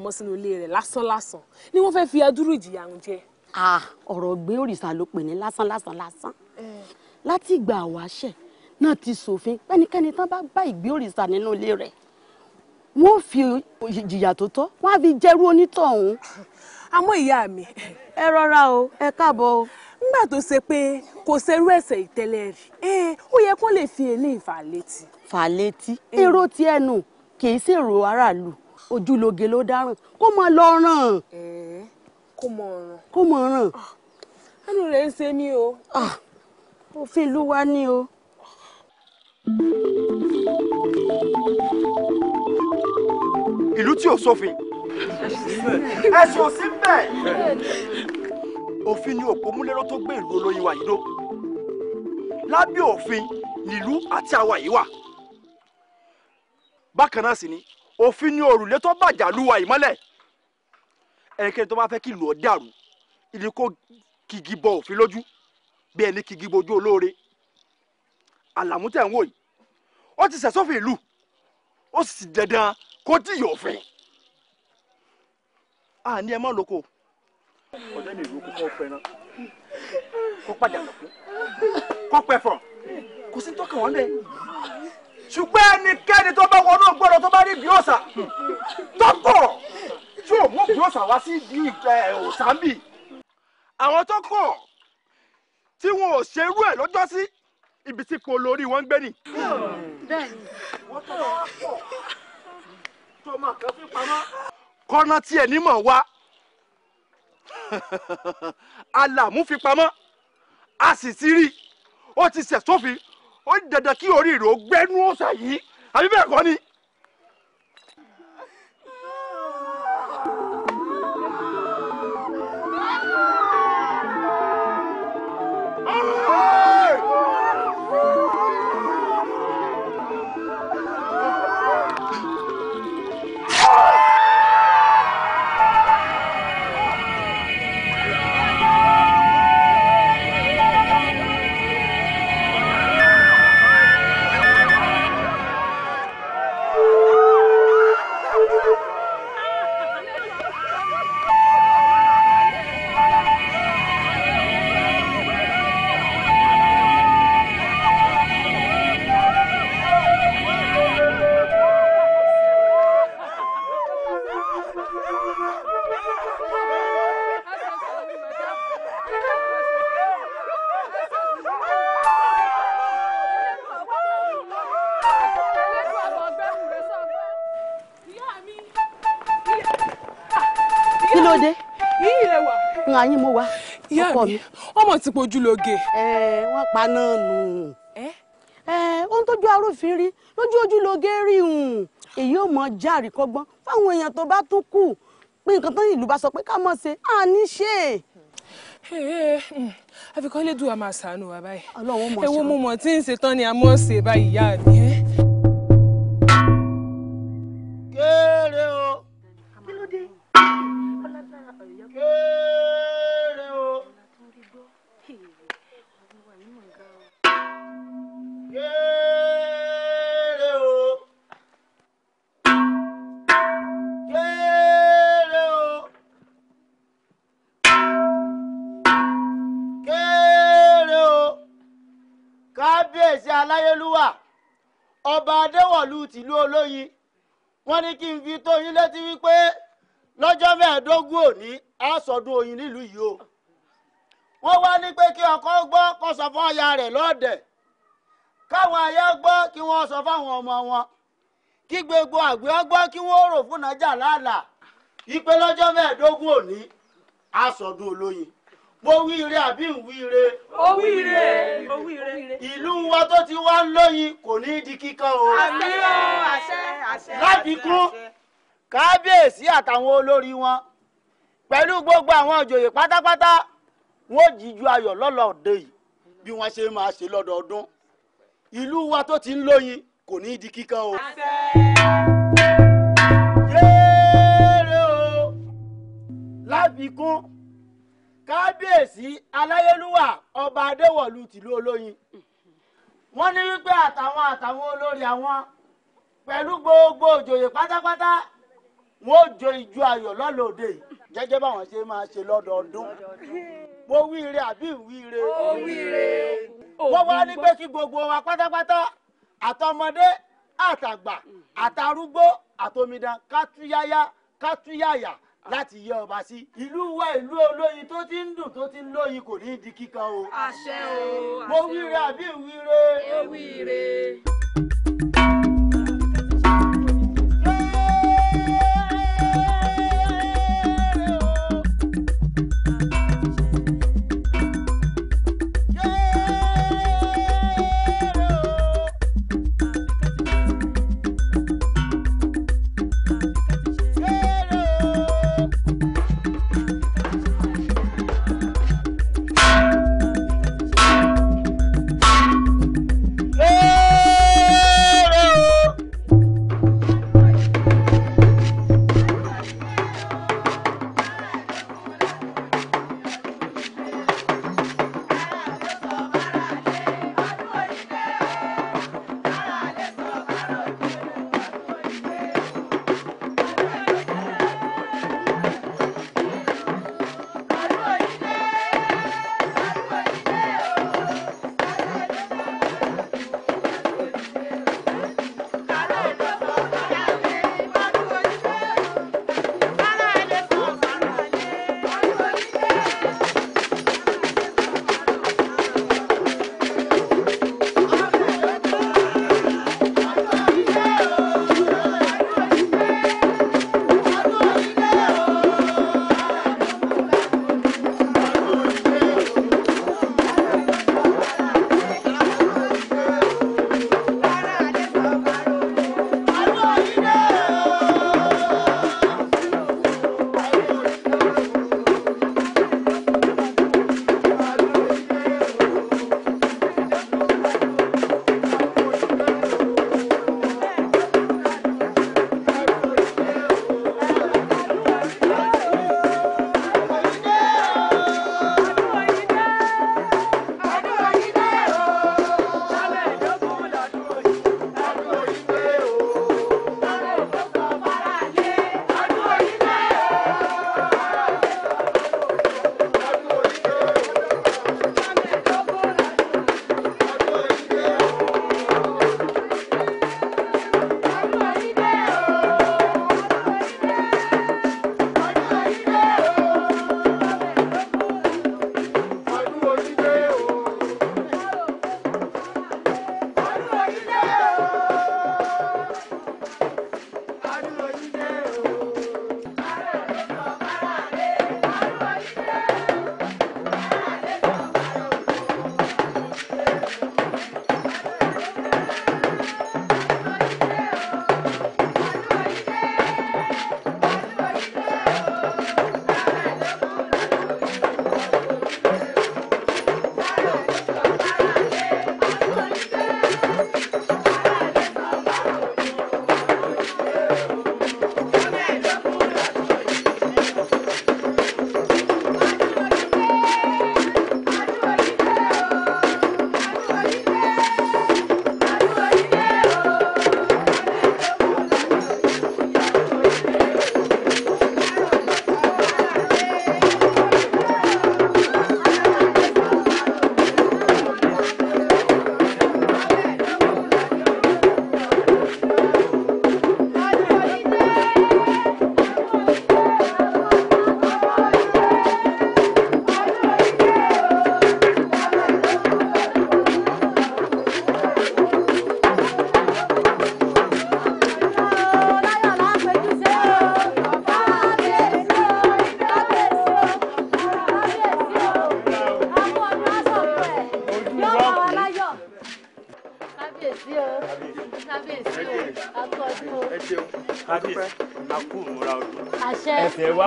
pamọ́ sínú ilé rẹ̀ lásánlásán ni wọ́n fẹ́ fi adúrú ìjìyà ń jẹ. ọ̀rọ̀ gbé òrìṣà ló pè ní lásánlásán lásán láti ìgbà àwáṣẹ náà ti ṣòfin pẹ́nikẹ́ni tán bá bá ìgbé òrìṣà nínú ilé rẹ̀ wọ́n fi ìjìyà tó tọ́ wọ́n á fi jẹ́rú onítọ̀hún. àmọ́ ìyá mi. ẹ rọra o ẹ káàbọ̀ o. nígbà tó ṣe pé kò ṣerú ẹ̀ṣẹ̀ ìtẹ́lẹ̀ rí ó yẹ kó lè fi eléyìí fà létí. fà létí èrò tí ẹnu kì í ṣèrò aráàlú ojúlóge ló dáràn kó mọ lọ ràn. kó mọ ràn. kó mọ ràn. Ah, ẹnu rẹ̀ ń ṣe mí o. Ah, òfin ìlú wa ni o. ìlú tí ò sófin ẹ̀sùn sí bẹ́ẹ̀ òfin ni òpó múlẹ́rọ́ tó gbé ìlú olóyin wa yìí dó lábẹ́ òfin nílùú àti àwa yìí wà bákan náà sì ni òfin ni òrùlé tó bàjá lùwà ìmọ́lẹ̀ ẹnikẹ́ni tó bá fẹ́ kí ìlú ọ dàrú ìdí kó kìgì bọ òfin lójú bí ẹni kìgì bojú olóore àlàmú tẹ̀ ń wò yìí ó ti sẹ̀sọ́fìn ìlú ó sì dandan kó tí yóò fẹ́ à ní ẹ má lóko ọ̀dẹ́ mi ìlú kò kọ́ fẹ́ràn kó pàjáwìrì kó pẹ̀fọ̀ kò sí tọ́kàn wọn bẹ́ẹ̀ ṣùgbọ́n ẹnikẹ́ni tó bá wọnú gbọ́dọ̀ tó bá rí bí òòṣà tọ́kọ̀ tí ò mú bí wá sí ibi òòṣà mi. àwọn tó kọ̀ tí wọn ò ṣerú ẹ̀ lọ́jọ́ sí ibi tí kò lórí wọn ń gbé ni. kọ́nà tí ẹ̀ ní wá alàmú a sì ti rí ó ti ṣẹ̀ sófin ó dandan kí orí rẹ̀ ó gbẹ́nu ọ̀sà yìí àbí bẹ́ẹ̀ kọ́ ni. ara yín mo wá. ìyá mi ọmọ ti pojú lóge. ẹ wọn pa náà nù. ẹ ohun tójú arúfin rí lójú ojú lóge rí hùn èyí ò mọ jáàrí kọ́gbọ́n fáwọn èèyàn tó bá tún kù pé nǹkan tó ní ìlú bá sọ pé ká mọ̀ ṣe à ní ṣe. àfikún lè dùn àmà ṣàánú wa báyìí ewu mo mọ̀ tí ń ṣe tán ni a mọ̀ ṣe báyìí ìyá mi. kéré o. kí ló dé? kéré. adéwọ̀lúwà ọba adéwọ̀lú tìlú olóyin wọn ní kí n fi tó létí wípé lọ́jọ́ mẹ́ẹ̀ẹ́dógún òní á sọdún oyin nílùú yìí o wọn wá ní pé kí ọkọ gbọ́ kó sọ fún aya rẹ̀ lọ́dẹ̀ káwọn aya gbọ́ kí wọn sọ fáwọn ọmọ wọn kí gbogbo àgbẹ̀ gbọ́ kí wọn rò fún nájà lálàá yí pé lọ́jọ́ mẹ́ẹ̀ẹ́dógún òní á olóyin. mo wíire àbí ń ó wíire ó wíire. ìlú wa tó ti wá lóyin kò ní di kíkan o. àmín o àṣẹ àṣẹ. lábìkún kábíyèsí àtàwọn olórí wọn pẹ̀lú gbogbo àwọn ìjòyè pátápátá wọn ò ayọ̀ lọ́lọ́ọ̀dẹ yìí bí wọ́n ṣe máa ṣe lọ́dọọdún ìlú wa tó ti ń lóyin kò ní di kíkan o. àṣẹ. yéèrè o lábìkún kábíyèsí aláyélúwà ọba adéwọ̀lú tìlú olóyin wọ́n ní wípé àtàwọn àtàwọn olórí àwọn pẹ̀lú gbogbo òjòyè pátápátá wọ́n jó ijó ayọ̀ lọ́lọ́dẹ gẹ́gẹ́ báwọn ṣe máa ṣe lọ́dọọdún mo wíire àbí ìwíire wọ́n wá ní pé kí gbogbo wa pátápátá àtọmọdé àtàgbà àtàrúgbó àtòmìdán kátúyáyá kátúyáyà láti yẹ ọba sí. ìlú wa ìlú olóyin tó ti ń dùn tó ti ń lóyin kò ní í di kíkan o. àṣẹ o àṣẹ o mo wíre àbí re. ewíre.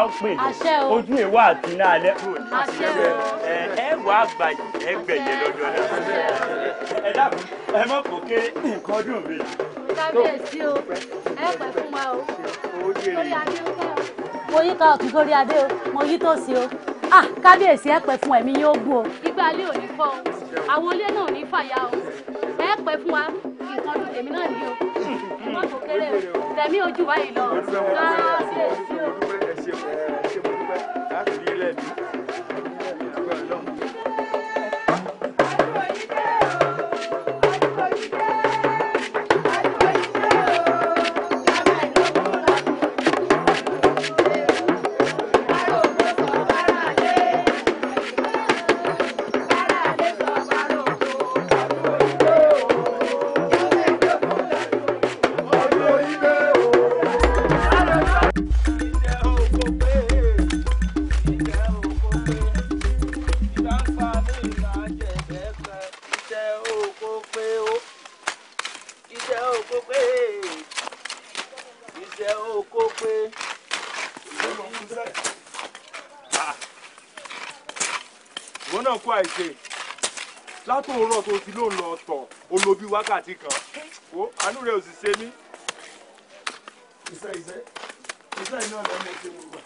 ń pè ní ojú ìwà àti iná alẹ́ ẹ wà àgbàyè ẹ gbẹ̀yẹ lọ́jọ́ náà ẹ dábàá ẹ mọ̀ kó ké nǹkan dùn mí. kábíyèsí o ẹ pẹ́ fún wa o lórí adé o. mo yí ká ọ̀tún sórí adé o mo yí tòsí o ah kábíyèsí ẹ pẹ́ fún ẹ̀mí yóò gùn o. ìgbà ilé ò ní fọ́ o àwọn ilé náà ò ní fàyà o ẹ pẹ́ fún wa nǹkan dùn tèmi náà ní o ẹ mọ̀ kó kéré o tẹ̀mí ojú wa yìí lọ kábíyèsí. ká tó rọ̀ tó fi ló lọ tọ̀ olóbi wákàtí kan wo àánú rẹ̀ ò sì ṣe mí. iṣẹ́ iṣẹ́ iṣẹ́ iná ọ̀dọ́ mo ṣe wò wá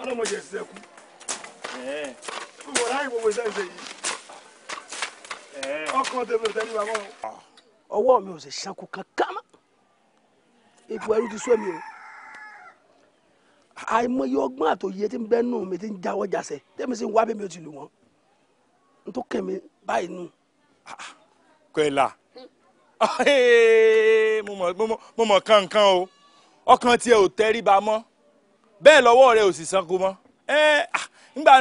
ọlọ́mọdé ṣiṣẹ́ kú. wò láyé gbogbo iṣẹ́ iṣẹ́ yìí ọkàn tèmi ò tẹ́lẹ̀ wà mọ́. ọwọ́ mi ò sì ṣẹ́kù kankan mọ́ ipò ẹrú ti sọ mi o àìmọye ọgbọ́n àtòyè tí ń bẹ́ẹ̀ nù mí ti ń jáwọ́ jáṣẹ́ tẹ́mi sì ń wá bí mi ò ti lù wọ́n n tó kẹ́mi báyìí nu. Kọ́lá ah, ah. mo mọ̀ kankan o ọkàn tiẹ̀ ò ba mọ́ bẹ́ẹ̀ lọ́wọ́ rẹ̀ ò sì sanko mọ́ ah,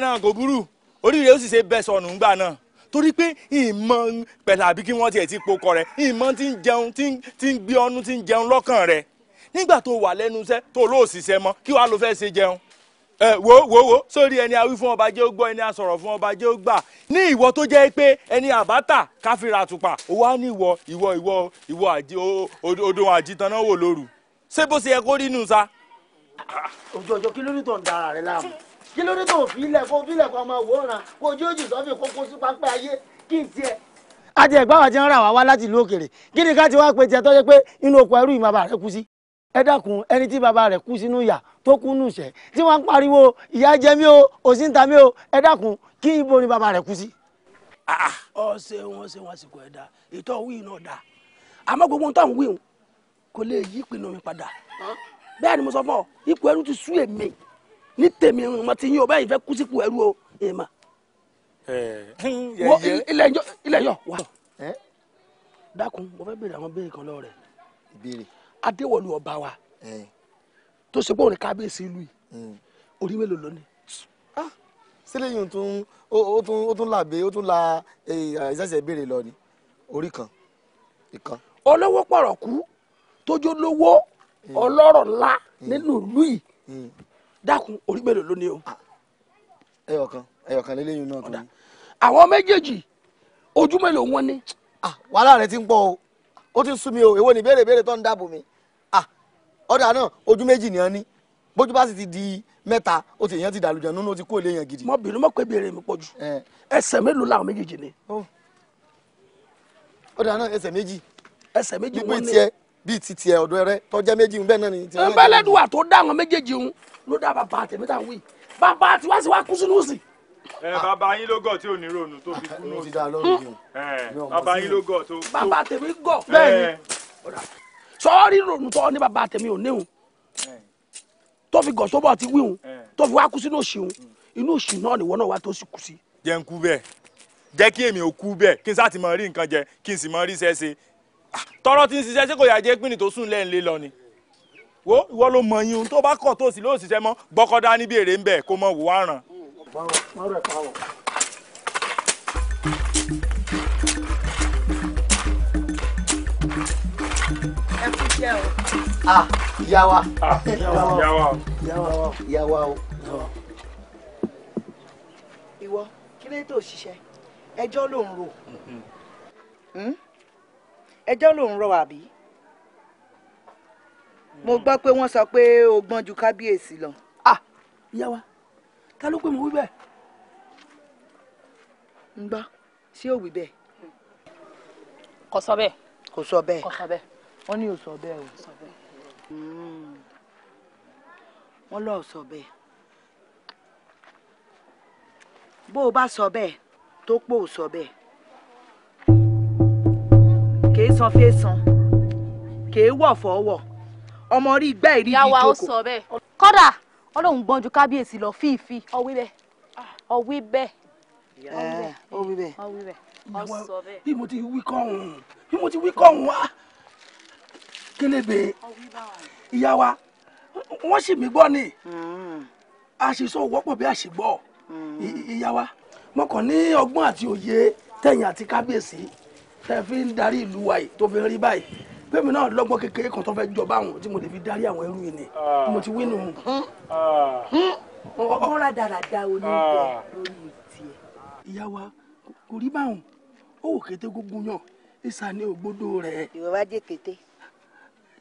náà kò burú oríire ó sì ṣe sọnù náà torí pé ìmọ̀ pẹ̀lú àbí kí ti pokọ rẹ ìmọ̀ ti ń ti ń gbé ti ń jẹun lọ́kàn nígbà tó wà lẹ́nu iṣẹ́ tó lóò mọ́ kí lo fẹ́ ṣe jẹun ẹ wo wo wo sórí ẹni awí fún ọba jẹ́ ó gbọ́ ẹni asọ̀rọ̀ fún ọba jẹ́ ó gbà ní ìwọ tó jẹ́ pé ẹni àbátà káfíra àtùpà ó wá ní ìwọ ìwọ ìwọ ìwọ àjí odò àjìtaná wò lóru ṣé bó ṣe yẹ kó rí nù sa. òjòjò kí ló ní tó ń da ara rẹ láàmú kí ló ní tó fi ilẹ̀ kó fi ilẹ̀ kó ọmọ òwòrán kó ojú òjì sọ́fì kókó sí pápẹ́ ayé kí n tiẹ̀. àti ẹ̀gbọ́n àwọn ti ń rà wá wá láti ìlú òkèèrè kí ni ká ti wá pe tiẹ̀ tó yẹ pé inú oko ẹrú ìmọ̀ bàrẹ̀ kú sí ẹ dákun ẹni tí bàbá rẹ̀ kú sínú ìyà tó kú nù sẹ tí wọ́n ń pariwo ìyà jẹ mí o òṣì ń ta mí o ẹ dákun kí ibo ni bàbá rẹ̀ kú sí. ọ ah, ṣe wọn ṣe wọn àsìkò ẹ dá wíì náà dá àmọ́ gbogbo ohun tó ń wíì kò lè yí ìpinnu mi padà bẹ́ẹ̀ ni mo sọ fún ọ ipò ẹrú ti sú èmi ní tèmi mo ti yín o bẹ́ẹ̀ ìfẹ́ kú sípò ẹrú o èèmà. ilẹ̀ yọ wà dákun mo fẹ́ béèrè àwọn béèrè kan lọ́wọ́ rẹ̀ adéwọlú ọba wa eh. tó ṣe pé òun ní kábíyèsí ìlú yìí hmm. orí mélòó ló ní. sílẹ̀ ah, yìí ó tún làbẹ́ ó tún la eh, ìṣẹ̀ṣẹ̀ béèrè lọ ni orí kan ìkan. olówó pọ̀rọ̀ kú tójú lówó hmm. ọlọ́rọ̀ ńlá hmm. nínú ìlú yìí dákun orí mélòó ló o. Ah, ẹyọkan ẹyọkan lélẹ́yìn náà tó ní. àwọn méjèèjì ojú mélòó wọn ní. Ah, wàhálà rẹ ti ń pọ̀ o ó ti ń sú mi o èwo ni béèrè béèrè tó ń dáàbò mi ọ̀dà náà ojú méjì ni wọ́n ní bójú bá sì ti di mẹ́ta ó ti yẹn ti dàlú jẹun nínú ó ti kó ilé gidi. mo bínú mọ pé béèrè mi pọ̀ jù ẹsẹ̀ mélòó làwọn méjèèjì ni. ọ̀dà náà ẹsẹ̀ méjì ẹsẹ̀ méjì wọn ní. bíi ti tiẹ̀ ọ̀dọ̀ rẹ tọ́jẹ́ méjì ń bẹ́ẹ̀ náà ni. ẹnbẹ́lẹ́dùwà tó dá àwọn méjèèjì ń ló dá bàbá tèmítà wí bàbá tiwa sì wá kú sínú sí ẹ bàbá yín ló gọ̀ tí ò ní ronú tó fi kú lóòsì ah, bàbá yín ló gọ̀ tó. bàbá tèmi gọ̀ bẹ́ẹ̀ ni sọ́ọ́rí ronú tọ́ ní bàbá tèmi ò níhun tó fi gọ̀ sóbọ̀ ti wíhun tó fi wá kú sínú òṣìhun inú òṣì náà nìwọ náà wá tó sì kú sí. jẹ́ ń kú bẹ́ẹ̀ jẹ́ kí èmi ò kú bẹ́ẹ̀ kí n sá ti mọ rí nǹkan jẹ kí n sì mọ rí iṣẹ́ ṣe ah, tọrọ ti ń ṣiṣẹ́ ṣé kò yà jẹ́ pínlẹ̀ tó sùn lẹ́yìn lé lọ ni wo ìwọ ló mọ yín ohun tó bá kọ̀ tó sì lóò ṣiṣẹ́ mọ́ gbọ́kọ́dá níbi èrè ń bẹ̀ kó mọ wò wá ràn. Ah, ah ìyá wa ìyá wa ìyá wa o. ìwọ kí ló tó ṣiṣẹ́ ẹjọ́ ló ń rò mm-hmm. hmm? ẹjọ́ ló ń rò àbí mo gbọ́ pé wọ́n sọ pé o gbọ́n ju kábíyèsí lọ. ah ìyá wa ta ló pè mí wí bẹ́ẹ̀. ń gbọ́ ṣé ò wí bẹ́ẹ̀. kò sọ bẹ́ẹ̀. kò sọ bẹ́ẹ̀. kò sọ bẹ́ẹ̀. wọ́n ní ò sọ bẹ́ẹ̀ o. Hmm. wọ́n lọ sọ bẹ́ẹ̀ bó sọ bẹ́ẹ̀ tó pò ó sọ bẹ́ẹ̀ san kee san fọ wọ̀ ọmọ rí igbá ìrí ìjókòó. yàwá kọ́dà ọlọ́run gbọ́njú kábíyèsí lọ fífi ọwí bẹ́ẹ̀ ọwí ah. bẹ́ẹ̀ ọwí eh, bẹ́ẹ̀ ọwí bẹ́ẹ̀ ọsọ bẹ́ẹ̀. bí mo ti wí bí wá. kélébé ìyá wa wọ́n sì mí gbọ́ ni àṣìṣe hmm. òwọ́pọ̀ bí àṣìgbọ́ hmm. ìyá wa mo kàn ní ọgbọ́n àti òye tẹ̀yìn àti kábíyèsí tẹ̀ fi ń darí ìlú wa yìí tó fi ń rí báyìí bẹ́ẹ̀ mi náà lọ́gbọ́n kékeré kan tó fẹ́ jọba àwọn tí mo lè fi darí àwọn ẹrú yìí ni ah. mo ti wí nù. Hmm. ọ̀hún rádaràda oníbẹ̀ ah. lórí tiẹ̀. ìyá wa kò rí báwọn ó wò kété gógún yàn ìsà ògbódò rẹ̀. ìwọ wá jẹ́ kété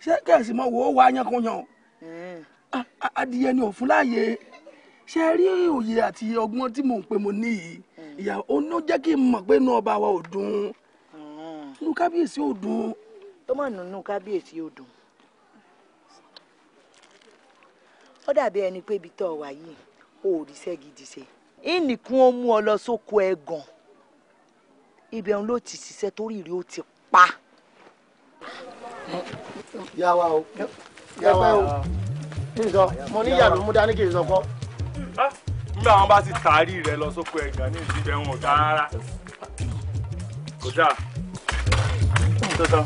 ṣé kẹ̀sì mọ̀ wò ó wá yankunyan hmm. adìyẹ ni òfun láàyè ṣe rí òye àti ọgbọ́n tí mò ń pè mo ní yìí hmm. ìyá oní jẹ́ kí n mọ̀ pé inú ọba wa ò dùn hmm. inú kábíyèsí ò dùn. tó mọ̀ nínú kábíyèsí ò dùn ó dàbí ẹni pé ibi tó wà yìí ò ríṣẹ́ gidi ṣe. ìnìkún ó mú ọ lọ sóko ẹ̀gàn ibẹ̀ òun ló ti ṣiṣẹ́ torí ìrí ó ti pa yàwá o yàwá o kí n sọ mo ní ìyàlú mú dání kì í sọ kọ́. Ah, nígbà wọn bá ti taari rẹ lọ sóko ẹgbà ní ìdíbẹ wọn ò rárá kò dáa tó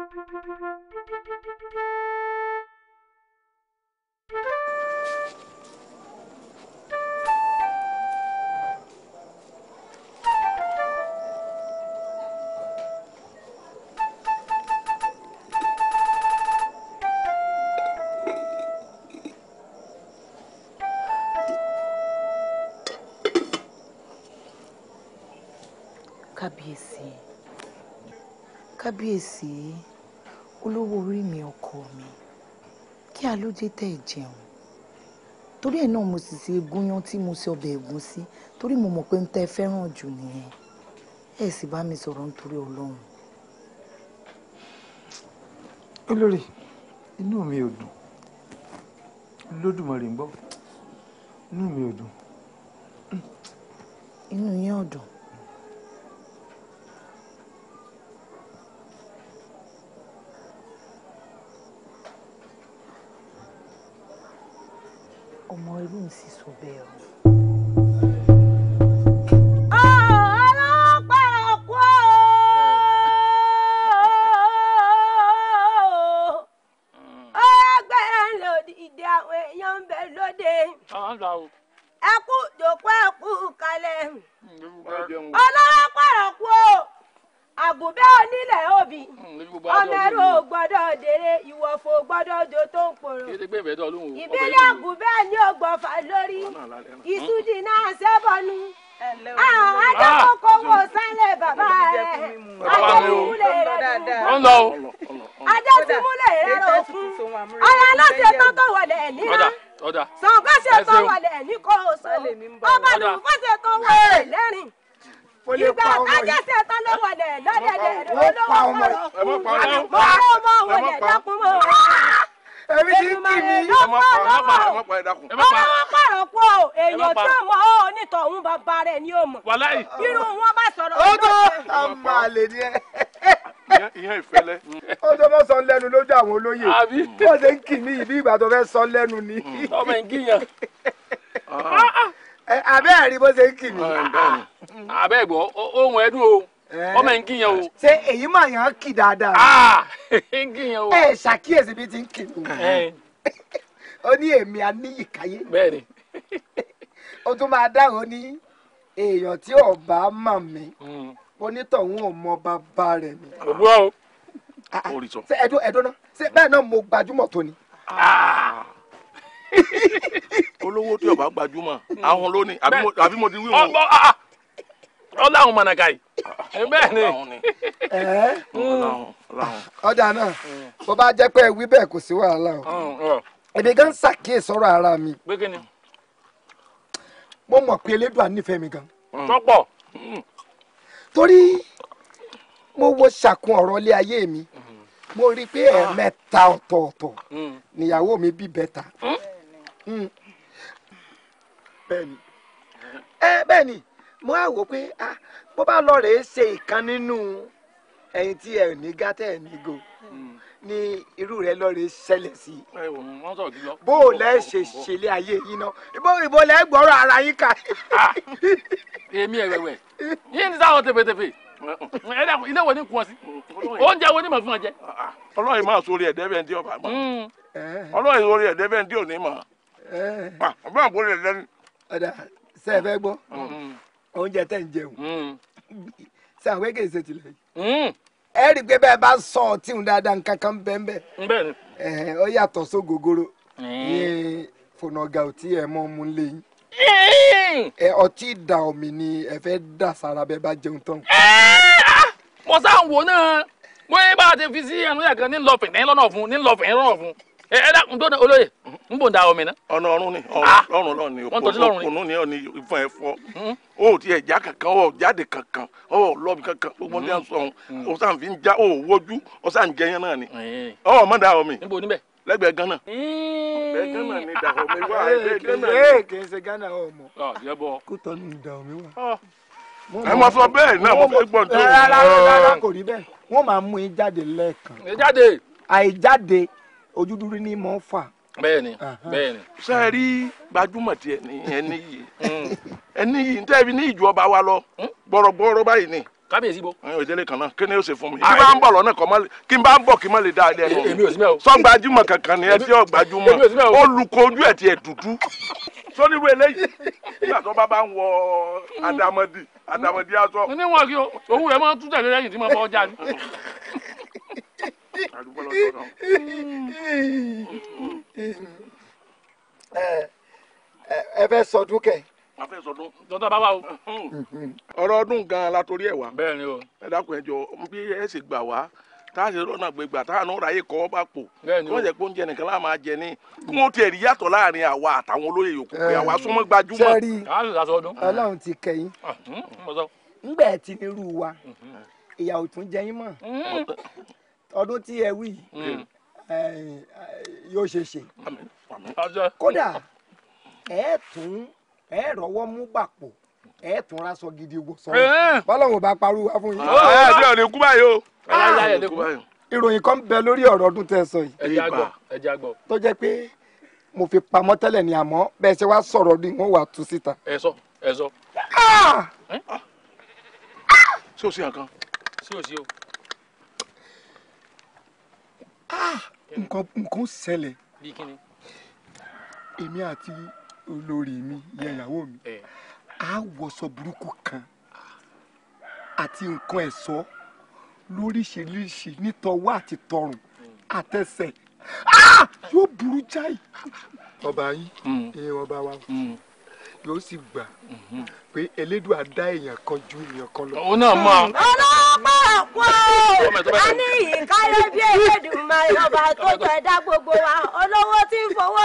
Thank you. kábíyèsí kábíyèsí olówó orí mi ọkọ mi kí a ló dé tẹ́ ẹ jẹun torí ẹ̀ náà mo sì ṣe gúnyán tí mo ṣe ọbẹ̀ ẹ̀gúsí torí mo mọ̀ pé ń tẹ́ fẹ́ràn jù nìyẹn ẹ sì bá mi sọ̀rọ̀ nítorí ọlọ́run. olórí inú mi ò dùn lódùmarè ń gbọ́ inú mi ò dùn. inú yẹn ò dùn. o moinho se subiu. tó fẹ́ sọ lẹ́nu ni. Mm. ọmọ ah, ah. ẹ̀ ń kíyàn. abẹ́ ẹ̀rí bó ṣe ń kì mí. Ah, abẹ́ ẹ̀gbọ́ ohun ẹ̀dùn o eh. ọmọ ẹ̀ ń kíyàn o. ṣé èyí mà yàn án kì dáadáa. ń kíyàn o. ẹ ṣàkíyèsí bí ti ń kì mí. Eh. ó ní èmi aníyìkáyé. bẹ́ẹ̀ni. ó tún máa dáhùn ní èèyàn tí ọba mà mí mm. onítọ̀hún ò mọ bàbá rẹ̀ ni. òwúrọ̀ o. ẹ̀dùn ẹ̀dùn náà bẹ́ẹ̀ náà mo gbajúmọ̀ tó ni. Ah! olówó tí ọba gbajúmọ̀ àwọn lónìí àbí mo ti wí wọn. ọláhùn mọ̀nàkà yìí bẹ́ẹ̀ ni. Ah, ah. ọjà náà bó bá jẹ́ pé wí bẹ́ẹ̀ kò sí wàhálà o mm, èmi gan ṣàkíyèsí ọ̀rọ̀ ara mi mo mọ̀ pé elédùn ànífẹ́ mi gan. Mm. tọ́pọ̀. torí mo wo ṣàkun ọ̀rọ̀ ilé ayé mi mo rí i pé ẹ̀ẹ̀mẹ́ta ọ̀tọ̀ọ̀tọ̀ mm. níyàwó mi bí bẹ́ta. Mm. Mm. bẹ́ẹ̀ni bẹ́ẹ̀ni mo á wò pé bó bá lọ rèé ṣe ìkan nínú ẹ̀yin tí ẹ ní gátẹ́ ẹ̀ ní go ni irú rẹ lọ́ọ̀rẹ́ ṣẹlẹ̀ sí i bó o lẹ́ ṣe ṣẹlẹ̀ ayé yín náà ibo ìbò lẹ́ gbọ́rọ̀ ara yín ká. Ah! èmi ẹ̀wẹ̀wẹ̀ yín ti sáwọn tẹ̀pẹ̀tẹ̀pẹ̀. ẹ dàkú iná wo ni kùn ọ sí oúnjẹ wo ni ma fún ọ jẹ. ọlọ́yin máa sórí ẹ̀ dẹ́bẹ̀ ndí ọba mọ̀ hmm. ọlọ́yin ẹ̀ dẹ́bẹ̀ ndí òní eh. ọba àbúrò rẹ̀ ọ̀dà ẹ fẹ́ gbọ́ hmm. oúnjẹ tẹ̀ ń jẹun hmm. àwọn ṣe tilẹ̀ ẹ rí i pé bẹ́ẹ̀ bá sọ ọtí ń dáadáa bẹ́ẹ̀ bẹ́ẹ̀ eh, yàtọ̀ sógógóró ní òtí ẹ̀ mọ́ Eh! ẹ ọtí da omi ni ẹ fẹ́ dà sára bẹ́ẹ̀ bá jẹun tán. Eh! mo náà mo yẹ bá a ti fi sí ẹnu ẹ̀kan ní lọ́ọ̀fìn ní lọ́nà ọ̀fun ní lọ́ọ̀fìn ní eh, ẹ tó ní olóye n bò ń da omi náà. ọ̀nà ọ̀run ni ọ̀run ah! lọ́run ni ni hmm? jáde kankan ọ̀ kankan gbogbo ní à hmm? hmm. ń sọ̀run ọ̀sán fi ń já lẹ́gbẹ̀ẹ́ Ghana. lẹ́gbẹ̀ẹ́ Ghana ni dàrọ mi wá ẹgbẹ́ Ghana. ee eh, oh, ah, ah. bẹ́ẹ̀ náà mo tó. Eh, rárá ah. bẹ́ẹ̀ máa mú jáde àìjáde ni fà. rí gbajúmọ̀ tiẹ̀ ẹni yìí hmm. ẹni yìí wa lọ hmm? báyìí ni. kábíyèsí bo. ẹ òjèlè kan náà kí ni yóò ṣe fún mi. Ah, kí n bá ń bọ̀ lọ́nà kọ́ má kí n bá ń bọ̀ kí n má lè dá ilé ẹ̀kọ́. èmi ò sí mẹ́ o. sọ́gbàjúmọ̀ kankan ni ẹ tí ò gbajúmọ̀ olùkojú ẹ̀ tiẹ̀ dúdú. sọ́nirú eléyìí nígbà tó bá bá ń wọ adamadi adamadi aṣọ. ní wọn kí o òun rẹ máa ń tún tẹ̀lé lẹ́yìn tí mo bọ́ jáde. ẹ fẹ́ sọdún kẹ́ ọrọ fẹ́ o. Hmm, hmm. ọdún gan-an la torí ẹ̀ wá. bẹ́ẹ̀ni o. ẹ dákun ẹ jọ bí ẹ sì gbà wá tá a ṣe lọ́nà gbégbà tá a nù ráyè kọ́ bá pò kó jẹ́ nìkan láà jẹ ní kí wọ́n yàtọ̀ láàrin àwa àtàwọn olóyè yòókù pé àwa eh, súnmọ́ sẹ́rí ọlọ́run ti kẹ́yìn ah, hmm, wa ìyà ẹ rọ́wọ́ mú gbàpò ẹ tún ra sọ gidi wo sọ bọ́lọ́wọ́ bá parú wá fún yín. ẹ ẹ bí ọ̀nà ikú báyìí o. Ah! ìròyìn kan bẹ lórí ọ̀rọ̀ ọdún tẹ́ ẹ sọ yìí. ẹja gbọ́ ẹja gbọ́. tó jẹ́ pé mo fi pamọ́ tẹ́lẹ̀ ni àmọ́ bẹ́ẹ̀ ṣe wá sọ̀rọ̀ ni wọ́n wà tú síta. ẹ sọ ẹ sọ. sí ah! o sí nǹkan. sí o sí o. Ah! nǹkan nǹkan ṣẹlẹ̀. bí èmi àti olórí mi yẹn eh. ìyàwó mi á eh. wọṣọ burúkú kan àti nǹkan ẹ̀ṣọ́ lóríṣiríṣi nítọwọ́ àti tọrùn àtẹsẹ̀ ah! yóò burú jáì. ọba yín ìyẹn hmm. ọba wa hmm. yóò sì gbà hmm. pé elédùn àdá èèyàn kan ju èèyàn kan lọ. òun náà mọ. ọlọ́pàá kú ọ́ a ní ìkáyọ̀ bí elédùn máa yọba tó jọ ẹ̀dá gbogbo wa olówó tí ń fowó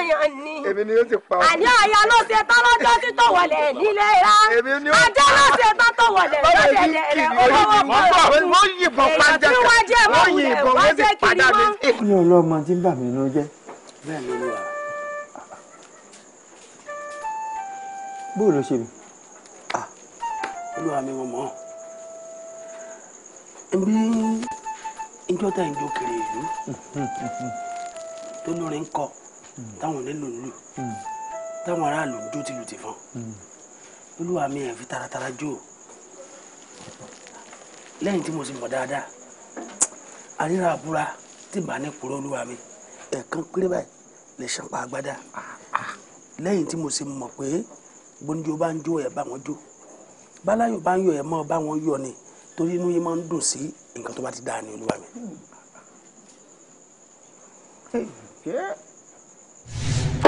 pààyàn ni. èmi ni yóò ti pa ọ. àní àyà ló ṣe tán lọ́jọ́ tí tó wọlé nílé rà. èmi ni yóò ajá ló ṣe tán tó wọlé lọ́dẹ̀dẹ̀ rẹ̀ olówó kọ́ọ̀tù. wọ́n yìnbọn pàjáka wọ́n yìnbọn wọ́n ti padà mi. mi ò lọ ọmọ tí ń bà mí ló jẹ́. bẹ́ẹ̀ ló ṣe mi. Ah, olúwa mi mo mọ̀ ọ́n. bí ìjọ́ta ìjọ kiri ìlú tó lórí ń kọ́ táwọn onílù ń lù hmm. táwọn aráàlú ń jó tìlù tìfọn hmm. olúwa mi ẹ̀ fi taratara jó lẹ́yìn tí mo sì mọ̀ dáadáa àríra àbúra tí bá ní kúrò olúwa mi ẹ̀ẹ̀kan péré báyìí lè ṣàpá agbádá lẹ́yìn tí mo sì mọ̀ pé gbóńjó bá ń jó ẹ̀ bá wọn jó báláyọ̀ bá ń yọ ẹ̀ mọ́ bá wọn yọ ni torí inú yín máa ń dùn sí nǹkan tó bá ti dáa ní olúwa mi.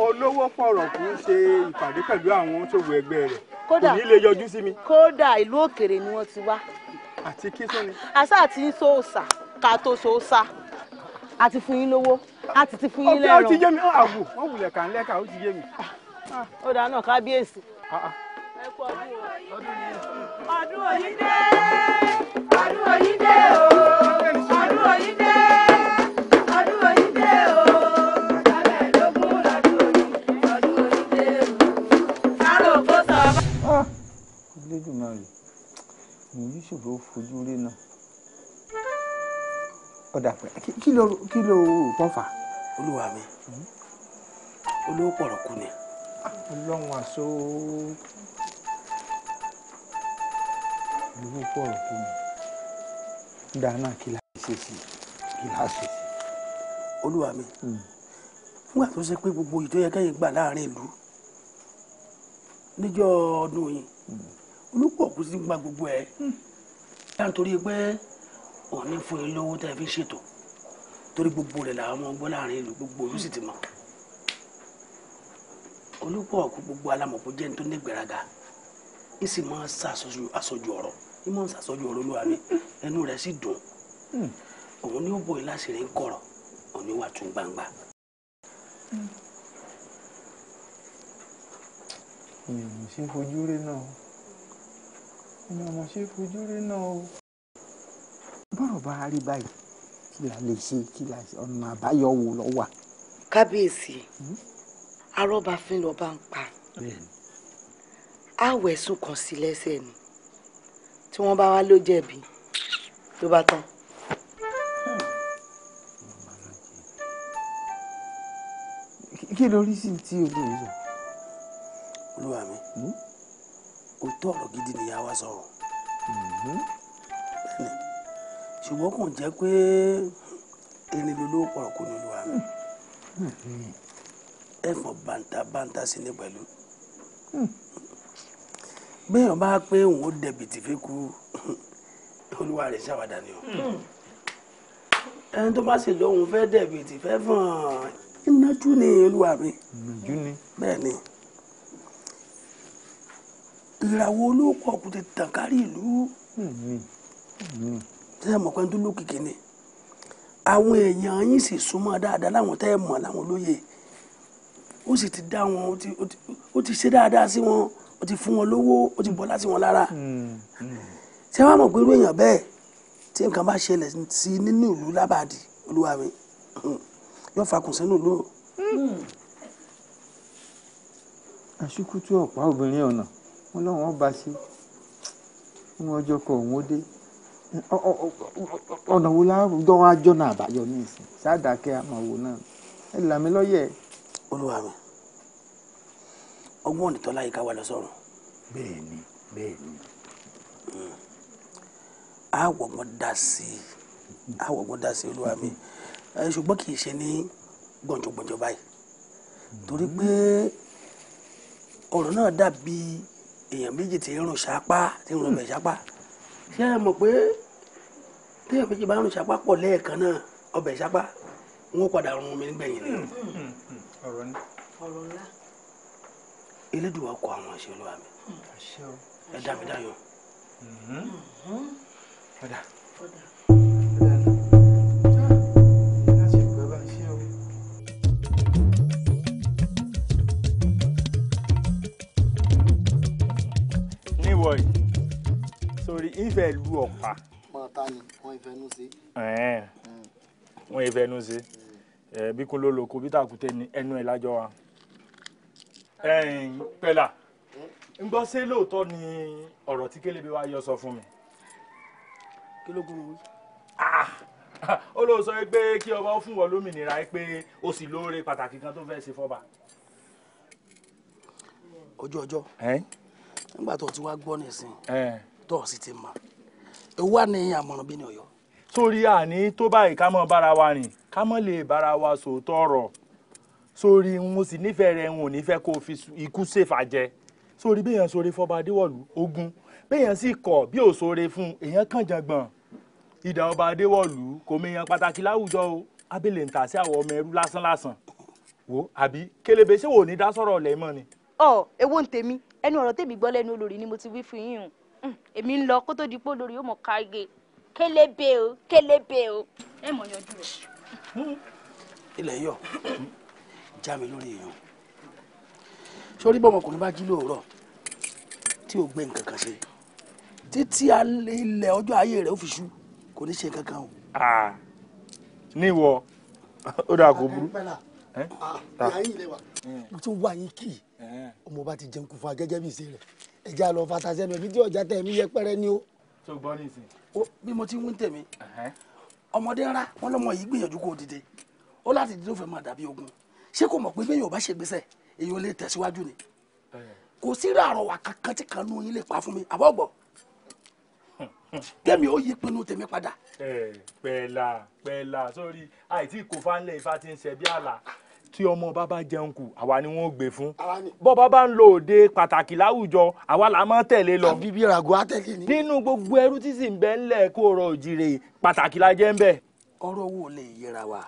olówó pọ̀rọ̀ kì í ṣe ìpàdé pẹ̀lú àwọn oníṣòwò ẹgbẹ́ rẹ̀ kódà kò ní lè yọjú sí mi. kódà ìlú òkèrè ni wọ́n ti wá. àti kí sóni. àṣà àti ń so òòsà ká tó so òòsà àti fún yín lówó àti ti fún yín lẹ́rọ. ọ̀pẹ ó ti yé mi àwò wọ́n wulẹ̀ kà ń lẹ́ka ó ti yé mi. Ah, ó dáa náà kábíyèsí. Ah, ah. ẹ kú ọdún o. ọdún òyìnbó ọdún òyìnbó Elédùmarè ni Yúsùfù ó fojú rí náà ọ̀dà pẹ́ kí ló kí ló kàn fà. olúwa mi olówó pọ̀rọ̀ kú ni. ọlọ́run àṣọ olówó pọ̀rọ̀ kú ni dáná kí la ṣe sí kí la ṣe sí. olúwa mi hmm. nígbà tó ṣe pé gbogbo ìtọ́yẹ kẹ́yìn gbà láàrin ìlú níjọ́ ọdún yìí hmm olúpọ̀kú sí gba gbogbo ẹ̀ tá nítorí pé òní fún yín lówó tá ẹ fi ṣètò torí gbogbo rẹ̀ làwọn ọmọ ọgbọ́n láàrin ìlú gbogbo olú sì ti mọ̀ olúpọ̀kú gbogbo alámọ̀kú jẹ́ nítorí nígbèraga ń sì máa ń sàṣojú àṣojú ọ̀rọ̀ ń máa ń sàṣojú ọ̀rọ̀ olúwa mi ẹnu rẹ̀ sì dùn òun ni ó bọ̀ yín láṣìírí ń kọ̀rọ̀ òun wà tún gbangba. mi ò ní fojú rí náà ni ọmọ ṣe fojú rí náà o. bọ́rọ̀ bá rí báyìí kí la lè ṣe kí la ṣe ọ̀nà àbáyọ wo lọ wà. kábíyèsí hmm? arọ́bàfin lọ́ba ń pa àwẹ̀ sùn kàn sí lẹ́sẹ̀ ni tí wọ́n bá wá ló jẹ̀bi ló bá tán. kí lórí sí tí o lè sọ. olúwa mi. Hmm? òótọ́ ọ̀rọ̀ gidi nìyá wa sọ mm-hmm. bẹ́ẹ̀ni ṣùgbọ́n kò jẹ́ pé erin ló ló pọ̀rọ̀ kó nílùú àná ẹ̀fọn bàǹtà bàǹtà sí ni pẹ̀lú mm. béèyàn bá pé òun ó dẹ̀bìtì fi ku olúwa rẹ̀ ṣàwádà ni o mm. ẹni tó bá sì lóun fẹ́ dẹ̀bìtì fẹ́ fàn án inájú ni olúwa mi bẹ́ẹ̀ ni ìràwọ̀ olóòkú ọ̀kú ti tàn kárí ìlú ṣé ẹ mọ̀ pé tó lókìkí ni àwọn èèyàn yín sì súnmọ́ dáadáa láwọn tẹ́ ẹ mọ̀ láwọn olóye ó sì ti dá wọn ó ti ṣe dáadáa sí wọn ó ti fún wọn lówó ó ti bọ́lá sí wọn lára a wàá mọ̀ pé irú èèyàn bẹ́ẹ̀ tí nǹkan bá ṣẹlẹ̀ sí nínú ìlú lábàdì olúwa mi yóò fakùn sínú ìlú. àṣìkú tí ọ̀pá obìnrin ọ̀nà wọn lọ́wọ́n bá ṣe fún ọjọ́ kan òun ó dé ọ̀nà wo láwùjọ wa jọ́nà àbáyọ ní ìsìn sáàdákẹ́ àmọ̀wò náà ẹ là mí lọ́yẹ̀. olúwa mi ọgbọ́n òdìtọ́ láyé ká wà lọ sọ̀rọ̀. bẹ́ẹ̀ ni bẹ́ẹ̀ ni. àwọ̀gbọ́n dá sí i àwọ̀gbọ́n dá sí i olúwa mi ṣùgbọ́n kì í ṣe ní gbọ̀njọ̀gbọ̀njọ̀ báyìí torí pé ọ̀rọ̀ náà dàbí èèyàn méjì tí ń rùn ṣapá tí ń rùn bẹ̀ ṣapá ṣé ẹ mọ̀ pé téèyàn méjì bá rùn ṣapá pọ̀ lẹ́ẹ̀kan náà ọbẹ̀ ṣapá ń ó padà rùn mi nígbẹ̀yìn ni. ọ̀rọ̀ ni. ọ̀rọ̀ ńlá. elédùn ọkọ̀ àwọn ẹ̀ṣẹ̀ olúwa ẹ dá mi dá yọ. fọdà. fọdà. ìwọ yìí sórí ìfẹ́ lu ọ̀pá. mọ ta ni wọn ìfẹnu sí. wọn ìfẹnu sí bí kún ló lóko bí tàkùtẹ ni ẹnu ẹ lájọ wa. pẹ̀lá ń gbọ́ ṣé lóòótọ́ ni ọ̀rọ̀ tí Kélébé wá yọ sọ fún mi. kí ló gún un ah! ó ló sọ pé kí ọba fún wọn lómìnira pé ó sì lóore pàtàkì kan tó fẹ́ ṣe fọ́ba. ojú ọjọ́ nígbà tó ti wá gbọ́ nísìn tó sì ti mọ̀ ewu wà ní àmọ̀ràn bí ní ọ̀yọ́. sórí àní tó báyìí ká mọ bára wa rìn ká mọ lè bára wa sòótọ́ ọ̀rọ̀ sórí mo sì nífẹ̀ẹ́ rẹ̀ n ò nífẹ̀ẹ́ kó o fi ikú ṣèfà sórí béèyàn sóre fọba adéwọ̀lú ogun béèyàn sì kọ̀ bí ò sóre fún èèyàn kàn jàngbọ̀n ìdá ọba adéwọ̀lú kò mèèyàn pàtàkì láwùjọ o abẹ́lẹ̀ ń tà sí àwọn ọmọ ẹrú lásán lásán wo àbí kélébé ṣé wò ní dá sọ̀rọ̀ ọ̀lẹ́ mọ́ ni. ọ ewo ń tèmi ẹnu ọ̀rọ̀ tèmi gbọ́ lẹ́nu olórí ni mo ti wí fún yín o hmm, èmi ń lọ kó tó di pé olórí yóò mọ̀ káge kélébé o kélébé o ẹ mọ̀ yanjú rẹ̀. ilẹ̀ yọ já mi lórí èèyàn sórí bọ́mọkùnrin bá jí lóòrọ̀ tí ò gbé nǹkan kan ṣe títí ilẹ̀ ọjọ́ ayé rẹ̀ ó fi ṣú kò ní ṣe kankan o. ní ìwọ ó dáa kó burú. Hmm. mo ti ń wá yín kì í ọmọ bá ti jẹun kù fún wa gẹ́gẹ́ bí ìṣe rẹ̀ ẹja lọ fata sẹ́nu ẹ̀mí tí ọjà tẹ̀ mí yẹpẹrẹ ni o. tó gbọ́ ní ìsìn. o bí mo ti ń wí ọmọdé ńlá wọn lọmọ yìí gbìyànjú kó dìde ó láti dìde fẹ́ máa dàbí ogun ṣé kò mọ̀ pé bẹ́ẹ̀ yóò bá ṣe gbèsè èyàn lè tẹ̀síwájú ni kò sí àrọ̀wà kankan tí kan nínú yín lè pa fún mi àbọ̀ gbọ́ tẹ́mi ó yí pinnu tèmi padà. pẹ̀lá pẹ̀lá sórí àìtí kò fánlẹ̀ ifá ti ń ṣe bí àlà tí ọmọ bàbá jẹun kù àwa ni wọ́n gbé fún bọ́ bàbá ń lo òde pàtàkì láwùjọ àwa là máa tẹ̀lé lọ. àbíbí ràgó àtẹ̀lé ni. nínú gbogbo ẹrú tí sì ń bẹ ńlẹ̀ kó rọ òjìrè pàtàkì la jẹ́ ń bẹ̀. ọ̀rọ̀ wo lè yẹra wa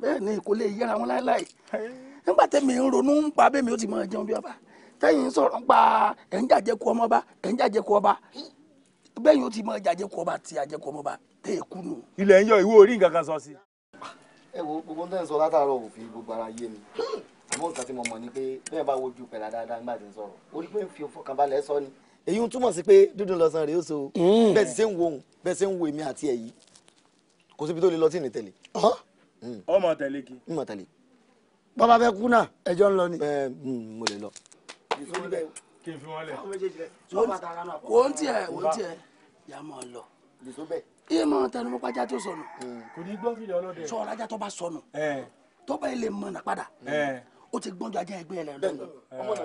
bẹ́ẹ̀ ni kò lè yẹra wọn láéláé nígbà tẹ́mi ń ronú ń pa bẹ́ẹ̀ mi ó ti máa jẹun bí ọba tẹ́yìn sọ̀rọ̀ ń pa ẹ̀ ń jàjẹ́ ku ọmọba ẹ̀ ń jàjẹ́ ku ọba bẹ́ẹ̀ yóò ti máa jàjẹ́ ku ọba ẹ̀ ń yọ ìwé orí nǹkan ẹ wo gbogbo ń tẹ̀sán látàárọ̀ òfin gbogbo ara yé mi àmọ́ nǹkan tí mo mọ̀ ni pé bẹ́ẹ̀ bá wojú pẹ̀lá dáadáa nígbà tí ń sọ̀rọ̀ ó ní pé ń fi ọkànbalẹ̀ sọ ni. èyí ń túmọ̀ sí pé dúdùn lọ́sàn rèé ó so hmm. bẹ́ẹ̀ sì ṣe ń wo òun bẹ́ẹ̀ sì ń wo èmi àti ẹ̀ yìí kò síbi tó lè lọ sí ní tẹ̀lé. ọmọ hmm. tẹ̀lé kí. ọmọ tẹ̀lé. bàbá fẹ́ kú náà ẹjọ́ ń lọ ni. Hmm, mo lè lọ. kí n fi wọn lẹ̀ iye mọ tẹnumọ pàjá tó sọnù. kò ní gbọ́ fìdí ọlọ́dẹ. sọ ọ̀rajà tó bá sọnù tó bá ilé mọ̀nà padà ó ti gbọ́njọ ajá ẹgbẹ́ rẹ lọ́nà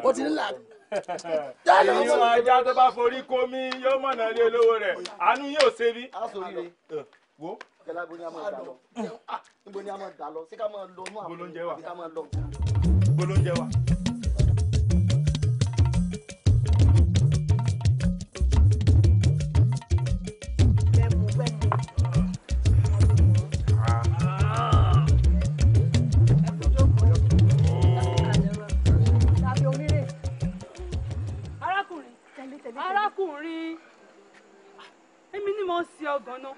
ó ti nílà. èyí yóò ajá tó bá forí komi yóò mọ̀nà lé lówó rẹ̀ àánú yóò ṣe bí. a sọ yìí wo. kẹlá ibo ni a máa dà lọ mm. ah, ibo ni a máa dà lọ sí ká àpò ibi ká máa lọ. ibo ń jẹ wa. arákùnrin èmi ni mo ń ṣe ọgàn náà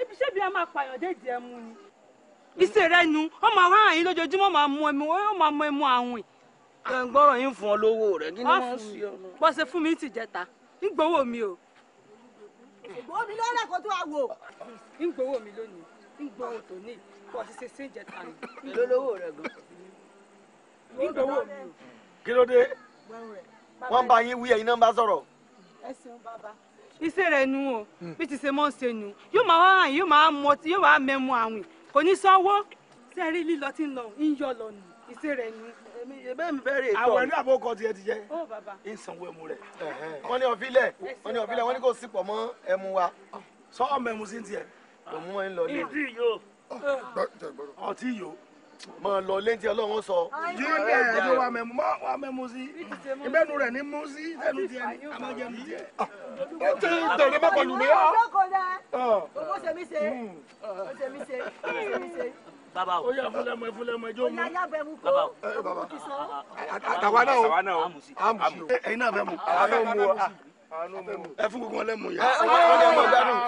ebi ṣé bí a máa pààyàn déèdì ẹ mu ni. iṣẹ́ rẹ nu ọmọ àwọn àyìn lójoojúmọ́ máa mu ẹmu ó máa mu ẹmu àwìn. ẹ ń gbọ́rọ̀ yín fún ọ lówó rẹ kí ni wọ́n ṣe ọ. bó ṣe fún mi ti jẹta ń gbowó mi o. ìgbowó mi lọ́rẹ̀ kó tó a wò. ń gbowó mi lónìí ń gbowó tòní bó ṣe ṣe sí ìjẹta ni. lólówó rẹ gan. ń gbowó mi. kí ló dé wọ́n bá yín wí ẹ̀yin náà bá sọ̀rọ̀. ẹ ṣeun bàbá iṣẹ́ rẹ̀ nu o bí ti ṣe mọ́ ṣe nu yóò máa wá yóò máa mọ yóò máa mẹ́mu àwìn kò ní sanwó sẹ́rí lílọ tí ń lọ ń yọ lọ nù iṣẹ́ rẹ̀ nu. bẹ́ẹ̀ mi bẹ́ẹ̀ rè tọ́ àwọn ẹni àbókọ tiẹ̀ ti jẹ́ ń sanwó ẹmu rẹ̀ wọ́n ní ọ̀fílẹ̀ wọ́n ní ọ̀fílẹ̀ wọ́n ní kò sí pọ̀ mọ́ ẹmu wa sọ́ọ̀mù ẹmu sí tiẹ̀ òun mọ́ ń lọ lé ọtí yòó mọ lọ létí Ọlọ́run sọ. yíyí ẹ ló wà mẹmú mọ wà mẹmú sí ìbẹnu rẹ ní mú sí tẹnu tiẹ ní amọjẹnu tiẹ. ó ti tẹ̀lé mọ́kànlú mi. Ah. Ah. owó sẹ́mi hmm. ṣe owó sẹ́mi ṣe owó sẹ́mi ṣe bàbá o. ó yà fúlẹ̀mọ̀ fúlẹ̀mọ̀ ẹjọ́ mu. ọ̀nà yàgbẹ́ mu kó àbùkù sọ. àtàwa náà o àmùsí. ẹ̀yin náà fẹ́ mu. àbẹ́ mu o ẹ fún gbogbo wọn lẹ́mu yá.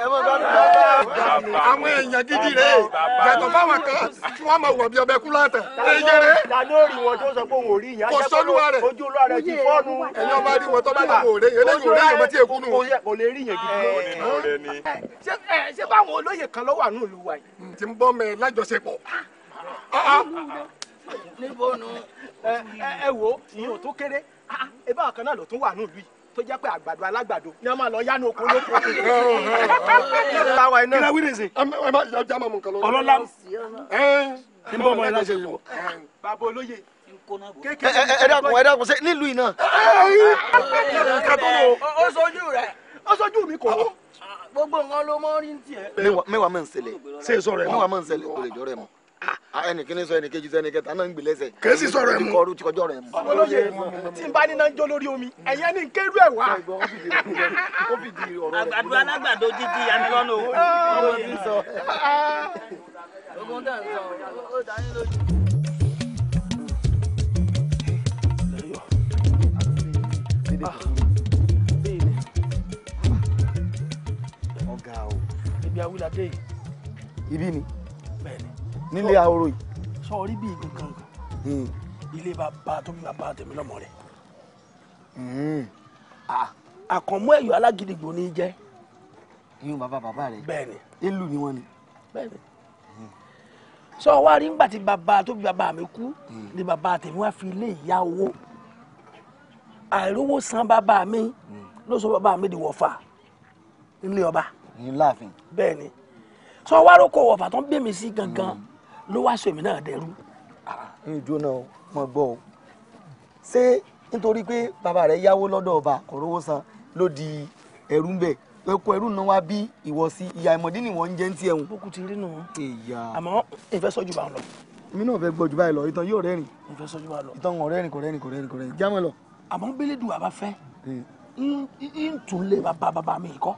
àwọn èèyàn gidi rè é yàtọ̀ fáwọn kan tí wọ́n máa wọ̀ bí ọbẹ̀ kú látẹ̀. ẹyẹrẹ kò sọ́lúwa rẹ̀ ẹ̀yin ọba rí wọn tó bá lọ́wọ́ òre yẹn lẹ́yìn òre yẹn mọ́tí èkó nù. kò lè rí yẹn gidi. ṣé báwọn olóyè kan ló wà ní ìlú wa yìí. ti ń bọ́ mẹ́ lájọṣepọ̀ ah, ah. níbo nu ẹ wo ìyẹn ò tó kéré ah, ẹ bá kan náà ló tún wà ní ìlú yìí tó jẹ́ pé àgbàdo alágbàdo ni wọ́n máa lọ yánu oko lóko. báwa iná ìlàwí nìsín. ẹ má yà já mamu nǹkan lọ. ọlọ́lá ń bọ̀ ọmọ ẹ láṣẹ wọ̀. bàbá olóye ẹ dákun ẹ dákun ṣe nílùú iná. ó sojú rẹ. ó sojú mi kò gbogbo nǹkan ló mọ orí ń tiẹ̀. mẹ́wàá mẹ́wàá mẹ́ ń ṣẹlẹ̀. ṣé sọ̀rọ̀ ẹ̀ mẹ́wàá mẹ́ ń ṣẹlẹ̀ olè jọ́rẹ̀ mọ́. Ah, ẹnìkíní sọ ẹnìkejì sọ ẹnìkẹta náà ń gbè lẹ́sẹ̀. kèésì sọ̀rọ̀ ẹ mú kọrú tí kọjọ rẹ mú. olóye tí n bá níná jó lórí omi ẹ̀yẹ́ ní kérú ẹ̀ wá. àgbàdo alágbàdo jíjí amílọ́nà owó ọmọ mi sọ. ogun o. ibi awúlàdé yìí. ibi ni nílé ahoro yìí. sọ orí bíi gangan hmm. ilé bàbá tó bí bàbá tèmi lọ́mọ rẹ̀ hmm. àkànmú ẹ̀yọ́ alágídígbò ní í jẹ́. ìyún bàbá bàbá rẹ. bẹ́ẹ̀ni. elu ni wọn ni. bẹ́ẹ̀ni. sọ wá rí nígbà tí bàbá tó bí bàbá mi kú hmm. ni bàbá tèmi wá fi ilé ìyá owó àìrówó san bàbá mi ló sọ bàbá mi di wọ̀fà nílé ọba. ní láàfin. bẹ́ẹ̀ni sọ wá rókò wọ̀fà tó ń bẹ̀ mí sí gangan. Mm ló wá sọ èmi náà dẹrú. Ah, mi ò jóná o mo gbọ́ o ṣé nítorí pé bàbá rẹ̀ yáwó lọ́dọ̀ ọba kò san ló di ẹrú ń bẹ̀ ẹkọ ẹrú náà wá bí ìwọ sí ìyá ìmọ̀dé ni wọ́n ń jẹ́ ń tiẹ̀ wọn. bókú ti rí nù. àmọ́ ìfẹ́ sọ́jú bá ń lọ. mi náà fẹ́ gbọ́ jù báyìí lọ ìtàn yóò rẹ́rìn. ìfẹ́ sọ́jú bá lọ. ìtàn wọn rẹ́rìn kò rẹ́rìn kò rẹ́rìn kò rẹ́rìn jámọ́ lọ. àmọ́ bẹ́lẹ́dù àbá ń tún lè bàbá bàbá mi kọ́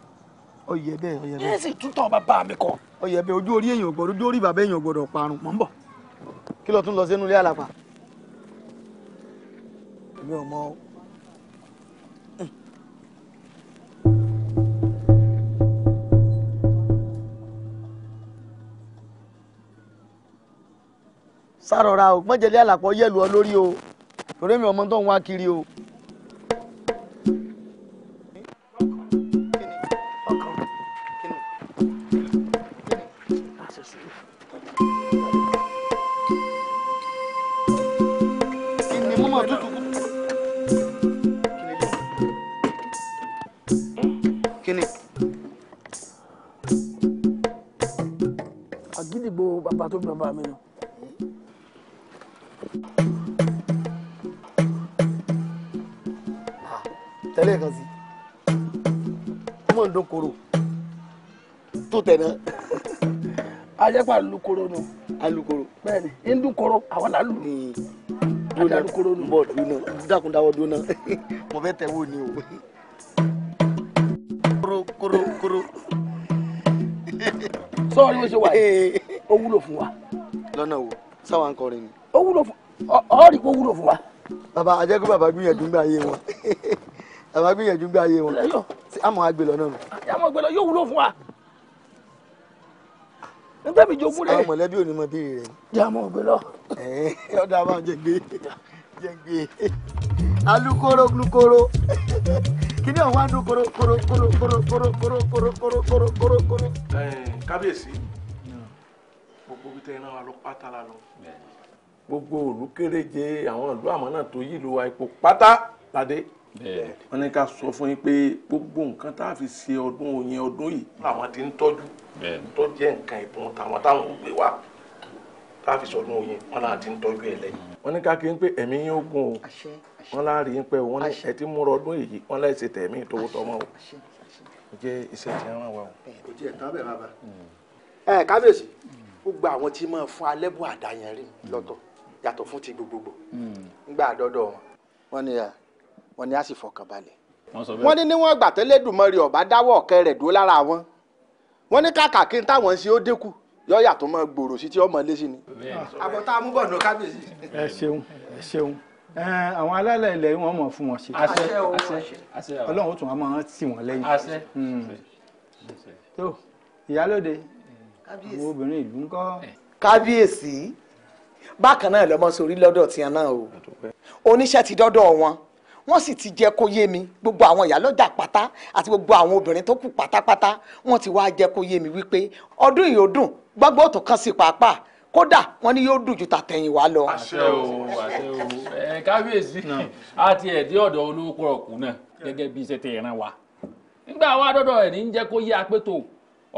ọyẹ bẹ́ẹ̀ ọyẹ bẹ́ẹ̀. ẹsẹ túntàn bàbá mi kọ. ọyẹ bẹ́ẹ̀ ojú orí èèyàn gbọ́dọ̀ ojú orí bàbá èèyàn gbọ́dọ̀ parun mọ ń bọ kí ló tún lọ sínú ilé àlàpà. èmi ò mọ o. sárọra o mọ̀jẹ̀lẹ́ àlàpọ̀ yẹ̀lú ọ lórí o torí mi ọmọ tó ń wá kiri o. pé alukoro alukoro. bẹ́ẹ̀ni indukoro àwọn là ń alukoro nu. bọ mo fẹ́ tẹ wo ni o. koro koro koro. sọ́ọ̀rì bó ṣe wà yìí o wúlò fún wa. lọ́nà wo sáwọn akọrin ni. O wúlò fún ọ rí i wúlò fún wa. ayé wọn ayé wọn náà. yóò wúlò wa. nígbà mi jogún rẹ̀. àwọn mọ̀lẹ́bí ò ní mọ bíi rẹ̀. jẹ́ àmọ́ ògbé lọ. ọ̀dà máa jẹ gbé jẹ gbé alukoro glukoro kíní ọ̀hún wá ń dún koro koro koro koro koro koro koro koro koro koro koro. kábíyèsí gbogbo bí tẹ́yìn náà wà ló pátá la lọ. gbogbo olùkéréje àwọn ìlú àmọ́ náà tó yí ìlú wa ipò pátá ládé. wọn ní ká sọ fún yín gbogbo nǹkan tá fi ṣe ọdún oyin ọdún yìí làwọn ti ń tọ́jú tó jẹ nǹkan ìbọn táwọn táwọn gbé fi wọn náà ti ń ẹ lẹ́yìn. wọ́n ní ká kí n pé o láàrin yín pé wọ́n ní ẹ ọdún yìí láì ṣe tẹ̀mí ìtòwó tọmọ o tí wà o. kò hmm. ẹ kábíyèsí gbogbo àwọn tí hmm. fún ti gbogbogbò hmm. àdọ́dọ̀ wọn. wọ́n ní a sì fọkàn balẹ̀ wọ́n ní níwọ̀n ìgbà tẹ́lẹ̀dùmarè ọ̀bá dáwọ́ ọ̀kẹ́ rẹ̀ dúró lára wọn wọ́n ní kàkà kí n táwọn ń ṣe ó dínkù yọ́ọ̀yà tó máa gbòòrò sí tí ọmọ ilé sí ni. àbọ̀ tá a mú bọ̀ ní kábíyèsí. ẹ ṣeun ẹ ṣeun àwọn alálẹ̀ ilẹ̀ wọn mọ̀ fún wọn ṣe àṣẹ ọlọ́run ó tún wọn máa tì wọ́n lẹ́yìn. àṣẹ hmm. tó ìyálóde àwọn obìnrin ìlú ń kọ́. Eh. kábíyèsí bákan náà lọmọ sórí lọ́dọ̀ tiẹ̀ náà o oníṣẹ́ ti dọ́dọ̀ wọn wọ́n sì ti jẹ́ kó yé mi gbogbo àwọn ìyálọ́jà pátá àti gbogbo àwọn obìnrin tó kù pátápátá wọ́n ti wá jẹ́ kó yé mi wípé ọdún yìí ó dùn gbọ́gbọ́ tó kàn sí pàápàá kódà wọ́n ní yóò dùn ju tàtẹ̀yìnwá lọ. àṣẹ o àṣẹ o ẹ kábíyèsí a ti ẹ̀dí ọ̀dọ̀ olówó ọ̀kú náà gẹ́gẹ́ bí iṣẹ́ tẹ̀ ẹ̀ràn wa nígbà wa dọ́dọ̀ ẹ̀ ní jẹ́ kó yé apẹ́tò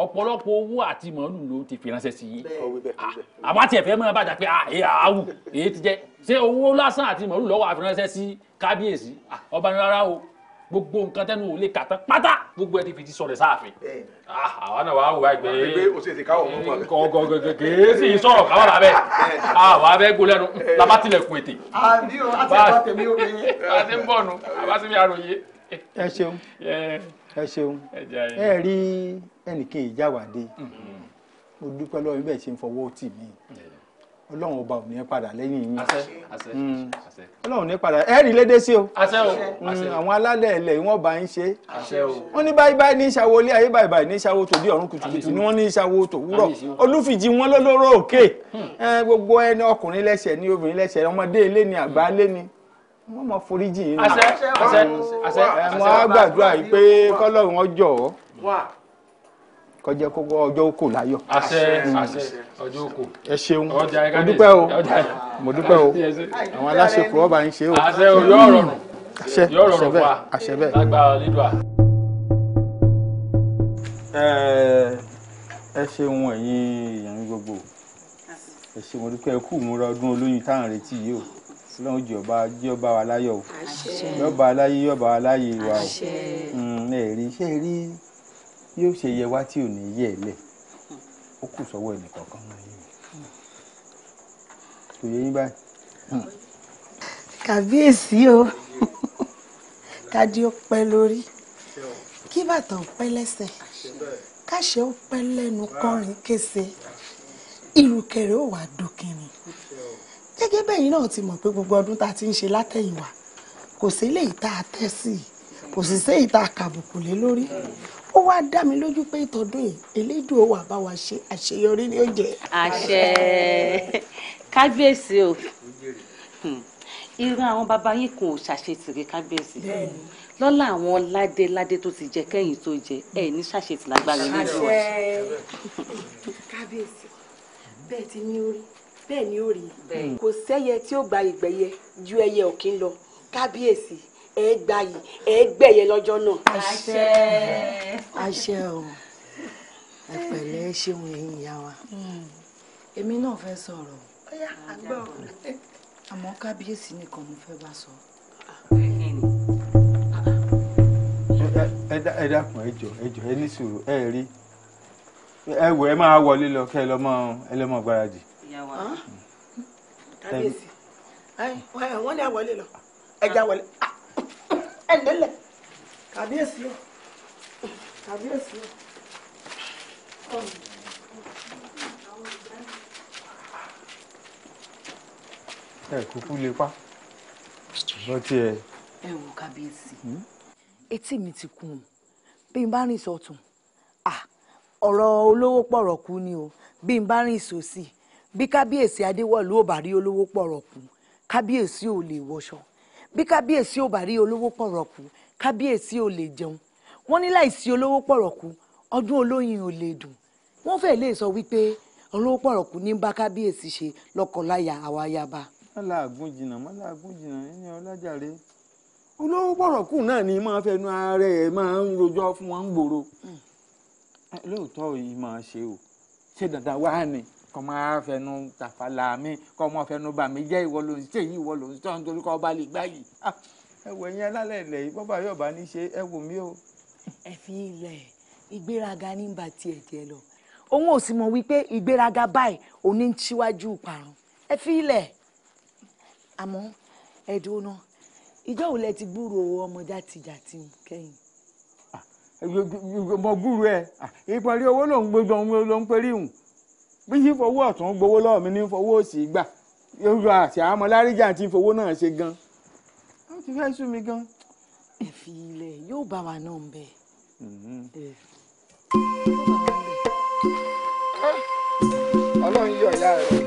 ọ̀pọ̀lọpọ̀ owó àti màálù ló ti fi ránṣẹ́ sí i àwa tiẹ̀ fẹ́ mọ́ ẹ bàjẹ́ pé ah, àwù èyí ti jẹ́ ṣé owó lásán àti mọ̀rú lọ́wọ́ àfiránṣẹ́ sí kábíyèsí ọba ní rárá o gbogbo nǹkan tẹnu ò lè kàtán pátá gbogbo ẹ ti fi ti sọ̀rọ̀ sáàfin. àwa náà wàá wò wá gbé kọ̀ọ̀kọ̀ọ̀kọ̀ kèésì sọ̀rọ̀ káwọn là bẹ́ẹ̀ àwa bẹ́ẹ̀ gbó lẹ́nu làbá tilẹ̀kùn ètè. àbí o àti ẹ̀fọ́ tèmi ò ní. a ti ń bọ̀ nù àbá sí mi àròyé. ẹ ṣeun ẹ ṣeun ẹ rí ẹnìkan ìjáwádé mm-hmm. mo dúpẹ́ lọ́wọ́ bẹ́ẹ̀ ṣe ń fọwọ́ tì mí ọlọ́run ọba ò ní padà lẹ́yìn yín mm. ọlọ́run ní padà ẹ rí lédè sí o mm, àwọn alálẹ̀ ilẹ̀ wọn bá ń ṣe wọn ní báyìí báyìí ní ìṣàwó ilé ayé báyìí báyìí ní ìṣàwó tòbí ọ̀run kùtùkùtù ni wọ́n ní ìṣàwó tòwúrọ̀ olúfìjì wọn lólóró òkè hmm. gbogbo ẹni ọkùnrin lẹ́sẹ̀ ní obìnrin lẹ́sẹ̀ ọmọdé ilé ni àgbà ilé ni wọ́n mọ foríjì yín náà wọ́n á gbàdúrà yìí pé kọ́lọ́run ọjọ́ kọjá kókó ọjọ́ òkò láyọ̀. àṣẹ àṣẹ ọjọ́ òkò. ẹ ṣeun mo dúpẹ́ o mo dúpẹ́ o àwọn aláṣẹ kò ọba ń ṣe o. àṣẹ o yọ ọ̀rọ̀ nù àṣẹ àṣẹ àṣẹ bẹ́ẹ̀. lágbára lídùá. ẹ ṣeun ẹ̀yin èèyàn gbogbo ẹ ṣeun mo dúpẹ́ kú mo ra ọdún olóyin retí yìí o ọlọ́run jẹ́ ọba jẹ́ ọba wa láyọ̀ o yọba aláyé yọba aláyé wa o ẹ̀rí ṣe mm, rí yóò ṣe yẹ wá tí ò ní yẹ ẹ lẹ̀ ó kù sọ́wọ́ ẹnìkọ̀ọ̀kan kò yẹ yín báyìí. kàbíyèsí o kájí ó pẹ́ lórí kí bàtà ó pẹ́ lẹ́sẹ̀ káṣẹ́ ó pẹ́ lẹ́nu kọrin kése ìrùkẹ̀rẹ̀ ó wà dòkìnrin gẹ́gẹ́ bẹ́yìn náà ti mọ̀ pé gbogbo ọdún tá a ti ń ṣe látẹ̀yìnwá kò sí eléyìí tá a tẹ́ sí kò sì séyìí tá a kàbùkù lé lórí ó wá dá mi lójú pé ìtọ́dún yìí elédùn òwò àbáwá ṣe àṣeyọrí ni ó jẹ. àṣẹ kábíyèsí o hmm. irú àwọn bàbá yín kò ṣàṣetìrì kábíyèsí lọ́la àwọn ládéládé tó ti jẹ kẹ́yìn tó jẹ ẹ ní ṣàṣetì lágbára ilé ìwọ. kábíyèsí bẹ́ẹ̀ ti ní orí bẹ́ẹ̀ ni ó rí kò sẹ́yẹ tí ó gba ìgbẹ́yẹ ju ẹyẹ òkín lọ kábíyèsí ẹ gbà yìí ẹ gbẹ̀yẹ lọ́jọ́ náà. àṣẹ àṣẹ o ẹ pẹ̀lẹ́ ṣéun ẹ̀yin ìyá wa hmm. èmi náà fẹ́ sọ̀rọ̀ àmọ́ kábíyèsí nìkan mo fẹ́ bá sọ. ẹ dákun ẹ jọ ẹ jọ ẹ ní sùúrù ẹ rí ẹ wọ ẹ máa wọlé lọ kẹ ẹ lọ mọ ẹ lọ mọ gbáradì. kábíyèsí wọ́n ní àwọlé lọ ẹ já wọlé. Ah! ẹ lélẹ̀ kàbíyèsí o kàbíyèsí o. ẹ kúkú lè pa bọ́ tí ẹ. ẹ wò kábíyèsí hmm? etí mi ti kún un bí n bá rìn sọ́tún ọ̀rọ̀ olówó pọ̀rọ̀ kú ni o bí n bá rìn sósì bí kábíyèsí adéwọ̀lú ò bá rí olówó pọ̀rọ̀ kú kábíyèsí ò lè wọṣọ bí kábíyèsí ò bá rí olówó pọ̀rọ̀kù kábíyèsí ò lè jẹun wọ́n ní láìsí olówó pọ̀rọ̀kù ọdún olóyin ò lè dùn wọ́n fẹ́ lè sọ wípé olówó pọ̀rọ̀kù ní bá kábíyèsí ṣe lọ́kọláya àwa yaba. mọ́lá àgún jìnnà mọ́lá àgún jìnnà ẹni ọlájàre olówó pọ̀rọ̀kù náà ni máa fẹnu ara ẹ̀ máa ń rojọ́ fún wọn ń gbòòrò lóòótọ́ yìí máa ṣe o ṣe dandan wá ni kọ́ máa fẹnu tàfàlà mi kọ́ máa fẹnu bà mí jẹ́ ìwọ ló ń ṣe yìí ìwọ ló ń tọ́ nítorí kọ́ bá lè gbá yìí. Ah, ẹ wò ẹ̀yin alálẹ̀ ilẹ̀ yìí bọ́bá yóò bá ní ṣe ẹ wò o. ẹ fi ilẹ̀ ìgbéraga ní ba tiẹ̀ tiẹ̀ lọ òun ò sì mọ̀ wípé ìgbéraga báyìí òní ń ṣíwájú ìparun ẹ fi ilẹ̀ àmọ́ ẹ̀dùn náà ìjọ wo lẹ ti gbúrò ọmọ jàtìjàtì kẹ́yìn. Ah, mo gbúrò ẹ ah, ìparí owó lòún gbogbo òun ló ń perí hùn bí sí fowó ọ̀tún gbowó lọ́wọ́ mi ní fowó òsì gbà yorùbá àti àwọn ọmọ Lárìjà ti fowó náà ṣe gan wọ́n ti fẹ́ sú mi gan. ẹ̀fì ilẹ̀ yóò bá wa náà bẹ̀. Mhm. ọlọ́run yọ̀ ya rẹ̀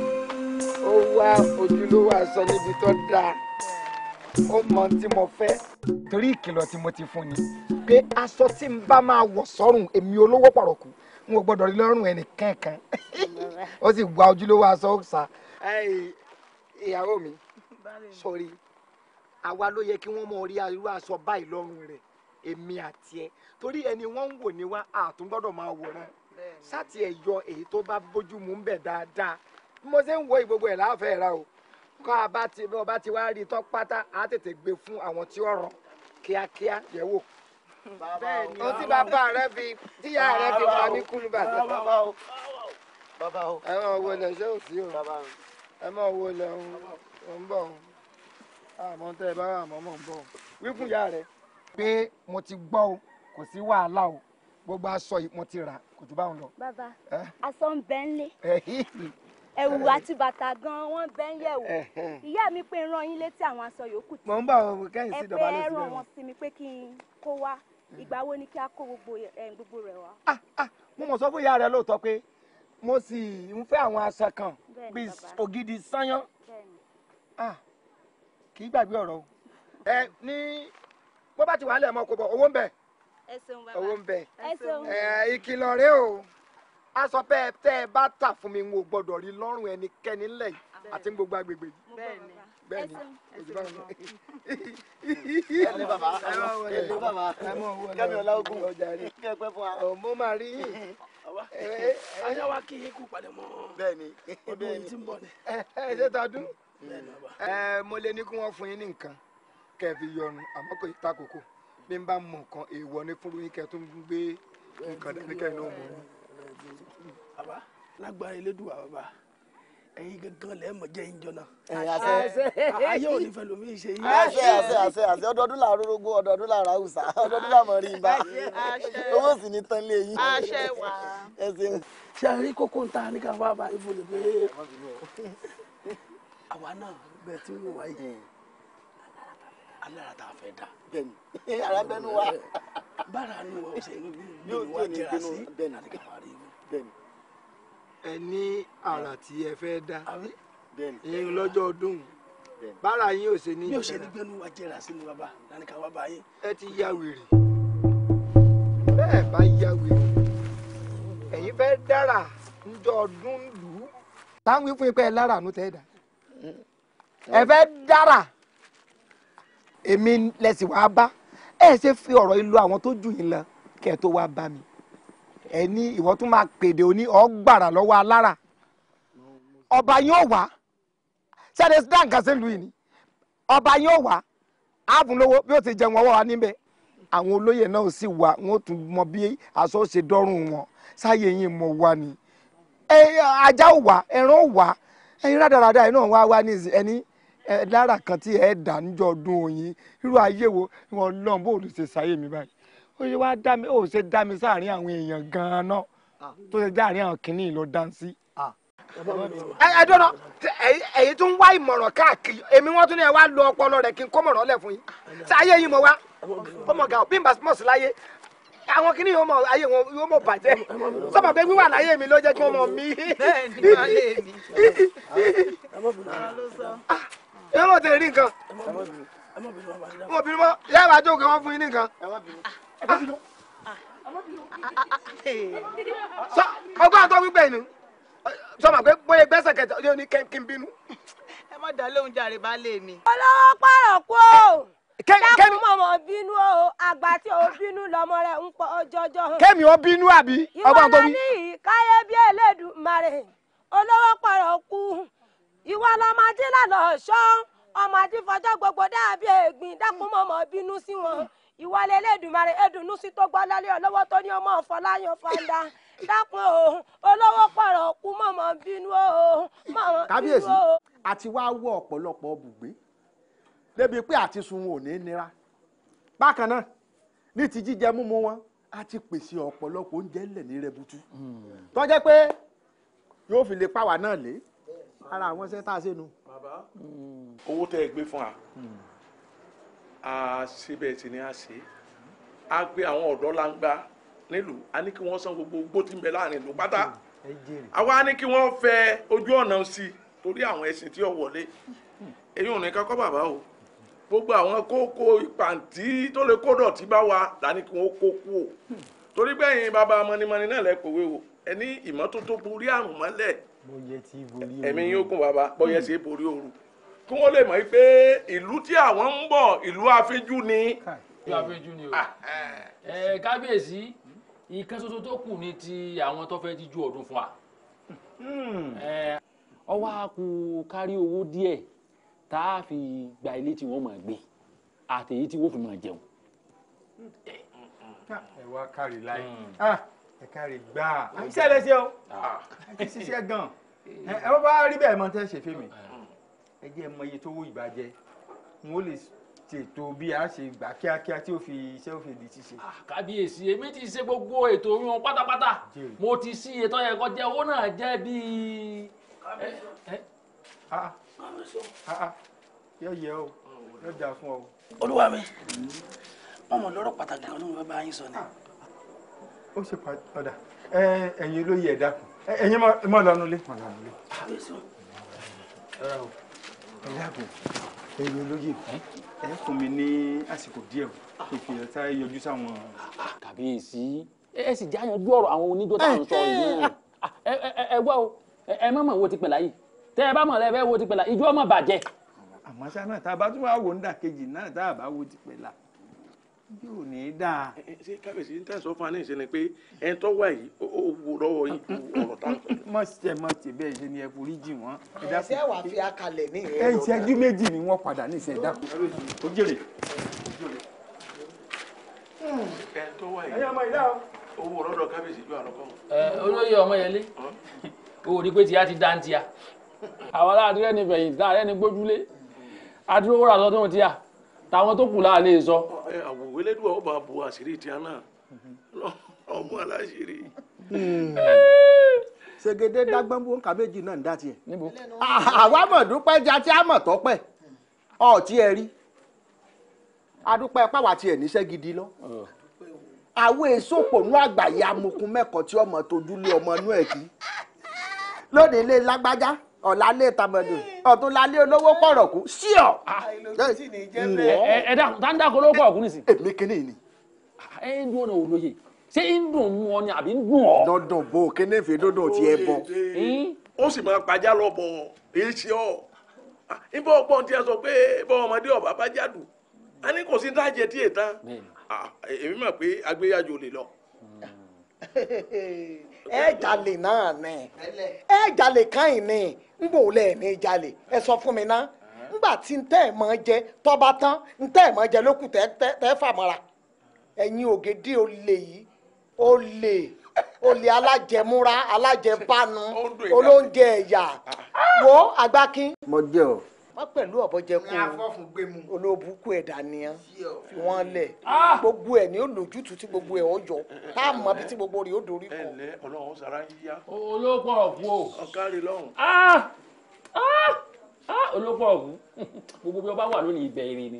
ó wá ojúlówó aṣọ níbi tó dáa ó mọ tí mo fẹ́ torí ìkìlọ̀ tí mo ti fún ni pé aṣọ tí n bá máa wọ̀ sọ́rùn èmi olówó pàrọ̀kù n ò gbọ́dọ̀ rí lọ́rùn ẹnì kankan ó sì gba ojúlówó aṣọ ọ̀sà. ìyàwó mi sọrí àwa ló yẹ kí wọ́n mọ orí irú aṣọ báyìí lọ́rùn rẹ̀ èmi àti ẹ̀ torí ẹni wọ́n ń wò ní wa àtún gbọ́dọ̀ máa wòran sátì ẹ̀ yọ èyí tó bá bójú mu ń bẹ̀ dáadáa bí mo ṣe ń wo ìgbogbo ẹ̀ láàfẹ́ ra o kọ́ ọba ti wá rí i tán pátá á tètè gbé fún àwọn tí ọ̀rọ̀ kíákíá yẹ̀ wò o ti bàbá rẹ fi tíyà rẹ fi pa mí kú ní bàtà. ẹ máa wo lẹ ṣé ò sí o ẹ máa wo lẹ ò ń bọ̀ àmọ́ tẹ́ ẹ bá wà mọ́ mọ́ ń bọ̀ wíkún ìyá rẹ. pé mo ti gbọ́ o kò sí wàhálà o gbogbo aṣọ yìí ti rà kò jù báwọn lọ. bàbá aṣọ ń bẹ ń lé ẹ̀wù àti bàtà gan wọn bẹ ń yẹ̀wò ìyá mi pé rán yín létí àwọn aṣọ yòókù tí. mo ń bá àwọn kẹ́yìn sí ìdọ̀bálẹ̀ síbẹ̀ wọn. ẹ pé ẹ rán wọn sí mi pé kí n kó wá Mm. ìgbà wo ni kí a kó gbogbo eh, rẹ̀ wá. Ah, ah, mo mọ̀ sọ fún ìyá rẹ lóòótọ́ pé mo sì ń fẹ́ àwọn aṣọ kan bíi ògidì sányán ah, kì í gbàgbé ọ̀rọ̀ o ẹ ní bó bá ti wà á lẹ̀ mọ́ kó bọ̀ owó ń bẹ owó ń bẹ ìkìlọ̀ rẹ o aṣọ pé tẹ́ ẹ bá tà fún mi n ò gbọ́dọ̀ rí lọ́rùn ẹnikẹ́ni lẹ́yìn àti gbogbo agbègbè yìí bẹ́ẹ̀ni ojú bá wọn. ẹlẹ bàbá ẹlẹ bàbá kẹmi ọláogun kẹpẹ fún wa. ọmọ máa rí yìí. ajá wa kí ikú padà mọ ọdún tí ń bọ̀ ni. ẹ ṣe ta dún. ẹ mo lè ní kí wọ́n fún yín ní nǹkan kẹ́ fi yọnu àmọ́ kò ta kókó bí n bá mọ nǹkan èèwọ̀ ní fúru yín kẹ́ tó ń gbé nǹkan dání kẹ́ ní òun mọ. bàbá lágbára elédùn wa bàbá ẹ̀yin gangan lẹ mọ̀ jẹ ìjọ náà. ayé ò ní fẹ́ ṣe yín. àṣẹ àṣẹ àṣẹ àṣẹ ọdọọdún là rúrúgbó ọdọọdún là ra ọdọọdún là mọ rí ibà owó sì ní tán lé yín. àṣẹ wà. ẹ ṣeun. ṣé a rí kókó ń ní ká bá ifo lè pé àwa náà bẹ́ẹ̀ tí wọ́n wáyé alára tá a fẹ́ dá. bẹ́ẹ̀ni ara bẹnu wa. bára nu wa ọsẹ yóò ní ìbínú wa ẹ ní àrà tí ẹ fẹ́ dá ìyẹn lọ́jọ́ ọdún bára yín ò ṣe ní. mi ò ṣe ní gbẹnu wa jẹrà sí ni bàbá lánàá ká wá bá yín. ẹ ti ya wèrè bẹ́ẹ̀ bá ya wèrè ẹ̀yin fẹ́ dára ńjọ ọdún lù ú. táwọn ìfún ipẹ́ ẹ lára àánú tẹ́ ẹ dá ẹ fẹ́ dára èmi lẹ́sìn wàá bá ẹ ṣe fi ọ̀rọ̀ ìlú àwọn tó jù yín lọ kẹ́ ẹ tó wá bá mi. ẹni ìwọ tún máa pèdè òní ọgbàrà lọ́wọ́ alára ọba yóò wá ṣáde dáǹkà yìí ni ọba yóò wà ààbùn lówó bí ó ti jẹun ọwọ́ wa níbẹ̀ àwọn olóyè náà sì wà wọn ò tún mọ bí wọn sáyé mọ ajá ò ẹran ò ẹyin rádaràda yìí náà ẹni lára kan tí ẹ dà níjọ ọdún òyìn irú ayé wo bó ó ṣe wá dá mi ó ṣe dá mi sáàrin àwọn èèyàn gan-an náà ah. tó ṣe dá àárín àwọn kìnnìún lọ dáńsí. Ah. ẹ dọ́nà èyí tún wá ìmọ̀ràn káàkiri èmi wọ́n tún ní ẹ wá lo ọpọlọ rẹ̀ kí n kó mọ̀ràn lẹ̀ fún yín sáyé yìí mo wá ọmọ gà bí n bá mọ̀ sí láyé àwọn kìnnìún yóò mọ ayé wọn yóò mọ bàjẹ́ sọ́mọ pé wíwà láyé mi ló jẹ́ kí wọ́n mọ̀ mí. yọ̀ọ́ ló ti rí nǹkan ọmọbìnrin mọ́ yẹ́wàá jókòó wọn fún yín nìkan sọ ọgbọ́n àtọ́ wípé ni sọ ma pé bóyá gbẹ́sẹ̀ kẹta ọjọ́ ni kí n bínú. ẹ má dá lóhùn jàre bá lè mi. olówó pààrọ̀ kú o dákun mọ̀mọ́ bínú o àgbà tí o bínú lọ́mọ rẹ̀ ń pọ̀ ọjọ́jọ́ hàn. kẹ́mi bínú àbí ọgbọ́n tó bí. ìwọ lọ ní káyé bí Elédùmarè olówó pààrọ̀ kú ìwọ lọmọdé lànà ọ̀ṣọ́ ọmọdé fọjọ́ gbogbo dàbí ègbìn dákun bínú sí wọn ìwọlé elédùnmarè edùnú sí tó gbọ́ lálẹ́ ọlọ́wọ́ tó ní ọmọ ọ̀fọláyàn fanda dákun òun olówó pọ̀rọ̀ kú mọ̀mọ́ bínú òun mọ̀mọ́ bínú òun. kábíyèsí àti wá wọ ọ̀pọ̀lọpọ̀ bùgbé débi pé àti sun ò ní nira bákan náà ní ti jíjẹ múmu wọn a ti pèsè ọ̀pọ̀lọpọ̀ oúnjẹ ńlẹ̀ ní rẹbutu hmm. tó jẹ́ pé yóò fi lè pàwà náà lé ara àwọn sẹ́ńtà sẹ́nu. Hmm. owó tẹ́ ẹ gbé fún wa. Hmm a síbẹ̀ tí ni a ṣe a gbé àwọn ọ̀dọ́ langba nílùú a ní kí wọ́n san gbogbo gbó tí ń bẹ láàrin ìlú pátá àwa ní kí wọ́n fẹ ojú ọ̀nà sí i torí àwọn ẹ̀sìn tí ó wọlé èyí ò ní kakọ́ bàbá o gbogbo àwọn kókó ìpàǹtí tó lè kó dọ̀tí bá wa la ní kí wọ́n kó kú o torí bẹ́yìn bàbá mọ́nímọ́ní náà lẹ́ pòwe o ẹni ìmọ́tótó borí àrùn mọ́lẹ̀ ẹ̀mí yóò kún bàbá bọ́yẹ̀ sí borí ooru kí wọ́n lè mọ̀ pé ìlú tí àwọn ń bọ̀ ìlú afẹ́jú ni. ìlú afẹ́jú ni o ẹ ah, eh, kábíyèsí nǹkan ṣoṣo tó kù ni ti àwọn tó fẹ́ jíjú ọdún fún wa. ọwọ́ hmm. eh, a kù kárí owó díẹ̀ tá a fi gba ilé tí wọ́n máa gbé àtẹ̀yí tí wọ́n fi máa jẹun. Ah, ẹ wá kárí láì hmm. ah, ẹ kárí gbáà. àìsí ẹ lẹsẹ o àti ṣiṣẹ gan eh, ẹ bá rí bẹ́ẹ̀ mọ́ tẹ́ ṣe fíìmù ẹ jẹ́ mọ iye tó wó ìbàjẹ́ n ó lè ṣètò bí a ṣe gbà kíákíá tí ó fi iṣẹ́ ó fi di ṣíṣe. Ah, kàbíyèsí èmi ti ṣe gbogbo ètò oyún pátápátá mo ti sí ètò yẹn kó jẹ owó náà jẹ bíi. yọ yẹ o yọ da fún ọ. olúwa mi wọn mọ lọ́rọ̀ pàtàkì kan nínú bàbá yín sọ ni. Ah, ó ṣe padà ẹ̀yin olóyè ẹ dákun ẹ̀yin mọ lọnà ilé. kàbíyèsí o ẹ dàgbọ́ ẹ̀yin olóyè ẹ fún mi ní àsìkò díẹ̀ o kò fi ẹ̀ta yọjú sáwọn. kàbíyèsí ẹ sì já yanjú ọ̀rọ̀ àwọn oníjó tá à ń sọ ìlú ẹ gbọ́ o ẹ má mọ̀ wo ti pẹ̀lá yìí tẹ́ ẹ bá mọ̀ lẹ́ẹ̀ bẹ́ẹ̀ wo ti pẹ̀lá ìjọ má bàjẹ́. àmọ́ sáà náà tá a bá tún wá wò ń dà kejì náà tá a bá wo ti pẹ̀lá yóò ní í dáa. ṣé kábíyèsí ń tẹ̀sán fún aníṣe ni pé ẹni tó wà yìí ó wò lọ́wọ́ yìí ju ọ̀rọ̀ tá a sọ. mọ̀ ṣe mọ̀ ṣe bẹ́ẹ̀ ṣe ni ẹ forí jì wọ́n. ẹ̀sẹ̀ wà fi akalẹ̀ ní ìrẹ́lọ́dà. ẹ̀ ìṣẹ́jú méjì ni wọ́n padà ní ìṣẹ̀dá. ó jèrè. ẹni tó wà yìí ó wò lọ́dọ̀ kábíyèsí ju àrọ́kọ́. olóyè ọmọyẹlé o rí pé tìyá ti dá ń tìyà àwọn aláàdúrẹ́ ni fẹ̀yìntì táwọn tó kù láàlẹ́ sọ. àwòwé lẹ́dùn ọba bo àṣírí tí a náà ọmọ aláṣírí. ṣègede dágbọ́nbó kàbéjì náà ń dá tiẹ̀. Ah, àwa mọ̀ dúpẹ́ já tí a mọ̀ tọ́pẹ́ ọ̀tí ẹ rí adúpẹ́ pàwá tiẹ̀ níṣẹ́ gidi lọ àwọn èso pònú àgbàyà amukun mẹ́kọ̀ọ́ tí ọmọ tójúlé ọmọ inú ẹ̀ kí lónìí ilé lágbájá ọ̀làlẹ̀ tàbẹ̀dù ọ̀tún lálẹ́ olówó pọ̀rọ̀ kú sí ọ̀. ẹ dákun tá ń dákun olówó pọ̀rọ̀ kú nìsí. èmi kéne ni. Ah, ẹ ń dún ọ̀nà òlóye ṣé ń dùn mú ọ ni àbí ń dùn ọ. dandan bo kéne fè dandan ti ẹ bọ. ó sì máa pàjá lọ bọ̀ èyí ṣe ọ. ibò ọgbọ́n ti ẹ sọ pé bọ́ ọmọdé ọba bá jádùn a ní kò sí ń dájẹ tí ètàn èmi mọ̀ pé agbéyàjò lè lọ ẹ jalè náà ni ẹ jalè kan yìí ni ń bò lẹ́ẹ̀mí jalè ẹ sọ fún mi náà ńgbà tí ń tẹ́ ẹ̀ mọ́ jẹ tọ́ba tán ń tẹ́ ẹ̀ mọ́ jẹ lókù tẹ́ fàmọ́ra ẹ̀yin ògèdè olè yìí olè olè alájẹmúra alájẹbánu olóúnjẹ ẹ̀yà wo àgbákin. mo jẹ́ o má pẹ̀lú ọ̀bọ jẹ kó olóòbùkù ẹ̀dá nìyẹn fi wọ́n lẹ̀ ah! gbogbo ẹ̀ ní olójútùú tí gbogbo ẹ̀ ọjọ́ tá a mọ ibi tí gbogbo rẹ̀ ó dorí kọ. ẹ ǹlẹ́ ọlọ́run sara yíyá. olóòpọ̀ ọ̀kú o. ọ̀kárí lọ́hùn. Ah! Ah! olóòpọ̀ ọ̀kú gbogbo bí ọba wà lónìí ìbẹ̀rẹ̀ ni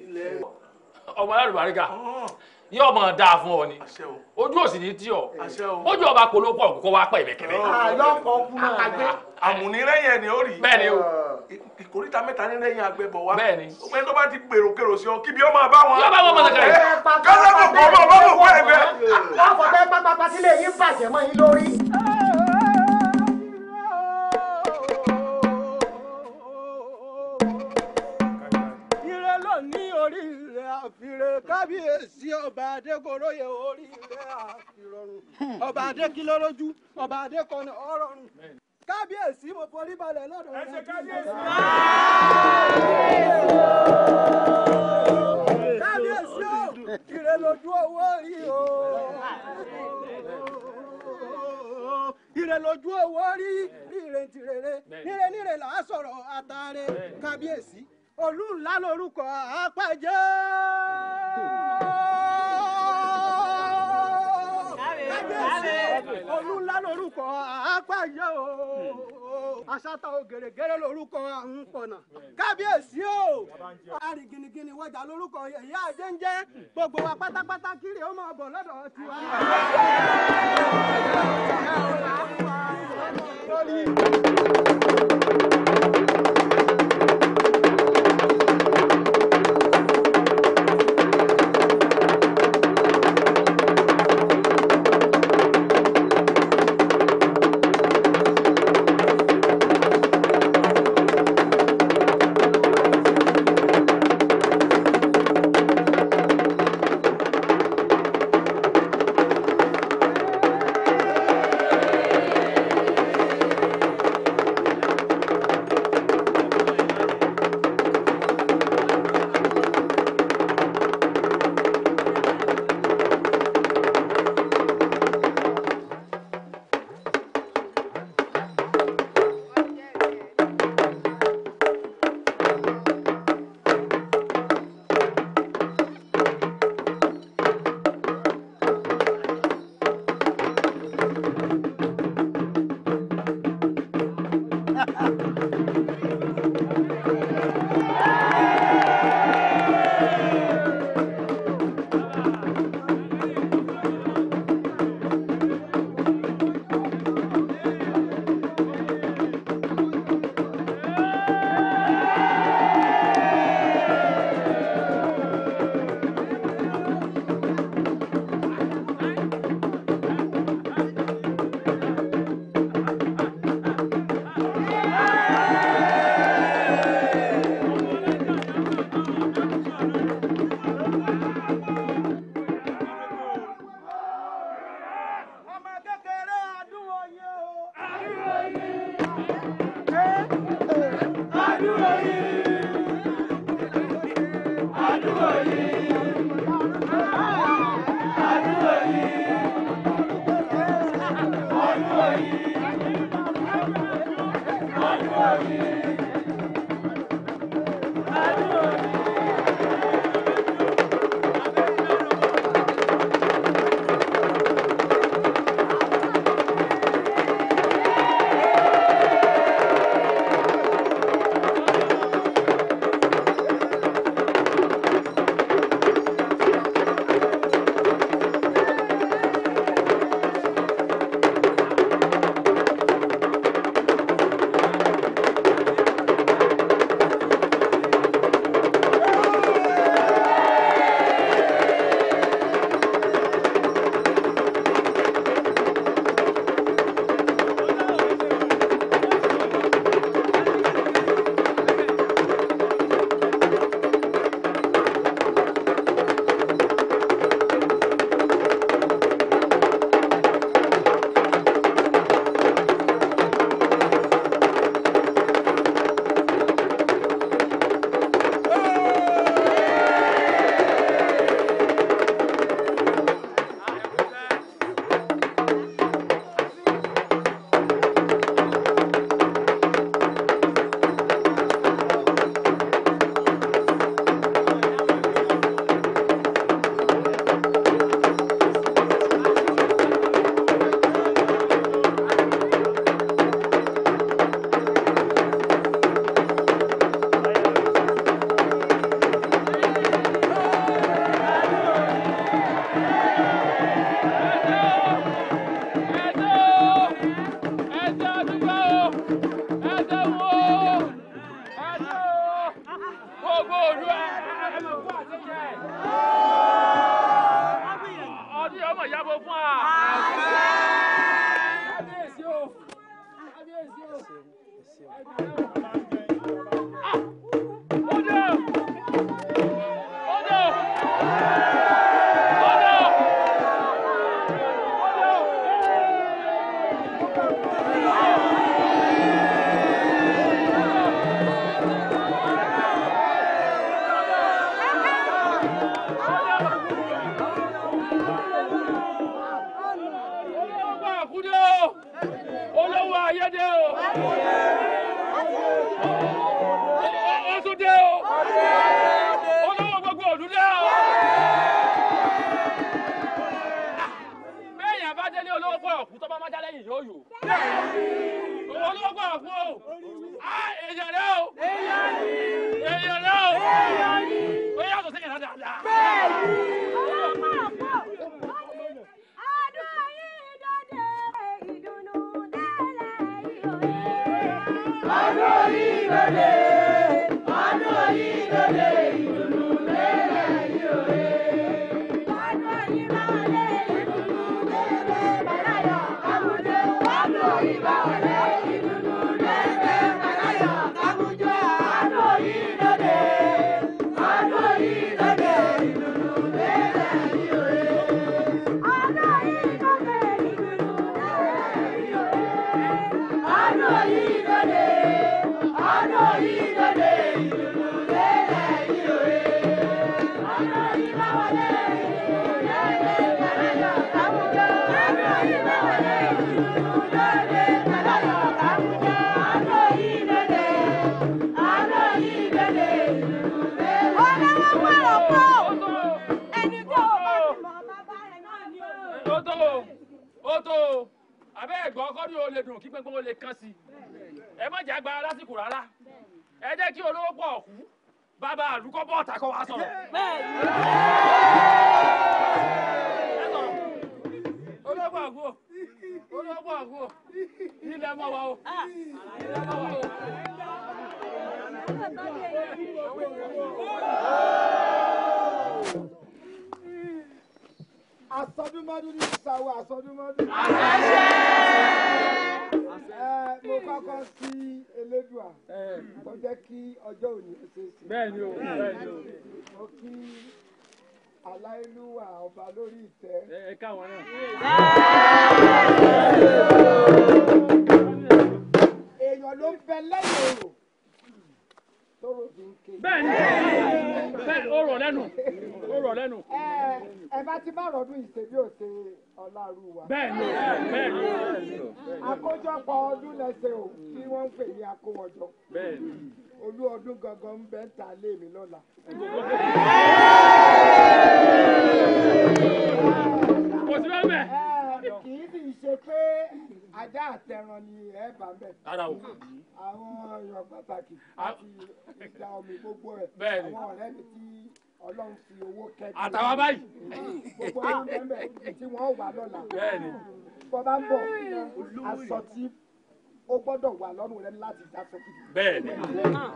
ọmọ alálùbáríkà yóò mọ̀ dáa fún ọ ni ojú òsì ní tí ọ ojú ọba kò ló pọ̀ kó wá pẹ̀ ìbẹ̀kẹ̀rẹ̀. àlọ́kọ̀ ah, kú náà àgbẹ̀ àmùnírẹ́yìn ni ó rí. I o eh, ìkórìtà mẹ́ta ní lẹ́yìn àgbẹ̀ bọ̀ wá. bẹ́ẹ̀ni o pé tó bá ti gbèrò kèrò sí ọ kí bí ó máa bá wọn. yóò bá wọn mọ̀ sẹ́kẹ̀rẹ̀. Eh, kọ́sẹ́ kò kọ́ ọmọ ọmọ kò kọ́ ẹ̀gbẹ́. láfọ̀tẹ́ pápá kábíyèsí ọba adégoróyè oríire àfìrọ̀rùn ọba adékilọ́lójú ọba adékọ́ni ọ̀rọ̀rùn kábíyèsí mo forí balẹ̀ lọ́dọ̀ rẹ̀. ẹ ṣe kábíyèsí. kábíyèsí o ìrè lójú owó rí o ìrè lójú owó rí rí ìrètìrèrè níre níre là á sọ̀rọ̀ àtàrẹ kábíyèsí. olú ńlá lórúkọ àpàjẹ́. olú ńlá lórúkọ àpàjẹ́ o àṣàtà ògèrègèrè lórúkọ a kábíyèsí o àárín gìnnìgìnnì wọjà lórúkọ èyí àjẹ gbogbo wa pátápátá kiri ó máa bọ̀ lọ́dọ̀ Thank you. bọ́ bá ń bọ̀ aṣọ tí ó gbọ́dọ̀ wà lọ́rùn rẹ láti dá sọ kìí. bẹ́ẹ̀ni.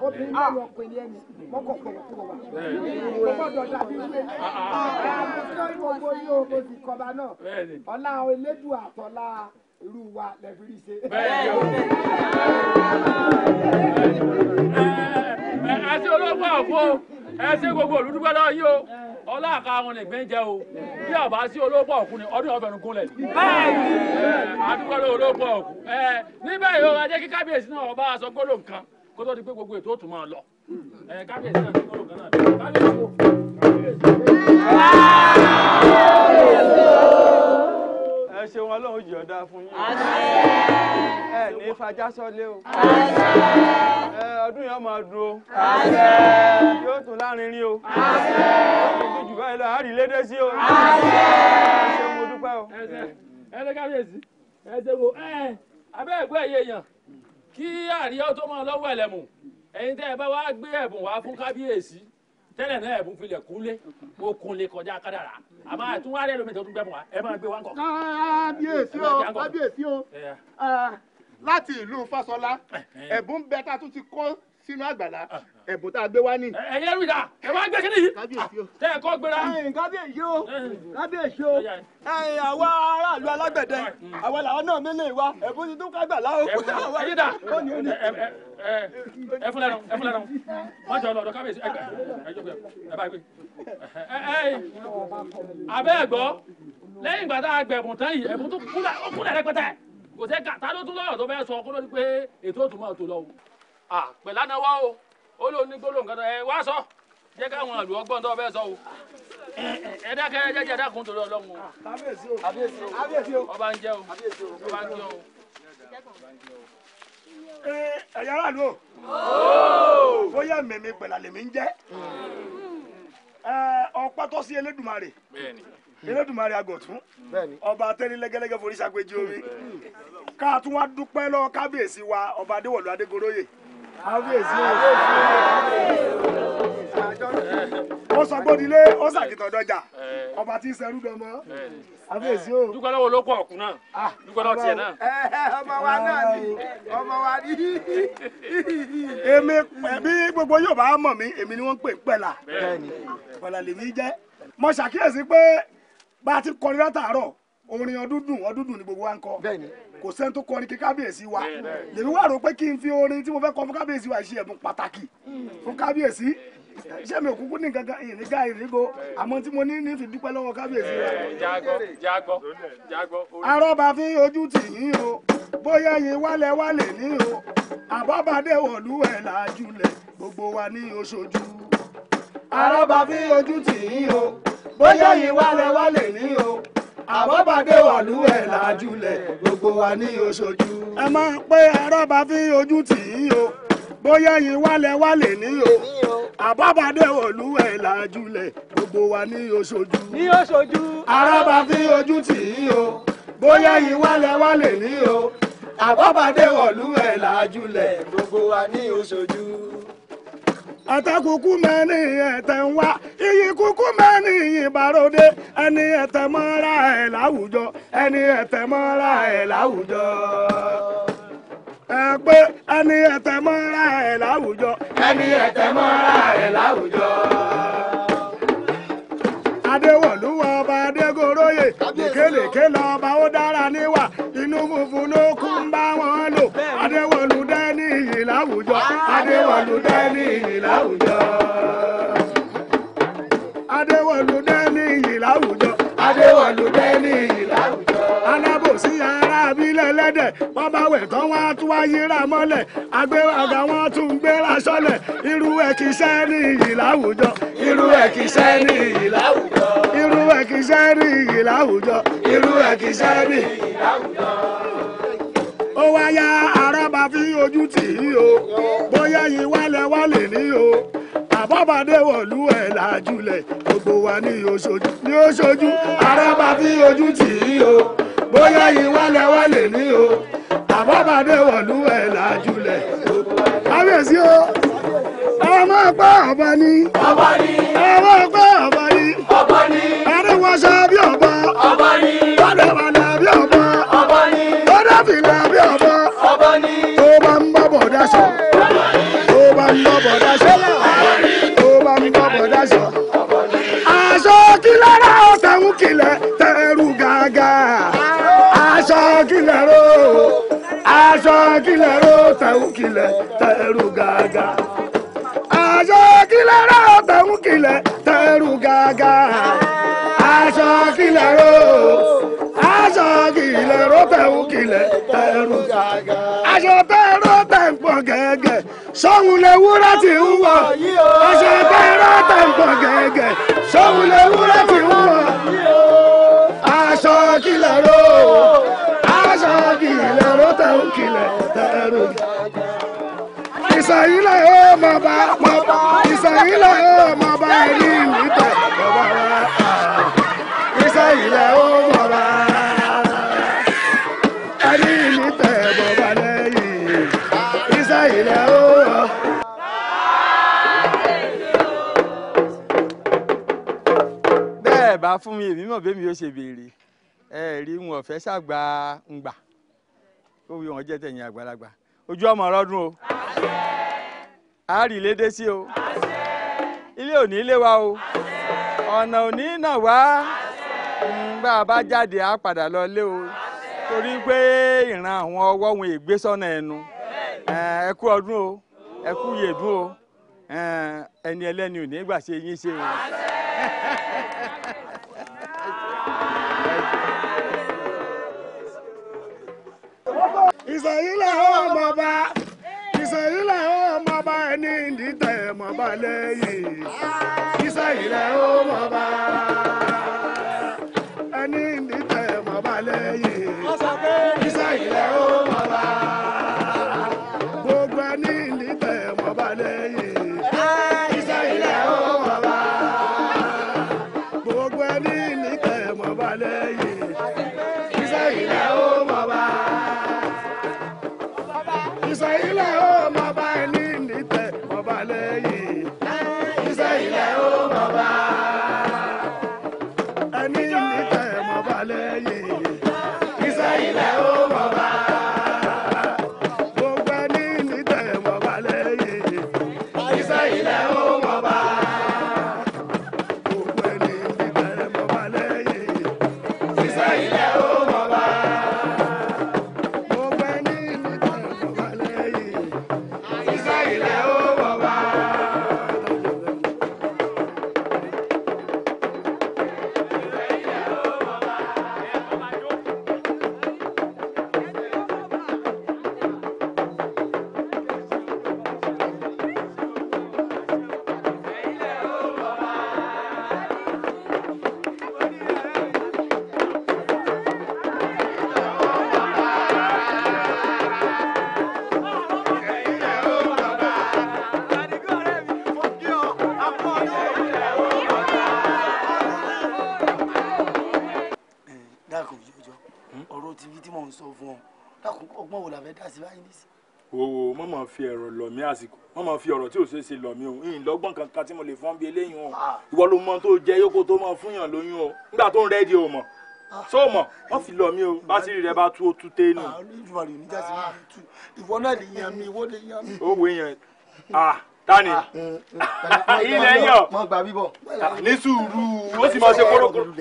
obìnrin náà lọ pè ní ẹni mọkọ pẹ̀lú kúrò wa. ó gbọ́dọ̀ dàbí wíwé. àbúrò gbogbo ní ogo ti kọba náà. bẹ́ẹ̀ni. ọlá elédùn àtọlá irú wa lẹfiri ṣe. bẹ́ẹ̀ni o. ẹ ẹ àti olóògbé àfọ. ẹ gbogbo olùdúgbò lọ yìí o ọlá àka àwọn nìgbín jẹ o bí ọba sí olóògbé ọ̀kú ni ọdún ọ̀fẹ́ nìkún lẹ̀ ní. àdúgbò olóògbé ẹ níbẹ̀ yìí o ẹ kí kábíyèsí náà ọba aṣọ gbọ́dọ̀ nǹkan kó tó di pé gbogbo ètò òtún máa lọ kábíyèsí náà ti gbọ́dọ̀ kábíyèsí ẹ ṣeun ọlọ́run jì ọ̀dà fún yín. ẹ ní fajásọ́lé o. ẹ ọdún yẹn máa dùn o. yóò tún lárinrin o. yóò tún jù báyìí lọ àárín lédè sí o. ẹ ṣeun mo dúpẹ́ o. ẹ ṣe kábíyèsí ẹ ṣe wo ẹ abẹ́ ẹ̀gbọ́n ẹ̀yẹ yàn kí àríyá tó máa lọ́wọ́ ẹ̀lẹ́mù ẹ̀yin tẹ́ ẹ bá wá gbé ẹ̀bùn wá fún kábíyèsí tẹ́lẹ̀ náà ẹ̀bùn filẹ̀ kúnlé mo kúnlé kọjá kádàrá àmọ́ àtúnwá rẹ̀ lómi tó tún gbẹ́mọ̀ wá ẹ máa gbé wá ń kọ́. Ah, kábíyèsí o kábíyèsí eh. o ah, láti ìlú Fáṣọlá eh, eh. ẹ̀bùn bẹ́ẹ̀ a tún ti kó sínú àgbàlá ẹ̀bùn tá a gbé wá ní. ẹyẹ rí ta ẹ wá gbé kíní tẹ ẹ kọ gbéra. kábíyèsí o kábíyèsí o àwa aráàlú alágbẹ̀dẹ àwa làwọn náà mélòó wa ẹ̀bùn ti kágbàlá o. ẹyẹ ta ẹ fúnlẹ̀ rán ẹ fúnlẹ̀ rán wọ́n jọ lọ ọ̀dọ̀ kábíyèsí ẹ jókòó ẹ bá gbé. abẹ́ ẹ̀gbọ́ lẹ́yìn ìgbà tá a gbẹ̀bùn tán yìí ẹ̀bùn tó bẹ́ẹ̀ pẹ̀lú anáwó o ó lóun ní gbólóhùn kan ẹ wá sọ jẹ́ káwọn àlù ọgbọ́n tó bẹ́ẹ̀ sọ o ẹ dákẹ́ ẹ jẹ́jẹ́ dákun torí ọlọ́run o kábíyèsí o ọba ń jẹ́ o ọba ń jẹ́ o. ẹ̀yà aráàlú o bóyá mẹ̀mí gbẹ̀là lèmi ń jẹ́ ọpẹ́ tó sí Elédùmarè Elédùmarè agọ̀tún ọba tẹ́lí lẹ́gẹ́lẹ́gẹ́ foríṣàgbéjì omi ká tún wá dúpẹ́ lọ́wọ́ kábíyèsí wa ọba adéwọ̀lú adégoróyè. ọsàgbọ́dilé ọsàkìtọ̀dọ̀jà ọba tí ń sẹ́rú dọmọ abẹ́sí o. dúpẹ́ lọ́wọ́ olóko ọ̀kun náà ah, dúpẹ́ lọ́wọ́ tiẹ̀ náà. Eh, ọmọ wa náà ni ọmọ wa ni. èmi bí gbogbo yóò bá mọ̀ mí èmi ni wọ́n ń pè lèmi jẹ́ mo ṣàkíyèsí pé bá a ti kọrin látàárọ̀ orin ọdún dùn ọdún dùn ni gbogbo wa ń kọ. kò sẹ́ni tó kọrin kí kábíyèsí wa lèmi wà rò pé kí n fi orin tí mo fẹ́ kọ fún kábíyèsí wa ṣe ẹ̀bùn pàtàkì mm. fún kábíyèsí iṣẹ́ mi ò kúkú ní gangan ìrìngà ìrìngò àmọ́ tí mo ní ní fi dúpẹ́ lọ́wọ́ kábíyèsí wa. jágbọ́ jágbọ́ jágbọ́. arọ́ba fi ojú tì yín o bóyá yín wálẹ̀ wálẹ̀ ní o àbábàdé wọ̀lú ẹ̀ làjúlẹ̀ gbogbo wa ní oṣojú. arọ́ba fi ojú tì yín o bóyá yín wálẹ̀ wálẹ̀ ní o àbábàdé ọ̀lúwẹ̀ làjúlẹ̀ gbogbo wa ní oṣojú. ẹ máa ń pé arọ́bà fi ojú tì í o bóyá yín wálẹ̀ wálẹ̀ ní o àbábàdé ọ̀lúwẹ̀ làjúlẹ̀ gbogbo wa ní oṣojú. ní oṣojú. arọ́bà fi ojú tì í o bóyá yín wálẹ̀ wálẹ̀ ní o àbábàdé ọ̀lúwẹ̀ làjúlẹ̀ gbogbo wa ní oṣojú. atakukumeni ẹtẹnwa iyì kukumeni iyì barode ẹni ẹtẹmọra ẹ láwùjọ ẹni ra ẹ láwùjọ ẹ pé ẹni ẹtẹmọra ẹ láwùjọ ẹni ẹtẹmọra ẹ láwùjọ. adéwọ̀lúwọ̀ ọba adégoróyè lèkèlèkè lọ́ba ó dára níwà inú funfun ló kú. láwùjọ. Adéwọ̀lú dẹ́ni iyì láwùjọ. Adéwọ̀lú dẹ́ni iyì láwùjọ. Adéwọ̀lú dẹ́ni iyì láwùjọ. Alábòsí ara abílẹ̀ lẹ́dẹ̀ wọ́n bá wẹ̀ tán wọ́n á tún wá yíra mọ́lẹ̀. Agbéraga wọ́n tún gbéra sọ́lẹ̀. Irú ẹ̀ kì í ṣẹ́ ní iyì láwùjọ. Irú ẹ̀ kì í ṣẹ́ ní iyì láwùjọ. Irú ẹ̀ kì í ṣẹ́ ní iyì láwùjọ. Irú ẹ̀ kì í ṣẹ́ ní iyì láwùjọ ó wá yá arábà fi ojú tì í o bóyá yìí wálẹ̀ wálẹ̀ ní o àbábàdé wọ̀lú ẹ̀ làjúlẹ̀ gbogbo wa ní oṣojú ní oṣojú arábà fi ojú tì í o bóyá yìí wálẹ̀ wálẹ̀ ní o àbábàdé wọ̀lú ẹ̀ làjúlẹ̀ kábíyèsí o ọmọ ọgbà ọba ni ọba ni ọmọ ọgbà ọba ni ọba ni. sọ. tó bá mi kọ́ bọ̀dá sọ. tó bá mi kọ́ bọ̀dá sọ. aṣọ kílẹ̀ rà ó tẹ̀wù kílẹ̀ tẹ̀rù gàgà. aṣọ kílẹ̀ rò aṣọ kílẹ̀ rò tẹ̀wù kílẹ̀ tẹ̀rù gàgà. aṣọ kílẹ̀ rà ó tẹ̀wù kílẹ̀ tẹ̀rù gàgà. aṣọ kílẹ̀ rò aṣọ kílẹ̀ rò tẹ̀wù kílẹ̀ tẹ̀rù gàgà. aṣọ tẹ̀ pọ̀ gẹ́gẹ́ sóhun lè wúrà tí ń wọ̀ ọṣẹ bẹ́rẹ̀ tà ń pọ̀ gẹ́gẹ́ sóhun lè wúrà tí ń wọ̀ aṣọ kìlẹ̀ ró aṣọ kìlẹ̀ ró tẹ̀ ń kìlẹ̀ tẹ̀ ró ìsàyílẹ̀ yóò mọ̀ bá ìsàyílẹ̀ yóò mọ̀ bá ẹ̀rí ìwé tẹ̀ bọ̀ bá wa ìsàyílẹ̀ yóò. bá fún mi èmi mọ̀ bẹ́ẹ̀ mi yóò ṣe béèrè ẹ rí wọn fẹ́ ṣàgbà ń gbà kó wí wọn jẹ́ tẹ̀yìn àgbàlagbà ojú ọmọ ọlọ́dún o àárí lédè sí o ilé òní ilé wa o ọ̀nà òní náà wá bá a bá jáde á padà lọ lé o torí pé ìran àwọn ọwọ́ wọn ègbé sọ́nà ẹnu ẹ kú ọdún o ẹ kú yèdún o ẹni ẹlẹ́ni ò ní gbà ṣe yín ṣe o. ìsẹ̀yí làwọn ọmọ bá ìsẹ̀yí làwọn ọmọ bá ẹni ìdí tẹ̀ mọ́ bá lẹ́yìn ìsẹ̀yí làwọn. ọgbọ́n wo la fẹ́ dá sí báyìí nísìnyí. o mọ mọ fi ẹ̀rọ lọ mí àsìkò mọ mọ fi ọ̀rọ̀ tí ò ṣeé ṣe lọ mí o ìyìn lọ́gbọ́n kankan tí mo lè fọ́n bí eléyìí o ah. ìwọ ló mọ tó jẹ yókò tó mọ fún yàn lóyún o nígbà tó ń rẹ́ẹ̀dì o mọ̀ ah. so mọ̀ wọ́n fi lọ mí o bátìrì rẹ bá tú o tú téènù. Ah, ìwọ náà lè yan mi ìwọ lè yan mi. ó wé tani ah, mm, mm. ilẹ̀ yọ ah, ní sùúrù ó sì máa ṣe kórókóró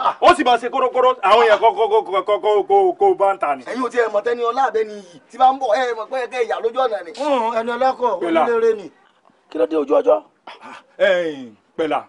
ah, ó sì máa ṣe kórókóró àwọn èèyàn kọ́kọ́kọ́kọ́ bá ń ta ni. o ò tiẹ̀ mọ̀ tẹ́ni ọlá abẹ́ ni yìí tí bá ń bọ̀ ẹ mọ̀ pé ẹ̀kẹ́ ìyá lójú ọ̀nà ni. Hmm, ẹni ọlọ́kọ̀ onílérè ni kí ló dé ojú ọjọ́. pẹ̀lá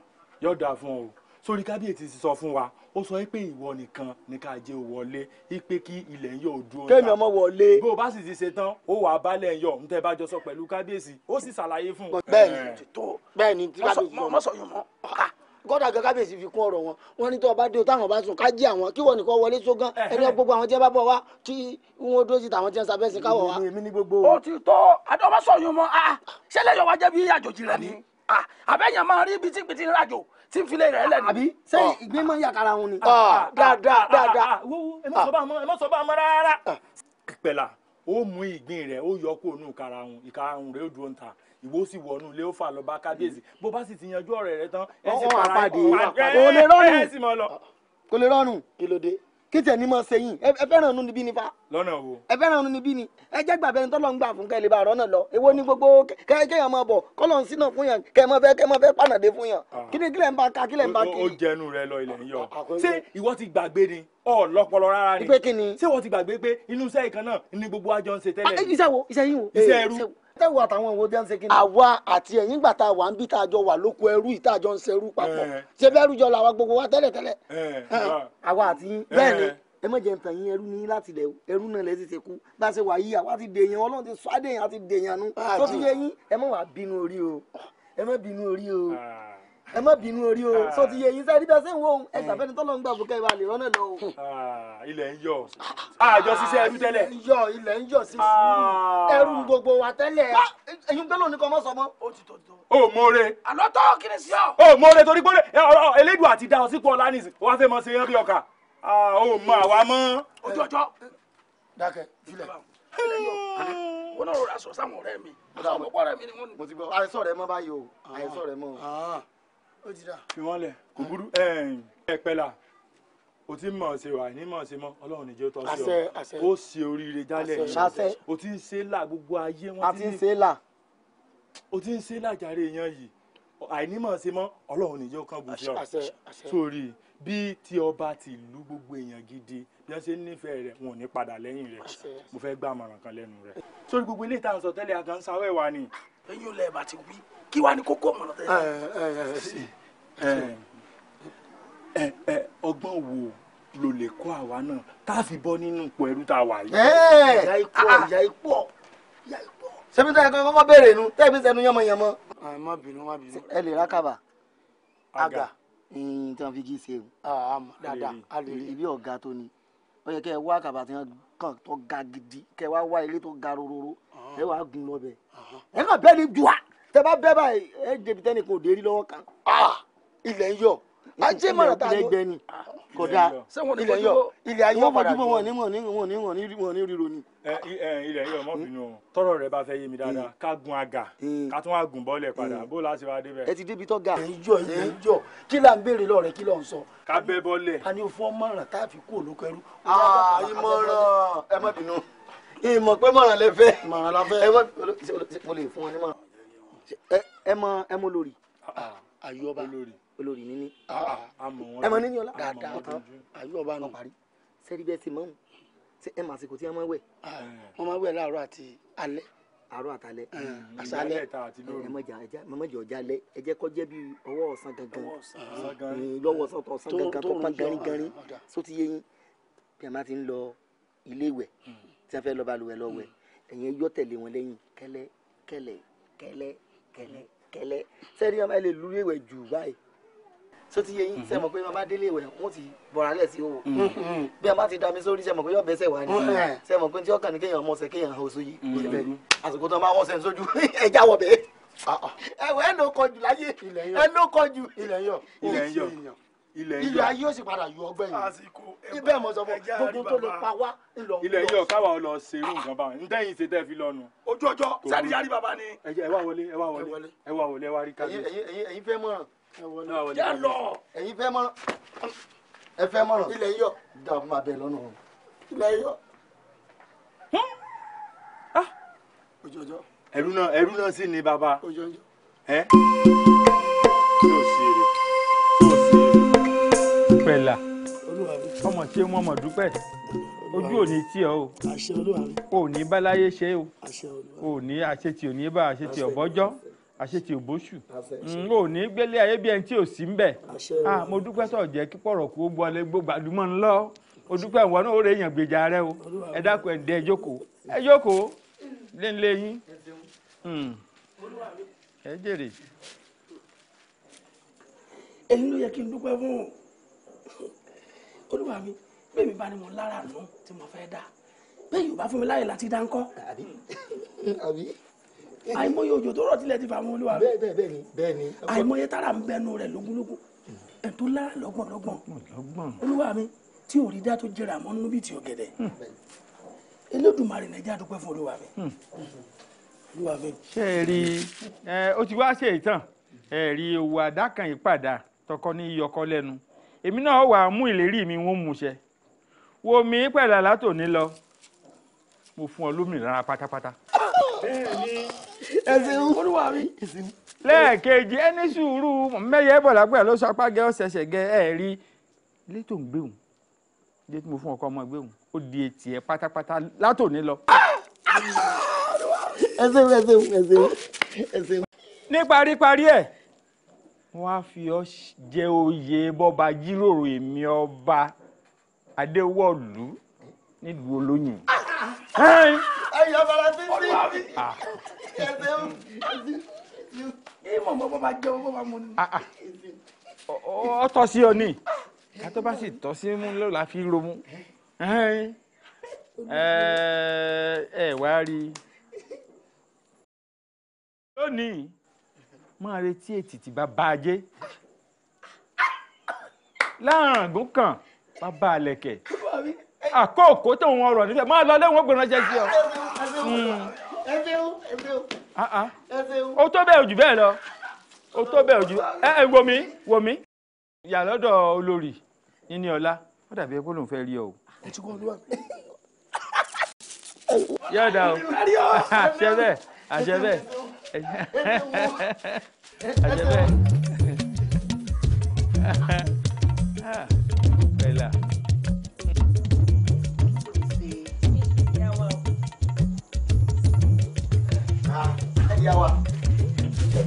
yóò dáa fún ọ sórí kábíyèsí sọ fún wa ó sọ pé ìwọ nìkan ni ká jẹ́ wọlé pé kí ilẹ̀ ń yọ òdu ọ̀tá. kẹ́mi ọmọ wọlé. bó o bá sì ti ṣe tán ó wà á bálẹ̀ ń yọ ń tẹ́ bá jọ sọ pẹ̀lú kábíyèsí ó sì ṣàlàyé fún un. bẹ́ẹ̀ni tó bẹ́ẹ̀ni tí kábíyèsí yọ mọ sọ yọ mọ ah, gọ́dà gan kábíyèsí fi kún ọ̀rọ̀ wọn wọn ní tó ọba dé o táwọn ọba sùn ká jí àwọn kí wọn nìkan wọlé sógán ẹni gbogbo àwọn tí ẹ bá bọ̀ wá tí wọn dúró sí tàwọn tí ẹ ń sabẹ́sìn káwọ̀ wá. o ti tó àdọ́mọ́sọ̀yún mọ́ a ṣẹlẹ̀ yọ̀ wá jẹ́ bí àjòjì rẹ̀ ni àbẹ̀yàn ah, máa rí bìtìbìtì ńlájò tí ń filẹ̀ rẹ̀ lẹ́nu. àbí ṣé ah, ìgbín máa ń yàkàrà wọn ni. Ah, dáadáa dáadáa. wúwú ẹ má sọ bá a mọ rárá. pẹ̀lá ó mú ìgbín rẹ̀ ó yọ kó nù karahun ìkarahun rẹ̀ ó dúró ń ta ìwọ sì wọnú ilé ó fà lọ bá kábíyèsí hmm. bó bá sì ti yanjú ọ̀rẹ́ rẹ̀ tán ẹ sì para ẹ sì mọ lọ. kò lè rọrùn kí ló dé kí tẹ̀ ní mọ́ ṣe yín ẹ fẹ́ràn ọ̀nù níbí ni fa. lọ́nà wo. ẹ fẹ́ràn ọ̀nù níbí ni ẹ jẹ́ gbàgbé ẹni tọ́lọ́ ń gbà fún kẹ́lẹ́ bá rọ́nà lọ èwo ni gbogbo kẹ́yàn máa bọ̀ kọ́lọ̀ ń sínà fún yàn kẹ́ mọ́ fẹ́ kẹ́ mọ́ fẹ́ pànàdé fún yàn ah. kí ni kílẹ̀ ń bá ka kílẹ̀ ń bá kiri. ó jẹnu rẹ lọ ilẹ̀ yọ ah, ah, ṣé ìwọ ti gbàgbé ni ọ lọpọlọ rárá ni ṣé ìwọ tẹ̀wọ̀ àtàwọn òwò bí wọ́n ṣe kí ni. àwa àti ẹ̀yìn gbà tá a wà ń bí tá a jọ wà lóko ẹrú yìí tá a jọ ń ṣerú papọ̀ eh. ṣe bẹ́ẹ̀ rújọ la wa gbogbo wa tẹ́lẹ̀ tẹ́lẹ̀. Eh, eh, àwa àti bẹ́ẹ̀ ni ẹ má jẹ́ ń tàn yín ẹrú ní láti lẹ̀ ẹrú náà lẹ́sìn ti kú bá a ṣe wà yí àwa ti dèèyàn ọlọ́run ti sọ àdéhìn àti dèèyàn nu ah, tó ti ah. yẹ yín ẹ má wà bínú orí o ẹ má bínú orí o. Ah ẹ má bínú orí o ah. sọ ti yẹ yín sẹ́ẹ̀rí bẹ́ẹ̀ sẹ́yìn wo ohun ẹ sàfẹ́ni hmm. tó lọ ń gbà fún kẹ́ ẹ bá lè rán náà lọ o. Ah, ilẹ̀ ń yọ ah, àjọ ṣiṣẹ́ ẹrú tẹ́lẹ̀. yọ ilẹ̀ ń yọ sí sùúrù ẹrú gbogbo wa tẹ́lẹ̀ ẹ̀yin gbẹ́lò ní kò mọ́ sọ mọ́. ó ti tọ̀ tọ̀. o mọ̀ọ́rẹ́. àlọ́ tọ́ kiri sí ọ. o mọ̀ọ́rẹ́ torí pé elédùn àti da ọsípò ọlánìsì wá fẹ́ mọ sí ẹrí ọkà o mọ àwa mọ́. ojú ọjọ́. dákẹ́ filẹ̀. wọn náà rọra sọ sáwọn ọ̀rẹ́ mi. mo ti gbọ́ àìsàn rẹ mọ́ báyìí o àìsàn rẹ mọ́ fi wọ́n lẹ̀ kò burú ẹ̀pẹ̀là o ti mọ̀ ṣe wà ní mọ̀ ṣe mọ́ ọlọ́run níjẹ́ tó ṣe ọ ó ṣe oríire jálẹ̀ yìí o ti ń ṣe là gbogbo ayé wọn ti ń ṣe là o ti ń ṣe là jàre èèyàn yìí àìní mọ̀ ṣe mọ́ ọlọ́run níjẹ́ kan bù ṣe ọ sórí bí tí ọba ti lu gbogbo èèyàn gidi bí wọ́n ṣe ń nífẹ̀ẹ́ rẹ̀ wọn ò ní padà lẹ́yìn rẹ̀ mo fẹ́ gbà àmọ̀ràn kan lẹ́nu rẹ̀ sórí gbogbo ilé ìtàn sọ tẹ́lẹ̀ àgànṣáwẹ̀ wà ní ẹ̀yin ò lẹ bá ti wí kí wàá ní kókó ọmọ lọtẹ. ọgbọ́n wo ló lè kó àwa náà tá a fi bọ́ nínú ipò ẹrú tá a wà yìí. ìyá ipò ah, ah. ìyá ipò ìyá ipò. sẹ́mi tó yẹ kí wọ́n béèrè nu tẹ́ ẹ fi sẹ́nu yánmọ́yánmọ́. Ah, má bínú má bínú. ẹ lè rákàbà àgà tí wọ́n fi gí í ṣe o. dáadáa ibi ọ̀gá tó ni ó yẹ kẹ́ ẹ wá kàbà tí wọ́n kàn tó ga gidi kẹ́ ẹ wá wá ilé tó ga rororo ẹ wàá gun lọ bẹ̀ ẹ kàn bẹ́ẹ̀ ni jùwà tẹ bá bẹ́ẹ̀ báyìí ẹ jẹbi tẹ́nìkan òde rí lọ́wọ́ kan. Ah! ilẹ̀ ń yọ ajé mọ̀ràn tá a yọ kódà ilẹ̀ yọ ilẹ̀ ayé ọ̀padà yọ. wọ́n mọ̀ ní wọ́n ní wọ́n ní wọ́n ní ríro ni. ilẹ̀ yọ ọmọ bínú o tọrọ rẹ bá fẹ́ yé mi dáadáa hmm. ká gun àgà hmm. ká tún wá gun bọ́ọ̀lẹ̀ padà hmm. bó la ṣe wá débẹ̀. ẹ ti débi tọ́ ga. ìjọ ìjọ kí là ń béèrè lọ́rẹ̀ kí lọ́ ń sọ. ká bẹ́ bọ́ọ̀lẹ̀. a ní o fún ọmọràn tá a fi kú olókẹrú. Ah, ìmọ̀ràn ẹ má bínú ìmọ̀ pé mọ̀ràn lẹ fẹ́. mọ̀ràn la fẹ́. ẹ má mo lè fún ọ ní mọ̀ràn. ẹ mọ ẹ mọ lórí. àyọ̀bá ah, ah. lórí olórí níní ah, ah. ẹ mọ níní ọlá dáadáa tán àyùbọ̀ bá nù parí sẹ́ẹ̀dí bẹ́ẹ̀ sì mọ́mù ṣé ẹ màsìkò tí ah, wọ́n máa wẹ̀. wọ́n máa wẹ̀ láàárọ̀ àti alẹ́. àárọ̀ àti alẹ́ hmm. àṣálẹ́ ẹ mọ̀jà ẹ̀já mọ̀mọ́jà ọ̀jà alẹ́ ẹ jẹ́ kó jẹ́ bí ọwọ́ ọ̀sán gangan hmm. Hmm. lọ́wọ́ ọ̀sán tó ọ̀sán gangan tó pọ́n garingarin só ti yé yín bí a máa ti ń lọ ilé ìwẹ̀ tí wọ́n fẹ́ lọ balùwẹ̀ lọ wẹ̀ ẹ̀yin yọ tẹ̀lé wọn lẹ́yìn kẹ́lẹ́ kẹ́lẹ́ kẹ́lẹ́ kẹ́lẹ́ sẹ́ni ọmọ ẹ lè lúwẹ̀ jù báyìí tó ti yẹ yín ṣe mọ̀ pé bàbá délé ìwẹ̀ wọ́n ti bọ̀rọ̀ alẹ̀ sí owó bí a bá ti da mi sórí ṣe mọ̀ pé yóò bẹ́sẹ̀ wá ní mm-hmm. ṣe mọ̀ pé tí ọkàn ní kéèyàn ọmọ ọ̀sẹ̀ kéèyàn hàn oṣù yìí mm-hmm. àsìkò tó máa wọ́n sẹ́ni sójú ẹja wọ̀ bẹ́ẹ̀ ẹ̀wọ̀ ẹ̀ ló kọjú láyé ẹ̀ ló kọjú ilẹ̀ yọ̀ ilẹ̀ yọ̀ ilẹ̀ yọ̀ ilẹ̀ ayé ó sì padà yọ ọgbẹ́ yìí ibẹ̀ mọ̀ sọ́fọ̀ gbogbo tó lè pa wá ńlọ. ilẹ̀ yọ̀ káwa lọ ṣe irú nǹkan báwọn ń tẹ́yìn ṣe tẹ́ fi lọ́nu. ojú ọjọ́ sádìyàrí bàbá ni. ẹ wá wọlé ẹ wá wọlé ẹ wá wọlé ẹ wá rí kábíyèsí. ẹ̀yin fẹ́ mọ̀ràn yà lọ. ẹ̀yin fẹ́ mọ̀ràn ẹ fẹ́ mọ̀ràn ilẹ̀ yọ dàbí máa bẹ lọ́nà o ilẹ̀ yọ. ojoojọ. Hmm. Ah. ẹ̀rú náà ẹ̀rú náà sì ni bàbá. ojoojọ. ẹ yóò ṣe eré yóò ṣe eré. pẹ̀lá ọmọ tí wọ́n mọ̀ dúpẹ́ ojú òní tí ọ o òní báláyé ṣe o òní àṣetì òní bá àṣetì ọ̀bọ́jọ́ àṣetì òbóṣù ò ní gbélé ayé bí ẹni tí ò sí ń bẹ mo dúpẹ́ tó jẹ́ kí pọ̀rọ̀ kú ó bọ́lé gbàdúmọ̀ ńlọ o dúpẹ́ ìwọ náà ó rè èèyàn gbèjà rẹ o ẹ dákun ẹ̀ ń dẹ jókòó ẹ jókòó lé ń lé yín hmm. ẹ jèrè. èyí ló yẹ kí n dúpẹ́ fún olúwa mi bẹ́ẹ̀ mi bá ní mo lára nù tí mo fẹ́ dá bẹ́ẹ̀ yóò bá fún mi láyè láti dá ńkọ́. àbí àìmọye òjò tó rọ̀ tilẹ̀ ti fà wọn olúwa mi àìmọye tára ń bẹnu rẹ̀ lógúnlógún ẹ̀tú lára lọ́gbọ̀n lọ́gbọ̀n olúwa mi tí ò rí dá tó jẹrà mọ́ nínú bíi ti ọ̀gẹ̀dẹ̀ hmm. Elédùmarè nàìjíríà dúpẹ́ fún olúwa mi hmm. olúwa mi. ṣé ẹ rí ẹ o ti wá ṣe ìtàn ẹ rí owó àdákan ìpàdà tọkọ ní iyọkọ lẹ́nu èmi náà wà á mú ìlérí mi wọn mú ṣẹ wo mi pẹ̀lá látòní lọ mo fún ọ lómìnira pátápátá. Ah! bẹ́ẹ̀ ni olúwa mi lẹ́ẹ̀kejì ẹni sùúrù mẹ́yẹ bọ̀lápẹ́ ló sọ apá gẹ ọ̀sẹ̀sẹ̀ gẹ ẹ̀ rí ilé tó ń gbé òun ilé tí mo fún ọkọ ọmọ ẹgbẹ́ òun ó di etí ẹ pátápátá látòní lọ. ẹ ṣeun ẹ ṣeun ẹ ṣeun ẹ ṣeun. ní paríparí ẹ wọn á fi ọ jẹ oyè bọba jíròrò èmi ọba adéwọlú nílùú olóyìn. ẹyọ bàrà tí ń bí ọ ah, ah. tọ́ sí ọ ní ká tó bá sì tọ́ sí mú ló la fi romú ẹ wá rí i lónìí máa retí ètìtì bàbá ajé láàrangún kan bàbá àlẹ̀kẹ̀ àkókò tó ń wọ̀rọ̀ nífẹ̀ẹ́ máa lọ lé wọn gbọ̀nrán jẹ́ sí ọ. Hmm. Ah, ah. o tó bẹ́ẹ̀ ojú bẹ́ẹ̀ lọ o tó bẹ́ẹ̀ ojú ẹ wò mi. wò mí yà lọ́dọ̀ olórí níní ọlá ó dàbí ẹ kó lóun fẹ́ rí ọ o. yọ̀ọ̀dà o àṣẹ bẹ́ẹ̀ àṣẹ bẹ́ẹ̀ àṣẹ bẹ́ẹ̀.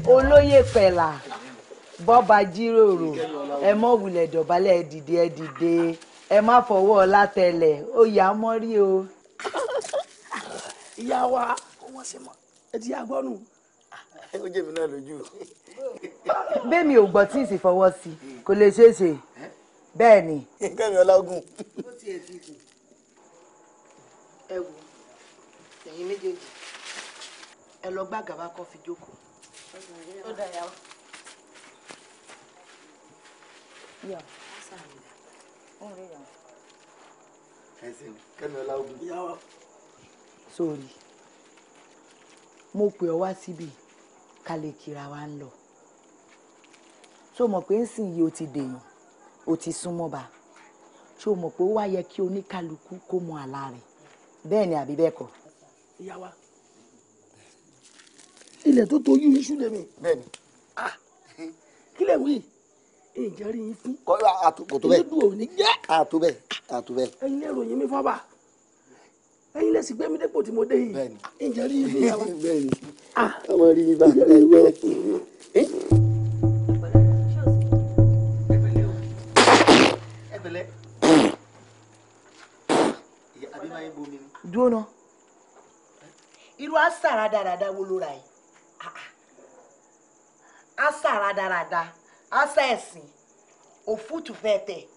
olóyè pẹ̀lá bọ́ba jíròrò ẹ mọ́ wulẹ̀ dọ̀bálẹ̀ ẹ dìde ẹ dìde ẹ má fọwọ́ ọlá tẹlẹ̀ ó yà á mọ́rí o. ìyá wa wọ́n ṣe mọ́ ẹ ti yá gbọ́nù. ó jẹ́ mi náà lójú. bẹ́ẹ̀mi ò gbọ́ tí ì sì fọwọ́ sí kò lè ṣeé ṣe bẹ́ẹ̀ ni. kẹ́mi ọlágùn. ẹ wò ẹ̀yin méjèèjì ẹ lọ gbá gàba kó fi jókòó. ó dà yà ó. yà á sàmì dà kẹ́mi ọlá ogun. yàwó. sórí mo pè ọ wá síbi ká lè kíra wa ń lọ ṣó mọ̀ pé nsìnyí o ti dèyàn o ti súnmọ́ ba ṣó mọ̀ pé ó wá yẹ kí oníkálukú kó mọ àlá rẹ̀ bẹ́ẹ̀ ni àbí bẹ́ẹ̀ kọ́. ìyá wa ilẹ̀ tó tojú iṣu lèmi. bẹ́ẹ̀ni. Ah, kí lè wí ìjẹ́ rí yín fún. kò tó bẹ́ẹ̀ ìlédùn òní jẹ́. àtò bẹ́ẹ̀ àtò bẹ́ẹ̀. ẹ̀yin lè ròyìn mi fọ́ba ẹ̀yin lè sì gbé mi dépò tí mo dé yìí. bẹ́ẹ̀ni ìjẹ́ rí yín fún yàrá. bẹ́ẹ̀ni ọmọ ah. rí yín bá ẹ wọ. dúró náà irú àṣà rádaràda wo ló ra yìí. asa aradarada asa esin ofutu fete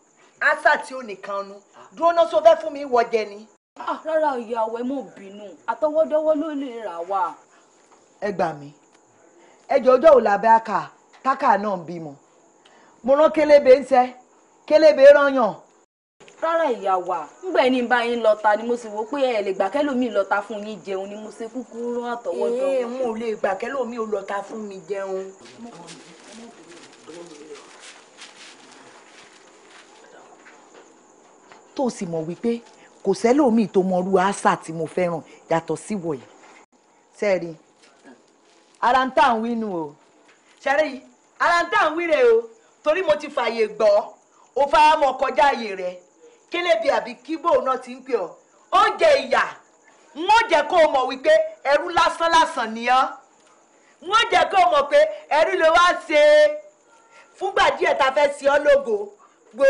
asa ti o nikan nu duro na so fe fun mi wo je ni ah rara iyawo e mo binu atowodowo lo le ra wa e gba mi e jo ojo o la bi mo mo ran kelebe nse kelebe ran yan rárá ìyá wa ngbẹ̀ ni bá yín lọ́ta ni mo sì wò pé ẹ lè gbà kẹ́lòmíì lọ́ta fún yín jẹun ni mo ṣe kúkú rán àtọwọ́dọ́. ẹ mo lè gbà kẹ́lòmíì ó lọ́ta fún mi jẹun. tó sì mọ̀ wípé kò sẹ́lòmíì tó mọrú àṣà tí mo fẹ́ràn yàtọ̀ sí wọ̀nyí. sẹ́ẹ̀rì ara ń tà ń wí nù o. sẹ́ẹ̀rì ara ń tà ń wí rè o torí mo ti fààyè gbọ́ ó fara mọ́ kọjá ààyè rẹ̀ kílẹ̀bì àbí kíbò náà ti ń pè ọ́ oúnjẹ ìyà wọ́n jẹ́ kó o mọ̀ wípé ẹrú lásán lásán ni wọ́n jẹ́ kó o mọ̀ pé ẹrú ló wá ṣe fúngbà díẹ̀ ta fẹ́ ṣe ọ́ lógo gbó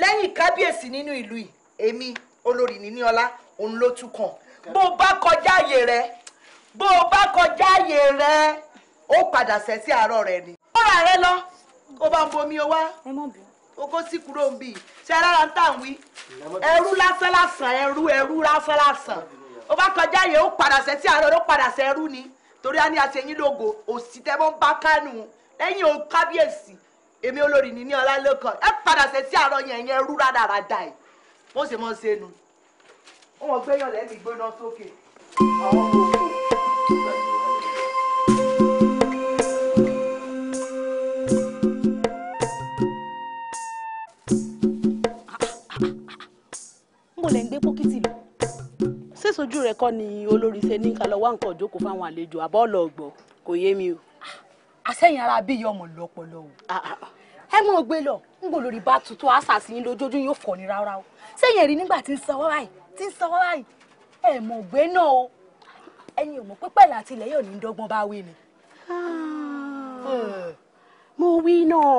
lẹ́yìn kábíyèsí nínú ìlú yìí èmi olórí níní ọlá òun ló tún kàn bó o bá kọjá àyè rẹ bó o bá kọjá àyè rẹ ó padà sẹ́ àárọ̀ rẹ ni. ó rà rẹ lọ kó bá ń bomi o wá. ẹ mọ̀ bí oko sí kúrò ń bì ṣe rárá ń tàn wí ẹrú lásán lásán ẹrú ẹrú lásán lásán ó bá kọjá yẹn ó padà sẹ tí àárọ̀ ló padà sẹ ẹrú ni torí a ní àṣeyín lógo òsì tẹ́ mọ́ bá kánú lẹ́yìn o kábíyèsí èmi olórí ní ní ọlá lókàn ẹ padà sẹ tí àárọ̀ yẹn yẹn ẹrú rádaràda ẹ̀ bó ṣe mọ́ ṣe nu. wọn gbé yàn lẹ́mìí gbóná sókè àwọn ọmọ òkú. ṣojú rẹ kọ́ ni olórí ṣe ní kálọ̀ wá nǹkan òjókòó fáwọn àlejò àbọ̀ ọ̀lọ́gbọ̀ kò yé mi o. àsẹ̀yìn ara bí ìyá ọmọ lọ́pọlọ o ah, ah, ah. ẹ mọ̀ gbé lọ ń gbò lórí bá tuntun àṣàṣì lójoojú yóò fọ̀ ní rárá o sẹ́yìn ẹ̀rí nígbà tí ń sanwó báyìí tí ń sanwó báyìí ẹ mọ̀ gbé náà o ẹ̀yin ò mọ̀ pé pẹ̀lú àti yóò ní dọ́gbọ́n bá wí ni. mo wí náà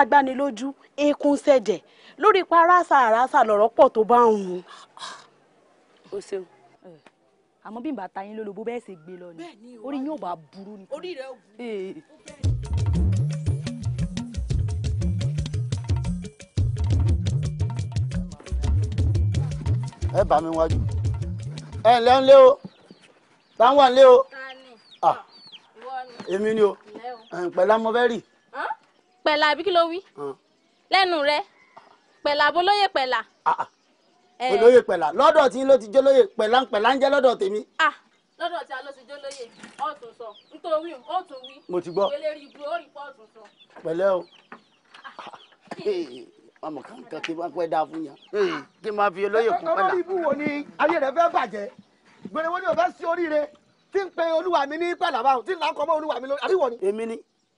agbanilójú eékún ṣẹ̀jẹ̀ lórí pa rásà rásà lọ̀rọ̀ pọ̀ tó bá ń hun o ṣeun. àmọ́ bí n bá ta yín lólobó bẹ́ẹ̀ ṣe gbé lọ ni orí yín ò bá burú ni. orí rẹ ò burú. ẹ bá mi wájú ẹ ǹlẹ́ ńlẹ́ o bá ń wà ńlẹ́ o èmi ni o pẹ̀lá mo fẹ́ àbí kí ló wí lẹ́nu rẹ pẹ̀lá bolóyè pẹ̀lá. Eh. olóyè pẹ̀lá lọ́dọ̀ tí ló ti jólóyè pẹ̀lá pẹ̀lá ń jẹ́ lọ́dọ̀ tèmi. Ah, lọ́dọ̀ tí a ló ti jólóyè ọ̀tún sọ nítorí ọ̀tún wí. mo ti gbọ́ ìpele rí ibú ó rí pọ́ọ̀tún sọ. pẹ̀lẹ́ o ah, eh. ọmọ kankan kí n máa pẹ́ dáa fún yàn kí n máa fi olóyè kún pẹ́lá. ọmọ ibú wo ni ayé rẹ fẹ́ bàjẹ́ gbèrè wo ni o fẹ́ sí oríire tí ń pe olúwa mi ní pẹ̀lá báwọn tí ń là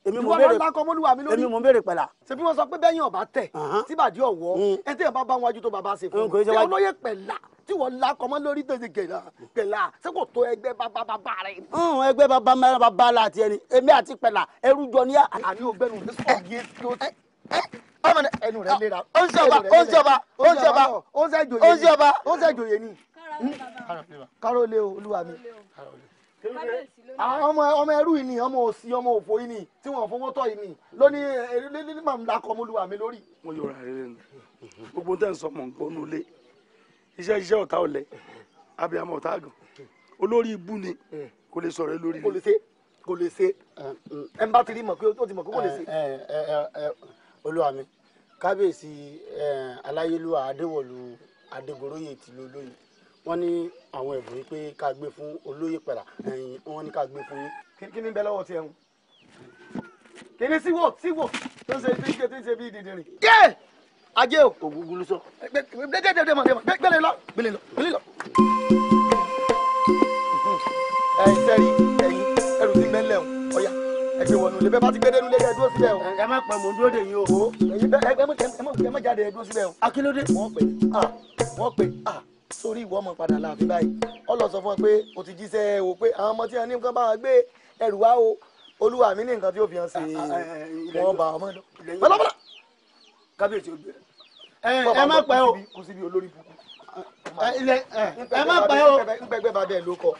èmi mo béèrè ìwọ ọlọ́kọ mọ́lúwa mi lórí èmi mo béèrè pẹ̀lá. ṣe bí wọ́n sọ pé bẹ́yìn ọ̀bá tẹ̀ tí bàdí ọ̀wọ́ mm. ẹ tẹ́yàn bá bá wọn ajú tó bàbá ṣe fún un ṣé olóyè pẹ̀lá tí wọ́n lakọ mọ́ lórí tó ṣe gẹ̀là gẹ̀là ṣé kò tó ẹgbẹ́ bàbá bàbá rẹ̀. Mm, ẹgbẹ́ bàbá mẹ́rin bàbá la ti ẹni èmi àti pẹ̀lá ẹrú jọ ní àní ògbẹ́nu ẹnu rẹ lera. ó ń ṣọba ó ń ṣọba ó ń ṣọba ó ń o àwọn ah, ọmọ ọmọ ẹrú yìí ni ọmọ òsì ọmọ òfò yìí ni tí wọn fowó tọ yìí ni lónìí ní eh, màmú dakọ ọmọlúwa mi lórí. mo yọ ara rẹ nù gbogbo tẹ̀ ń sọ mọ̀ ń gbọ́ nulẹ̀ iṣẹ́ iṣẹ́ ọ̀tá ọ̀lẹ́ abiyamọ ọ̀tá àgàn olórí ibú ni kò lè sọ̀rọ̀ lórí mi. kò lè ṣe kò lè ṣe ẹ ń bá ti rí mọ̀ pé ó ti mọ̀ pé kò lè ṣe. Eh, eh, olúwa mi kábíyèsí aláyélúwà adéwọ̀lú adégoróyè tìlú olóyè wọ́n ní àwọn ẹ̀bùn yìí pé ká gbé fún olóyè pẹ̀lá ẹ̀yìn wọ́n ní ká gbé fún yín. kí ni bẹ lọ́wọ́ tiẹ̀ ń kìíní sí wò sí wò tó ń ṣe bí ike tó ń ṣe bí dídì rìn. yé ajé o. ògúngúlú sọ. dédédédé mọ̀ démọ̀ gbélé lọ gbélé lọ gbélé lọ. ẹyin sẹ́rí ẹyin ẹrù ti mẹ́lẹ̀ o ọ̀yà ẹgbẹ́ wọnú lè bẹ́ẹ̀ bá ti gbé dénú lẹ́yìn ẹdúró síbẹ̀ o. ẹ má pẹ́ mò ń dúró dè yín o. ẹyin bẹ́ẹ̀ ẹ má jáde ẹdúró síbẹ̀ o. akílódé. wọ́n pè é ah, wọ́n pè é ah sórí ìwọ ọmọ padà láàfin báyìí ọ lọ sọ fún ọ pé o ti jíṣẹ́ o pé àwọn ọmọ tí wọn ní nǹkan bá wọn gbé ẹrù wá o olúwa mi ní nǹkan tí ó fi hàn sí ah, ah, eh, eh, wọn bá ọmọ náà bọlọbọlọ. kábíyèsí ó bẹ̀rẹ̀. Eh, ẹ má pẹ́ o kò síbi olórí buku. ẹ má pẹ́ o ngbẹ́gbẹ́ bá bẹ́ẹ̀ ló kọ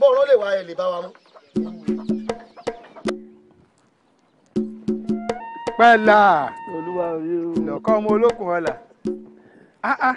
bọ́ọ̀rọ̀ lè wá ẹ lè bá wa mú. pẹ́ẹ́lá lọ́kọ́ ọmọ olókùn ọ̀la. Ah,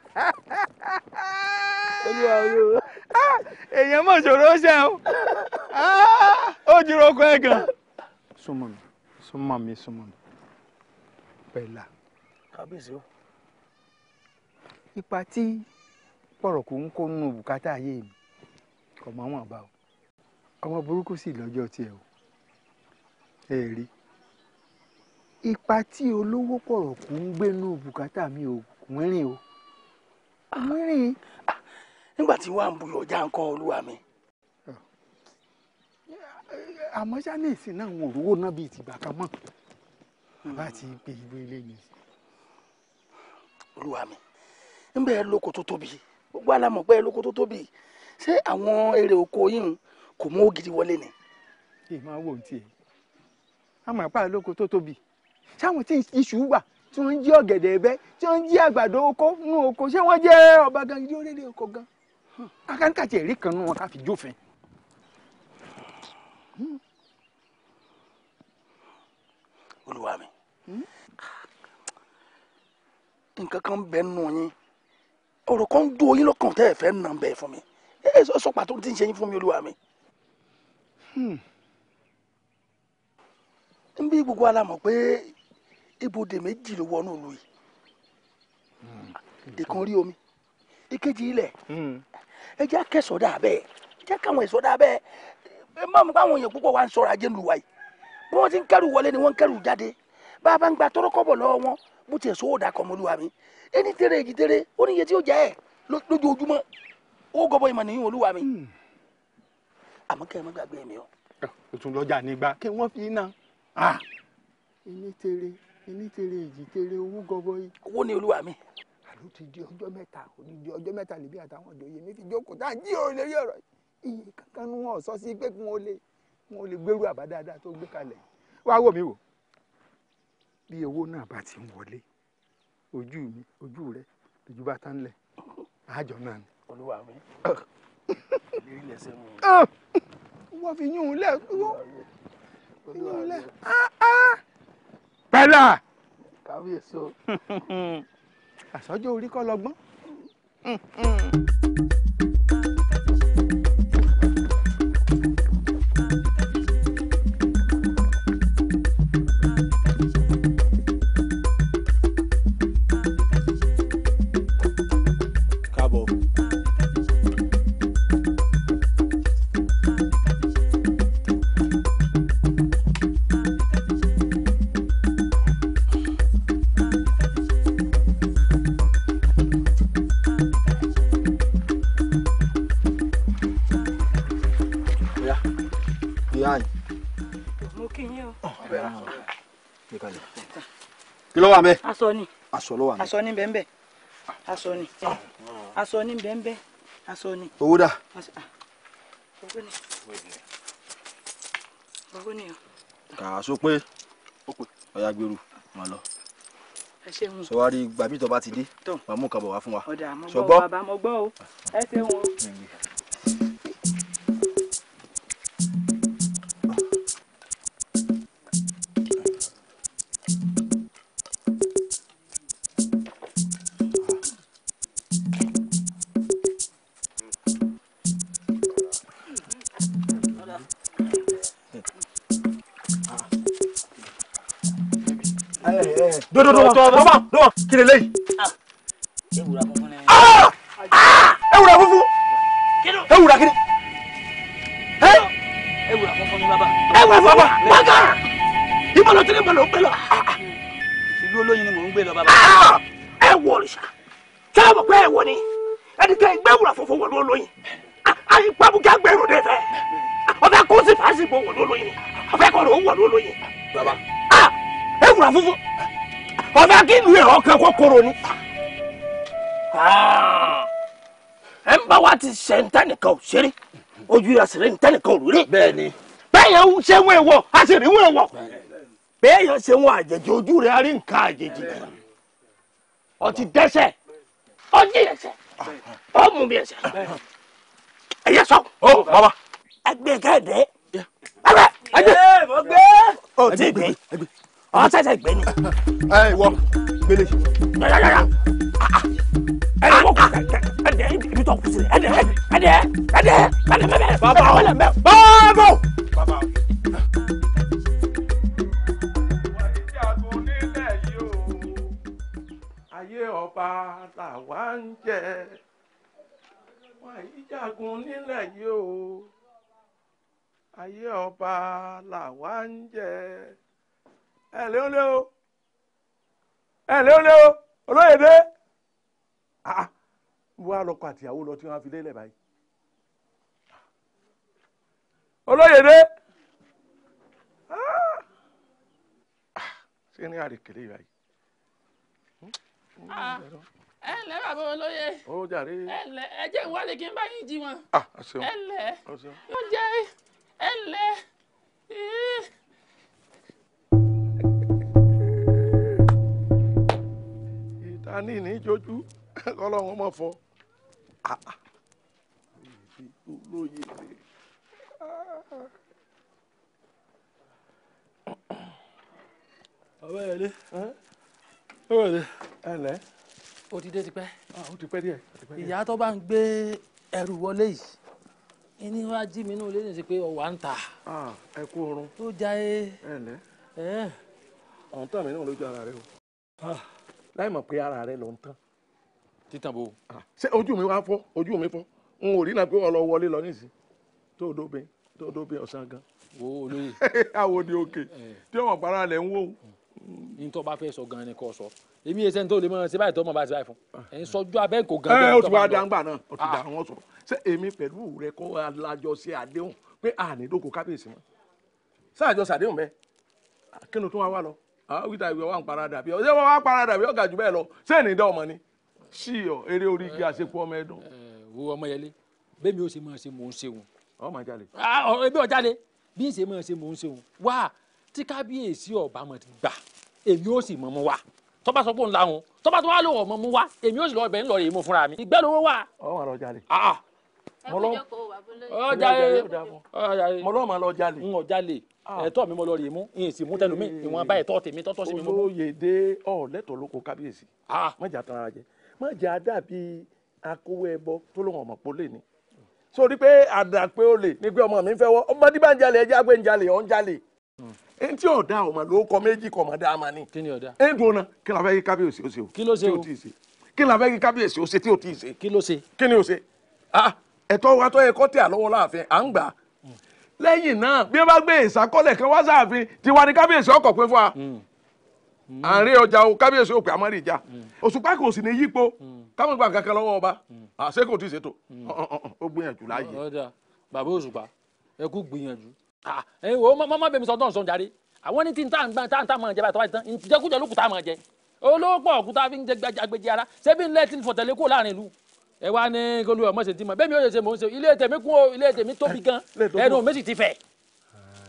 èèyàn mọ̀ ṣòro ṣe o ó jùrọ̀ ọkọ ẹ̀ gan. súnmọ́ mi súnmọ́ pẹ̀lá. kábíyèsí ipa tí pọ̀rọ̀kù ń kó nínú bùkátà ayé mi kò mọ̀ bá o ọmọ burúkú sì lọ́jọ́ tiẹ̀ o ẹ rí ipa tí olówó pọ̀rọ̀kù ń gbé nínú bùkátà mi ò o nígbà tí wàá ń bu ọjà ń kọ́ olúwa mi. àmọ́ sani ìsìn náà wọn ò rówó náà bíi tìgbà kan mọ́ bàbá hmm. àti ìgbé ìwé ilé mi. olúwa mi ń bẹ́ẹ̀ lóko tó tóbi gbogbo àlámọ̀ pé lóko tó tóbi ṣé àwọn èrè oko yìí kò mú ògidì wọlé ni. ìmọ̀ wò ń tiẹ̀ àmọ́ àpá lóko tó tóbi sáwọn tí iṣu wà tí wọ́n ń jí ọ̀gẹ̀dẹ̀ ẹ̀bẹ́ tí wọ́n ń jí àgbàdo oko nínú oko ṣé wọ́n jẹ́ ọba gan ilé orílẹ̀ oko gan akáńkàtì ẹ̀rí kan nù wọn ká fi jófin. olúwa mi nǹkan kan bẹ nù yín ọ̀rọ̀ kan dún oyin lọ́kàn tẹ́ ẹ fẹ́ nà bẹ́ẹ̀ fún mi ẹ sọ pàtó tí ń ṣe yín fún mi olúwa mi. n bí gbogbo ala mọ̀ pé ibodè méjì ló wọnú ìlú yìí rí omi ìkejì ilẹ̀ ẹ jẹ́ kẹsọ̀ dà bẹ́ẹ̀ jẹ́ káwọn ẹ̀sọ́ dà bẹ́ẹ̀ ẹ má mú káwọn èèyàn púpọ̀ wá ń sọ̀rọ̀ ajé lu wa yìí bí wọ́n ti ń kẹ́rù wọlé ni wọ́n ń kẹ́rù jáde bá a bá ń gba tọ́rọ́kọ́bọ̀ lọ́wọ́ wọn bó tiẹ̀ sówó dà kọ́ ọmọlúwa mi ẹni tèrè èjì tèrè ó níye tí ó jẹ́ hmm. ẹ ó ti di ọjọ́ mẹ́ta ó ti di ọjọ́ mẹ́ta lè bí àtàwọn òjòyè mi fi jókòó tá à ń jí òun lórí ọ̀rọ̀ iye kankan ni wọn sọ sí pé kí wọn lè wọn lè gbèrú àbá dáadáa tó gbé kalẹ̀ wá wò mí wò bí owó náà bá ti ń wọlé ojú mi ojú rẹ ojú bá tán lẹ̀ àjọ náà ni. olúwa mi ìlérí lẹsẹ mu. wọ́n fi yún un lẹ̀ wọ́n fi yún un lẹ̀. pẹ̀lá. kàwé so àsọjọ́ orí kọ́ lọ́gbọ́n. Mm, mm. aṣọ ni aṣọ ló wà ní. aṣọ ni bẹ́ẹ̀ aṣọ ni aṣọ ni bẹ́ẹ̀ aṣọ ni. owó dà. Ah, bọ́kú ni o. kà á so pé ọ̀yà gbèrú mà lọ sọ wá rí gbàmítọ́ bá ti dé màmú kan bọ̀ wá fún wa. ọ̀dà gbọ́ ẹ ṣeun o. dọ́dọ́dọ́ wọ́n bá dọ́wọ́ kí lè léyìí. ronú. ẹ ń bá wa ti ṣe ntánìkan òṣèré ojú ìrasẹ̀rẹ̀ ntánìkan òrùlé. bẹ́ẹ̀ni. bẹ́ẹ̀yàn ṣe ń wẹ̀wọ̀ a sì rí wẹ̀wọ̀. bẹ́ẹ̀yàn ṣe ń wọ àjèjì ojú rẹ̀ a rí nǹkan àjèjì. ọtí dẹ́ṣẹ̀ ọjí ẹ̀ṣẹ̀ ọmú mi ẹ̀ṣẹ̀ ẹ̀yẹ sọ. ó bàbá. ẹgbẹ́ kẹ́ẹ̀dẹ́. ẹgbẹ́ ẹgbẹ́ ọtí gbé ọ̀hún ṣẹ̀ṣẹ̀ gbé ni. ẹ ìwọ gbélé. Ah, ah. ẹni wọ́n kú ẹni ibi tó kù sí ẹni ẹni ẹni ẹni ẹni mẹ́mẹ́ bàbá wọlé mẹ́ bàbá. bàbá. ayé ọba làwa ń jẹ wọn àyí jagun nílẹ̀ yìí o ayé ọba làwa ń jẹ ẹ lé olé o ẹ lé olé o olóyè dé ah, ah. wọ́n á lọ́kọ àtìyàwó lọ tí wọ́n á fi délẹ̀ báyìí olóyè dé ah. ṣé ní àrèkèrè báyìí. Ah, ẹ ǹlẹ́ bàbá olóyè ó jàre ẹ ǹlẹ́ ẹ jẹ́ ìwádìí kí n bá yín jí wọn ẹ ǹlẹ́ ó jẹ́ ẹ ǹlẹ́. ká ní ìní jójú kọ́lọ́run ọmọ fọ. Ah, ah. olóye dé. lé lé lẹ́. o ti dé tipẹ́. o ah, ti pẹ́ díẹ̀. ìyá tó bá ń gbé ẹrù wọlé yìí jí mi nínú ilé pé ọwà ń ta. ẹ kú oorun. e. ẹ ọ̀hún ara rẹ láì mọ̀ pé ara rẹ ló ń tán. títàn bo. ṣé ojú mi wá fọ́ ojú mi fọ́ n ò rí náà pé ọlọ wọlé lọ nísìn tó o dóbe tó o dóbe ọ̀sán gan. wo olóye. àwo ni òkè tí ọmọ para rẹ ń wò. ní tó bá fẹ́ sọ gan ni kò sọ èmi ẹsẹ̀ tó lè mọ ṣe báyìí tó mọ bá ṣe báyìí fún ẹ̀ ń sọjú abẹ́ kò gan. ẹ o ti wá dáńgbà náà o ti dà wọn sọ ṣé èmi pẹ̀lú rẹ kọ́ alájọṣe àdéhùn pé ànídókò kábíyèsí mọ́ sáà àjọṣe bẹ́ẹ̀ kí ni o tún wá wá lọ Ah, wíta ìwé wa ń parada bí ọ ṣé wọn wá parada bí ọgà jù bẹ́ẹ̀ lọ sẹni dá ọmọ ni sí ọ eré orí igi àṣepọ ọmọ ẹdùn. Eh, wo ọmọ yẹlé bẹ́ẹ̀ mi ò ṣe máa ṣe mò ń ṣe wọn. ọmọ jalè. ebi ọjà lè bí n ṣe máa ṣe mò ń ṣe wọn wá tí kábíyèsí ọba mọ̀ ti gbà èmi ò sì mọ̀ mọ́ wa tó bá sọ pé òun la wọn tó bá tó wá lò wọ́n mọ́ mú wa èmi ò sì lọ ibẹ̀ ń lọ rè é mú fúnra mi ìgbẹ́ lówó wà. ọmọ Ah. ẹ̀tọ́ mi mo lọ rè mú ìyìn sì mú tẹnu mi ìwọ̀nba ẹ̀tọ́ tèmi tọ́tọ́ sí mi mú. olóyèdè ọ̀lẹ́tọ̀ ló kó kábíyèsí ah. má jà tán ara jẹ má jà dàbí akówó ẹbọ tó lóun ọmọ pólè ni sórí pé àdà pé ó lè ní pé ọmọ mi ń fẹ́ wọ́ ọmọ dígbà ń jalè ẹjẹ́ àgbẹ̀ ń jalè ọ̀ ń jalè hmm. ẹni tí ọ̀dà ọmọ ló kọ méjì kọ ọmọ dáa máa ní. kí ni ọ̀dà. ẹni tó na kí la fẹ́ kí kábíyèsí ó ṣe o. kí ló ṣe o kí la fẹ́ kí kábíyèsí ó ṣe tí o ti ṣe. kí ló ṣe. kí ni o ṣe. Ah, ẹ̀tọ́ wa tó yẹ kọ́ tẹ̀ àlọ́wọ́ láàfin à ń gbà lẹ́yìn náà bí wọ́n bá gbé ìsákọ́lẹ̀ kan wá sáàfin tiwa ni kábíyèsí ọkọ̀ pé fún wa hmm. hmm. àárín ọjà o kábíyèsí òpè àmọ́rí ìjà hmm. òṣùpá kò sì ní yípo káwọn gbà kankan lọ́wọ́ ọba àṣẹ kò tí ì ṣètò ó gbìyànjú láàyè. bàbá òṣùpá ẹ kú gbìyànjú ẹ wo mọ́mọ́ bẹ̀mí sọ́dọ̀ sọ́n jáde àwọn ní tí n tá n tá n tá máa jẹ báyìí tó bá ti tán ìjẹkújẹ lókùtà máa jẹ olówó pọ̀ òkúta fi ń jẹ agbẹjẹ ara ṣé bí n lẹ́ẹ̀tì fọ̀tẹ̀lẹ́kọ̀ láàrin ìlú ẹ wá ní kólú ọmọ ṣe ti mọ bẹ́ẹ̀ mi ò ṣe mò ń ṣe ilé tèmi kún o ilé tèmi tóbi ah, gan ẹnu méjì ti fẹ̀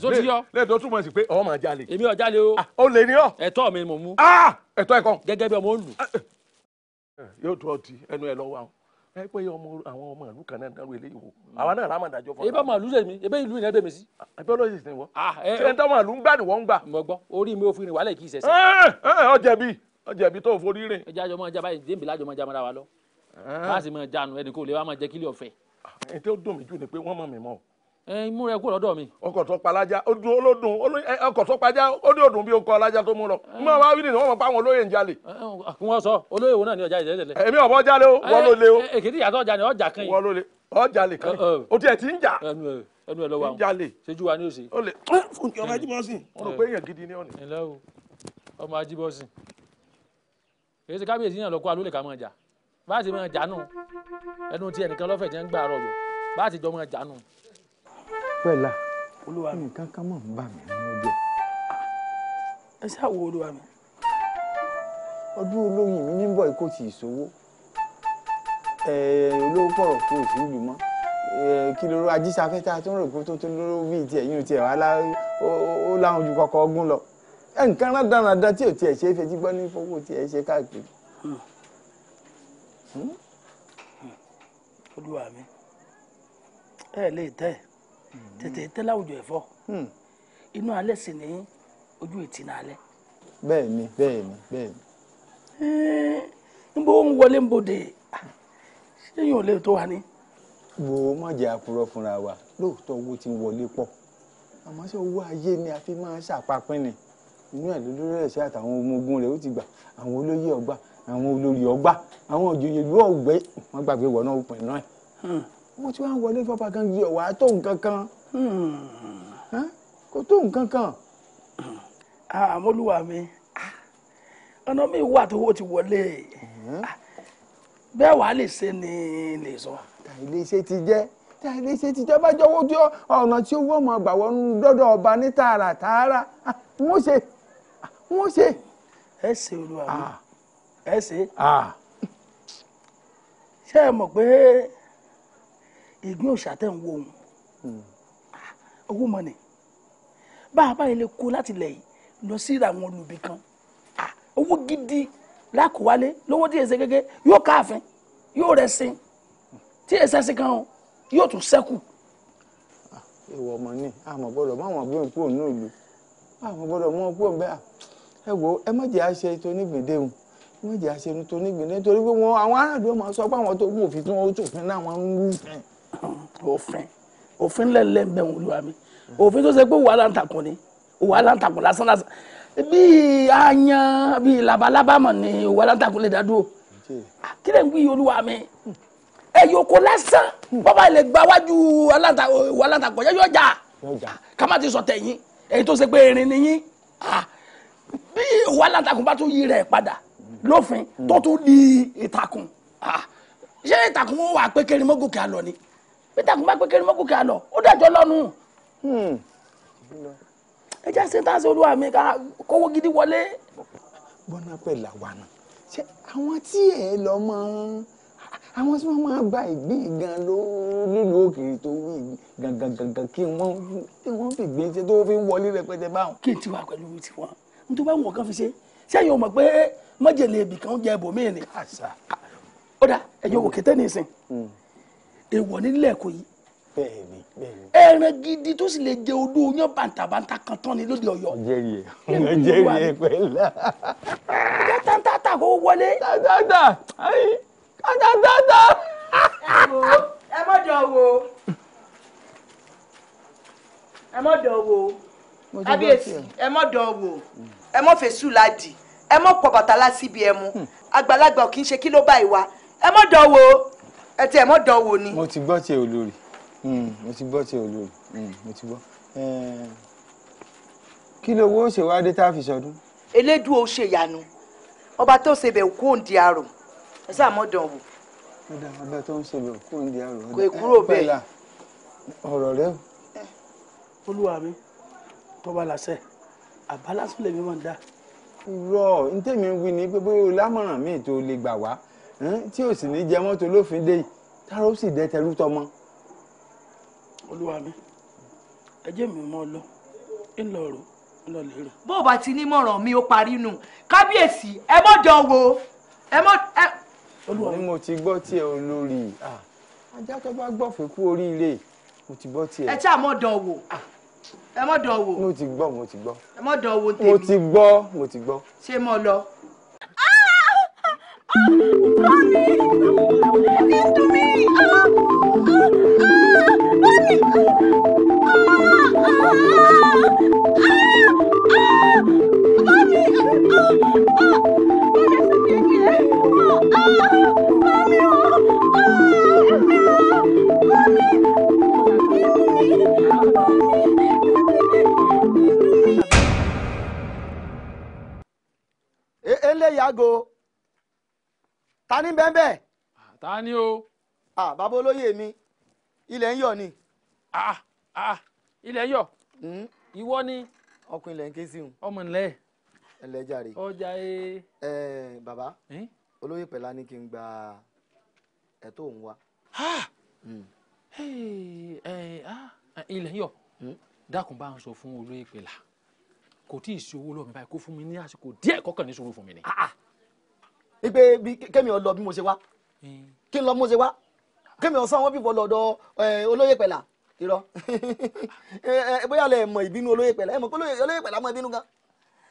tó ti yọ. lẹ́yìn tó túmọ̀ sí pé ọmọ máa jalè. èmi ò jalè o. Ah, ó lè ní ọ. ẹ̀tọ́ mi mò ń mú. Ah, ẹ̀tọ́ ẹ̀kọ́. gẹ́gẹ́ bí ọmọ ó lù. Eh. yóò tó ọtí ẹnu ẹ lọ́wọ́ àwọn ẹ pé ọmọ àwọn ọmọ ìlú kan náà dárò eléyìí wò àwa náà lámà dájọ́ fọlá. ìbá màlúù lèmi ìbá ìlú yẹn bẹ̀mí sí. ẹbí olóyè sì ni wọ́n. ṣé ẹni tó màlúù ń gbà ni wọ́n ń gbà. mo gbọ́ orí mi ò fi rìn wálé kì í ṣẹ̀ṣẹ̀. Eh, eh, ọjẹ̀bi ọjẹ̀bi tó forí rìn. ẹ jẹ́ àjọmọ́ ajá báyìí dèbìlà àjọmọ́ ajá mọ́ra wa lọ. bá a sì máa jaanu ẹnì kò lè máa jẹ kílí tó dùn mí jù ni pé wọ́n mọ̀ mí mọ́ mi. ọkọ̀ tó ó dùn ó ló dùn tó palájà ó ní ó bí okọ̀ alájà tó mú lọ. olóyè ń jalè. sọ olóyè wo náà ni ọjà èmi jalè o ló o. èkìtì yàtọ̀ ọjà ni ọjà kan le ọjà lè jà. ẹnu bá a ti máa jánu ẹnu tí ẹnìkan lọ́fẹ̀ẹ́ ti ń gbà rọ̀ yọ bá a ti jọ máa jánu. pẹ̀lá olúwa mi nǹkan kan mọ̀ ń bà mí ní ọjọ́. ẹ ṣáàwó olúwa mi. ọdún olóyin mi ní bọ̀ ikó ti ìṣòwò olówó pọ̀rọ̀ kó o sì ń gbìmọ̀ kí lóró ajísáfẹ́ tá a tún rò kó tó tó lóró bíi tiẹ̀ yín tiẹ̀ wá láwọn ojú kọkọ ọgbọ́n lọ nǹkan rádaràda tí ò tiẹ̀ ṣe é fetí gbọ́ ní fowó tiẹ̀ ṣe káàkiri. Hmm. Hmm? Hmm. olúwa mi ẹ lè tẹ hmm. tètè tẹ láwùjọ ẹ̀fọ́ inú alẹ́ sì ní ojú ìtì náà ni ni ni. Eh, ń wọlé ń bòde ṣé lè tó wa ni. wo má jẹ́ àpúrọ̀ fúnra wa lóòótọ́ owó ti wọlé pọ̀ àmọ́ ṣé owó ayé ni a fi máa ń ṣàpapín ni inú ẹ̀ lórí àtàwọn ọmọ ogun ó ti gbà àwọn àwọn olórí ọgbà àwọn òjòyè ìlú ọ̀gbẹ́ wọ́n gbàgbé wọ̀ náà òpin náà owó tí wọ́n wọlé fọ́pá kan di ọ̀wá tó nǹkan kan kò tó nǹkan kan. àmọ́lúwa mi ọ̀nà mi wà tó owó ti wọlé bẹ́ẹ̀ wàá lè ṣe ni lè sọ. ilé iṣẹ́ ti jẹ́ ilé iṣẹ́ ti jẹ́ bá jọ̀wọ́ tí ọ̀nà tí owó ọmọ gbà wọnú dọ́dọ̀ ọba ní tààràtààrà wọ́n ṣe wọ́n ṣe. ẹ ṣe olúwa mi ẹ ṣe ṣé ẹ mọ̀ pé ìgbín òòṣà tẹ̀ ń wo òun hmm. owó mọ̀nì bá a bá yẹn lè kó láti lẹ̀ yìí lọ sí àwọn olùbí kan owó gidi lákòwálé lówó tí èsè gẹ́gẹ́ yóò káàfin yóò rẹ̀ sin tí èsè sí kan yóò tún sẹ́kù. ìwọ ọmọ ní àmọ́ gbọ́dọ̀ mọ àwọn àbúrò kúrò ní ìlú àmọ́ gbọ́dọ̀ mọ kúrò ń bẹ ẹ wo ẹ má jẹ àṣẹ ètò onígbèdéhùn wọ́n jẹ́ àṣẹrú tó nígbìn nítorí pé wọ́n àwọn aráàlú máa sọ pé àwọn tó mú òfin tí wọ́n ó tòfin náà wọ́n ń wú fún òfin òfin lẹ́lẹ́ bẹ́ẹ̀ wọ́n olúwa mi òfin tó ṣe pé wàhálà ń takùn ni wàhálà ń takùn lásán lásán bíi ayan bíi labalábá mọ̀ ni wàhálà ń takùn lè dádúró kí lè ń wí olúwa mi ẹ̀yọ̀kọ̀ lásán bàbá ilẹ̀ gba wájú wàhálà ń takùn yẹ́yọ̀ jà ká má ti sọ tẹ̀yìn èyí tó ṣe pé erin ni yín bí wàhálà ń takùn bá tún yí rẹ̀ padà lófin tó tún di ìtàkùn ah, ṣé ìtàkùn wọn wà pé kẹrin mọ́gòkè àlọ́ ni ìtàkùn bá pé kẹrin mọ́gòkè àlọ́ ó dàjọ́ lọ́nu hmm. ẹ jẹ́ sèǹtàṣì olúwa mi ká kówó gidi wọlé. bọ́nà pẹ̀lú àwa náà ṣé àwọn tí ẹ lọ mọ àwọn tí wọ́n máa gba ìgbín gan ló nílùú òkèèrè tó wí gangan kí wọ́n kí wọ́n fi gbé ṣe tó fi wọlé rẹpẹtẹ báwọn. kí n ti wà pẹ̀lú tiwọn n tó bá wọn kàn fi ṣe sẹ́yìn o mọ̀ pé májèlé ibì kan jẹ ibòmíì ni ó dà ẹ̀yin òwò mm. kété ní ìsìn mm. èèwọ̀ nílẹ̀ kò yí ẹran gidi tó sì lè jẹ odó yan bàǹtàbàǹtà kan tán ni lóde Ọ̀yọ́. jẹ́rìí ẹ jẹ́rìí ẹ pẹ̀lá. ká tàǹtàǹtà kó wọlé. tàǹtàǹtà ká tàǹtàǹtà. ẹ mọ̀ jọ wo ẹ mọ̀ jọ wo kábíyèsí ẹ mọ̀ jọ wo ẹ mọ̀ fèsù láàdì ẹ mọ̀ pọ̀ bàtà láti ibi ẹ mu hmm. àgbàlagbà kì í ṣe kí ló bá ìwà ẹ mọ̀ dán wò ẹ ti ẹ mọ̀ dán wò ni. mo ti gbọ́ tiẹ̀ olórí hmm, mo ti gbọ́ tiẹ̀ olórí hmm, mo ti gbọ́ eh, kí lowó ṣèwádìí tá a fi sọdún. elédùn ó ṣe ìyanu ọba tó ṣe bẹ̀ kó ń di àrò ẹ sáà mọ̀ dán wò. ọba tó ń ṣe bẹ̀ kó ń di àrò. kò kúrò bẹ́ẹ̀. ọ̀rọ̀ rẹ eh, olúwa mi tó bá láṣẹ àbálásùn lèmi máa ń dá rọ ntẹ̀mí ń wí ni pé bóyá olámọ̀ràn míì tó lè gbà wá tí ò sì ní jẹ mọ́tò lófin dé yìí táró sì dẹ tẹrú tọmọ. olúwa mi ẹjẹ mi mọ lọ ńlọ rò bó o bá ti ní mọ̀ràn mi ó parí nù kábíyèsí ẹ mọ̀ jọ wo ẹ mọ̀. olúwa mi mo ti gbọ́ tiẹ̀ olórí ah. ajá tó bá gbọ́ fún kú oríire mo ti gbọ́ tiẹ̀. ẹ tí a mọ̀ dán wò. Ah ẹ mọ̀ dán wò. mo ti gbọ́ mo ti gbọ́. ẹ mọ̀ dán wò tèmi. mo ti gbọ́ mo ti gbọ́. ṣé mo lọ. mami to me lè yago ta ni bẹ́ẹ̀ ah, ta ni o. Ah, bàbá olóyè mi ilẹ̀ ń yọ̀ ni. Ah, ilẹ̀ ń yọ̀ hmm? ìwọ ni. ọkùnrin ilẹ̀ ń ké sí un. ọmọ ńlẹ̀. ẹlẹ́jàre. ọjà e. ẹ bàbá olóyè pẹ̀lá n gba ẹ̀tọ́ òun wa. Hmm. ilẹ̀ ń hmm? dákun bá ń sọ fún olóyè kò tí ì sí owó lọ́wọ́ mi báyìí kó fún mi ní àsìkò díẹ̀ kọ́kàn ní sùúrù fún mi ni. ipe kẹ́mi ọ lọ bí mo ṣe wá kí n lọ mo ṣe wá kẹ́mi ọ sanwó bíbọ lọ́dọ̀ olóyè pẹ̀lá irọ́ bóyá lẹ mọ ìbínú olóyè pẹ̀lá ẹ mọ̀ pé olóyè pẹ̀lá mọ ìbínú gan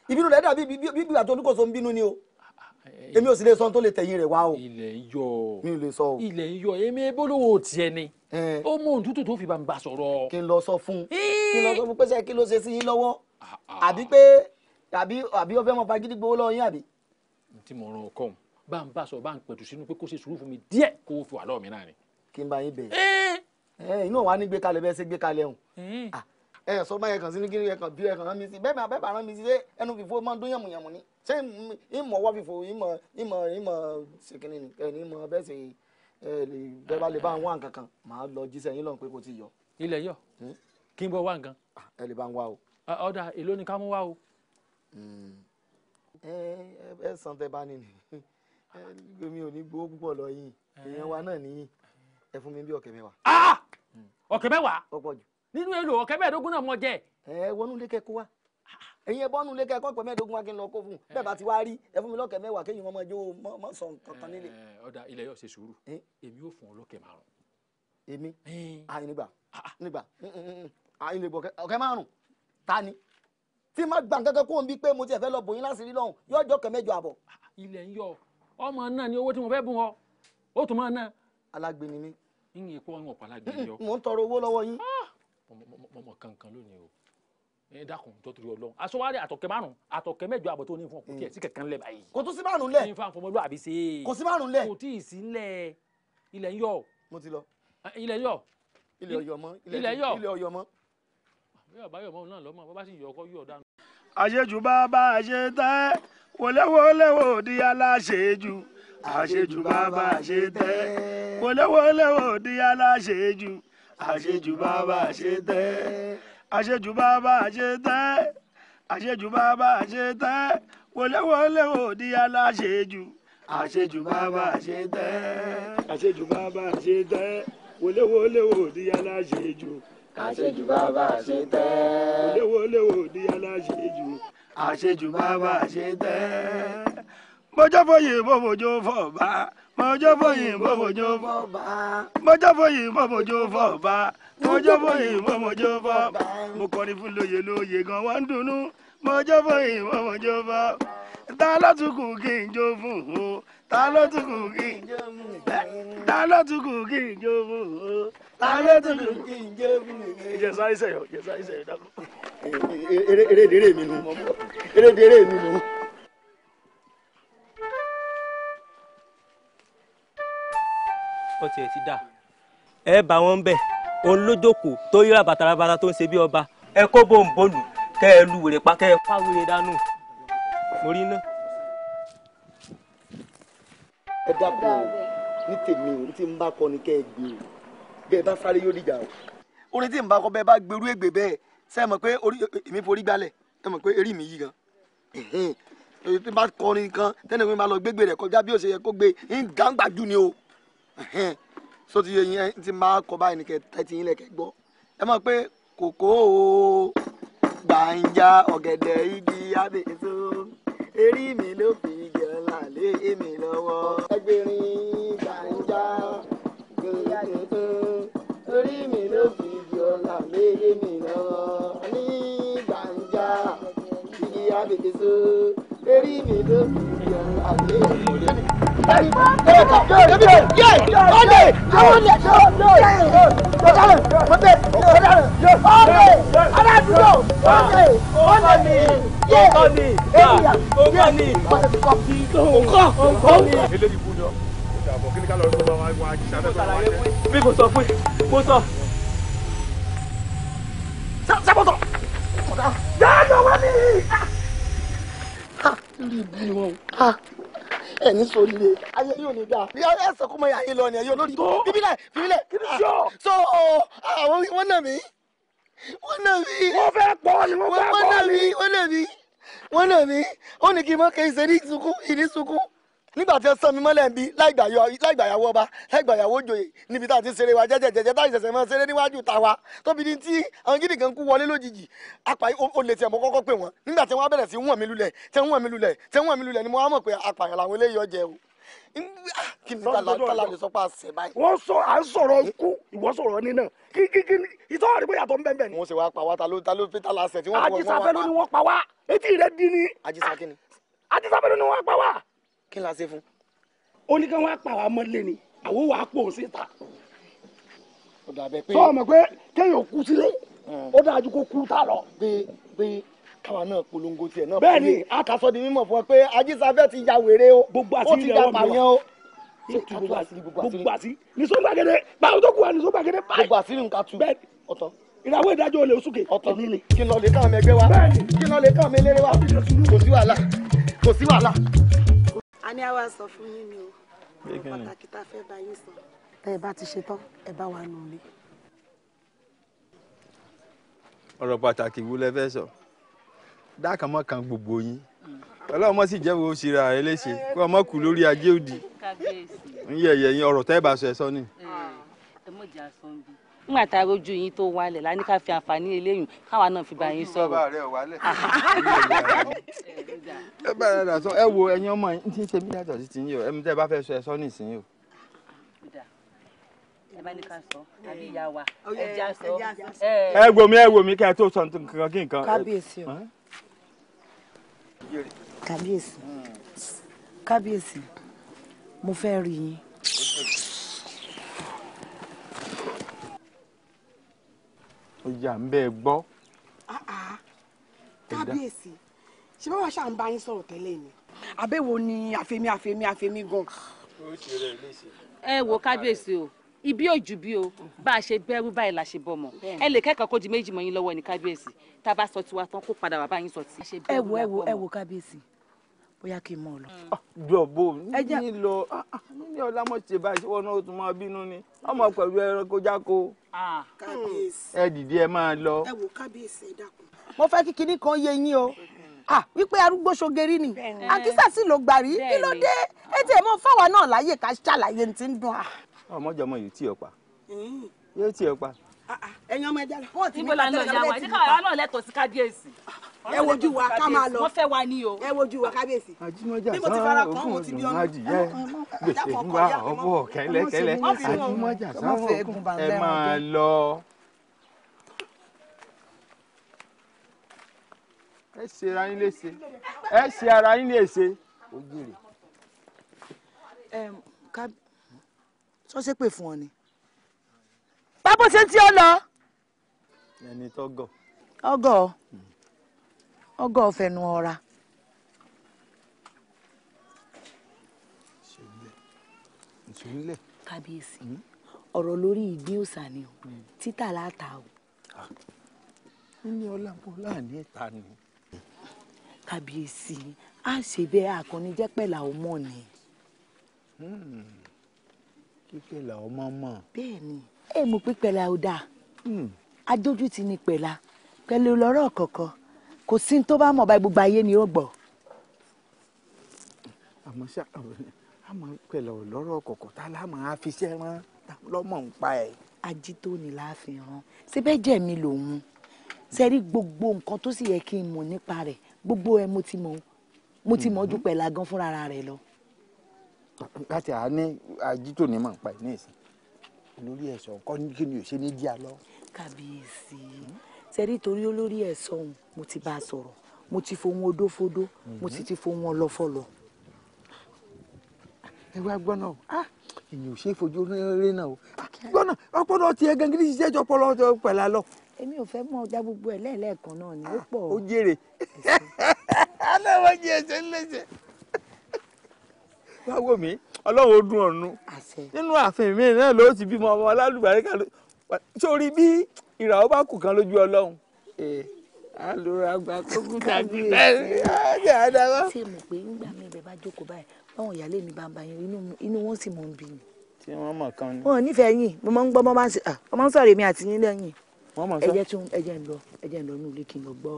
ìbínú rẹ̀ dàbí bíbí àti olúkòso ń bínú ni o èmi ò sì lè sọ tó lè tẹ̀yìn rẹ̀ wá o ilẹ̀ ń yọ mi ò lè sọ o ilẹ̀ ń yọ èmi ebólówó tiẹ̀ ni ó mú òǹtútù tó fi bá ń gbà sọ̀rọ̀ kí n lọ sọ fún kí n lọ sọ fún pé kí ló ṣe sí yín lọ́wọ́ Ah. àbí pé àbí àbí ọfẹ mọ fagídí gbowó lọ́wọ́ yín àbí. tí mo ràn ọ kọ́ bá ń bá sọ bá ń pẹ̀tù sínú pé kó ṣe sùúrù fún mi díẹ̀ kó o fi wà lọ́ọ̀ mi náà ni. kí n bá yín bẹ̀rẹ̀ eh. eh, inú wa ní gbé kalẹ̀ bẹ́ẹ̀ ṣe gbé kalẹ̀ hùn eh. ah, ẹ sọ bá yẹ kàn sí ní kíni yẹ kàn bí yẹ kàn rán mi sí bẹ́ẹ̀ bá bẹ́ẹ̀ bá rán mi sí ṣé ẹnu fìfo máa ń dún yàmùyàmù ni ṣé ìmọ̀ wá fìfo ìmọ̀ ìmọ̀ ìmọ̀ ṣèkìnnì ẹni ìmọ̀ bẹ́ẹ̀ ṣe bẹ́ẹ̀ bá lè bá ń wá nǹkan kan màá lọ jíṣẹ́ yín lọ́n pé kò tí ì yọ. ilẹ̀ yọ hmm? kí n bọ wá nǹkan. Ah, ẹ lè bá ń wá o ọ̀dà ah, èló ni ká mú wá o. Mm. Eh, eh, ẹ san tẹ bá ní ni èmi eh, ò ní gbowó púpọ̀ lọ yín èèyàn wa náà nìyí ẹ fún mi bí ọ̀kẹ́ mẹ́wàá. Ah! Mm. ọ̀kẹ́ mẹ́wàá ọ̀pọ̀ jù. nínú èlò ọ̀kẹ́ mẹ́ẹ̀ẹ́dógún náà mo jẹ. ẹ wọnú ilé kẹkọ wa ẹ̀yin ẹbọ nulẹ kẹ kọpẹ mẹ́ẹ̀ẹ́dógún wa kí n lọ kó fún un bẹ́ẹ̀ bá ti wá rí ẹ fún mi lọ́kẹ́ mẹ́wàá kéyìn ọmọ ẹjọ mọ sọ kankan nílé. ọ̀dà ilẹ̀ yóò ṣe sùúrù èmi yóò fún ọ lọ́kẹ́ márùn. èmi àyìnbá ah, nígbà àyìnbá mm, ọ̀kẹ́ márùn ta ni tí má gbà kankan kó n bí pé mo ti ẹ̀ fẹ́ lọ bòyín láṣìírí lọ́hùn yóò jọ kẹ̀mẹ́jọ àbọ̀. ilẹ̀ ń yọ ọmọ náà ni owó tí mo fẹ́ bùn ọ ó tún máa ná. alágbe ni mí. yín èkó ọyún ọ̀pá alágbe yọ. mò ń tọrọ owó lọ́wọ́ yín. Ah! mọ̀mọ́ kankan lónìí o ẹ dákun tó torí Ọlọ́run aṣọwárí àtọkẹ márùn àtọkẹ mẹ́jọ àbọ̀ tó ní fún ọkùnrin tiẹ̀ sí kankan lẹ báyìí. kò tún sí márùn lẹ. ní fáwọn fọmọlú àbí ṣe. kò sí márùn lẹ. kò tí ì sí lẹ ilẹ̀ ń yọ. mo ti lọ. ilẹ̀ yọ. ilẹ̀ ọ̀yọ́ mọ́. ilẹ̀ yọ. ilẹ̀ ọ̀yọ́ mọ́ bí àbáyọmọ náà lọmọ bàbá sì yọ ọkọ yọ dànù. àṣejù bàbá àṣe tẹ́ wọléwọléwò di aláṣejù àṣejù bàbá àṣe tẹ́ wọléwọléwò di aláṣejù àṣejù bàbá àṣe tẹ́ àṣejù bàbá àṣe tẹ́ àṣejù bàbá àṣe tẹ́ wọléwọléwò di aláṣejù àṣejù bàbá àṣe tẹ́ àṣejù bàbá àṣe tẹ́ wọléwọléwò di aláṣejù àṣejù bàbá ṣe tẹ́. léwo léwo ní aláṣejù. àṣejù bàbá ṣe tẹ́. mọjọ́ fòyìn mo fojú fọba mọjọ́ fòyìn mo fojú fọba mọjọ́ fòyìn mo fojú fọba mọjọ́ fòyìn mo fojú fọba mo kọrin fún lóye lóye gan wá ń dunnú mọjọ́ fòyìn mo fojú fọba ta ló tún kù kí n jó fún un ta ló tún kù kí n jó fún un eh, ta ló tún kù kí n jó fún un ta ló tún kù kí n jó fún un. jẹsà iṣẹ yọ jẹsà iṣẹ yọ dákú. erédèrè mi nù erédèrè mi nù. ó tiẹ̀ ti dà ẹ bá wọn bẹ̀ olójókòó tó yíra bàtàràbàtà tó ń ṣe bí ọba ẹ kó bóun bólú kẹ ẹ lu wèrè pa kẹ ẹ pa wèrè dànù mo rí iná. ẹ dákun ní tèmi ní tí n bá kọ ni kẹ́ ẹ gbé o bẹ́ẹ̀ bá sáré yóò dìjà o. orin tí n bá kọ bẹ́ẹ̀ bá gbèrú ègbè bẹ́ẹ̀ sẹ́ẹ̀ mọ̀ pé èmi forí gbalẹ̀ ẹ mọ̀ pé eré mi yí gan èyí tí bá kọrin kan tẹ́lẹ̀ mi máa lọ gbégbé rẹ̀ kọjá bí ó ṣe yẹ kó gbé ń gbàǹgbàjú ni o so ti yẹn ti máa kọ báyìí ní kẹtẹ ti yín lẹkẹ gbọ́ ẹ mọ̀ pé kòkó o gbàǹjà ọ̀gẹ̀dẹ̀ igi abẹ́ èso erí mi ló fi jọlá lé mi lọ́wọ́. ẹgbẹ̀rin gbàǹjà gbẹ̀gbẹ̀gbẹ̀ orí mi ló fi jọlá lé mi lọ́wọ́. ní gbàǹjà igi abèkèso erí mi ló fi jọlá lé mi lọ́wọ́. Ọ̀lẹ! Ọ̀lẹ! Ọ̀lẹ! Ọ̀lẹ! jẹ́ ènìyàn jẹ́ ọ̀sẹ̀ tó kọ́ kọ́ eléyìí bú ni ọ kí ni ká lọ sọ wa wá jíṣẹ́ abẹ́fẹ́ wa jẹ́. bí mo sọ fún yìí mo sọ. sábọ̀tọ̀ dáadọ́ wá ní. lórí ibu ni wọn o ẹni sori le ayé yóò ní dáa. bí ẹ sọ kó mọ ìyá yín lọ ni ẹ yóò lórí. bíbílẹ̀ bíbílẹ̀ so àwọn ah, wọn nà mí wọn nà mí. wọ́n fẹ́ pọ̀ ni wọ́n fẹ́ pọ̀ ni. wọ́n nà mí wọ́n nà mí wọ́n náà ní ó ní kí n mọ́ kí n ṣe ní sunkún ìní sunkún nígbà tí ó sàn mí mọ́lẹ̀ ń bí láìgbàyàwó ọba láìgbàyàwó òjòyè níbi tá a ti ṣeré wa jẹ́jẹ́jẹ́jẹ́ tá a ṣẹ̀ṣẹ̀ máa ṣeré níwájú ta wa tóbi ní tí àwọn gidi kan kú wọlé lójijì apàyàn olè tiẹ̀ mọ́ kọ́kọ́ pè wọ́n nígbà tí wọ́n bẹ̀rẹ̀ sí wọ̀n mi lulẹ̀ tí wọ́n mi lulẹ̀ tí wọ́n mi lulẹ̀ ni mo wá mọ̀ pé apàyàn làwọn eléyìí ọjẹ́ o. Ah, kí ni tala lè sọ pé a sẹ báyìí. wọ́n sọ à ń sọ̀rọ̀ ikú ìwọ sọ̀rọ̀ nínà kí kí kí ìtọ́ àdìgbò yàtọ̀ ń bẹ̀bẹ̀ ni. wọ́n ṣe wá pa wá ta ló ta ló fi ta la sẹ̀ tí wọ́n pa wá. àjíṣà fẹ́ ni wọ́n pa wá etí rẹ̀ di ni. àjíṣà kí ni. àjíṣà fẹ́ ni wọ́n pa wá. kí ni a ṣe fún. ó ní kí wọ́n pa wá mọ́lẹ̀ ni àwọn wàá pò sí ta. sọ ma pé kéèyàn kú sílé ó dájú kó kú ta lọ. pé pé káwa náà polongo tiẹ̀ náà. bẹ́ẹ̀ni a kà sọ di mímọ̀ fún ọ pé ajísafẹ́ ti ya wèrè o ó ti da pààyàn o gbogbo àṣírí gbogbo àṣírí nìṣó gbàgede báwo tó kù wá nìṣó gbàgede báyìí gbogbo àṣírí nǹkan tu bẹ́ẹ̀ni ọ̀tọ̀ ìràwọ̀ ìdájọ́ olè òsùkè ọ̀tọ̀ mi ni. kí n lọ lè kàn mí ẹgbẹ́ wa kí n lọ lè kàn mí eléré wa kò sí wàhálà kò sí wàhálà. a ní àwa sọ fún yín ni o pàtàkì tá a fẹ́ bá yín sọ. tẹ́ ẹ bá ti ṣetán ẹ bá wa nù mí. ọ̀rọ̀ pàtàkì wo lẹ fẹ́ sọ. So dákàmọ́ kan gbogbo yín ọlọ́run mọ́ sì jẹ́wọ́ ó ṣera rẹ léṣe kó ọmọ kù lórí ajé òdì ń yẹ̀yẹ̀ yín ọ̀rọ̀ tẹ́ bá sọ ẹ sọ ni. nígbà tá a rojú yín tó wálẹ̀ la ní ká fi àǹfààní eléyìí káwa náà fi bá yín sọ̀rọ̀. ẹ bá rẹ̀ sọ ẹ wo ẹyin ọmọ yín tí ń ṣe mí yàtọ̀ sí ti yín o ẹmi tẹ́ bá fẹ́ sọ ẹ sọ nísìnyí o ẹ wò ẹ wò mí ẹ tó sọ nǹkan kí nǹkan. kábíyèsí o kábíyèsí hmm. kábíyèsí mo fẹ́ rí yín. ó yà ń bẹ́ẹ̀ gbọ́. kábíyèsí ṣé bá wà ṣáà ń bá yín sọ̀rọ̀ tẹ́lẹ̀ ni àbẹ̀wò ni àfẹ́mi àfẹ́mi àfẹ́mi gan. ẹ wo kábíyèsí o ibi òjú bí o mm-hmm. bá a ṣe bẹ̀rù báyìí la ṣe bọmọ ẹ lè kẹ́kọ̀ọ́ kó di méjì mọ́ yín lọ́wọ́ ní kábíyèsí tá a bá sọ tiwa tán kó padà wá bá yín sọ tí. ẹ wo ẹ wo ẹ wo kábíyèsí bóyá kí n mọ ọ lọ. Mm. Ah, jọ̀bọ̀ ní lọ ah, ah, ní ọlámọ̀ṣe báyìí wọn náà tún máa bínú ni ọmọ pẹ̀lú ẹranko jáko ẹ dìde ẹ máa lọ. ẹ wo kábíyèsí ẹ dákun. mo fẹ́ kí kinní kan yé yín o mm-hmm. wípé arúgbó ṣogeri ni àkísà sì ló gbàrí kí ló dé ètò ẹ̀ mọ́ fáwa náà láyè ká ṣàlàyé ní ti ń dùn ọmọjọmọ yìí tí ò pa yóò tí ò pa. Ah, ah, ẹ̀yin ọmọ ẹja lọ tí mi kàtẹ́lẹ̀ lọ́wọ́ ẹ̀ tí káwa náà lẹ́tọ̀ọ́ sí kábíyèsí. ẹ wojú wa ká máa lọ wọ́n fẹ́ wa ní o. ẹ wojú wa kábíyèsí. àjùmọ̀jà sáwọn ọkùnrin ti bí ọmọ àjìyẹ gbèsè ń wá ọwọ́ kẹ́lẹ́kẹ́lẹ́ àjùmọ̀jà sáwọn ọkùnrin ẹ máa lọ. ẹ ṣe ara yín léṣe ẹ ṣe ara yín léṣe sọ́sẹ́ pè fún ọ ni. bábọ̀ ṣe ń tí ọ lọ. ẹni tọgọ. ọgọ ọgọ fẹnu ọra. kábíyèsí hmm? ọ̀rọ̀ lórí ìgbín òsà ni o hmm. títà láta o. Ah. kábíyèsí a ṣe bẹ́ẹ̀ àkànní jẹ́ ọmọ ni. Hmm kíkẹ́ là ọ mọ̀ mọ̀. bẹ́ẹ̀ni ẹ mọ̀ pé pẹ̀lá ò dáa hmm. adójú ti ní pẹ̀lá pẹ̀lú lọ́rọ̀ kọ̀ọ̀kan kò sí tó bá mọ̀ báyìí gbogbo ayé ni ó gbọ́. àmọ́ ṣá àmọ́ pẹ̀lá ò lọ́rọ̀ kọ̀ọ̀kan tá láàmú àfiṣẹ́ rán lọ́mọ̀ ń pa ẹ̀. ajító ni láàfin rán síbẹ̀ jẹ́ mi lòun ṣe rí gbogbo nǹkan tó sì yẹ kí n mọ̀ nípa rẹ̀ gbogbo ẹ̀ mo ti mọ̀ ju mhm. pẹ̀lá gan fúnra rẹ̀ lọ láti àání ajítò ní màá pa ẹ̀ ní ìsìn olórí ẹ̀sọ́ kọ́ ní kí ni ò ṣe ní díà lọ. kábíyèsí sẹ́rí torí olórí ẹ̀sọ́ ọ̀hún mo ti bá a sọ̀rọ̀ mo ti fohun odófodó mo sì ti fohun ọlọ́fọ́lọ́. ẹ wá gbọ́ náà ah èyàn ò ṣe é fojú rere náà o ah, gbọ́ náà ọpọlọ tiẹ̀ gangan ní ṣiṣẹ́ ọpọlọ pẹ̀lá lọ. èmi ò fẹ́ mọ ọjà gbogbo ẹ̀ lẹ́ẹ̀lẹ́ẹ̀kan náà ni ó pọ̀. ó jèrè aláwọ̀ jẹ́ ẹ̀ṣẹ̀ ńlẹ́sẹ̀ wá wò mí ọlọ́run ó dún ọ̀run nínú ààfin mi náà ló ti bímọ ọmọ alálùbáríkà sórí bí ìràwọ̀ bá kù kan lójú ọlọ́run. alùra àgbà tó kú tàbí èsì ṣé mo pé nígbà mi ibẹ̀ bá jókòó báyìí báwọn ìyáálé mi bá ń bá yín inú wọn sì mọ̀ ń bí mi. tí wọ́n mọ̀ kan ni. wọn ò yín mo máa ń gbọ́ máa ń sọ̀rọ̀ èmi àti yín lẹ́yìn ẹjẹ tún ẹjẹ ń lọ ẹjẹ ń lọ ní ilé kí n lọ gbọ́.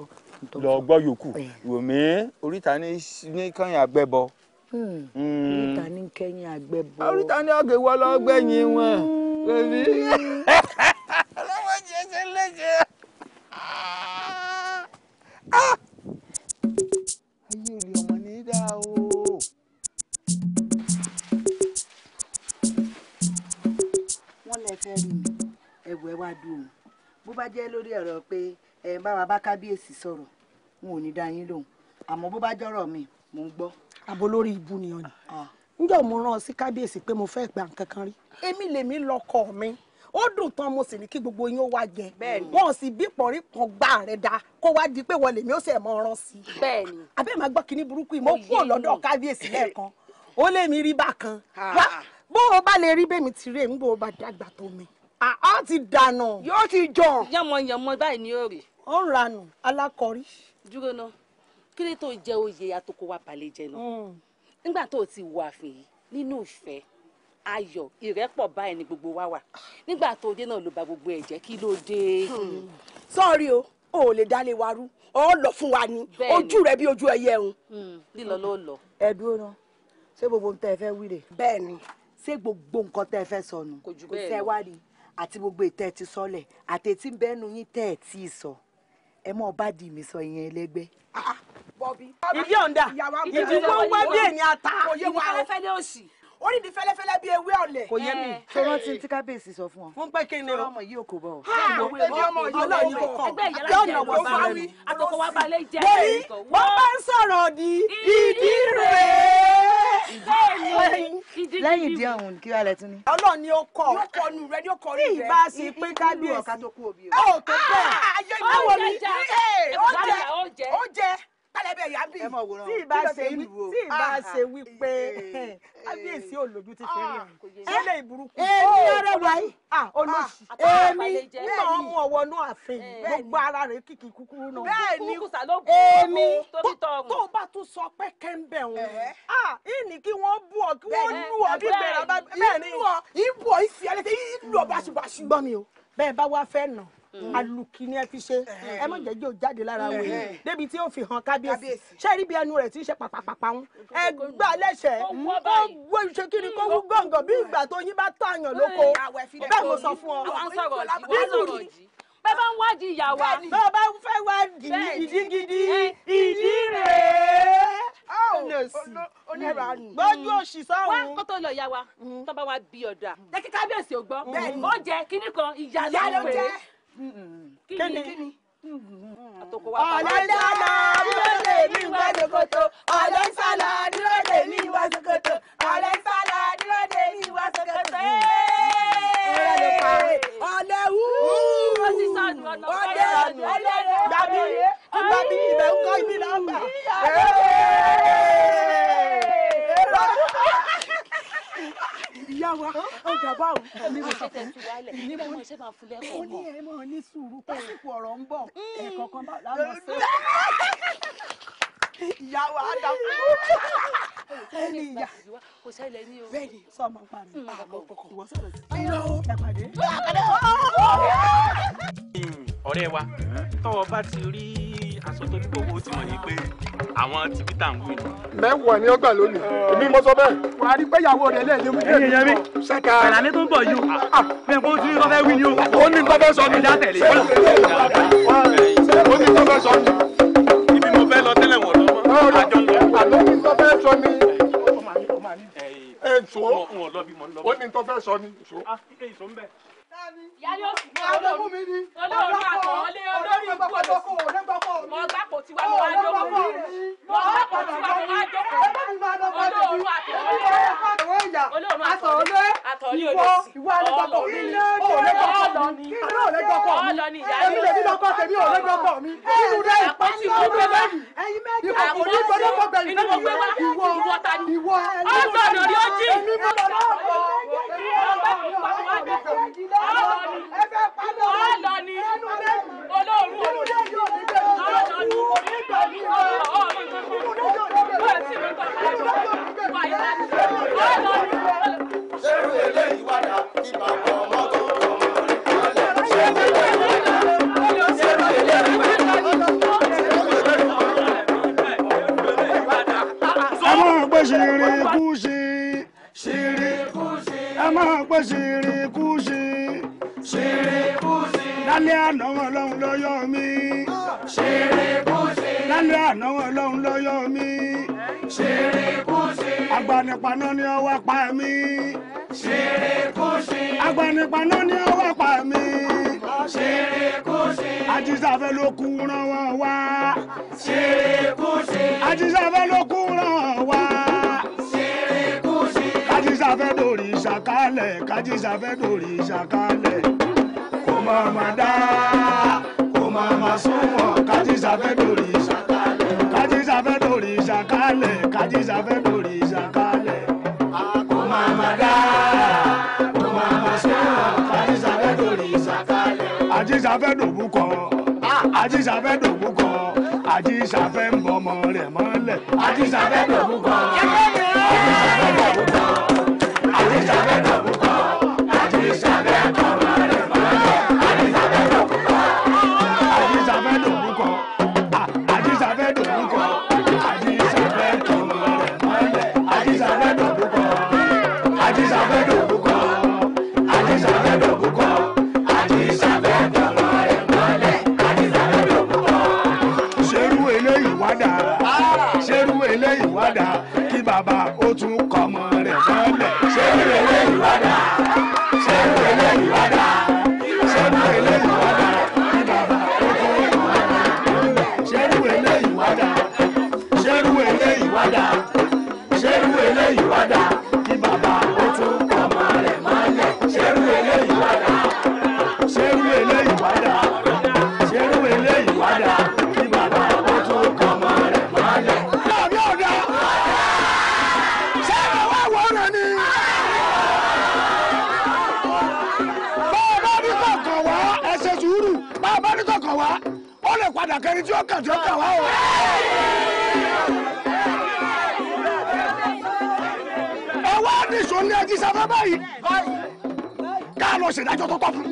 lọ gbọ́ yòókù wòmí oríta ní kányà gbẹ́bọ Hmm. oríta ní kẹ́yìn àgbẹ̀ bọ̀. oríta ní ọ̀gẹ̀ wọ́ wọn hmm. ah! Ah! ọmọ ní wọ́n bó bá jẹ́ lórí ọ̀rọ̀ pé ẹ̀ bá wa bá kábíyèsí sọ̀rọ̀ ò ní dá yín àmọ́ bó bá mi mò ń gbọ́. àbò lórí ibu nìyàn ni níjọ́ ah. mo rán ọ sí kábíyèsí pé mo fẹ́ gbà nǹkan kan rí èmi lèmi lọkọ mi ó dùn tán mo sì ní kí gbogbo yín ó wá jẹ wọn sì bí pọ̀rí kan gbá rẹ̀ dá kó wá di pé wọlé mi ó sì ẹ̀ mọ ọ̀ràn sí i abẹ́ẹ̀ máa gbọ́ kínní burúkú yìí mo kú ọ̀lọ́dọ̀ kábíyèsí lẹ́ẹ̀kan ó lé mi rí bákan ah. wá bó o bá lè rí bẹ́ẹ̀ mi ti rí èmi bó o bá dàgbà tó mi àá ti dànù yóò ti jọ yànmọ yànmọ báyìí ni yóò rí ó ń ranù alákọrí. dúró náà kí ló tó jẹ oyè atoko wa balẹ̀ jẹ náà mm. nígbà tó o ti wọ ààfin yìí nínú ìfẹ́ ayọ̀ ìrẹ́pọ̀ báyìí ni gbogbo wa wà nígbà tó o dé náà ló ba gbogbo ẹ̀ jẹ́ kí ló dé. Hmm. sọ́ọ̀rì o ò lè dálé wa rú ọ lọ fún wa ni ojú rẹ bí ojú ẹyẹ ń. Hmm, lílọ ló lọ. ẹ dúró náà ṣé gbogbo nǹkan tẹ fẹ́ wí bẹ́ẹ̀ ni ṣé gbogbo nǹkan tẹ fẹ́ sọnù kò tẹ wá rí àti gbogbo ìtẹ ti sọlẹ̀ àti etí bẹnu yín tẹ ẹ tí ì sọ ẹ mọ bá di mi sọ ìyẹn ẹlẹgbẹ́. Ah, ah ìdí ọ̀ǹda ìdí wọ́n wá bí èmi ata. ìdí fẹ́lẹ́fẹ́lẹ́ òsì ó ní ní fẹ́lẹ́fẹ́lẹ́ bí ewé ọ̀lẹ̀. kò yé mi. tó rántí tí kábíyèsí sọ fún ọ. fún pé kí ni o. ọmọ yìí ò kò bọ. ẹbí ọmọ yìí ò kò bọ. ẹgbẹ́ ìyá láti jẹ́ ọ̀wọ́ bá rí. àtọkọ wa balẹ̀ jẹ́ ẹ̀kọ́. wọ́n bá ń sọ̀rọ̀ di ìdí rẹ̀. lẹ́yìn ìdí ọ̀hún kí wàá lẹ tún ní. ọlọ́run ni ó kọ. yóò kọ nu rẹ yóò kọ nu rẹ. bí ìbá sí pé kábíyèsí. ó tó bẹ́ẹ̀. Ah, ó jẹ pẹlẹbẹ yà bí tí ìbá ṣe wí tí ìbá ah, ṣe wí pé eh, eh, eh. kábíyèsí olójú ti fi rí ah, mi sílẹ̀ ìburúkú èmi ọ̀rẹ́ oh, wáyé ah, olóṣì èmi nínú ọmọ ọwọ́ náà àfin gbogbo ara rẹ̀ kìkì kúkúrú náà bẹ́ẹ̀ni èmi tó o bá tún sọ pé kẹ́ńbẹ̀ wọn ìní kí wọ́n bú ọ kí wọ́n lù ọ bí bẹ̀rẹ̀ bá bẹ́ẹ̀ ìbú ọ ìfìyàlẹ́tẹ̀ ìlú ọ báṣubàṣu. gbọ́ mi o bẹ́ẹ̀ bá wá fẹ́ nà alùkì mm. ni ẹ fi ṣe ẹ má jẹ́jẹ́ ò jáde lára wọn yìí débi tí ó fi hàn kábíyèsí ṣé rí bí ẹnu rẹ̀ ti ń ṣe pàpàpàpà ń ẹ gbà lẹ́sẹ̀ kó wó ṣe kiri mm. kó wú gọ̀ǹgọ̀ bí ìgbà tó yín bá tààyàn lóko bẹ́ẹ̀ mo sọ fún ọ bẹ́ẹ̀ bá ń wádìí ìyàwó àná. bẹ́ẹ̀ bá ń fẹ́ wádìí gidigidi ìdí rèé. onírànù. gbọ́dọ̀ òṣì sọ́hun. wá kó tó lọ ìyá wa mm. tó bá wa bí ọ̀dà. jẹ́ kí kábíyèsí ò gbọ́. ó jẹ́ kíní kan ìyá ló ń pè é kíni kíni. ọ̀lẹ́dá náà dúró lè mí wá ṣòkòtò ọ̀lẹ́sàlá dúró lè mí wá ṣòkòtò ọ̀lẹ́sàlá dúró lè mí wá ṣòkòtò. ọ̀lẹ́wù ọ̀lẹ́ gbàmí gbàmí ìbẹ̀wò kọ́ ibi náà gbà. ìyá wa ọjà báwo. èmi mo ṣe tẹ̀sí wálẹ̀ ní mo ṣe máa fún lẹ́kọ̀ọ́ mọ́. ó ní ẹ mọ ní sùúrù hmm. pásìkò ọ̀rọ̀ ń bọ̀ hmm. ẹ̀ẹ̀kan bá láwọn hmm. sọ. ìyá wa á dà fún ẹni ìyá kò ṣẹlẹ̀ pa rẹ ìwọ sọ̀rọ̀ sí. irọ́ ẹ pàdé. ọ̀rẹ́ wa tọ́wọ́ bá ti rí aṣọ tó ní gbogbo ti mọ̀ ní pé àwọn tìbí tà ń wí. mẹ́wàá ni ó gbà lónìí èmi mọ́ sọ bẹ́ẹ̀. wà á rí pé ìyàwó rẹ̀ lẹ́ẹ̀lẹ́ mú kí èmi mọ̀ ṣẹ́ka. àlàní tó ń bọ̀ yìí o bẹ́ẹ̀ kó tún ní kọ́ fẹ́ wí ni o. ó ní kọ́ fẹ́ sọ mi. ó ní kọ́ fẹ́ sọ mi. ibi mo fẹ́ lọ tẹ́lẹ̀ wọ̀ lọ́mọ àjọ lọ. àlọ́ ní kọ́ fẹ́ sọ mi. ẹ̀ ń sọ ó ní kọ́ fẹ́ sọ mi ìyáálé òsì ní ni ọlọ́ọ̀lọ́ ni ọlọ́ọ̀lọ́ ni ìyáálé òsì èmi lọ́kọ́ tèmi ò lọ́gbọ́kọ̀ mi inú rẹ̀ ṣìrìkúṣì. ṣìrìkúṣì. ẹ máa pẹ́ ṣìrìkúṣì ṣèrèbùsì. lálẹ́ àná wọn lọ́hùn ló yọ mí. ṣèrèbùsì. lálẹ́ àná wọn lọ́hùn ló yọ mí. ṣèrèbùsì. agbanipaná ni ọwọ́ pa mí. ṣèrèbùsì. agbanipaná ni ọwọ́ pa mí. ṣèrèbùsì. ajísàfẹ́ ló kú ràn wọ́n wá. ṣèrèbùsì. ajísàfẹ́ ló kú ràn wọ́n wá fẹ́ dòrì ṣàkálẹ̀ kájísà fẹ́ dòrì ṣàkálẹ̀ kò máa ma dá kò máa ma súnmọ́ kájísà fẹ́ dòrì ṣàkálẹ̀ kájísà fẹ́ dòrì ṣàkálẹ̀ kájísà fẹ́ dòrì ṣàkálẹ̀ kò máa ma dá kò máa ma súnmọ́ kájísà fẹ́ dòrì ṣàkálẹ̀. àjíṣà fẹ́ dòbú kọ́ àjíṣà fẹ́ dòbú kọ́ àjíṣà fẹ́ ń bọ́ ọmọ rẹ̀ mọ́lẹ̀ àjíṣà fẹ́ dòbú kọ́. to come. 来，全都倒出。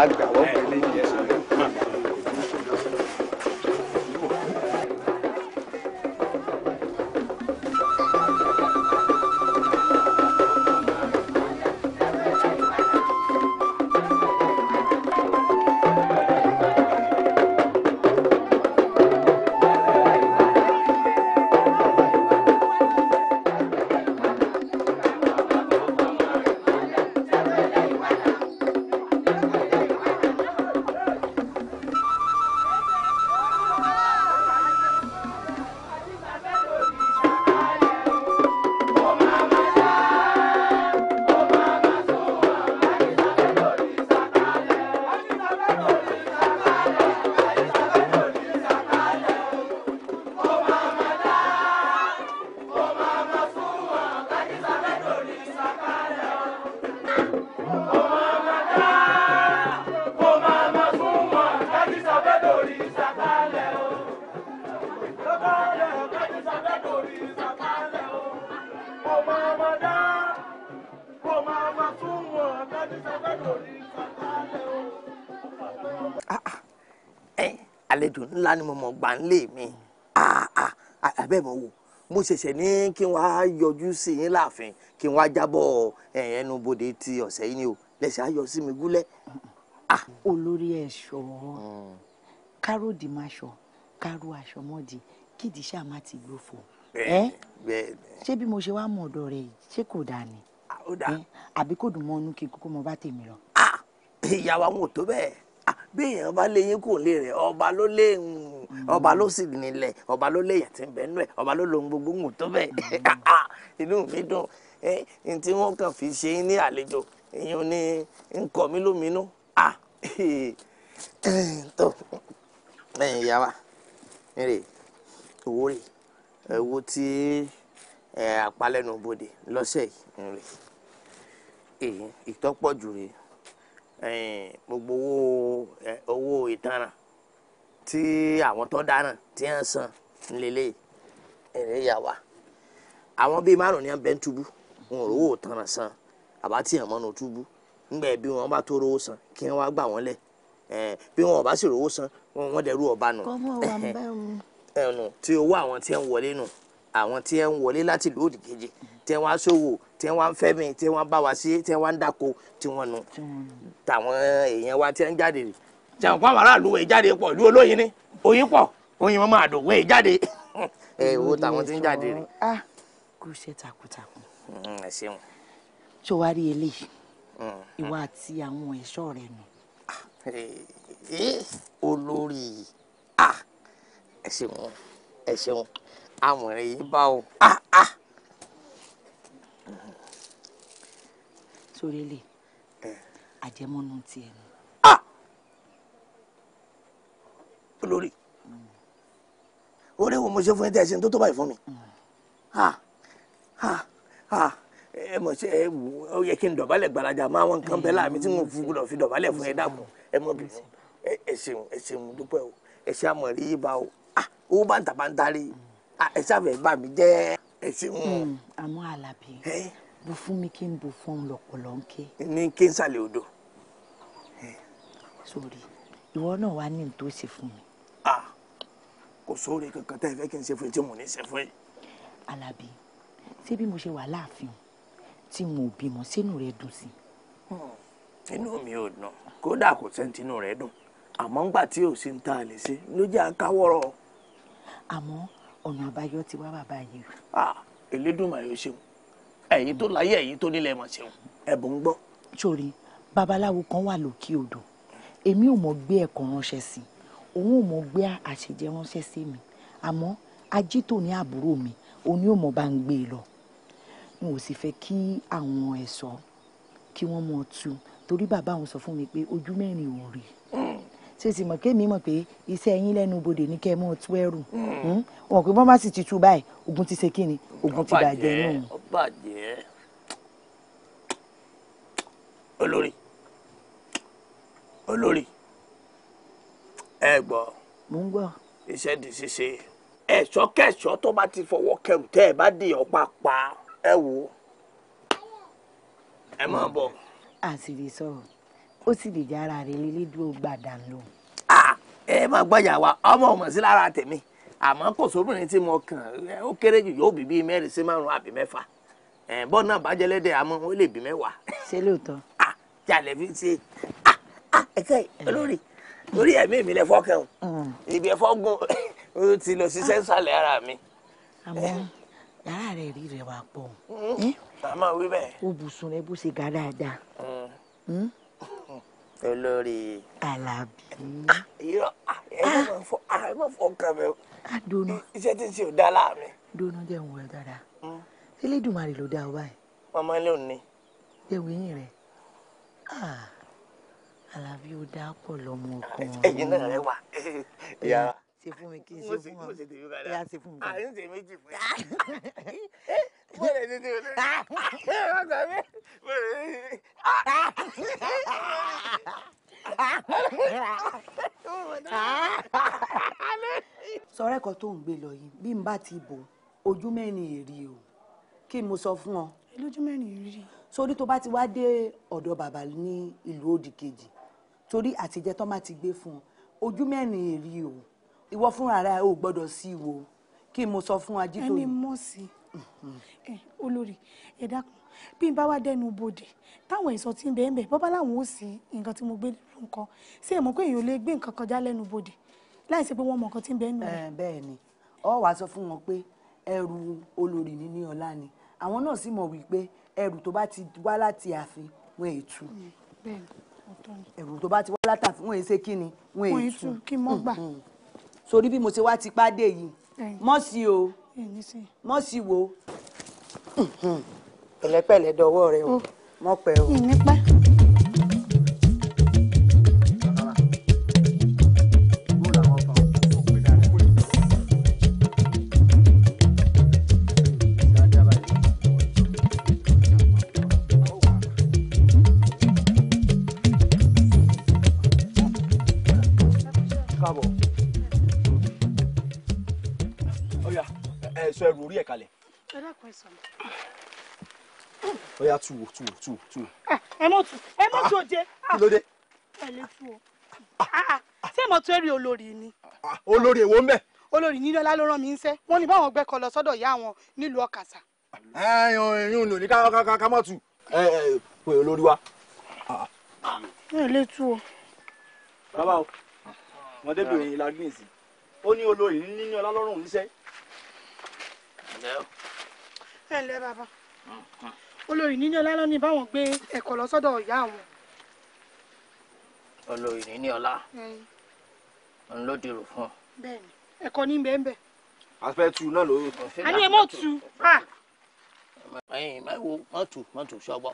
哎。àlejò ńlá ni mo mọ̀ gbà ń lè mi àbẹ́ ah, ah, ah, mọ̀ wò mo ṣẹ̀ṣẹ̀ ní kí n wá yọjú sí yín láàfin kí n wá jábọ̀ ẹnu bodè ti ọ̀sẹ̀ yìí ni o lẹ́sẹ̀ á yọ sí mi gúlẹ̀. olórí ẹ̀ṣọ́ hmm. káròdì máa ṣọ kárò aṣọ mọ́dì kídìí ṣáà má ti gbófo ṣé bí mo ṣe wá mọ̀ ọ̀dọ̀ rẹ̀ ṣé kò dáa ni àbí kò dùn mọ́ inú kí kókó mo bá tèmi lọ. ìyàwó àwọn ò tó bẹ́ẹ̀ béèyàn bá lé yín kò lè rẹ̀ ọba ló lé ọba ló sì nílẹ̀ ọba ló lé yẹn tí ń bẹ nú ẹ̀ ọba ló lo gbogbo ń tó bẹ́ẹ̀ mm. ah, inú mi dùn ẹ tí wọ́n kàn fi ṣe ní àlejò èèyàn ní nkọ̀ mi lóminú à ah, tó ẹ̀yìn ìyá wa rè owó rè owó tí àpalẹ́nu bodè lọ́sẹ̀ yìí ìtọ́pọ̀ jù rèé. Eh, gbogbo owó ìtanràn tí àwọn tó dáná tí san ńlẹ̀lẹ̀ ẹrẹ yà wá àwọn bíi márùn ní ń túbú wọn rówó san àbá tí ọmọ túbú ńgbà bí wọn bá tó rówó san kí wọn eh, san wọn dẹrú ọba nù ẹnu eh, tí owó àwọn tí wọlé nù àwọn tí wọlé láti lóòdì kejì tí wọ́n ń mi tí wọ́n bá wa sí tí wọ́n ń tí wọ́n nu tàwọn èèyàn wa tí ń jáde rè sẹ̀wọ̀n fún wẹ̀ jáde pọ̀ ìlú olóyin ni oyin pọ̀ oyin máa dùn wẹ̀ jáde ẹ̀ wo tàwọn tí ń jáde rè. Ah, kò ṣe takuntakun. Mm, ẹ ṣeun. tó wá rí eléyìí mm. ìwà àti àwọn ẹ̀ṣọ́ rẹ̀ nù. Ah, olórí ah, ẹ ṣeun ẹ ṣeun àmọ̀ràn yìí bá o. sórí lè àjẹmọ́nú ti ẹnu. Ah! olórí mm. orí wo mo ṣe fún ẹ tẹ ẹ ṣe tó tó báyìí fún mi mm. ẹ mọ̀ ṣe ẹ wù ó yẹ kí n dọ̀bálẹ̀ gbalaja máa wọn kan bẹ́ẹ̀ láàmì tí mo fi gbọdọ̀ fi dọ̀bálẹ̀ fún ẹ dàpọ̀ ẹ mọ̀ bí ẹ ṣeun ẹ ṣeun dúpẹ́ o ẹ ṣe àmọ̀ rí ibà o ah! owó bá ń tà bá ń tarí mm. ah! ẹ ṣàfẹ́ bà mí jẹ́ ẹ ṣeun. àmọ́ alábí bù fún mi kí n bù fún un lọ̀pọ̀lọ̀ ń ké. ní kí n sàlẹ̀ odò. sórí ìwọ náà wàá ní tó ṣe fún mi. kò sóore kankan tẹ́ ẹ fẹ́ kí n ṣe fún ẹ tí mò ń ṣe fún ẹ. Alábí ṣé bí mo ṣe wà láàfin tí mo bímọ sínú rẹ dùn sí. Hmm, inú mi ò dùn kódà kò sẹ́ńtì rẹ dùn àmọ́ ńgbà tí ò sí ń ta àlè sí ló jẹ́ àkáwọ́rọ̀. àmọ́ ọ̀nà àbáyọ ti wá bàbá yìí. Elédùmarè ó ṣeun ẹ̀yin tó láyé ẹ̀yin tó nílẹ̀ mọ̀ ṣeun ẹ̀bùn ń gbọ́. sori babaláwo kan wà lókè odò èmi ò mọ̀ gbé ẹ̀kọ́ ránṣẹ́ sí òun ò mọ̀ gbé àṣejẹ ránṣẹ́ sí mi àmọ́ ajito ní àbúrò mi òun yóò mọ̀ bá ń gbé e lọ n ò sì fẹ́ kí àwọn ẹ̀ṣọ́ kí wọ́n mọ̀ tu torí bàbá òun sọ fún mi pé ojú mẹ́rin ò rí hmm ṣé sì mọ̀ kémi mọ̀ pé iṣẹ́ yín lẹ́nu bodè ní kẹ́ ẹ mọ́ tú ẹrù hmm? wọn pé bọ́n bá sì ti tú báyìí ogun ti ṣe kíni ogun ti bàjẹ́ nù. olórí olórí ẹ gbọ́ mo ń gbọ́ iṣẹ́ di ṣíṣe ẹ̀ṣọ́ kẹ̀ṣọ́ tó bá ti fọwọ́ kẹrù tẹ́ ẹ bá di ọ̀pá pa ẹ wò ẹ máa bọ̀. àṣírí sọ̀rọ̀ ó sì lè jára rẹ lélẹ́dúró gbàdá lò. Ah, ẹ máa gbọ́jà wa ọmọ ọmọ sí lára tèmi àmọ́ kò sóbìnrin tí mo kàn ó kéré jù yóò bí bíi mẹ́rin sí márùn-ún àbí mẹ́fà bọ́ọ̀ náà bá jẹ́lẹ́dẹ̀ àmọ́ ó lè bí mẹ́wàá. ṣé lóòótọ́. Ah, jalè fi ṣe ah, ẹ kẹ́ olórí lórí ẹ̀mí mi lẹ fọ́kàn mm. ibi ẹ̀fọ́ gun ó ti lọ sí sẹ́ńsàlẹ̀ ara mi. àmọ́ yàrá rẹ̀ rí rẹ̀ wà pọ̀. àmọ́ mm, wí bẹ́ẹ̀. o bùsùn rẹ bó ṣe ga dáadáa. Mm olórí. Alábí. Ah, irọ́ ah, ẹ máa ah. fọ ẹ máa fọ ọkàn mi o. a dunu. iṣẹ́ tí ń ṣe ò dá láàmì. dunu jẹ́ òun rẹ̀ dáadáa. Hmm. Elédùmarè ló dá ọ báyìí. mama ló ní. jẹ́ wíyìn rẹ̀ Alábí ó dá pọ̀ lọ́mọ ọkùnrin. ẹyin náà rẹwà. ṣe fún mi kí n ṣe fún ọ ẹ yà ṣe fún mi. àyìn ṣe méjì fún mi. bọ́ọ̀lù ẹni tí o lè ṣe é wọ́n gbà mí bọ́ọ̀lù ẹni tí sọ̀rọ̀ ẹ̀kọ́ tó ń gbé lọ yìí bí n bá ti bò ojú mẹ́rin èrì o kí mo sọ fún ọ. lójú mẹ́rin èrì. sórí tó bá ti wá dé ọ̀dọ̀ bàbá ní ìlú òdì kejì torí àtijẹ́ tó má ti gbé fún ojú mẹ́rin èrì o ìwọ fúnra rẹ ò gbọ́dọ̀ sí wo kí mo sọ fún ajídòyìn. ẹni mọ̀ sí ẹ olórí ẹ dákun bí n bá wá dẹnu bodè táwọn èso tí ń bẹ́ẹ̀ bẹ́ẹ̀ bọ́bá làwọn ò sí nǹkan tí mo gbé ló ń kọ́ sí ẹ̀ mọ̀ pé èèyàn lè gbé nǹkan kọjá lẹ́nu bodè láì ṣe pé wọ́n mọ nǹkan tí ń bẹ́ẹ̀ nù. bẹ́ẹ̀ ni ọ wàá sọ fún wọn pé ẹrù olórí ní ní ọlá ni àwọn náà sì mọ̀ wípé ẹrù tó bá ti wá láti ààfin wọn èè tú ẹrù tó bá ti wá látàfin wọn èè ṣe kí ni wọn èè tú kí mọ́ gbà mm, mm sórí bí mo ṣe wá ti pàdé yìí mọ́sí o mọ́sí wo pẹ̀lẹ́pẹ̀lẹ́ dọwọ́ rẹ o oh. mọ́pẹ́ o. pín sọmọ. ọyá tu wo tu wo tu wo tu wo. Ah, ẹ mọ tu ẹ mọ tu ah, oje. kí ló dé. Ah, ẹ lè tu o ṣé mo tún èrè olórí ni. olórí èwo ń bẹ. olórí nílò ọlá ló rán mi ń sẹ wọn ní báwọn gbẹ kọ lọ sọ́dọ̀ ìyá wọn nílùú ọkàṣà. ẹ eh, ẹ yún un ní ká mọ̀ tù ẹ eh, ẹ eh, pé olórí wa. ẹ lè tu o. bàbá o mọ̀débìnrin la gbìn sí ó ní olórí níní ọlá lọ́rùn níṣẹ́ ẹ ǹlẹ́ bàbá olórí níní ọlá ló ní báwọn gbé ẹ̀kọ́ lọ sọ́dọ̀ ìyá àwọn. olórí níní ọlá ń ló dìrò fún ọ. bẹ́ẹ̀ni ẹ̀kọ́ ní bẹ́ẹ̀ bẹ́ẹ̀. àfẹ́ tu náà ló. a ní ẹ mọ̀ tu. ẹyin mọ̀ tu mọ̀ tu sọ́gbọ́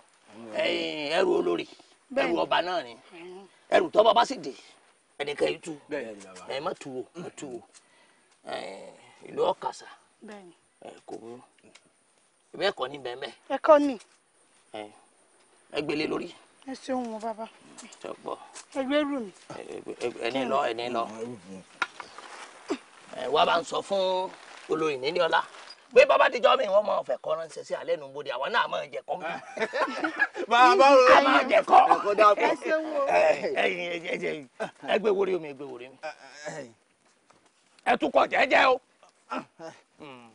ẹyin ẹrù olórí ẹrù ọba náà ni ẹrù tọ́ba bá sì dé ẹnìkan yìí tu ẹ mọ̀ tu o mọ̀ tu o ìlú kò mú ìbí ẹ̀kọ́ ní bẹ́ẹ̀ bẹ́ẹ̀. ẹ̀kọ́ ni. ẹ gbélé lórí. ẹ ṣeun wọn bàbá. tọpọ. ẹgbẹ́ rù mí. ẹni lọ ẹni lọ. wà á bá ń sọ fún olórí níní ọlá pé bàbá tíjọ́ mi wọ́n máa fẹ̀ kọ́ ránṣẹ́ sí alẹ́ nu bóde àwọn náà máa jẹ kọ́ mi. bàbá wo la máa jẹ kọ́. ẹ ṣeun o. ẹ gbé wórí mi ẹ gbé wórí mi. ẹ tún kọ jẹ́jẹ́ o. Ah, ah. Hmm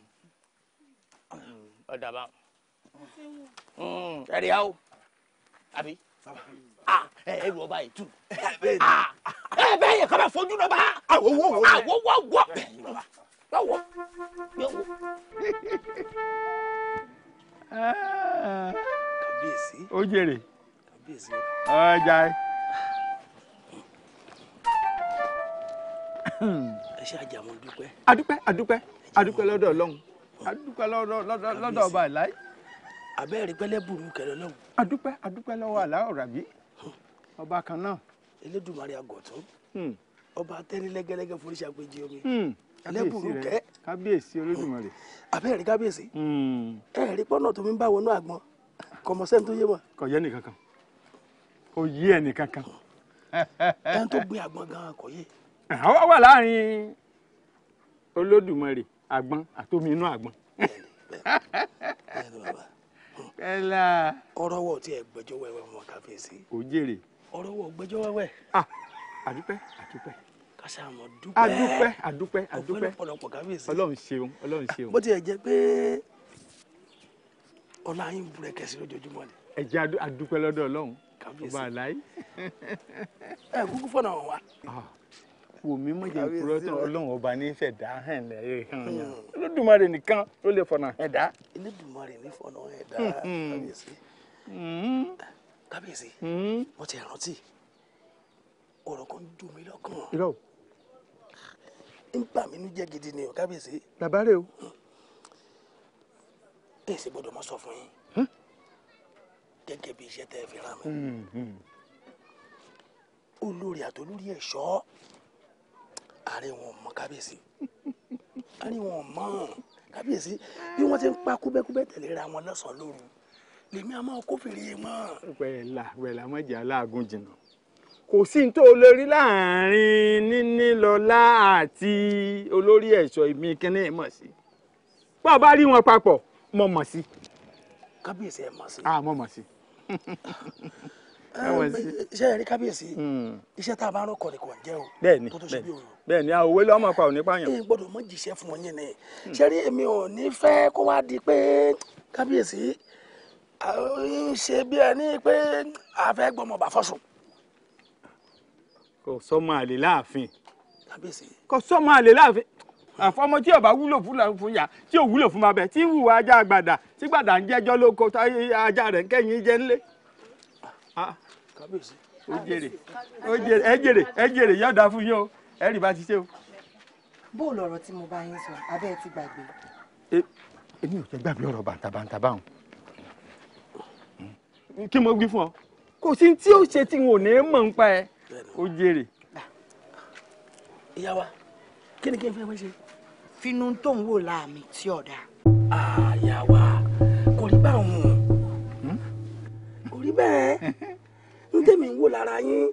ọ̀dà bá mm. ẹ̀rí àwọ̀ àbí ẹ̀rù ọba yìí tù ẹ bẹ́ẹ̀ yẹ kọ́ba fojú náà bá àwòwò ah, àwòwò ah, bẹ́ẹ̀ yọwọ́. kàbíyèsí. ó jèrè. kàbíyèsí. ọjà ẹ. ẹ ṣe àjàmọ́ dúpẹ́. adúpẹ́ adúpẹ́ adúpẹ́ lọ́dọ̀ ọlọ́run adúpẹ́ lọ́dọ̀ ọba àláyé. abẹ́rẹ́ pẹ́lẹ́ burú kẹlẹ́ lọ́wọ́. adúpẹ́ adúpẹ́ lọ́wọ́ àlá ọ̀rà bí ọba kan náà. elédùnmarè àgọ̀tún hmm. ọba tẹ́ni lẹ́gẹ́lẹ́gẹ́ foríṣà péjì omi hmm. lẹ́bùrú kẹ́. kábíyèsí olódùmarè. Hmm. abẹ́rẹ́ kábíyèsí. ẹ̀rí pọ́nà tó mi ń bá wọnú àgbọn kọmọsẹ́ni tó yé wọn. kò yé ẹnì kankan kò yé ẹnì kankan. ẹni tó gbé àgbọn gan-an kò yé. wà láàrin olódùmarè àgbọn àtomi inú àgbọn. ẹlá. ọ̀rọ̀ wọ tí ẹ gbẹ́jọ́ wẹ́wẹ́ mọ káfíńsì. kò jèrè. ọ̀rọ̀ wọ gbẹ́jọ́ wẹ́wẹ́. Ah, àdúpẹ́ àdúpẹ́. kásá àmọ́ dúpẹ́. àdúpẹ́ àdúpẹ́ àdúpẹ́ ọ̀pọ̀lọpọ̀ káfíńsì. ọlọ́run ṣeun ọlọ́run ṣeun. bó tiẹ̀ jẹ́ pé ọlá yín búrẹ́kẹ́ sí lójoojúmọ́ ni. ẹ jẹ́ àdúpẹ́ lọ́dọ̀ ọlọ́run. káfíńsì ọba àlàyé. ẹ kúkú fọ́nà wa wò mí mọ̀ jẹ́ ìkúrọ́ tó ọlọ́run ọba ní fẹ̀dá hàn lẹ́yìn eh, hàn yàn hmm. olódùmarè nìkan ló lè fọ̀nà ẹ̀dá. olódùmarè ní fọ̀nà ẹ̀dá hmm. kábíyèsí hmm. kábíyèsí mo ti rántí ọ̀rọ̀ kan dùn mí lọ́kàn ń bà mí nú jẹ́ gidi ni o kábíyèsí. bàbá rẹ o. èsì gbọ́dọ̀ mọ sọ fún yín gẹ́gẹ́ bí iṣẹ́ tẹ́ ẹ fi rán mi olórí àtolórí ẹ̀ṣọ́ ààrẹ wọn mọ kábíyèsí ààrẹ wọn mọ kábíyèsí bí wọ́n ti ń pa kúbẹ́kúbẹ́ tẹ̀léra wọn lọ́sàn-án lóru lèmi àmọ́ kófìrí mọ́. wẹ̀là wẹ̀là mọ́jà aláàgùn jìnnà kò sí ní tó olórí láàrin nínílọlá àti olórí ẹ̀ṣọ́ ìmí kínní mọ̀ sí bá a bá rí wọn papọ̀ mọ̀ mọ̀ sí. kábíyèsí ẹ̀ mọ̀ sí. a ah, mọ̀ mọ̀ sí iṣẹ́ rí kábíyèsí hmm. iṣẹ́ tá a bá rán kọ̀ọ̀lì jẹ́ o tó tó ṣe bí òyìnbó bẹ́ẹ̀ ni àwòwé lọ́mọ pa ò ní pààyàn. ẹ gbọ́dọ̀ mọ jíṣẹ́ fún wọn yẹn ni ṣé rí èmi ò ní fẹ́ kó wá di pé kábíyèsí ṣe bí ẹni pé a fẹ́ gbọmọ bá fọ́sùn. kò sọmọ àlè láàfin kábíyèsí. kò sọmọ àlè láàfin àfọmọ tí ọba wúlò fún yà tí ò wúlò fún ma bẹ tí wùwà ajá gbàdà tí gbàdà ń jẹjọ lóko ajá rẹ kẹyìn jẹ ńlẹ. Ah. kábíyèsí. ó jèrè ó jèrè ẹ jèrè ẹ jèrè yọ̀ọ̀dà fún yín o ẹ rí bá ti ṣe o. bó o lọ̀rọ̀ tí mo bá yín sọ abẹ́ ẹ ti gbàgbé. E, èmi ò jẹ́ gbàgbé ọ̀rọ̀ bàǹtàbàǹtà báwọn. Hmm. kí mo wí fún ọ kò sí tí ó ṣe tí n ò ní mọ̀ ń pa ẹ ó jèrè. ìyá wa kí ni kí n fẹ́ fẹ́ ṣe. finú tó ń wò láàmì tí ọ̀dà. àyà ah, wa kò rí báwọn hmm? kò rí bẹ́ẹ̀ ń tẹ̀mí ń wò lára yín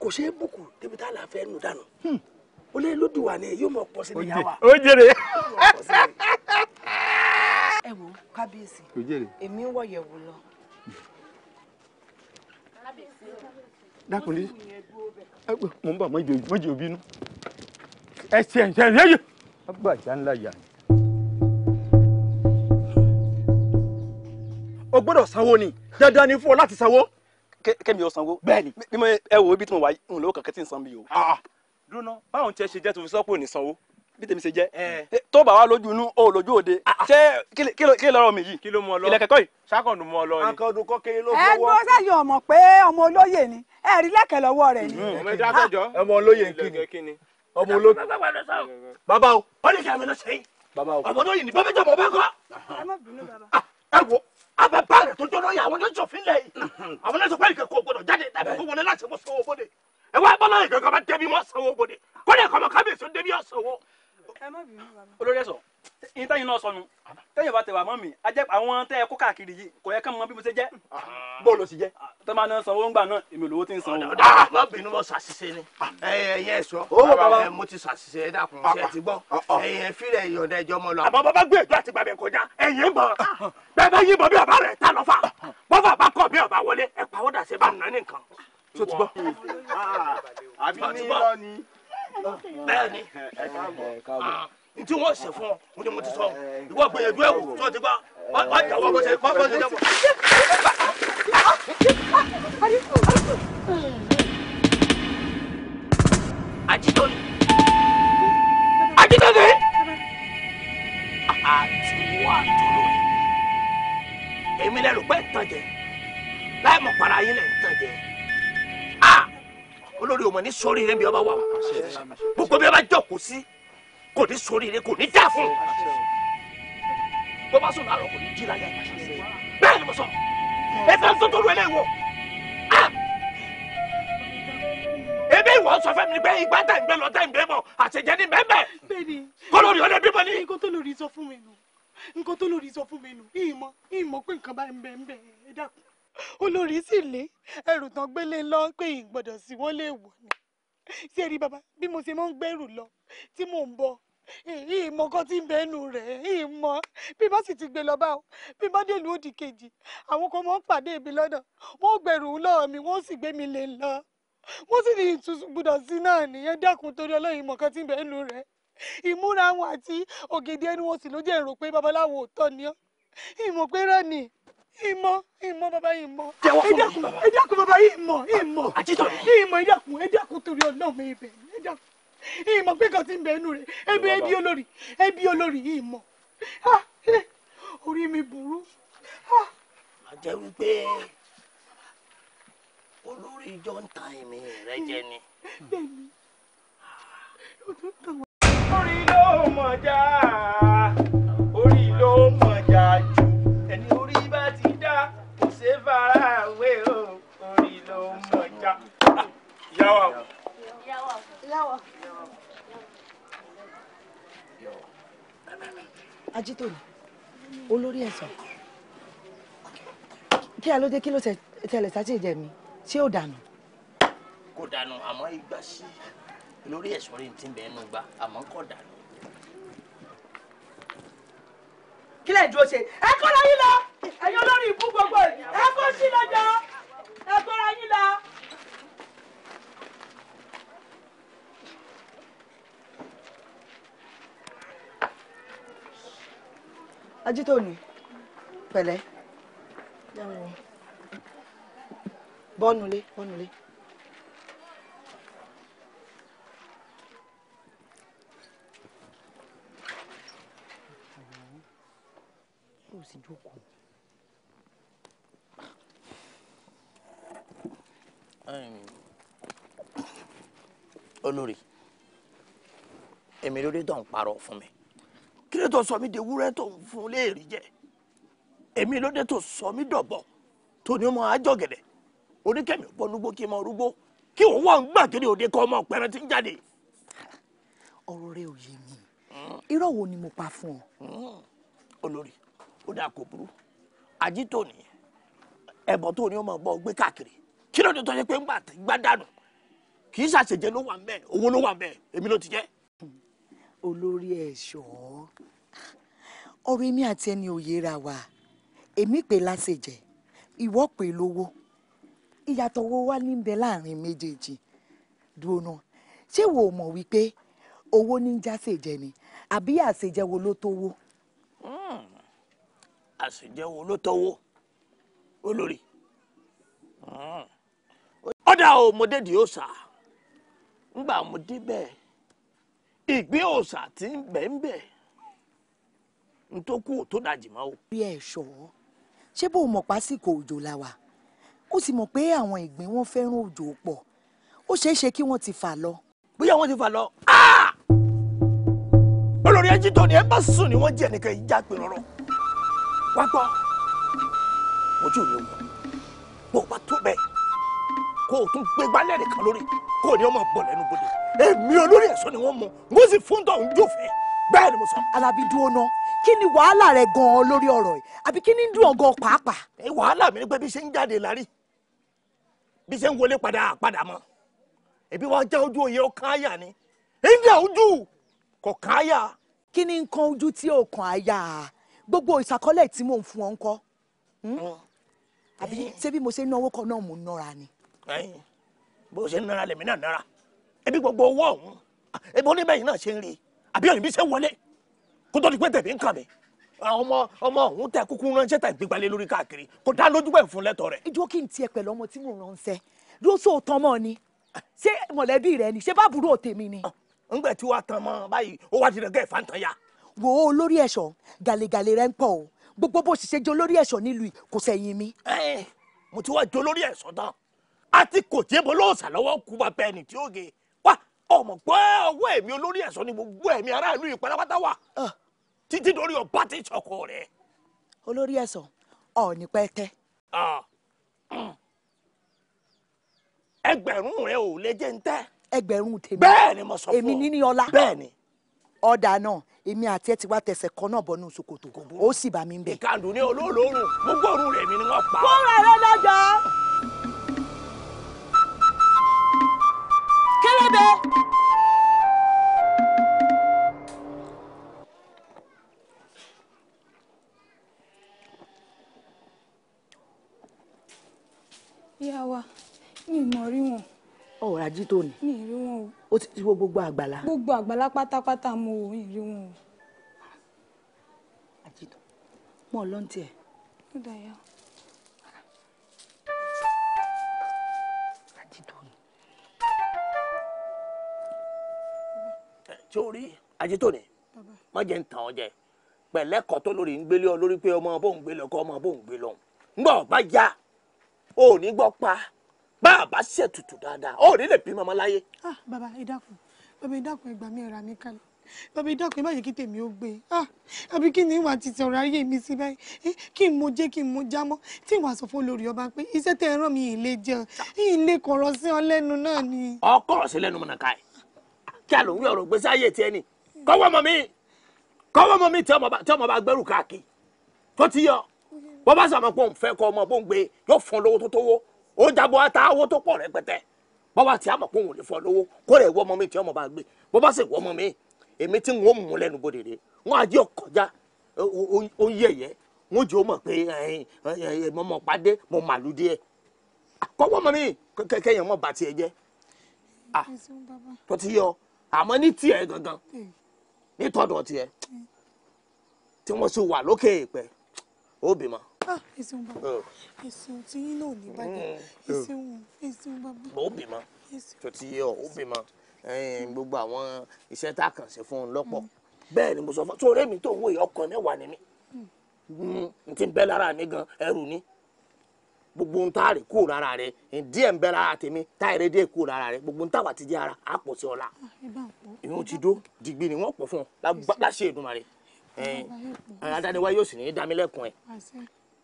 kò ṣe é bùkù débi tá a là fẹ́ nù dànù hmm. olóyè ló dùn wà ní yóò mọ̀ pọ̀ sí ni yàwá. ó jèrè. ẹ wo kábíyèsí èmi ń wọ̀yẹ̀ wò lọ. dákùnrin mo ń bọ̀ mọ́jì òbí nú ẹ ṣe ẹ̀ ṣe ẹ̀ yẹ́yẹ́ wọ́n gbàjá ńlá yà ni. o gbọ́dọ̀ sanwó ni dandan ni fún ọ láti sanwó kémi ò sanwó. bẹ́ẹ̀ni bí mo ẹ wo ibi tí mo wà ń lówó kankan tí ń san mi o. Ah, ah. dúnà báwọn tiẹ̀ ṣe jẹ́ tó fi sọ́pọ̀ ní sanwó. bí tèmi ṣe jẹ́ tó bá wa lójú inú o lójú òde ah, ṣé kí lọ́rọ̀ mi yìí kí ló mú ọ lọ ilẹ̀kẹ̀kọ́ yìí. sákọ̀dù mú ọ lọ ni. akọ̀dù kọ́kẹ́ ló fi wọ́. ẹ gbọ́ sẹ́yìn ọmọ pé ọmọ olóyè ni ẹ rí lẹ́kẹ̀ lọ́wọ́ rẹ̀ ni. Hmm, ọmọ olóyè kíni ọmọ olóyè. bàbá o. ọ abẹ́bá rẹ̀ tó jọ́nà yà àwọn ní sọ̀fin lẹ̀ yìí àwọn ní sọ̀fin kò gbọdọ̀ jáde tàbí kò wọlé láti sọ̀wọ́ sọ̀wọ́ bóde ẹ wá bọ́lá ìgbẹ́kọ̀ bá débi mọ́ sọ̀wọ́ bóde kó lè mọ́ kábíyèsí débi ọ̀ sọ̀wọ́. olórí ẹ sọ ìtẹ́yìn náà sọnù tẹ́yìn bá tẹ̀wà mọ́ mi ajẹ́ àwọn tẹ́ ẹ kó káàkiri yìí kò yẹ ká mọ bí mo ṣe jẹ́ ah. bóòlù sì jẹ́ tó máa ná sanwó ńgbà náà èmi olówó ti ń sanwó. má bínú mo ṣàṣìṣe ni ẹyẹ ah. ẹ sọ mo ti ṣàṣìṣe ẹ dákun ṣe ti gbọ́ ah, ẹyẹ fílẹ̀ ìyọ̀dẹ ẹjọ́ mọ́ lọ. àmọ́ bàbá gbé ìjọ àti gbàgbẹ́ kọjá ẹ̀yìn ń bọ̀ bẹ́ẹ̀ bá yín bọ̀ bí ọba rẹ̀ ta lọ́fà bọ́fà bá kọ̀ bí ọba wọlé ẹ̀ pàwọ́ dà sí bá nà ní nǹkan. tó ti gbọ́ àbí ní lọ ni. bẹ́ẹ̀ ni ẹ̀ káàbọ̀ ntí wọn ṣe fún ọ mo ni mo ti sọ ìwọ gbìyànjú ẹwù tí wọn ti gbà wá jà wọn bó ṣe má bó ṣe jẹ wọn. àjítọ́ni àjítọ́ni àti wọn àtọ́lọ́ èmi lẹ́nu pẹ́ tán láì mọ̀ para yín lẹ́nu tán jẹ ah! olórí ọmọ ní sọ́ọ́rí rẹ̀ bí ọba wà wá gbogbo bí ọba jókòó sí kò ní ṣoríire kò ní dá fún un bó bá sùn láàárọ̀ kò ní jí láyé bẹ́ẹ̀ ni mo sọ ẹ fẹ́ tó tó lu ẹlẹ́yìn wò ah! ebe ìwọ sọ fẹmi gbẹ igba tá ìgbẹ lọ tá ìgbẹ bọ àṣejẹ ní bẹbẹ kọlọrì ọdẹ bímọ ni. nǹkan tó lórí sọ fún mi nù nǹkan tó lórí sọ fún mi nù ìmọ̀ ìmọ̀ pé nǹkan bá ń bẹ ń bẹ ẹ dákun olórí sì ṣé rí bàbá bí mo ṣe máa ń gbẹ́rù lọ tí mò ń bọ̀ ìmọ̀ kan tí ń bẹ ẹnu rẹ̀ ìmọ̀ bí bá sì ti gbé lọ bá o bí bá dé ìlú òdì kejì àwọn kan máa ń pàdé ibi lọ́dọ̀ wọ́n gbẹ̀rù lọ́wọ́ mi wọ́n sì gbé mi lè lọ wọ́n sì ní ìtúsù gbúdọ̀ sí náà nìyẹn dákun torí ọlọ́yin ìmọ̀ kan tí ń bẹ ẹnu rẹ̀ ìmúra wọn àti ògèdè ẹni wọn sì ló jẹ́ èrò pé babaláwo ò tọ́ ni ọ́ ìmọ̀ pé rán ìmọ̀ ìmọ̀ bàbá yìí mọ̀. jẹ́wọ́ fún mi ẹ̀dẹ́kun ẹ̀dẹ́kun bàbá yìí mọ̀ ìmọ̀ ìmọ̀ ẹ̀dẹ́kun ẹ̀dẹ́kun torí ọlọ́run ibẹ̀ ẹ̀dẹ́kun ìmọ̀ pé kan ti ń bẹ inú rẹ̀ ẹbí ẹbí olórí ẹbí olórí ìmọ̀ orí mi burú. a jẹ́ wípé olórí ìjọ ń tan ẹ̀mí rẹ jẹ ni. orí ló mọ̀ já orí ló mọ̀ já bàrà àwé o orí ló ń mọ̀já. yàwá o. yàwá ajitoni olórí ẹ̀sán kí alóde kí ló tẹlẹ̀ sátì jẹ mi ṣé ò dànù. kò dànù àmọ́ ìgbà sí olórí ẹ̀sán rẹ̀ ti bẹ̀ẹ́ nù gbà àmọ́ kò dànù. kí lẹ́yìn dúró ṣe ẹ kó yín lọ ẹ̀yin olórí ìbú gbogbo ẹ kó sí lọ́jọ́ ẹ kó yín lọ. ajítòní pẹ̀lẹ́ bọ́nulé bọ́nulé. ò sì jókòó. olórí èmi lórí tó ń parọ́ fún mi kí tó sọ mí de wúrẹ́ tó ń fún léèrí jẹ èmi lóde tó sọ mí dọ̀bọ̀ tó ní ọmọ àjọgẹ̀dẹ̀ oníkẹ́mi ò bọ́nugbó kí n mọ rúgbó kí òun wọ́n ń gbàgede òde kọ́ ọmọ pẹ̀rẹ̀ tí ń jáde. ọ̀rọ̀ rẹ ò yé mi irọ́ wo ni mo pa fún ọ. Hmm, olórí ó dáa kò burú àjító nìyẹn ẹbọ tó ní ọmọ ọgbọ gbé káàkiri kí ló dé tó ṣe pé ń gbà gbá dànù kì í ṣàṣejẹ ló wà mẹ owó ló wà mẹ èmi ló ti jẹ. olórí ẹ̀ṣọ́ ọ̀rọ̀ èmi àti ẹni ò yéra wa èmi pè láṣejẹ ìwọ pè lówó ìyàtọ̀ wo wá ní bẹ láàrin méjèèjì dúró ṣé wo mọ̀ wípé owó ní jáṣejẹ ni àbí àṣejẹ wo ló tó wó. Hmm àṣejẹ wo ló tọwọ́ olórí hmm. ọ̀dà ọmọdé di òòṣà ńgbà mo débẹ̀ ìgbín òòṣà tí ń bẹ̀ ń bẹ̀ ń tó kú tó dàjì máa o. bí ẹ ṣọwọ́ ṣé bó o mọ̀ pásìkò òjò la wà ó sì mọ̀ pé àwọn ìgbín wọn fẹ́ràn òjò pọ̀ ó ṣeé ṣe kí wọ́n ti fà lọ. bóyá wọ́n ti fà lọ ah! olórí ẹjí ni ẹ bá sùn ni wọ́n jẹ́ nìkan ìjà pé lọ́rọ̀ wá gbọ́ ojú mi wò bó o bá tó bẹ́ẹ̀ kó o tún gbé gbálẹ̀ nìkan lórí kó o ní ọmọ bọ̀ lẹ́nu bodè èmi olórí ẹ̀ṣọ́ ni wọ́n mú mo sì fún tọ̀ ń jòfẹ́ bẹ́ẹ̀ ni mo sọ. alábí dúró ná kí ni wàhálà rẹ gan-an lórí ọ̀rọ̀ yìí àbí kí ni dùn ọ́ pàápàá. wàhálà mi ni pé bí ṣe ń jáde lárí bí ṣe ń wọlé padà padà mọ́ ẹbí wa já ojú òye ọkàn àyà ni ìjà ojú kò kàn kí ni nǹkan ojú tí ò kàn áyà gbogbo ìsàkọ́lẹ̀ tí mò ń fún ọ ń kọ́ hmm? àbí ṣé bí mo ṣe náwó kan náà mò ń nọ́ra ni. bó ṣe ń nọ́ra lèmi náà nọ́ra ebi gbogbo owó ọ̀hún ebi oníbẹ̀yìn náà ṣe ń rí àbí ọ̀yìn bí ṣe wọlé kó tó di pé tẹ̀mí ń kàn mí ọmọ ọmọ ọ̀hún tẹ kúkú ránṣẹ́ tẹ̀ gbégbálẹ̀ lórí káàkiri kò dá lójú pẹ̀ fún lẹ́tọ̀ rẹ̀. ìjọ kí n tiẹ̀ pẹ̀lú ọmọ tí mò ń ránṣẹ́ lóṣù tán mọ́ ni ṣé mọ̀lẹ́bí rẹ ni ṣé báàbúrò tèmi ni. ńgbẹ̀ tí wàá tan mọ́ báyìí ó wá ti rẹ̀ gẹ́ ìfàǹtàn ya wo olórí ẹ̀ṣọ́ gàlégàlé rẹ ń pọ̀ o gbogbo bó sì ṣe jẹ́ olórí ẹ̀ṣọ́ nílùú yìí kò sẹ́yìn mi. mo ti wá jẹ́ olórí ẹ̀ṣọ́ tán àti kò tí ebo lóòsà lọ́wọ́ kú bá bẹ́ẹ̀ ní tí ó ge wá ọmọ pé ọwọ́ ẹ̀mí olórí ẹ̀ṣọ́ ni gbogbo ẹ̀mí aráàlú yìí pátápátá wà títí lórí ọba tí ìṣọ̀kọ rẹ̀. olórí ẹ̀ṣọ́ ọ̀ọ́nì pẹ́ẹ́tẹ́. Mm. ẹgbẹ̀rún rẹ ò lè jẹ́ ń tẹ́. ẹgbẹ̀rún tèmi bẹ́ẹ̀ ni mo sọ fún ọ èmi níní ọlá. bẹ́ẹ̀ ni ọ̀dà náà èmi àti ẹ ti wá tẹsẹ̀ kan náà bọ́nú ṣòkòtò ó sì bá mi bẹ̀. ìkàndù ní olóòlóòrùn gbogbo òórùn rẹ̀ mi ni wọ́n pa. kúrò rẹ lọ́jọ́. kérébé. ìyá wa mi ò mọ̀ rí wọn ọ̀ rají tó ní. mi ì rí wọn o. ó ti ti wo gbogbo àgbàlá. gbogbo àgbàlá pátápátá mo ò ì rí wọn o. àjìtò mọ ọ lọ́n tiẹ̀. ó dàyà. àjìtò ni. sórí àjìtò ni má jẹ́ ń tàn ọ́ jẹ pẹ̀lẹ́kọ̀ tó lórí ń gbélé ọ lórí pé ọmọ bóun gbélé ọkọ ọmọ bóun gbélé ọ̀hún ń gbọ́ bá já ò ní gbọ́ pa bá a bá ṣètùtù dáadáa ó rí lè bí mama láyé. ah bàbá ẹ dákun bàbá ẹ dákun ẹ gbà mí ẹ rà mí kalẹ̀ bàbá ẹ dákun ẹ má yẹ kí tèmi ó gbé ah, àbí kí ni ìwà títí ọ̀rọ̀ ayé mi sí báyìí eh, kí n mo jẹ́ kí n mo já mọ́ tí ìwà sọ fún olórí ọba pé iṣẹ́ tẹ́ ẹ rán mi ìlé jẹun ìlé kọ̀rọ̀ sí ọ lẹ́nu náà ni. ọkọ̀rọ̀ sí lẹ́nu mọ̀nà káì kí a ló ń wí ọ̀rọ̀ gbèsè ayé tiẹ̀ ni kọ́wọ́ mọ̀ mi kọ́wọ́ mọ̀ mi tí ọmọ bá gbẹ́rù káàkiri tó ti yọ bọ́ bá sàmọ́ pé òun fẹ́ kọ́ ọmọ bóun gbé yóò fún lówó tó tówó ó jábọ̀ ata tó pọ̀ rẹpẹtẹ bọ́wá tí a mọ̀ pé òun lè fọ lówó kó rẹ̀ wọ́ ọmọ mi tí ọmọ bá gbé bó bá sì wọ́ ọmọ mi èmi tí wọ́n mú lẹ́nu bodè rè wọ́n á jẹ́ ọkọjá ó ń yẹ̀yẹ́ wọ́n jẹ́ ó pé mo mọ̀ pàdé mo mà lù díẹ̀ kọ́wọ́ ọmọ mi kẹ́kẹ́yìn mọ̀ bá tiẹ̀ jẹ́ tó ti yọ àmọ́ ní tiẹ̀ gangan ní tọ́dọ̀ tiẹ̀ tí wọ́n sì wà lókè èèpẹ̀ ó bímọ. Ah, ẹsìn bàbá oh. ẹsìn tí yín náà ní bàjẹ́ mm, ẹsìn oh. ẹsìn bàbá. ó bì mọ́ tó ti yé ọ ó bì mọ́ mm. gbogbo àwọn iṣẹ́ tá a kàn ṣe fún un lọ́pọ̀ mm. bẹ́ẹ̀ ni mo sọ fún tó rẹ́mi tó wòye ọkàn mẹ́wàá ni mí n ti bẹ́ lára mi gan ẹrù ni gbogbo ń tá a rè kúrò lára rẹ díẹ̀ ń bẹ́ lára tèmi tá a rè díẹ̀ kúrò lára rẹ gbogbo ń tá wà ti di ara a pọ̀ sí ọ̀la ah, ìhun ti dó dìgbì ni wọ́n pọ̀ fún ọ láṣẹ Èdùmàrè adániwá yóò sì ní í dá mi lẹ́kùn ẹ̀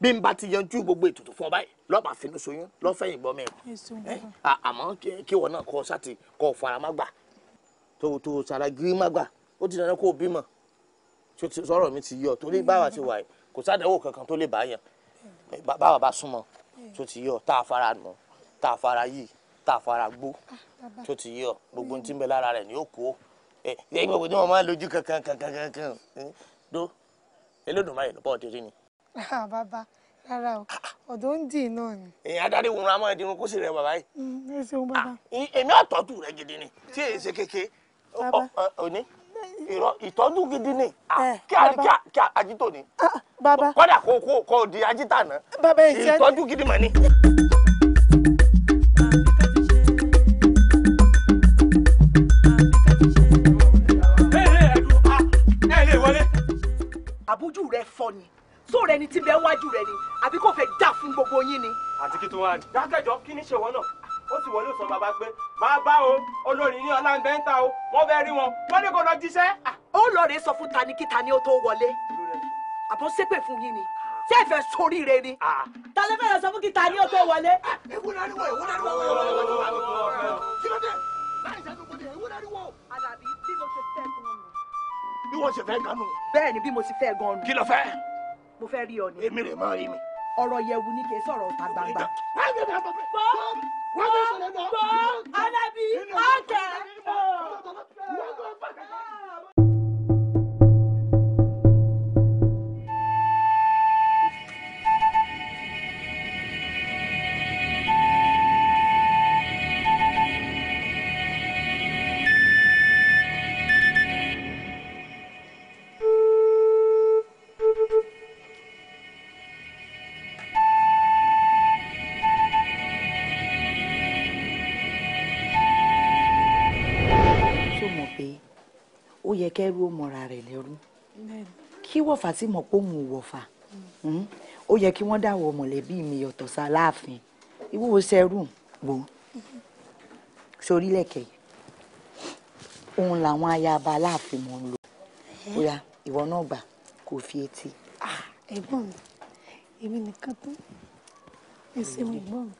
bí n bá ti yanjú gbogbo ètùtù fún ọ báyìí lọ́ọ̀bà finú soyún lọ́fẹ̀yìn gbọ́ mẹ́rin àmọ́ kí wọn náà kọ́ sáti kọ́ faramágbà tó tó sara gírímágbà ó ti dandan kó bímọ sọ̀rọ̀ mi ti yọ torí báwa ti wà yìí kò sádẹ́wò kankan tó lè bá yàn báwa bá súnmọ́ tó ti yọ tá a fara nù tá a fara yìí tá a fara gbó tó ti yọ gbogbo ohun tí ń bẹ lára rẹ̀ ni ó kó ẹ ẹ gbogbo tí wọn máa lójú kankan kankan kankan do elódùmarè lọ́pọ̀ tètè ni. Ah, bàbá rárá o ọ̀dọ́ ń dì náà ni. èyàn adarí wùrọ̀ àmọ́ ẹ̀dínrún kó sì rẹ bàbá yìí. Mm, ẹ ṣeun bàbá. Ah, èmi àtọ́jú rẹ gidi ni tí èyí ṣe kéke òní ìtọ́jú gidi ni ah, eh, kí ajító ni kódà kó di ajítà náà ìtọ́jú gidi mà ni. àbújù rẹ fọ ni sóòrè ẹni tí bẹ́ẹ̀ wájú rẹ ni àbí kò fẹ́ dà fún gbogbo yín ni. àti kí tó wá ní. dákẹ́jọ́ kí ni ṣe wọ́n náà ó sì wọlé sọ bàbá pé bàbá o olórí ní ọlá ń bẹ́ ń ta o wọ́n fẹ́ rí wọn wọ́n ní kó lọ jíṣẹ́. Ah, ó lọ rè sọ fún tani kí tani ó tó wọlé àbọ̀ ṣépè fún yín ni ṣé ẹ fẹ́ sórí rẹ ni. Ah. tani fẹ́ sọ fún kí tani ó tó wọlé. ewu náà ni wọ ewu náà ni wọ kí ló dé láì ṣàtúnkọ́ dé ewu náà ni wọ. Àlàbí bí mo ṣe fẹ́ gan-an. bí wọ́n ṣe fẹ́ gan-an. bẹ́ẹ̀ ni bí mo ṣe fẹ́ gan-an. kí ló fẹ́ mo fẹ́ rí ọ ni. èmi rè máa rí mi. ọ̀rọ̀ ni kì í sọ̀rọ̀ ọ̀tá gbangba. bọ́ bọ́ bọ́ alábí ọ̀tẹ̀. yẹ kẹ́rú ó mọ̀ra rẹ̀ kí wọ̀fà tí mọ̀ pé òun ò mm. ó yẹ kí wọ́n dáwọ́ mọ̀lẹ́bí mi ọ̀tọ̀ sá láàfin ìwúwo sẹ́rù wò sórílẹ̀kẹ̀ òun làwọn ayaba aláàfin mọ̀ ń lò bóyá ìwọ náà gbà kó fi etí. Ah, ẹ̀gbọ́n mi èmi nìkan tán ẹ ṣeun ẹ̀gbọ́n mi.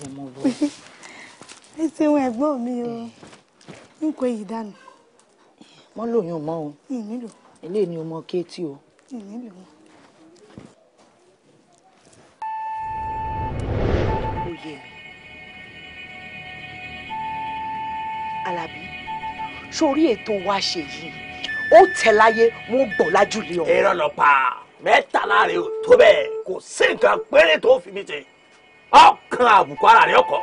jẹ mọ́ lọ. ẹ ṣeun ẹ̀gbọ́n mi o n kò yí dànù. wọ́n lòyún mọ́ o. ìnílò. eléyìí ni o mọ kéétì o. ìnílò. ó yé mi. wa ṣe yìí ó tẹ̀ mo gbọ́ lájúlé ọ. èrò lọ pa mẹ́tàlá rẹ̀ ò tó bẹ́ẹ̀ kò sí nǹkan péré tó fi mi tẹ̀ ọkàn àbùkù ara rẹ ọkọ.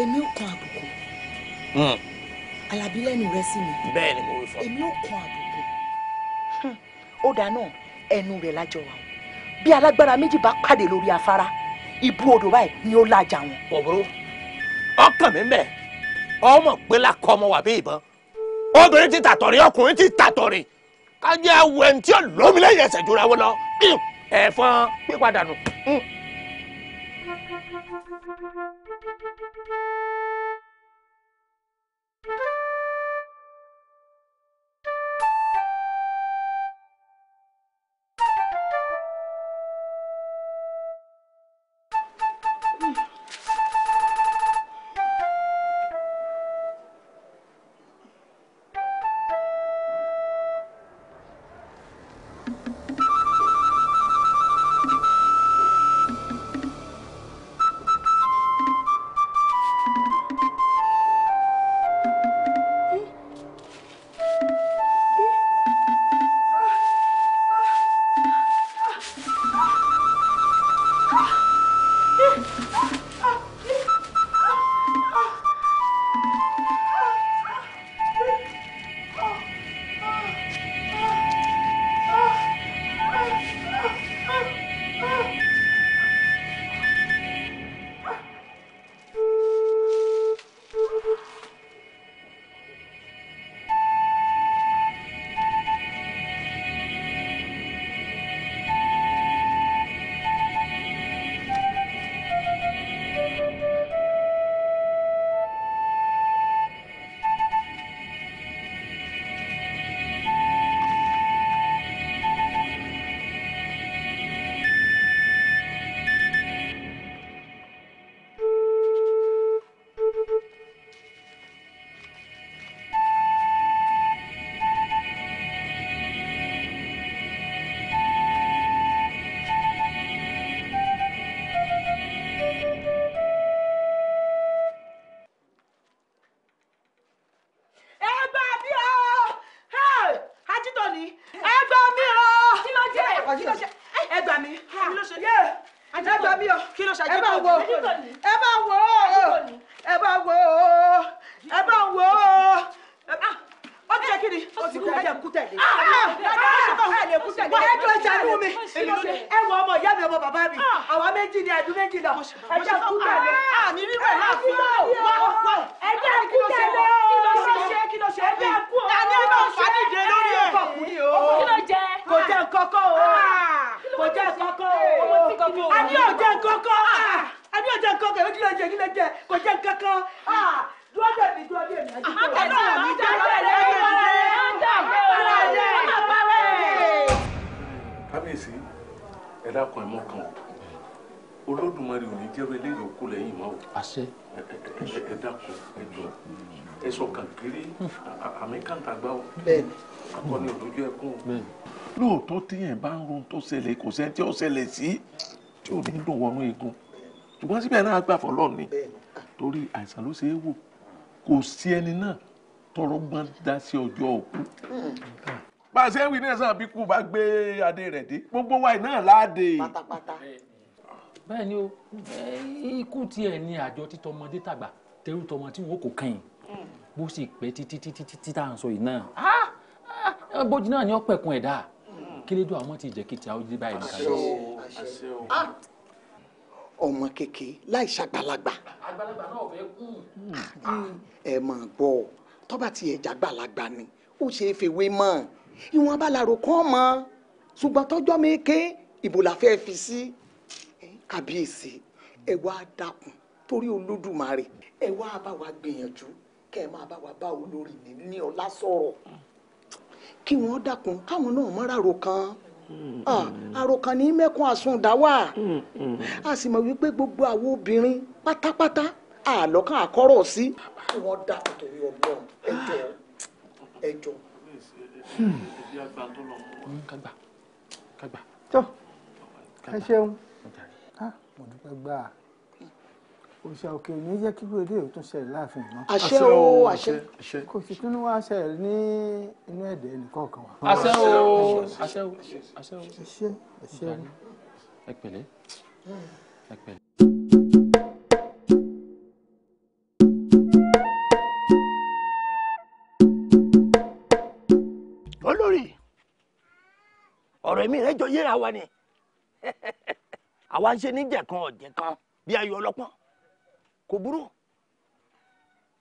èmi ò kan àbùkù. Hmm. alábí lẹ́nu rẹ sí mi. bẹ́ẹ̀ ni mo rí sọ. èmi ò kan àbùkù. Hmm. ó dáa náà ẹnu rẹ̀ lájọ wa bí alágbára méjì bá pàdé lórí afárá ibú odò báyìí ni ó lajà wọn. bọ̀bọ̀rọ̀ ọkàn mi mẹ́ ọmọ gbẹ́lá kọ́ ọmọ wà bí ìbọn obìnrin ti tàtọ̀rì ọkùnrin ti tàtọ̀rì kájẹ́ awọ ẹni tí ó lómi lẹ́yìn ẹsẹ̀ jura wọn lọ hmm. ẹ̀fọn pípadà nù. Thank you. ṣẹlẹ̀ kò sẹ́ni tí ó ṣẹlẹ̀ sí tí ò ní dùn wọnú egun ṣùgbọ́n síbẹ̀ náà gbà fọlọ́ ni torí àìsàn ló ṣe é wò kò sí ẹni náà tọrọ gbọ́n dá sí ọjọ́ òkú. bá a ṣe ń wí náà sàn bí kú bá gbé adé rẹ̀ dé gbogbo wa náà láàdè. pátápátá. bẹ́ẹ̀ ni o ikú tiẹ̀ ni àjọ títọ́ ọmọdé tàgbà tẹ́rù tọmọ tí wọn kò kẹ́yìn bó sì pẹ́ títí títí títí tá à ń sọ yìí náà ah, ah, bójú náà ni ó pẹ̀kun ẹ̀dá kílédùn àwọn ti jẹ́ kí tí a ó dé báyìí nìkan lọ. Ah! ọmọ kékeré láì ṣàgbàlagbà ẹ mọ̀ gbọ́ tó bá tiẹ̀ jàgbàlagbà ni ó ṣe é fèwé mọ́ ìwọ̀n abálàrò kan mọ́ ṣùgbọ́n tọ́jọ́ méke ìbò la fẹ́ fi sí kábíyèsí ẹ wá dákun torí olódùmarè ẹ wá bá wa gbìyànjú kẹ́ ẹ máa bá wa bá olórí ní ọlá sọ̀rọ̀ kí wọ́n dákun káwọn náà mọ́ra rò kan àròkàn ní mẹ́kun àsundà wà a sì mọ̀ wípé gbogbo àwọn obìnrin pátápátá àlọ́kàn àkọ́rọ̀ sí. kí wọ́n dákun torí ọgbọ́n ẹjọ́ ẹjọ́. kagbà kagbà tó ẹ ṣeun mo dúpẹ́ ah, gbà á òṣà òkè ò ní jẹ́ kí gbèdé ò tún ṣẹlẹ̀ láàfin mọ́. àṣẹ o àṣẹ. kò sì tún wá ṣẹlẹ̀ ní inú ẹ̀dẹ̀ nìkọ̀ọ̀kan wa. àṣẹ o àṣẹ o àṣẹ o. àṣẹ àṣẹ o. ẹ pẹ̀lẹ́ ẹ pẹ̀lẹ́. olórí ọ̀rọ̀ èmi rẹ̀ jọ yéra wa ni àwa ń ṣe níjẹ̀ kan ọ̀jẹ̀ kan bí ayọ̀ ọlọ́pọ́n kò burú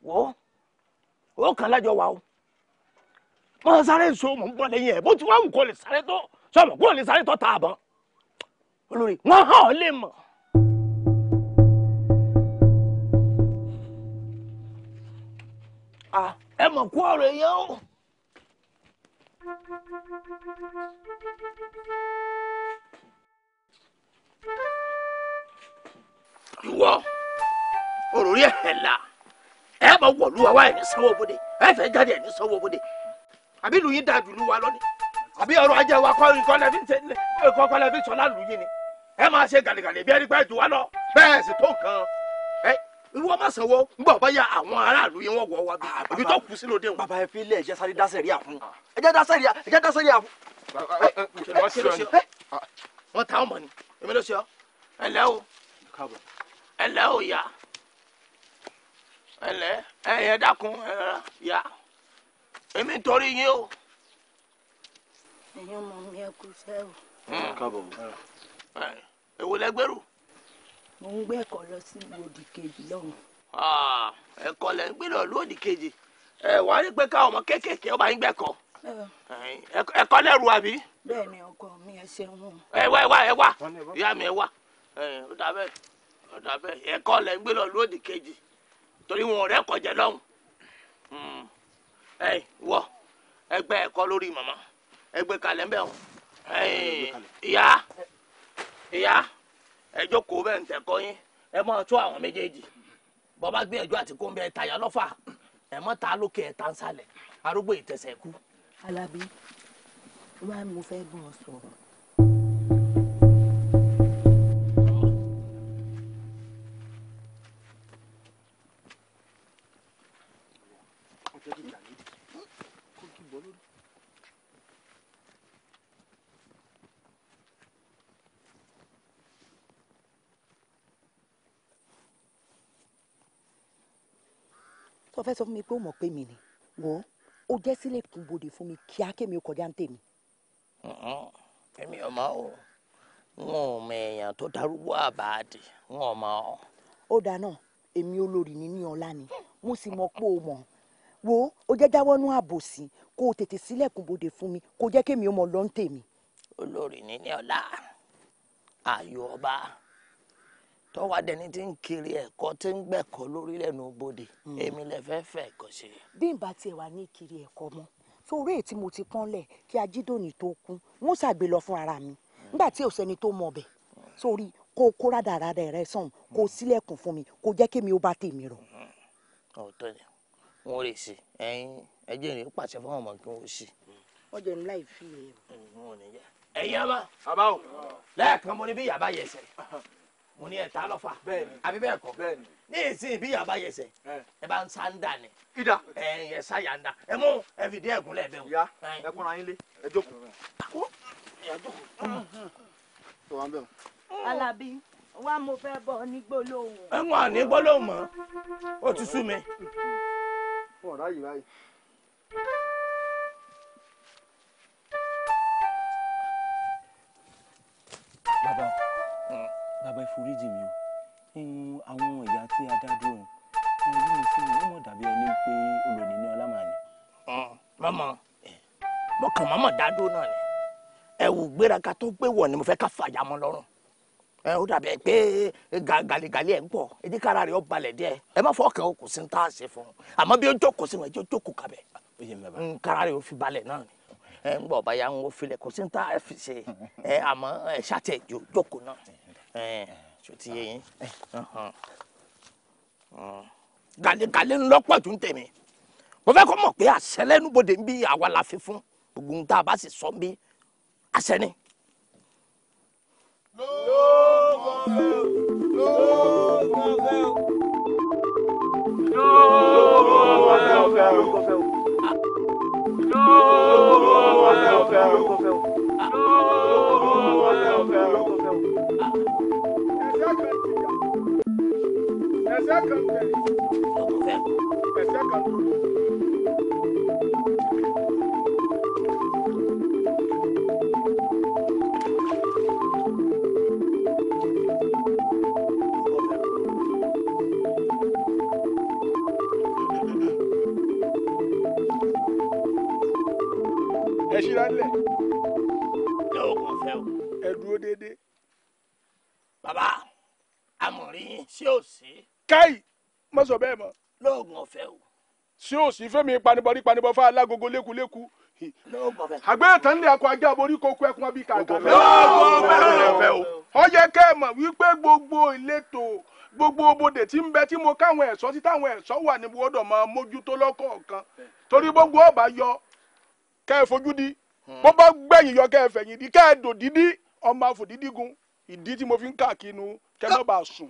wò ó ó kàn lájọ wà ó máa sáré nso mọ̀ ń bọ̀ lẹ́yìn ẹ̀ bó ti wá wù kó lè sáré tó sọ̀mọ̀ kó lè sáré tó ta àbọ̀n olórí wọ́n hàn ọ́ lè mọ̀. ẹ mọ̀ kú ọ̀rọ̀ yẹn o. ìwọ. òròrí ẹ̀ là ẹ wa ni ẹ̀ ní sanwó bóde ẹ fẹ́ jáde ẹ̀ lu yín da dùlú wa ajé wa lu ni ẹ ma ṣe gàlẹ́gàlẹ́ bí ẹni pẹ́ jù wá lọ bẹ́ẹ̀ sì tó nǹkan ẹ wọ́n bá yà àwọn aráàlú yẹn wa ibi tó kù sí lóde wọn. ilé sáré rí rí rí ta ọmọ ni ló ṣe ọ ẹ o ẹ o ẹlẹ ẹyẹ eh, eh, dákun ẹrọ eh, yá èmi torí yín o. ẹ̀yin ọmọ mi ẹ kú sẹ́wọ̀. Hmm. káàbọ̀ èwo lẹ gbèrú. mo ń gbé ẹkọ lọ sí lòdì kejì ah, lẹ ń gbé lọ lòdì kejì ẹ wàá rí pé káwọn ọmọ kéékèèké ọba yín àbí. torí wọn ọ̀rẹ́ kọjá lọ́hùn hmm. ẹ wọ ẹgbẹ́ ẹ̀kọ́ lórí màmá ẹgbẹ́ kalẹ̀ mbẹ́ o ìyá ìyá ẹ jókòó bẹ́ẹ̀ ń tẹ̀kọ́ ẹ máa tó àwọn méjèèjì bàbá gbìyànjú àti kó ń bẹ tàyà lọ́fà ẹ mọ́ ta lókè ẹ̀ tá arúgbó ìtẹ̀sẹ̀ kú. Alábí wọn mo fẹ́ bọ̀ sọ̀rọ̀ fẹ́ sọ fún mi pé ó mọ̀ pé mi ni wò ó ó jẹ́ sílẹ̀ kún bòde fún mi kíá kémi ó kọjá ń tèmi. èmi ò máa o wọn ò mọ èèyàn tó darúgbó àbáàdì wọn ò máa o. ó dáa náà èmi olórí ni ní ọlá ni mo sì mọ pé o mọ̀ wò ó ó jẹ́ jáwọ́nú àbòsí kó o tètè sílẹ̀kùn bòde fún mi kó jẹ́ kémi ó mọ lọ́n tèmi. olórí ni ní ọlá ayọ̀ ọba tọ́wọ́ adẹni tí ń kiri ẹ̀kọ́ tí ń gbẹ̀kọ́ lórí lẹ́nu bodè hmm. èmi lè fẹ́ fẹ́ ẹ̀kọ́ ṣe. bí n bá tiẹ̀ wà ní ìkiri ẹ̀kọ́ mọ́ sórí èyí tí mo ti pọ́nlẹ̀ kí ajídòní tó kú wọ́n ṣàgbé lọ fún ara mi nígbà tí òsẹ́ni tó mọ̀ bẹ̀ sórí kó kó rádaràdà rẹ sàn kó hmm. sílẹ̀kùn fún mi kó jẹ́ kémi ó bá tèmi rọ̀. ọ̀tọ̀ hmm. ni wọ́n rè sí ẹyin ẹjẹ́ rẹ̀ pàṣẹ fún ọmọ kí wọ́n sì. wọ́n jẹ́ ní láì fi rẹ̀. ẹ̀yin mo ní ẹ̀ta lọ́fà àbí bẹ́ẹ̀ kọ́ ní ìsìn bí yàrá yẹsẹ̀ ẹ bá ń sá ń dà ní. ida ẹ yẹ sá yà ń dà ẹ mú ẹ fìdí ẹ̀gún lẹ̀ bẹ́ẹ̀ o. ya ẹ kúnra yín lé ẹ jókòó. àkó ẹ jókòó. Alábí wa mo fẹ́ bọ̀ ní gbólóhùn. ẹ ń wà ní gbólóhùn mọ́ ó ti sú mi. wọn ò bàbá ìforíjì mi o àwọn ìyá tí a dá dúró ọ̀hún ẹ̀rí mi sí wọn ó mọ̀ dàbí ẹni pé olóòní ní ọlámàní. mọ́mọ́ mọ́kàn mọ́mọ́ dá dúró náà ni ẹ̀wù gbéraga tó gbé wọ̀ ni mo fẹ́ ká fàyà mọ́ lọ́rùn ẹ ó dàbí ẹ pé gàlẹ́gàlẹ́ ẹ̀ ń pọ̀ ẹdí kára rẹ̀ ó balẹ̀ díẹ̀ ẹ má fọ́ kàn ó kò sí ní tá a ṣe fún un àmọ́ bí ó jókòó sínú ẹjọ́ jókòó kabẹ̀ kára rẹ̀ ó fi balẹ̀ náà ni ẹ ń gbọ́ ọ̀bá ya ń wọ́n filẹ̀ kò sí ní tá a fi ṣe ẹ àmọ́ ẹ ṣàtẹ̀ jókòó náà ṣó ti yé yín eh, eh. Hmm. gàlégàlé ńlọ pọ̀ tún tèmi mo fẹ́ kọ́ mọ̀ pé àṣẹ lẹ́nubodè ń bí àwa la fi fún gbogbo ohun tá a bá sì sọ ń bí àṣẹ ni. Oh, ẹsẹ̀ kan bẹ̀. ọdún fẹ́. ẹsẹ̀ kan tó. ẹ ṣíra lẹ. ẹ ò kàn fẹ́ o. ẹ dúró déédéé. bàbá amòrin ṣé ò sí. káì má sọ bẹ́ẹ̀ mọ́. lóògùn ọ̀fẹ́ o. sí òsì fẹ́mi panibọ́rí panibọ́ fún alágogo lékuléku. lóògùn ọ̀fẹ́. àgbẹ̀yẹ̀ tán lé akọ ajá borí kókó ẹkún kàkà. lóògùn ọ̀fẹ́ o. ọ yẹ kẹ́ ẹ mọ̀ wípé gbogbo ìletò gbogbo bodè tí ń bẹ tí mo káwọn ẹ̀ṣọ́ tí táwọn ẹ̀ṣọ́ wà ní gbọdọ̀ máa mójútó lọ́kọ̀ọ̀kan torí gbogbo ọba yọ kẹ́ ẹ fojú di hmm. bó bá gbẹ̀yìn yọ kẹ́ ẹ fẹ̀yìn di kẹ́ ẹ dò dídí ọmọ mo fi ń kẹ́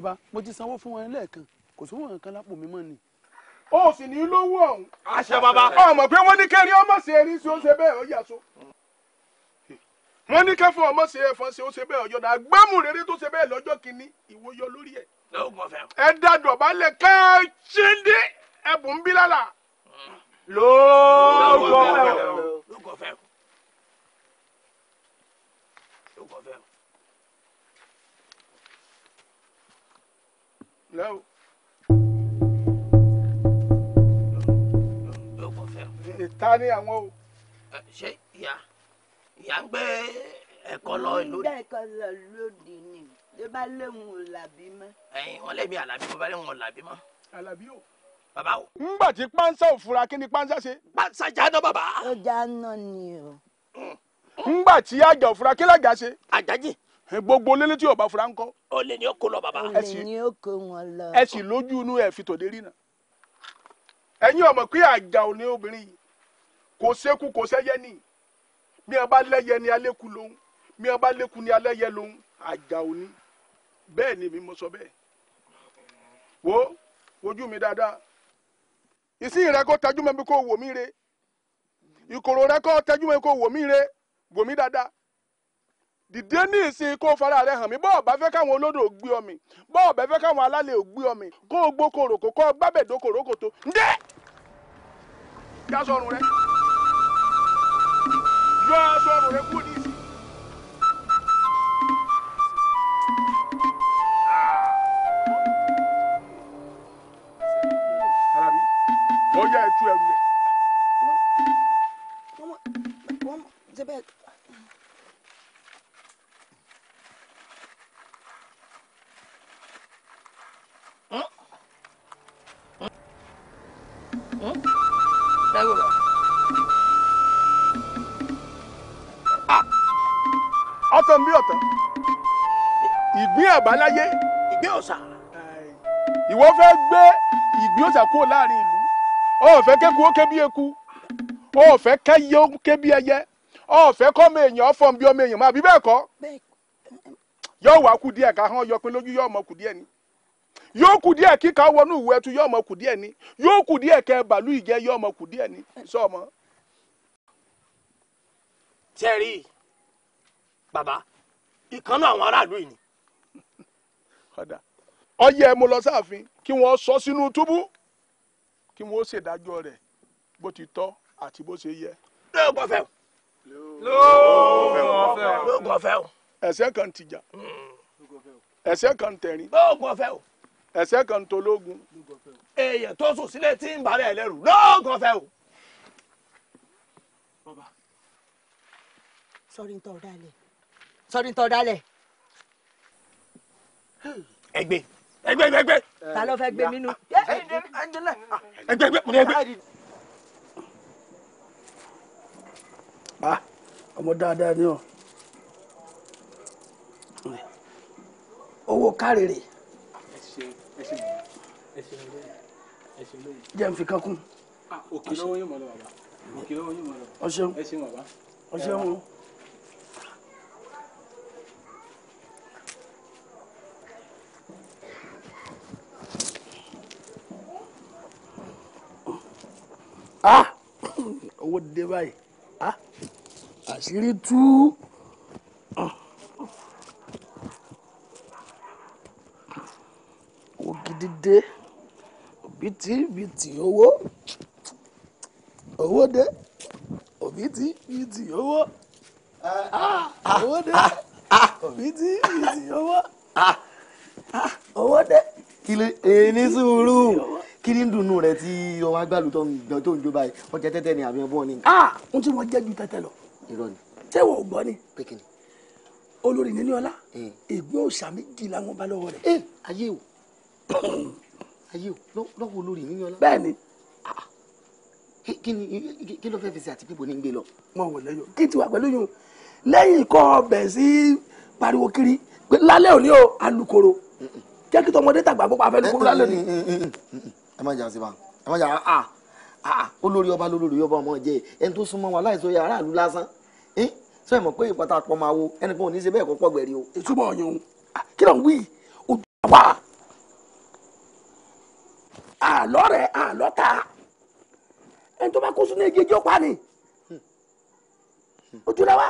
bàbá mo ti sanwó fún wọn lẹ́ẹ̀kan kò sówó nǹkan lápò mi mọ́ ni. o sì ní lówó ọ̀hún. àṣẹ bàbá. ọmọ pé wọ́n ní kẹ́rin ọmọ ṣe eré sí ó ṣe bẹ́ẹ̀ ó so. wọ́n ní kẹ́fọ́ ọmọ ṣe ẹ̀fọn ṣe ó ṣe bẹ́ẹ̀ ọjọ́ náà gbámù rere tó ṣe bẹ́ẹ̀ lọ́jọ́ kìíní ìwọ yọ lórí ẹ̀. ẹ dàdọ̀ balẹ̀ ká ṣíndé ẹ̀bùn bílálà. lóògùn ọ̀fẹ́ Là-haut. ta ni àwọn o. ṣé ìyá ìyá ń gbé ẹ̀kọ́ lọ ìlú. ìgbà ẹ̀kọ́ lọ lóde ni ló bá léwọn ò làbí mọ́. ẹyin wọn lẹbi alábí bó bá léwọn ò làbí mọ́. alábí o. bàbá o. ńgbà tí pánsá ò fura kí ni pánsá ṣe. pánsá jáná bàbá. ó jáná ni o. Mm. ńgbà tí àjà ò fura kí lájà ṣe. àjájì gbogbo lélẹ́ tí ọba fura ń kọ́. olè ni ó kó lọ bàbá. olè ni ó kó wọn lọ. ẹ sì lójú inú ẹ fi tòde rí náà. ẹ̀yin ọmọ pé àjà ò ní obìnrin yìí kò sékú kò sẹ́yẹ ní bí wọn lẹ́yẹ ni alẹ́kù lòun bí wọn bá lẹ́kù alẹ́yẹ lòun àjà ò ní bẹ́ẹ̀ ni mi mo sọ bẹ́ẹ̀ wo ojú mi dáadáa ìsín rẹ kó tẹjú mọ́ mi kó wò mí re ìkòrò rẹ kó tẹjú mi kó wò mí re wò mí dáadáa dìde ní ìsìn kó fara rẹ hàn mí bọ́ọ̀ bá fẹ́ káwọn olódò gbé ọ mi bọ́ọ̀ bá fẹ́ káwọn alálẹ̀ gbé ọ kó o gbó koròkò kó o gbábẹ̀dó koròkòtò ǹdẹ́ yá sọrùn rẹ yọ sọrùn rẹ kú ní ìsìn. ó yá ẹ tú ẹrù rẹ. ọtàn bí ọtàn ìgbín àbáláyé ìgbín òòṣà ìwọ fẹ́ gbé ìgbín òòṣà kúrò láàrin ìlú ó fẹ́ kéku ó ké bí eku ó fẹ́ ó ké bí ẹyẹ ó fẹ́ kọ́mọ èèyàn ọ̀fọ̀n bí ọmọ èèyàn máa bí bẹ́ẹ̀ kọ́ wá kú díẹ̀ ká hàn yọpin lójú kú díẹ̀ ni. yóò kù díẹ̀ kíkà wọnú ìwé ẹtu yóò mọ kù díẹ̀ ni yóò kù díẹ̀ kẹ bàlú ìjẹ yóò mọ kù díẹ̀ ni sọmọ. tẹ́rì bàbá ìkànnà àwọn aráàlú yìí ni. ọyẹ mo lọ sáàfin kí wọ́n sọ sínú túbú kí wọ́n ṣèdájọ́ rẹ̀ bó ti tọ́ àti bó ṣe yẹ. lóògùn ọ̀fẹ́ o lóògùn ọ̀fẹ́ o ẹsẹ̀ kan tìjà ẹsẹ̀ kan tẹ̀rín. lóògùn ọ̀fẹ́ o ẹ̀sẹ̀ kan tó lógun. èèyàn tó sùn sílé tí ń bàrẹ̀ ẹlẹ́rù lóògùn ọ̀fẹ́ o. sọrí ń tọ́ dalẹ̀ sọrí ń tọ́ dalẹ̀. ẹgbẹ́ ẹgbẹ́ ẹgbẹ́. ta ló fẹ́ gbé mi nù. ẹgbẹ́ ẹgbẹ́ mo ní ẹgbẹ́. ọmọ dáadáa ni ọ owó kárìrì jẹ́ n fi kan kún. Ah, òkè lọ́wọ́ yín mọ̀ lọ bàbá òkè lọ́wọ́ yín mọ̀ lọ. ọṣẹun ẹṣin bàbá. ọṣẹun o. Ah! owó dé báyìí ah! àṣírí tú. owó gidi dé òbítíbitì owó owó dé òbítíbitì owó owó dé òbítíbitì owó owó dé. kí ló ní sùúrù kí ni dùnú rẹ tí ọmọ agbálu tó ń gbọ́ tó ń jó báyìí wọ́n jẹ tẹ́tẹ́ ni àbí ọbọ̀ ni. n tí wọ́n jẹ́ ju tẹ́tẹ́ lọ. irọ́ ni. ṣé wọ́n ò gbọ́ ni. pékin. olórí níní ọlá ègbé òòṣà méjì làwọn bá lọ́wọ́ rẹ̀. ayé o ayé o lọ́wọ́ olórí mi yọlá. bẹ́ẹ̀ni. Ah, ah. kí ni kí ló fẹ́ fi ṣe àti pípò ní gbé lọ. mo wò lẹ́yìn kí n ti wà pẹ̀lú yòó lẹ́yìn sí pariwo kiri lálẹ́ òní o alukoro jẹ́ kí tọmọdé tàgbà bó pa fẹ́lú kúrú lálẹ́ eh, òní. Eh, eh, ẹ má jà sí ma ẹ má jà á ah, olórí ọba lólórí ọba ọmọ jẹ ẹni tó súnmọ́ wa láìsọ yà aráàlú lásán sọ ẹ mọ̀ pé ìpàtàkọ́ máa wo ẹnìkan ò ní í ṣe bẹ́ẹ̀ kó gbẹ̀rì o. ìtumọ̀ ọ̀yàn kí ló ń wí ojú àwa àlọ́ rẹ̀ àlọ́ ta ẹni tó bá kó sínú igi ẹjọ́ pa ni ojú rẹ wá.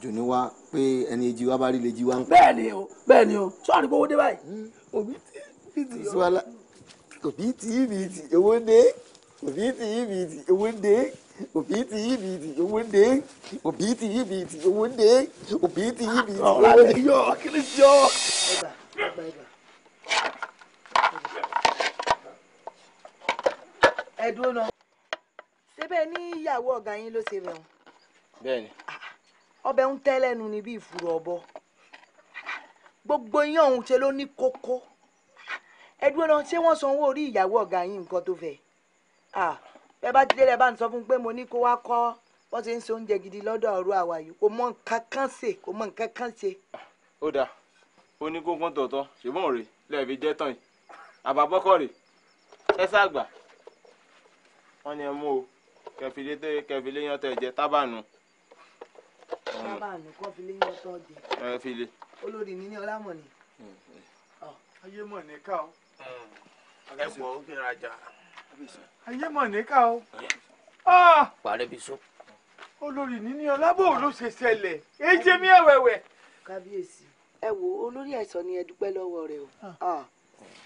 jòní wá pé ẹni èjì wá bá rí lèjì wá ń pa. bẹ́ẹ̀ ni o bẹ́ẹ̀ ni o sọ àdúgbò owó dé báyìí. Hmm. òbí tí ibi tí yọ òbí tí ibi tí owó dé òbí tí ibi tí owó dé òbí tí ibi tí owó dé òbí tí ibi tí owó dé òbí tí ibi ah, tí owó dé. ọ̀la rẹ̀ yọ kí ni jọ. ẹgbà ẹgbà ẹgbà. ẹ dúró náà síbẹ̀ ní ìyàwó ọ̀gá lo ló ṣe bẹ̀rù. bẹ́ẹ̀ni. ọbẹ̀ ń tẹ́ lẹ́nu ni bí ìfúrú ọ̀bọ gbogbo yín ọ̀hún ṣe ló ní kókó ẹ dúró náà ṣé wọ́n sanwó orí ìyàwó ọ̀gá yín nǹkan tó fẹ́ ẹ bá ti dé lẹ bá ń sọ fún un pé mo ní kó wá kọ́ wọ́n ṣe ń ṣe oúnjẹ gidi lọ́dọ̀ ọ̀rọ̀ àwa yìí kò mọ nǹkan kan ṣe kò mọ nǹkan kan ṣe. ó dáa ó ní kókó tọ̀tọ̀ ṣùgbọ́n òrè lẹ́ẹ̀fi jẹ́ tán yìí àbábọ́kọ̀ rè ẹ sáà gbà wọ́n ní ẹ mú o kẹfìlẹ tẹ kẹfìlẹ yan tẹ jẹ tábànù. tábànù kọfìlẹ yan tọ jẹ. kẹfìlẹ. olórí mi ní ọlámọ̀ni. Mm, mm. ayé mọ̀ ní ká o. Mm. ẹ̀pọ̀ ó kí n rajà. ayé mọ̀ ní ká o. Ah! pàrẹ́ bí so. olórí mi ní ọlábò ló ṣe ṣẹlẹ̀ èjè mi ẹ̀wẹ̀wẹ̀. kábíyèsí ẹ wo olórí àìsàn ni ẹ dúpẹ́ lọ́wọ́ rẹ o ah. Ah.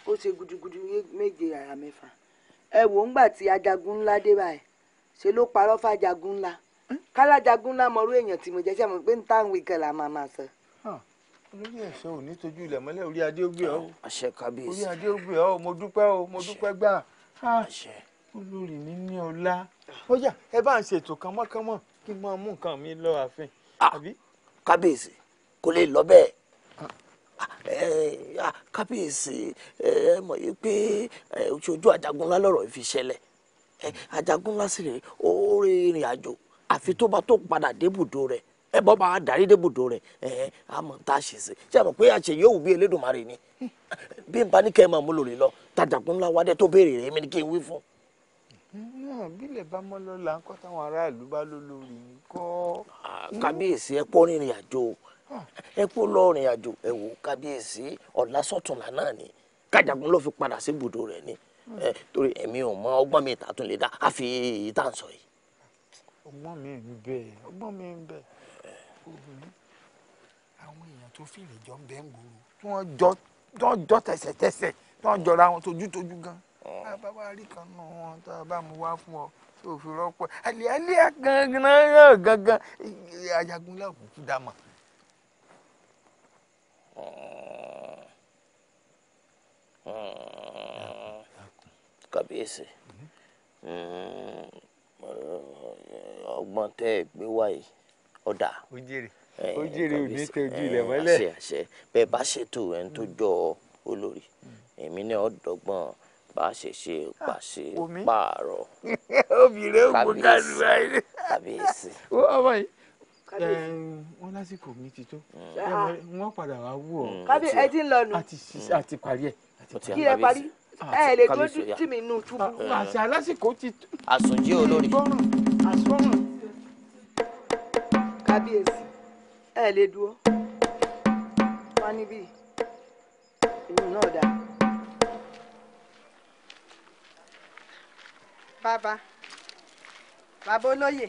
ó ṣe gudugudu méje àyà mẹ́fà ẹ wò ńgbà tí ajagun ńlá dé báyìí ṣe ló parọ́ fàjagun ńlá kálájagun ńlá mọ̀rú èèyàn tí mo jẹ́ sẹ́mu pé ń táwọn ìkẹ́ là máa máa sọ. olórí ẹ̀ṣọ́ ò ní tọ́jú ilẹ̀ mọ́lẹ̀ orí adé ó gbé ọ́ àṣẹ kábíyèsí orí adé ó gbé ọ́ mo dúpẹ́ o mo dúpẹ́ gbà àṣẹ olórí ní ní ọlá ó yá ẹ bá ń ṣètò kánmọ́kánmọ́ kí n máa mú nǹkan mi lọ ààfin. Ah, kábíyèsí kò lè lọ bẹ́ẹ̀ Ah, eh, ah, kábíyèsí eh, ẹ mọ̀ eh, yìí pé ojú Àjàgúnlá lọ́rọ̀ fi ṣẹlẹ̀ Àjàgúnlá sì rè ó rí ìrìn àjò àfi tó bá tó padà débùdó rẹ̀ ẹ bọ́ bá a darí débùdó rẹ̀ ẹ àmọ́ tá a ṣe sí ṣé àmọ́ pé àṣẹ yóò wù bí Elédùmarè ni bí n bá ní kẹ́ ẹ máa mú lòlè lọ tÀjàgúnlá wádẹ́ tó béèrè rẹ̀ mi ni kí n wí fún. Hmm, ah, bílẹ̀ bá mọ́ lọ́la ń kọ́ táwọn aráàlú bá lólórí kọ́. kábíyèsí ẹ pọ́ ẹ kú lọ rìn àjò ẹ wò kábíyèsí ọ̀la sọ̀túnla náà ni kájàgún ló fi padà sí ibùdó rẹ̀ ni hmm. torí èmi ò mọ ọgbọ́n mi ìtàtún lè dá àfi èyí tá à ń sọ yìí. ọgbọ́n mi ń bẹ ọgbọ́n mi ń bẹ àwọn èèyàn tó fìlè jọ ń bẹ ń gbòòrò tí wọ́n jọ tí wọ́n jọ tẹ̀sẹ̀tẹ̀sẹ̀ tí wọ́n jọra wọn tójútójú gan. Hmm. bá bá rí kan nù wọn tá a bá mu wá fún ọ tó fi rọ́pò àlẹ́ àlẹ́ gangan gangan Àjàgúnlẹ̀ òkùnkùn dá mọ̀. Ah. kàbíyèsí hmm. ọgbọ́n tẹ́ ẹ gbé wáyé ọ̀dà ó jèrè òní tẹ ojú ilẹ̀ mọ́lẹ̀ bẹ́ẹ̀ bá ṣètò ẹ̀ ń tó jọ olórí èmi ní ọ̀dọ́gbọ́n bá ṣe ṣe pàṣẹ ah, pààrọ̀ obìnrin kàbíyèsí wọn lásìkò mi ti tó wọn padà wá wú ọ mm. kábí ẹ ti ń lọ nù àti parí ẹ kí ẹ parí ẹ lè tó tì mí nù túbú. Ah, ah, àṣà lásìkò ti tó. àsùnjẹ olórí. kábíyèsí ẹ lè dúró wá níbí ìlú náà dá. bàbá bàbá olóyè.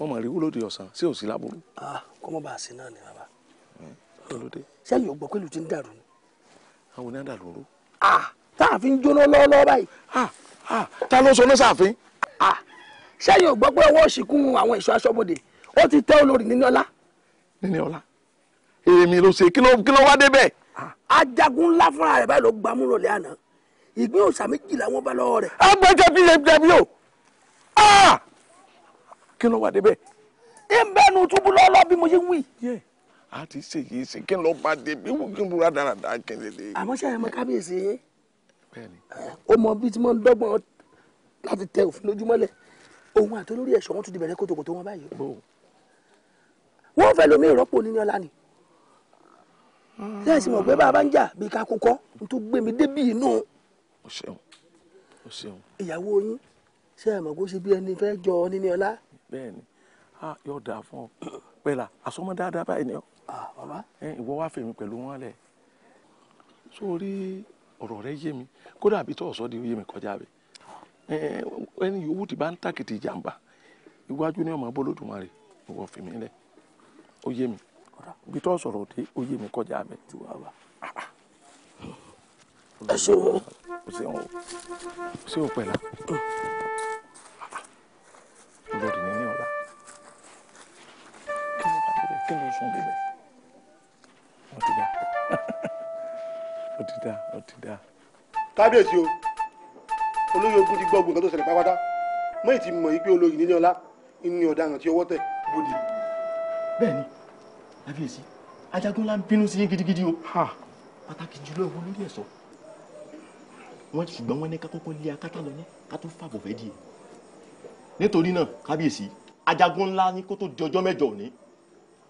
wọ́n mọ̀ rí wúlòdì ọ̀sán sí òsì láburú. Ah, kọ́ mọ́ bá a ṣe náà ni bàbá. olóde. Hmm, hmm. sẹ́yìn ọgbọ́n pẹ̀lú ti ń dàrú ni. àwọn oníyàn dàrú rú. Ah, táàfin jóná lọ́ọ́lọ́ọ́ báyìí. Ah, ta ló sọ ní sàfin. sẹ́yìn ọgbọ́n pé ọwọ́ òṣìkún àwọn ìṣọ́ aṣọ́bodè ó ti tẹ́ olórí níní ọlá. níní ọlá èmi ló ṣe kí ló wá débẹ̀. ajagun ńlá fúnra rẹ̀ báyìí ló gbàmú rọ̀lẹ́ àná ìgbín òòṣà méjìlá wọn bá lọ́wọ́ rẹ̀. agbẹ́jọ́ bíi ẹgbẹ́ bíi o kí ló wà débẹ̀ ń bẹ́ẹ̀ nu túbú lọ́lọ́ bí mo ṣe ń wí. a ti ṣe yìí ṣe kí n lọ bá débi wù kí n búra dáradára kí n lè dé. àmọ́ ṣe àyàmọ́ kábíyèsí ó mọ bí tí mo ń dọ́gbọ́n láti tẹ òfin lójúmọ́lẹ̀ òun àti olórí ẹ̀ṣọ́ wọn tún ti bẹ̀rẹ̀ kótókótó wọn báyìí. wọ́n fẹ́ lomi ìrọ́pò níní ọlá ni ṣé mọ̀ pé bàbá ń jà bí ká kókọ́ n tún gbé mi débì inú. ìyàwó yín ṣe àmọ̀ kó ṣe bí ẹni fẹ́ jọ níní ọlá bẹ́ẹ̀ni ah yóò dáa fún ọ pẹ̀lá àsọmọ dáadáa báyìí ni ọ ìwọ wá fèmí pẹ̀lú wọn lẹ sórí ọ̀rọ̀ rẹ yé mi kódà àbí tó ọsọ di yé mi kọjá bẹ ẹni yòówù tí bá ń tàkìtì ìjàmbá iwájú ni ọmọ Olódùmarè ìwọ fèmí lẹ ó yé mi ibi tó sọ̀rọ̀ dé ó yé mi kọjá bẹ tí wàá wà. ẹ ṣe wọn. o ṣe o pẹ̀lá. kí ló sùn bíbẹ̀ ó ti dá ó ti dá ó ti dá. kábíyèsí o olóyè ogun ti gbọ́ ogun kan tó ṣẹlẹ̀ pátápátá mọ́ ìtì mọ̀ yìí pé olóyè nílé ọlá ní ọ̀daràn tí ọwọ́ tẹ̀ bóde. bẹ́ẹ̀ni kábíyèsí Ajagunla ń bínú sí yín gidigidi o pàtàkì jùlọ ìwọ lórí ẹ̀sọ́ wọ́n ṣùgbọ́n wọ́n ní ká kọ́kọ́ lé akátá lọ ní ká tó fàbọ̀fẹ́ díẹ̀ nítorí náà kábíyèsí Ajagunla ní kó tó di ọjọ́ mẹ́jọ òní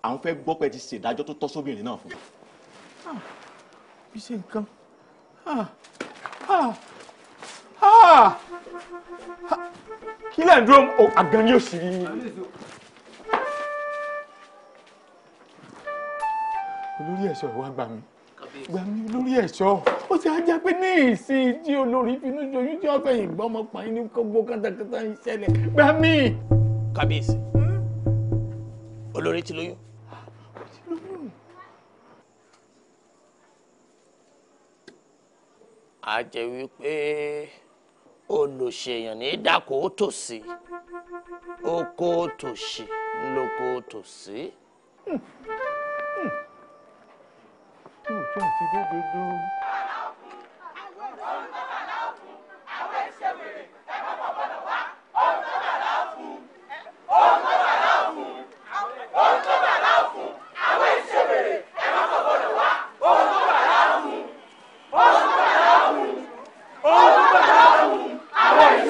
àwọn fẹ́ gbọ́ pé ti ṣèdájọ́ tó tọ́ sóbìnrin náà fún. Ah, bí ṣe nǹkan ah, ah, kí lẹ́yìn dúró àgàn ni òsì rí ni. olórí ẹ̀ṣọ́ ìwà gbà mí gbà mí olórí ẹ̀ṣọ́ ó ti ajá pé ní ìsìn tí olórí finú ṣojú tí wọ́n fẹ̀yìn gbọ́ ọmọ pààyàn ní gbogbo kátàkátà ń gbà mí. kábíyèsí hmm? olórí ti lóyún. a jẹ́ wípé olùṣèyàn ní dàkó tòsí oko tòṣì ńlọkọ tòsí. tí ò tí ò ti dé gbogbo.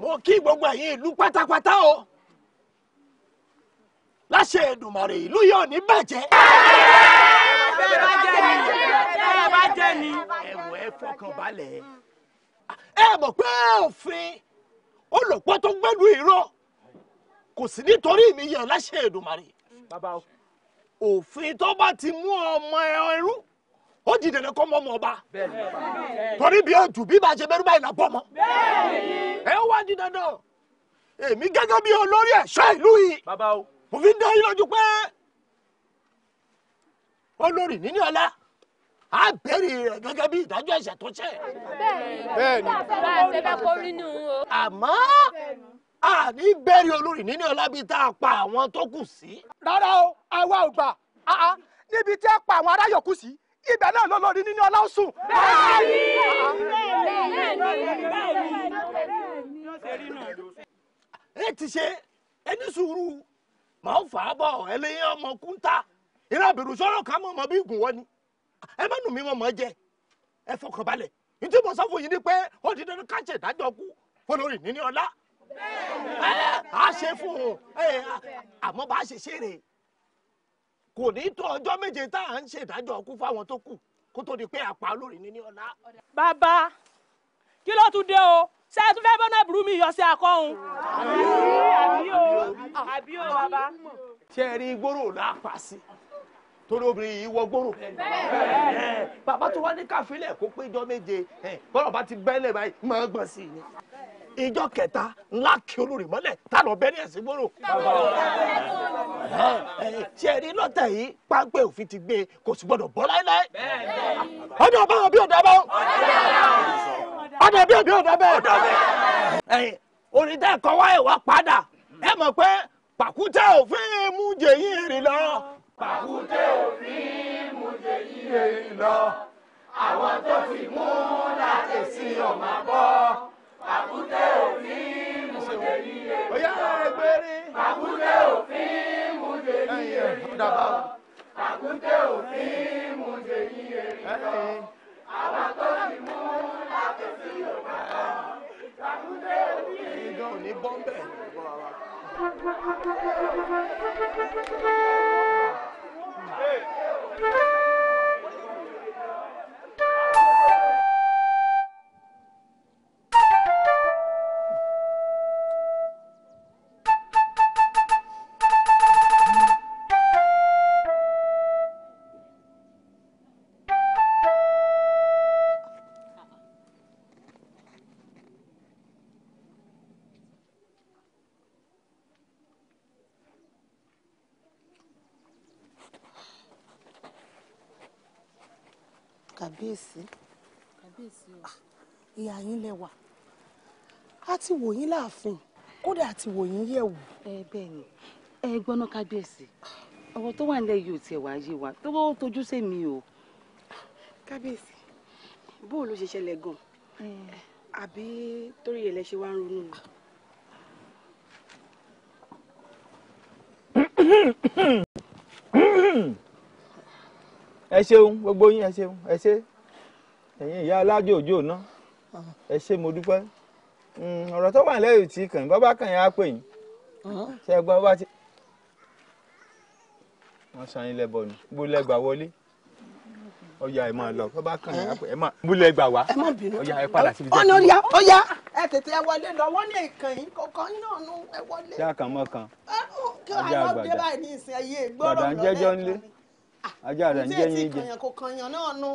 mo kí gbogbo ẹ̀yin ìlú pátápátá o láṣẹ Èdùmàrè ìlú yóò ní bàjẹ́. bẹ́ẹ̀ bá jẹ́ ni bẹ́ẹ̀ bá jẹ́ ni. ẹ̀wọ̀ ẹ fọkàn balẹ̀ ẹ mọ̀ pé òfin olùpọ̀ tó gbẹ́lu ìró kò sí nítorí mi yàn láṣẹ Èdùmàrè òfin tó bá ti mú ọmọ ẹran irú ó di dandan kọ́ mọ́ ọmọ ọba torí bí òjò bí ba bẹ́rù báyìí là bọ́ ọmọ ẹ wá di dandan èmi E bí olórí ẹ̀ṣọ́ ìlú yìí mo fi dá yín lójú pé olórí níní ọlá a bẹ̀rẹ̀ rẹ̀ gẹ́gẹ́ bí ìdájọ́ ẹ̀ṣẹ̀ tó ṣẹ̀. bẹ́ẹ̀ni bá a ṣe bá kó rí nù o. àmọ́ a ní bẹ̀rẹ̀ olórí níní ọlá bíi tá pa àwọn tó kù sí. rárá o àwa ò gbà níbi tí a pa àwọn ará yòókù sí ìgbà náà ló lórí nínú ọlọ́sùn. bẹ́ẹ̀ni bẹ́ẹ̀ni bẹ́ẹ̀ni. ẹ ti ṣe ẹni sùúrù màá fà á bọ̀ ẹlẹ́yìn ọmọ kúńtà ìrìn àbẹ̀rù sọ̀rọ̀ ká mọ̀ ọmọ bí ìgùn wọ́n ni ẹ má nù mí mọ̀ mọ́ jẹ ẹ fọkàn balẹ̀ ntí mo sọ fún yín ni pé ó di dandan ká ṣe ìdájọ́ kú olórí nínú ọlá. ẹ á ṣe fún un àmọ́ bá a ṣe ṣeré kò ní tó ọjọ́ méje tá à ń ṣèdájọ́ ọkú fáwọn tó kù kó tó di pé àpá lórí ní ọ̀la. bàbá kí ló tún dé o ṣé ẹ tún fẹ́ bọ́nà burú mi yọ sí akọ́hún. àbí o àbí o bàbá. ṣé ẹ rí gbòòrò lápá sí torí obìnrin yìí wọ gbòòrò. bàbá tó wá ní káfílẹ̀ kó péjọ méje bọ́lá bá ti bẹ́lẹ̀ báyìí máa gbọ̀n sí i ni. ìjọ kẹta ńlá kí olórí mọ́lẹ̀ tálọ̀ bẹ́ẹ̀ ní ẹ̀sìn gbòòrò. ṣe rí lọ́tẹ̀ yìí páńpẹ́ òfin ti gbé kò sì gbọ́dọ̀ bọ́ láéláé. ọba ọbí ọbí bẹ́ẹ̀. orin tẹ́ ẹ̀kọ́ padà ẹ mọ̀ pé òfin mú lọ. òfin mú lọ. àwọn tó fi mú láti sí dàbà. àkúté òfin mú jèyí èrìkọ àwa tó ti mú láti sí yorùbá kan àkúté òfin. ìdán ò ní bọ́m̀bẹ̀ ìbọn àwa. Hey! kábíyèsí kábíyèsí o ah, ìyá yín lẹ́wà a ti wò yín láàfin kódà a ti wò yín yẹ̀wò. ẹ bẹ́ẹ̀ ni ẹ gbọ́ná kábíyèsí ọ̀rọ̀ tó wà nílẹ̀ yìí ò tiẹ̀ wá yé wa tó bá tójú sí mi o. kábíyèsí bó ló ṣe ṣẹlẹ̀ gan-an àbí torí ẹ̀ lẹ ṣe wá ń ronú ni. ẹ ṣeun gbogbo yín ẹ ṣeun ẹ ṣe ẹ̀yin ìyá alájò òjò náà ẹ ṣe mo dúpẹ́ hmm, ọ̀rọ̀ tó wà lẹ́yìn tí kàn bá bá kàn yín á pè yín ṣe é gbọ́ bá ti. wọ́n san yín lẹ́bọ̀ ni bólẹ̀ gbà wọlé ọ̀yà ẹ̀ máa lọ bá bá kàn yín á pè ẹ̀ máa bólẹ̀ gbà wá ọ̀yà ẹ̀ padà síbi jẹ́ ọ̀yà ọ̀yà ẹ tètè ẹ wọlé lọ wọ́n ní ìkàn yín kọ̀ọ̀kan náà nú ẹ wọlé. ṣé àkànmọ́ kan ọjà àgbàdà gbàdà ń jẹ́jọ́ nílé ajá rẹ̀ ń jẹ́ yín jẹ. kò tí ì kànyàn kò kànyàn náà nu.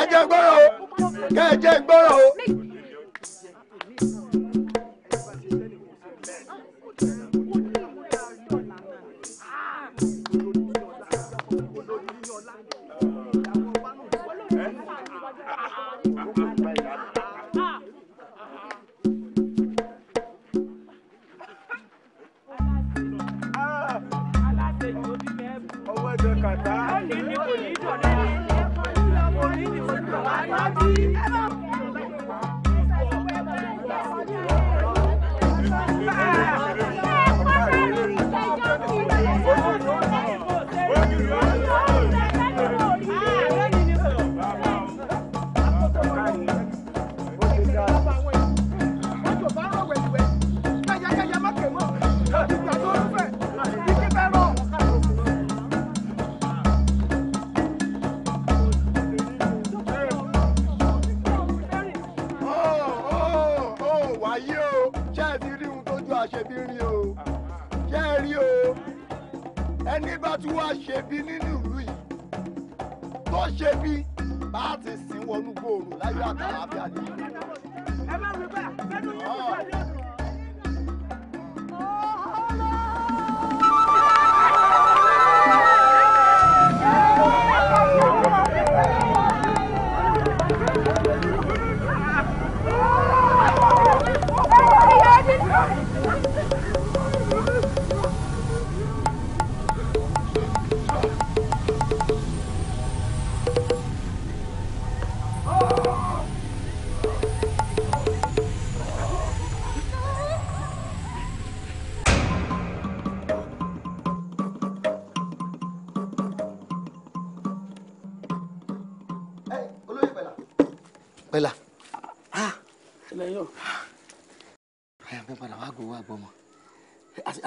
ẹ jẹ́ gbọ́rọ̀ o kẹ́ ẹ jẹ́ gbọ́rọ̀ o. ṣe bí rí o ṣé ẹ rí o ẹni bá tún wá ṣe bí nínú ìlú yìí tó ṣe bí bá a ti sìn wọnú gbòòrò láyé àtàlàfíà nìyí.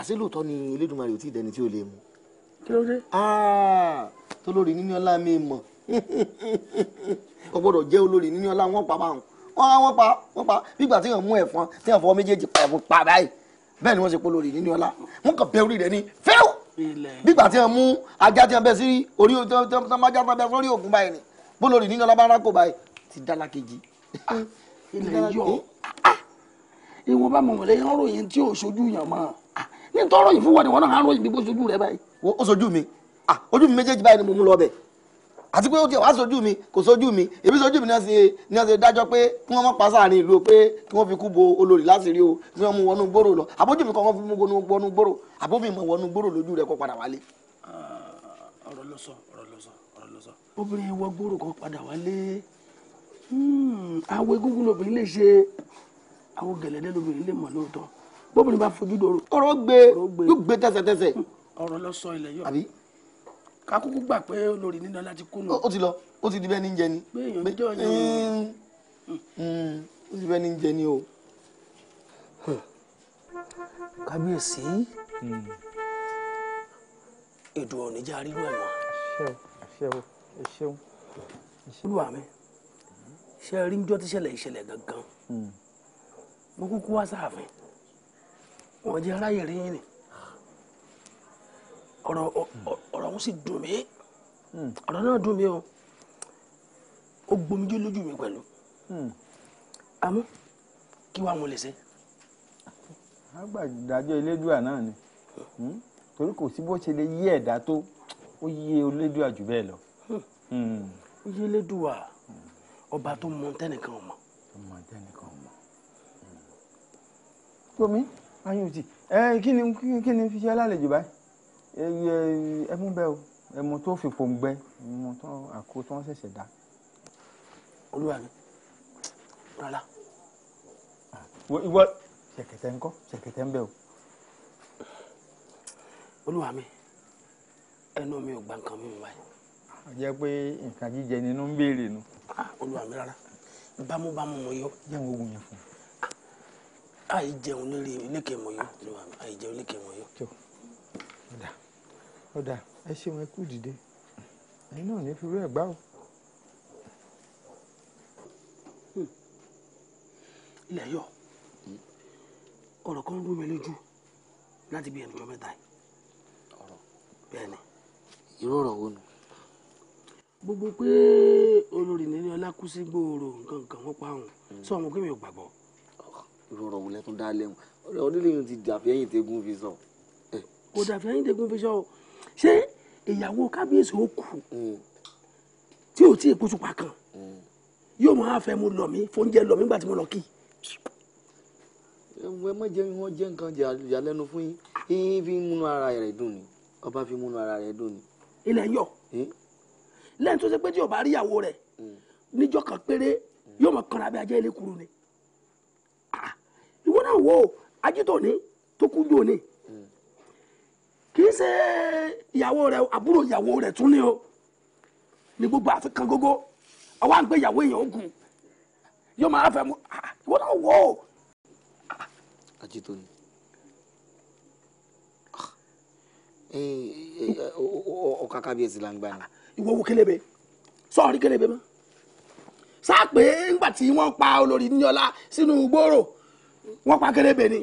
àṣé lóòótọ́ ni Elédùmarè ò tí ì dẹni tí ó lè mu. kí ló dé. Ah, tó lórí níní ọlá mi mọ̀ kò gbọ́dọ̀ jẹ́ olórí níní ọlá wọn pa báwọn wọn pa wọn pa nígbà tí wọn mú ẹ̀fọn tí wọn fọwọ́ méjèèjì pa ẹ̀fọn pa báyìí bẹ́ẹ̀ ni wọ́n ṣe pé olórí níní ọlá wọn kàn bẹ orí rẹ̀ ní fẹ́ẹ́ nígbà tí wọn mú ajá tí wọn bẹ sí orí ajá tí wọn bá rákò báyìí ti ah, ah, bá mọ̀ wọlé yẹn tí ò ṣojú yàn mọ́ ní tọrọ yìí fún wọn ni wọn náà ròyìn bí bó sojú rẹ báyìí. ó sojú mi ah ojú mi méjèèjì báyìí ni mo mú lọ bẹ̀ àti pé ó ti wá sojú mi kò sojú mi èmi sojú mi ni wọ́n ṣe dájọ́ pé kí wọ́n má pa sáàrin ìlú pé kí wọ́n fi kú bo olórí láti rí o kí wọ́n mú wọnú gbòòrò lọ àbójú mi kọ́ wọ́n fi mú wọnú gbòòrò àbómi mọ̀ wọnú gbòòrò lójú rẹ̀ kó padà wálé. Ah, ọ̀rọ̀ ló sọ ọ̀rọ̀ ló sọ ọ̀rọ̀ ló sọ. obìnrin wọ gbòòrò kan padà wálé hmm, àwọn egúngún lobìnrin lè ṣe àwọn gẹ̀lẹ́dẹ́ lobìnrin lè mọ̀ lóòótọ́ bóbìnrin bá fojú dòrò ọ̀rọ̀ gbé yóò gbé tẹsẹtẹsẹ. ọ̀rọ̀ lọ sọ ilẹ̀ yọ kakuku gbà pé olórí nínú láti kùnà. ó ti lọ ó ti di bẹ́ẹ̀ ní jẹ ni. gbẹ̀yàn jọ yẹn. ó ti bẹ́ẹ̀ ní jẹ ni o. kábíyèsí hmm. èdò ọ̀nìjà rírú ẹ̀ mọ́. olúwa mi ṣe rí njọ́ tíṣẹ̀lẹ̀ ìṣẹ̀lẹ̀ gangan hmm. mo kúkú wá sáàfin wọ́n jẹ́ aráyè rí yín ni ọ̀rọ̀ ọ̀rọ̀ ọ̀hún sì dùn mí hmm. ọ̀rọ̀ náà dùn mí o ó gbomijó lójú mi pẹ̀lú hmm. àmọ́ kí wàá mo lè ṣe. agbàdájọ́ elédùà náà ni hmm. torí kò sí bó ṣe lè yí ẹ̀dá tó ó yé elédùà jù bẹ́ẹ̀ lọ. ó yé elédùà ọba tó mọ tẹnìkan ọmọ. tó mọ tẹnìkan ọmọ. tómi ayé òtí ẹ kí ni kí ni fi ṣe lálejò báyìí ẹ mú bẹ́ẹ̀ o ẹmu tó fi pòǹgbẹ ẹmu tó àkó tó wọ́n ṣẹ̀ṣẹ̀ dá. olúwa mi rárá. ìwọ ṣẹ̀kẹ̀tẹ̀ ńkọ́ ṣẹ̀kẹ̀tẹ̀ ń bẹ o. olúwa mi ẹnu mi ò gba nǹkan mímu báyìí. a jẹ́ pé nǹkan jíjẹ nínú ń béèrè nu. Ah, olúwa mi rárá bámúbámú mo yọ. jẹ́ àwọn oògùn yẹn fún un àìjẹun lórí ilékè mọ̀yó àìjẹun ilékè mọ̀yó. ọ̀dà ọ̀dà ẹ ṣeun ẹ kú dìde ẹ̀yin náà ní fi rú ẹ̀ gbá o. Hmm. ilẹ̀ yọ ọ̀rọ̀ kan rú mi lójú láti bí ẹnìjọ́ mẹ́ta yìí bẹ́ẹ̀ ni. ìrọ̀rọ̀ wo ni. gbogbo pé olórí nílé ọlá kú sí gbòòrò nǹkan nǹkan wọ́n pa àwọn hmm. sọ àwọn pé mi ò gbàgbọ́ irú ọ̀rọ̀ wo lẹ tún dá lẹ́hùn ọ̀rẹ́ onílé yìí ti dàbí ẹ̀yìn fi sọ. kò dàbí ẹ̀yìn fi sọ o ṣé ìyàwó kábíyèsí ó kù tí ò tí ì kú tupa kan yóò máa fẹ́ mu lọ mí fóúnjẹ lọ mí gbà tí mo lọ kí. ẹ má jẹ́ wọn jẹ́ nǹkan jàlẹ́nu fún yín yín fi múnú ara rẹ̀ dùn ni ọba fi múnú ara rẹ̀ dùn ni. ilẹ̀ yọ lẹ́yìn tó ṣe pé tí ọba rí ìyàwó rẹ̀ mm. níjọ́ kan péré yóò máa kanra bí ajá ilé kuru ni ìwọ náà wò ó ajítòní tó kú jò ní kì í ṣe ìyàwó rẹ àbúrò ìyàwó rẹ tún ní o ní gbogbo àfikàn gógó ọwọ́ àgbẹ̀ ìyàwó èèyàn ogun yóò máa fẹ́ mu ah, ìwọ náà wò ó. ajítòní ọkà kábíyèsí la ń gbà ìwọ wo kélébé sọọrí kélébé mọ sáà pé ńgbà tí wọ́n pa olórí níyọlá sínú gbòòrò wọ́n pa kérébè ni.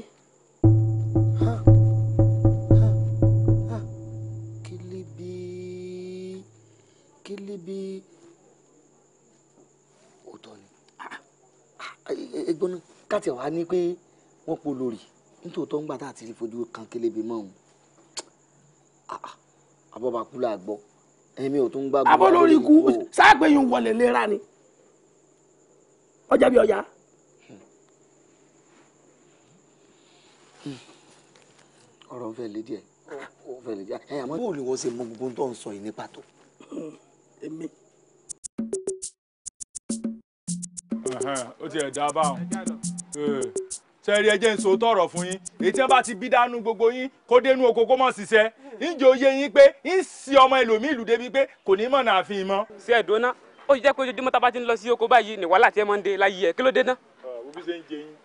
kílíbi kílíbi òótọ́ ni egbon náà káàtì wá ní pé wọ́n po lórí nítòótọ́ ń gbà tá àti fojú kan kélébé mọ́ òun abọ́bakú là gbọ́ èmi ò tún gbàgbọ́. abọ́ lórí ikú sáà pé yín wọlé léra ni ọjà bí ọjà. ọ̀rọ̀ ń fẹ́ lé díẹ̀ ó fẹ́ lé díẹ̀ ẹ àmọ́ bó ni wọ́n ṣe mọ gbogbo tó ń sọ yìí ní pàtó. èmi. ó ti ẹ̀ dá báwọn sẹ́rí ẹ jẹ́ ń sòótọ́ ọ̀rọ̀ fún yín èyí tí wọ́n bá ti bí dánú gbogbo yín kó dénú oko kó mọ̀ ṣiṣẹ́ ǹjẹ́ ó yé yín pé ń si ọmọ ẹlòmíì ìlú débi pé kò ní mọ̀ náà fi mọ́. ṣé ẹ̀dùn náà ó jẹ́ pé ojoojúmọ́ tá a bá ti ń lọ sí oko báyìí ní wàhálà tí ẹ máa ń de láyé ẹ kí ló dé náà.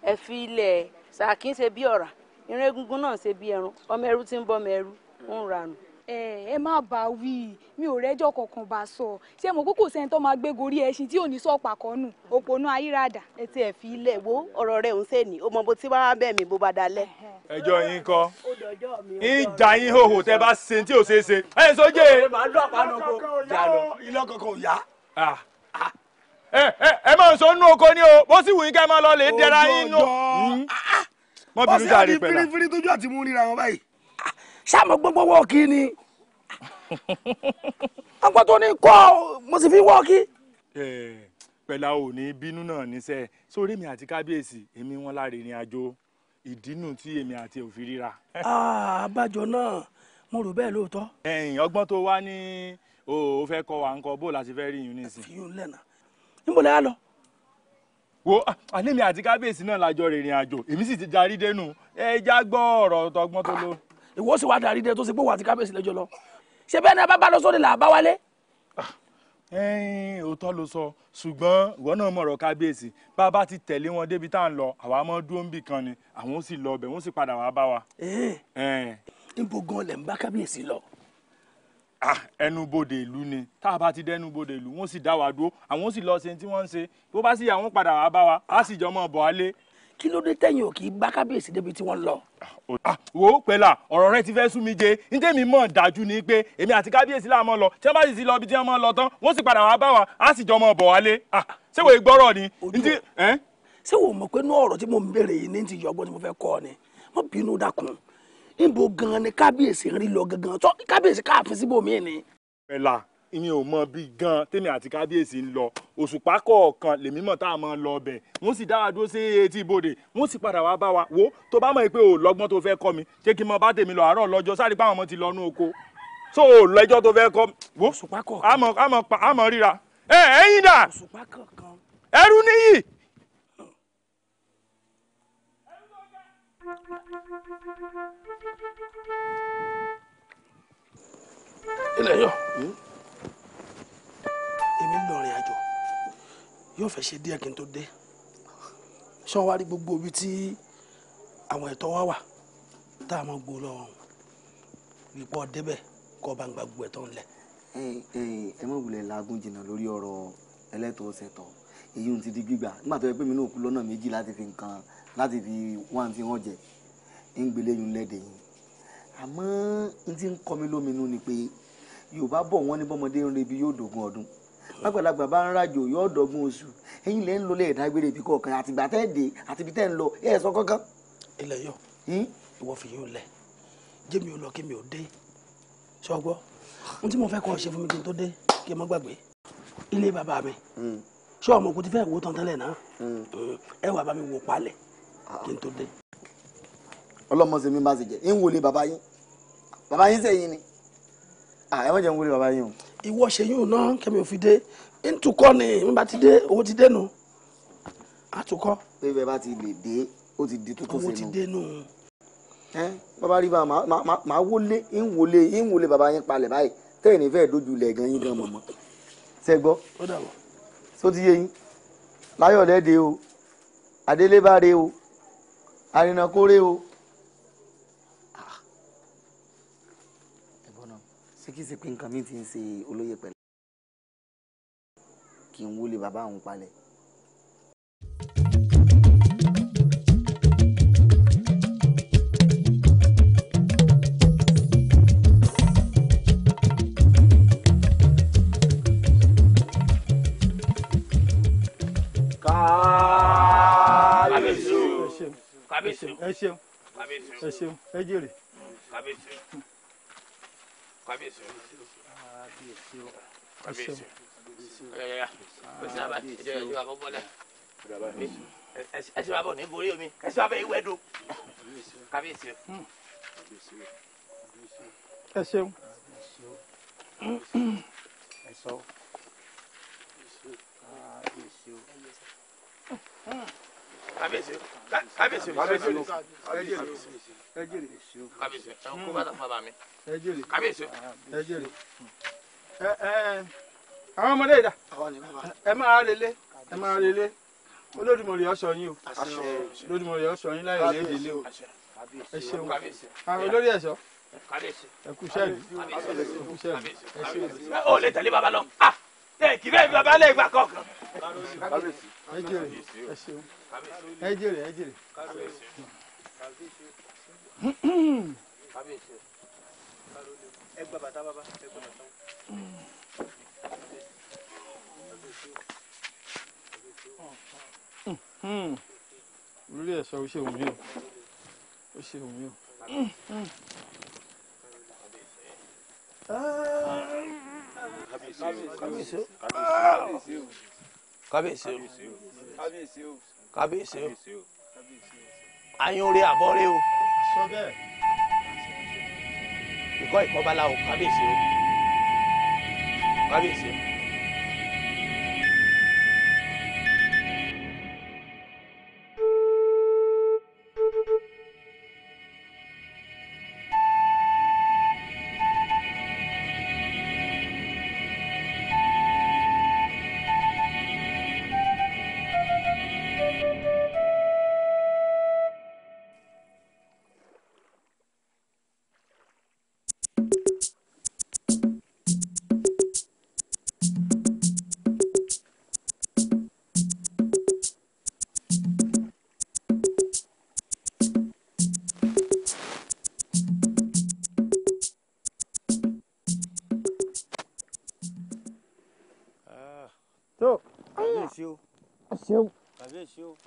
ẹ fi ilẹ̀ ṣàkínṣe bí ọ̀rà ìran egungun náà ṣe bí ẹran ọmọ ẹrú tí ń bọ́ ọmọ ẹrú ń ranù. ẹ ẹ má bá a wí mi ò rẹ́jọ́ kankan bá a sọ ṣé mo kúkú sẹ́ni tó máa gbé gorí ẹṣin tí ò ní sọ pàkọ́nù òpònú ayírádà. ẹ ti ẹ̀ fi ilẹ̀ wo ọ̀rọ̀ rẹ̀ ń sè ní o mọ bó ti wá bẹ́ẹ̀ mi bó bá dalẹ̀. ẹjọ́ yín kọ́ ń jà yín hòhò tẹ́ bá ṣe tí ò ṣeé ṣe. ẹ sọ́jẹ́ ìlọ́kọ̀ọ̀kan ò yá ẹ máa ń sọ nínú oko ni o bó sì wù yín ká máa lọ lè dẹra yín nù mọ bínú jáde pẹ̀lá. bọ́sẹ̀ àti firifiri tójú àti mú ríra wọn báyìí. sáàmù ah, gbogbo wọ́ọ̀kì ni ọgbọ́n tó ní kọ́ mo sì fi wọ́ọ̀kì. pẹ̀lá ò ní bínú náà níṣẹ́ sórí mi àti kábíyèsí èmi wọn lára ìrìn àjò ìdínú tí èmi àti òfin ríra. Ah, àbájọ náà mo rò bẹ́ẹ̀ lóòótọ́. ẹ̀yìn ọgbọ́n tó wá ní o ò fẹ́ kọ wa ń kọ bó la ti fẹ́ rí yín nísìnyí. fi yún lẹ́nà níbo la yà lọ wo àlémi àti kábíyèsí náà lájọ rìnrìn àjò èmi sì ti darí dénú ẹ já gbọ́ ọ̀rọ̀ tọgbọ́n tó ló. Ah, ìwọ sì wá darí dé tó ṣe pé wà àti kábíyèsí lẹ́jọ́ lọ ṣé bẹ́ẹ̀ ni a bá bá lọ sóde là á bá wálé. Ah, ẹyin òótọ́ ló sọ ṣùgbọ́n ìwọ náà mọ̀rọ̀ kábíyèsí bá a bá ti tẹ̀lé wọn débi tá à ń lọ àwa mọ́ dúró ń bì kan ni àwọn ó sì lọ ọbẹ̀ wọ́n sì padà wá bá wa. ẹ ẹ ń bo gan lẹ̀ ń bá kábíyèsí lọ ẹnubodè ìlú ni tá a bá ti dẹnubodè ìlú wọn sì dá wa dúró àwọn sì lọ ṣe tí wọn ń ṣe tó bá sì yà wọn padà wá bá wa á sì jọ mọ bọ á lé. kí ló dé tẹ̀yìn ò kì í bá kábíyèsí débi tí wọ́n lọ. wo pẹ̀lá ọ̀rọ̀ rẹ ti fẹ́ sú mi jẹ ní tèmi mọ̀ dájú ni pé èmi àti kábíyèsí là mọ̀ lọ tí wọ́n bá sì ti lọ ibi tí wọ́n mọ̀ lọ tán wọ́n sì padà wá bá wa á sì jọ mọ wá lé. ṣé wo ìgbọ́rọ̀ ni. ṣé wo mọ̀ pé inú ọ̀rọ̀ tí mo ń béèrè yìí ní ti yọgbọ́n tí mo fẹ́ kọ́ ni níbo gan ni kábíyèsí rí lọ gangan tó kábíyèsí káàfin síbòmíì ni. ẹ̀la ìyẹn ò mọ bí gan tèmi àti kábíyèsí ń lọ òṣùpá kọ̀ọ̀kan lèmi mọ̀ tá a mọ̀ lọ ọbẹ̀ wọ́n sì dára dúró sí etí ibodè wọ́n sì padà wá bá wa wo tó bá mọ̀ pé ò lọ́gbọ́n tó fẹ́ kọ́ mi ṣé kí n mọ bá tèmi lọ àárọ̀ lọ́jọ́ sáré pé àwọn ọmọ ti lọ inú oko so ò lẹ́jọ́ tó fẹ́ kọ́ wo àmọ̀ àmọ̀ àmọ̀ ríra ẹ̀ ẹ̀yin dà ẹ̀rú níyì ilẹ̀ yọ èmi ń lọ rìn àjò yóò fẹ́ ṣe díẹ̀ kí n tó dé ṣé wọ́n wá rí gbogbo ibi tí àwọn ẹ̀tọ́ wa wà tá a máa gbó lọ́wọ́ ìpọ́ débẹ̀ kọ́ bá ń gba gbogbo ẹ̀tọ́ ńlẹ̀. ẹ má wulẹ̀ laagun jìnnà lórí ọ̀rọ̀ ẹlẹ́tọ̀ọ́ ṣẹ̀tọ̀ èyí ń ti di gbígbà nígbà tó yẹ pé mi náà kú lọ́nà méjì láti fi nǹkan láti fi wá àǹtí wọn jẹ ń gbélé yun lẹ́dẹ̀ yìí àmọ́ n ti ń kọ́ mi lóminú ni pé yorùbá bọ̀ wọ́n ní bọ́mọdé ń rebi yóò dógún ọdún lágbàlagbà bá ń rajò yóò dọ́gbọ́n oṣù ẹ̀yin lẹ́ ń lọ lẹ́ẹ̀dá gbére ibi kọ̀ọ̀kan àtìgbà tẹ́ dé àtìbí tẹ́ ń lọ ẹ̀ sọ kankan. ilẹ̀ yọ ìwọ fi yóò lẹ̀ jẹ́mi ò lọ kí mi ò dé sọgbọ́ ohun tí mo fẹ́ kọ́ ọ ṣe fún mi kí n tó dé kí n má gbàgbé ilé bàbá mi sọ ọmọ kò ti fẹ́ wo tán tẹ́lẹ̀ náà hmm. ẹ wà bá mi wò palẹ̀ kí n tó dé ọlọ́mọsẹ̀ mi máa ṣe jẹ́ ń wọlé bàbá yín bàbá yín sẹ́yìn ni ẹ wọ́n jẹ́ ń wọlé bàbá yín o. ìwọ ṣe yín ò ná kẹmi òfin dé ntukọ ni n bá ti dé owó ti dé nu àtukọ. pé bẹ́ẹ̀ bá ti lè dé ó ti di tuntun sínú. owó ti dé nu. ẹ bàbá rí bá máa wọlé ń wọlé bàbá yín palẹ̀ báyìí tẹ́yìn ní dojú ilẹ̀ gan yín gan mọ̀mọ́ sẹ́gbọ́ só ti yé yín láyọ̀lẹ́dẹ o adélébáre o arinakóre o kì í ṣe pé nǹkan mi ti ń ṣe olóyè pẹ̀lú kí n wọlé bàbá òun palẹ̀. kábíyèsí ẹ ṣeun ẹ ṣeun ẹ jèrè. kábíyèsí kábíyèsí o kábíyèsí o kábíyèsí o yàyà pèsè àbá ẹjọ yàjú àbọ bọlẹ ẹsẹ àbọ ní borí omi ẹsẹ kábíyèsí kábíyèsí kábíyèsí kábíyèsí kó bàtà fún bàbá mi kábíyèsí. àwọn ọmọdé yìí dà ẹ máa relé ẹ máa relé olódùmọ̀rì ọ̀sọ̀ yín o olódùmọ̀rì ọ̀sọ̀ yín láyé lè délé o ẹ ṣeun olórí ẹ̀ṣọ́ ẹ kú sẹ́yìn ẹ kú sẹ́yìn ẹ ṣeun. ó lè tẹ̀lé bàbá lọ tẹ kí bẹ́ẹ̀ bàbá lẹ gbà kọkàn. ẹ jèrè ẹ ṣeun ẹ jèrè ẹ jèrè. ẹ gba bàtà bàbá ẹ gba bàtà. orí ẹ̀ sọ ó ṣe òun yìí ó ṣe òun yìí kábíyèsí o kábíyèsí o kábíyèsí o ayúnre àbọ̀rẹ́ o ìkọ́ ìkọ́ bá la o kábíyèsí o kábíyèsí o.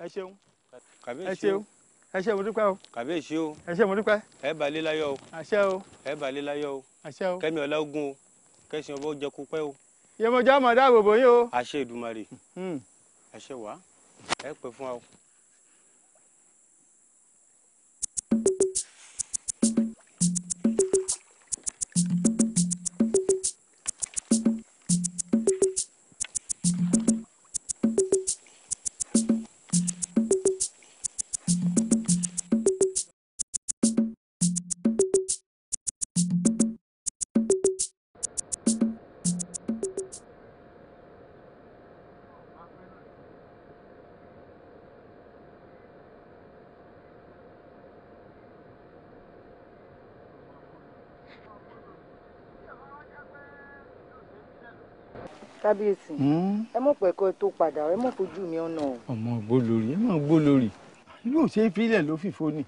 ẹ ṣeun ẹ ṣeun ẹ ṣe mo dúpẹ́ o. kàbíyèsí o. ẹ ṣe mo dúpẹ́. ẹ bá lé láyọ̀ o. àṣẹ o. ẹ bá lé láyọ̀ o. àṣẹ o. kẹ́mi ọlá ogun o kẹ́sìn ọbọ̀ jẹ kú pẹ́ o. yemọjá mọ̀ dáàbò bò yín o. àṣẹ Èdùmàrè. àṣẹ hmm. wàá ẹ pẹ́ fún wa o. kábíyèsí hmm? ẹ mọ̀ pé kó tó padà ẹ mọ̀ fojú mi ọ̀nà o. ọmọ gbó lórí ẹ mọ̀ gbó lórí yóò ṣe fílẹ̀ ló fìfo ni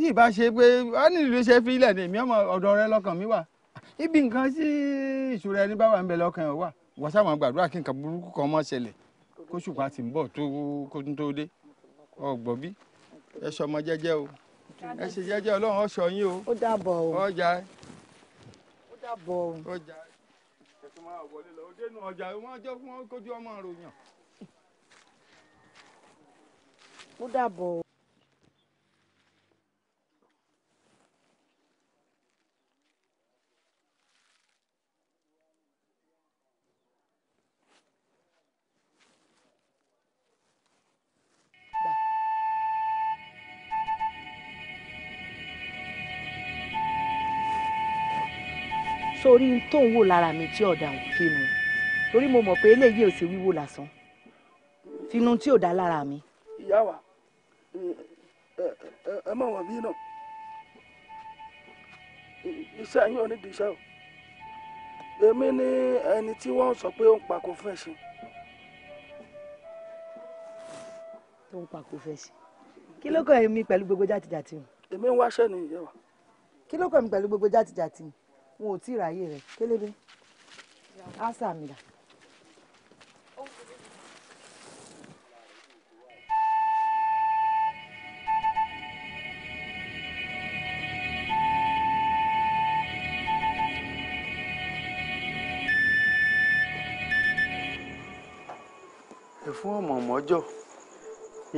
yìí bá ṣe pé a nílùú ṣe fílẹ̀ ni èmi ọmọ ọ̀dọ̀ rẹ lọ́kàn mi wà ibi nǹkan sí ìṣúra ẹni bá wà ń bẹ lọ́kàn ẹ̀ wà wọ́n sábà gbàdúrà kí nǹkan burúkú kan mọ́ ṣẹlẹ̀ kóṣùpá ti ń bọ̀ tó kó tó dé ọgbọ́n bí ẹ ṣọmọ jẹ́jẹ́ o ẹ ṣe jẹ́jẹ́ ọlọ́run ó yín o ó dàbọ̀ o ọjà ó dàbọ̀ o ọjà ti máa wọlé lọ òde nu ọjà wọn jẹ́ fún kójú ọmọ ròyàn. ó dàbọ̀. sórí tó ń wò lára mi tí ọ̀dà òun fi mu torí mo mọ̀ pé eléyìí ò sí wíwò lásán tinú tí ò dá lára mi. ìyá wa ẹ mọ̀ wọ́n bí náà iṣẹ́ yín ò ní di iṣẹ́ o èmi ni ẹni tí wọ́n sọ pé ó ń pako fún ẹ̀sìn. tó ń pako fún ẹ̀sìn kí ló kọ́ èmi pẹ̀lú gbogbo játijàti o. èmi ń wáṣẹ́ ni ìyá wa. kí ló kọ́ èmi pẹ̀lú gbogbo játijàti wọn ò tí ì ráyè rẹ̀ kélébé ásà mi dà. fún ọmọ mọ́jọ́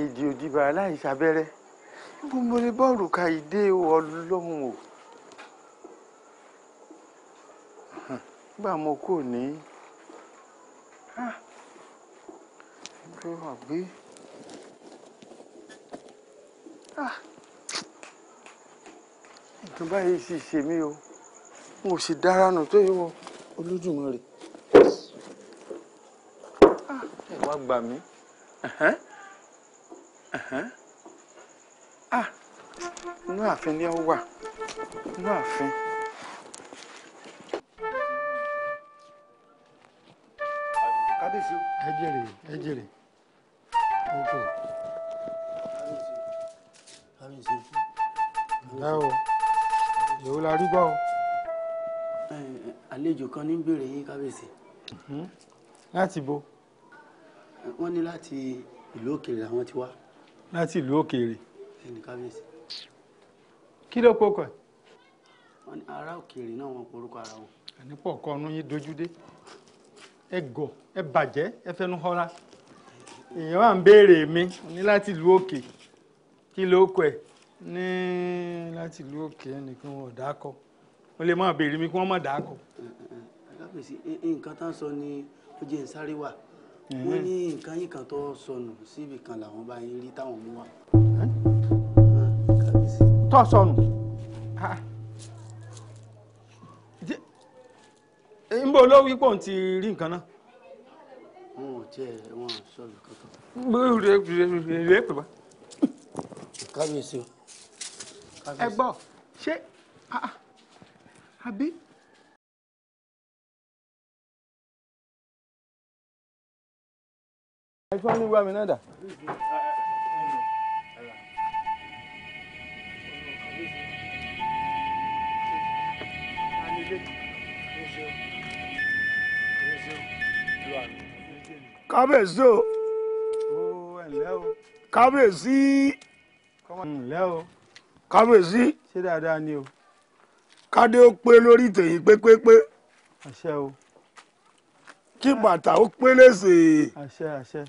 èdè òdìbà aláìsàbẹ̀rẹ̀ gbogbo ní bọ́ọ̀lù ka ìdè ọlọ́run o. nígbà mo kò ní ẹgbẹ́ wà gbé ìjọba yìí sì ṣe mí o mo sì dára nù tó yíwọ Olódùmarè ẹ wá gbà mí inú ààfin ni ó wà inú ààfin. jèrè ẹ jèrè ok. ẹ o èwo la rí gbọ́ o. àlejò kan ní bèrè yín kábíyèsí. Hmm? láti bo. wọ́n ní láti ìlú òkèèrè làwọn ti wá. láti ìlú òkèèrè. ẹnì kábíyèsí. kí ló pokọ̀ ẹ̀ ará òkèèrè náà wọn porúkọ ara wọn. ànípọ̀ kọ́nu yín dojú dé ẹ gọ̀ ẹ bàjẹ́ ẹ fẹnu họra èèyàn à ń béèrè mi ní láti ìlú òkè kí ló kọ ẹ ní láti ìlú òkè ẹnìkan wọn ò dákọ wọn lè máa béèrè mi kí wọn má dákọ. akábèsí nǹkan tá a sọ ni ó jẹ́ ìsáré wà wọ́n ní nǹkan yìí kan tó sọnù síbi kan làwọn bá yín rí táwọn mú wa. tó sọnù ń bọ̀ ló wí pé ti rí nǹkan náà wọn ò tiẹ̀ wọn ò sọ̀rọ̀ kankan. bóyá rẹ rẹ rẹ pè wá. kábíyèsí o. ẹ gbọ́ ṣé àbí. ẹ tí wọ́n ní wá mi náà dà. Thank you. kábíyèsí o kábíyèsí kábíyèsí ṣé dáadáa ni o kádé ó pé lórí tèyí pépépé àṣẹ o kí bàtà ó pé léṣe àṣẹ àṣẹ.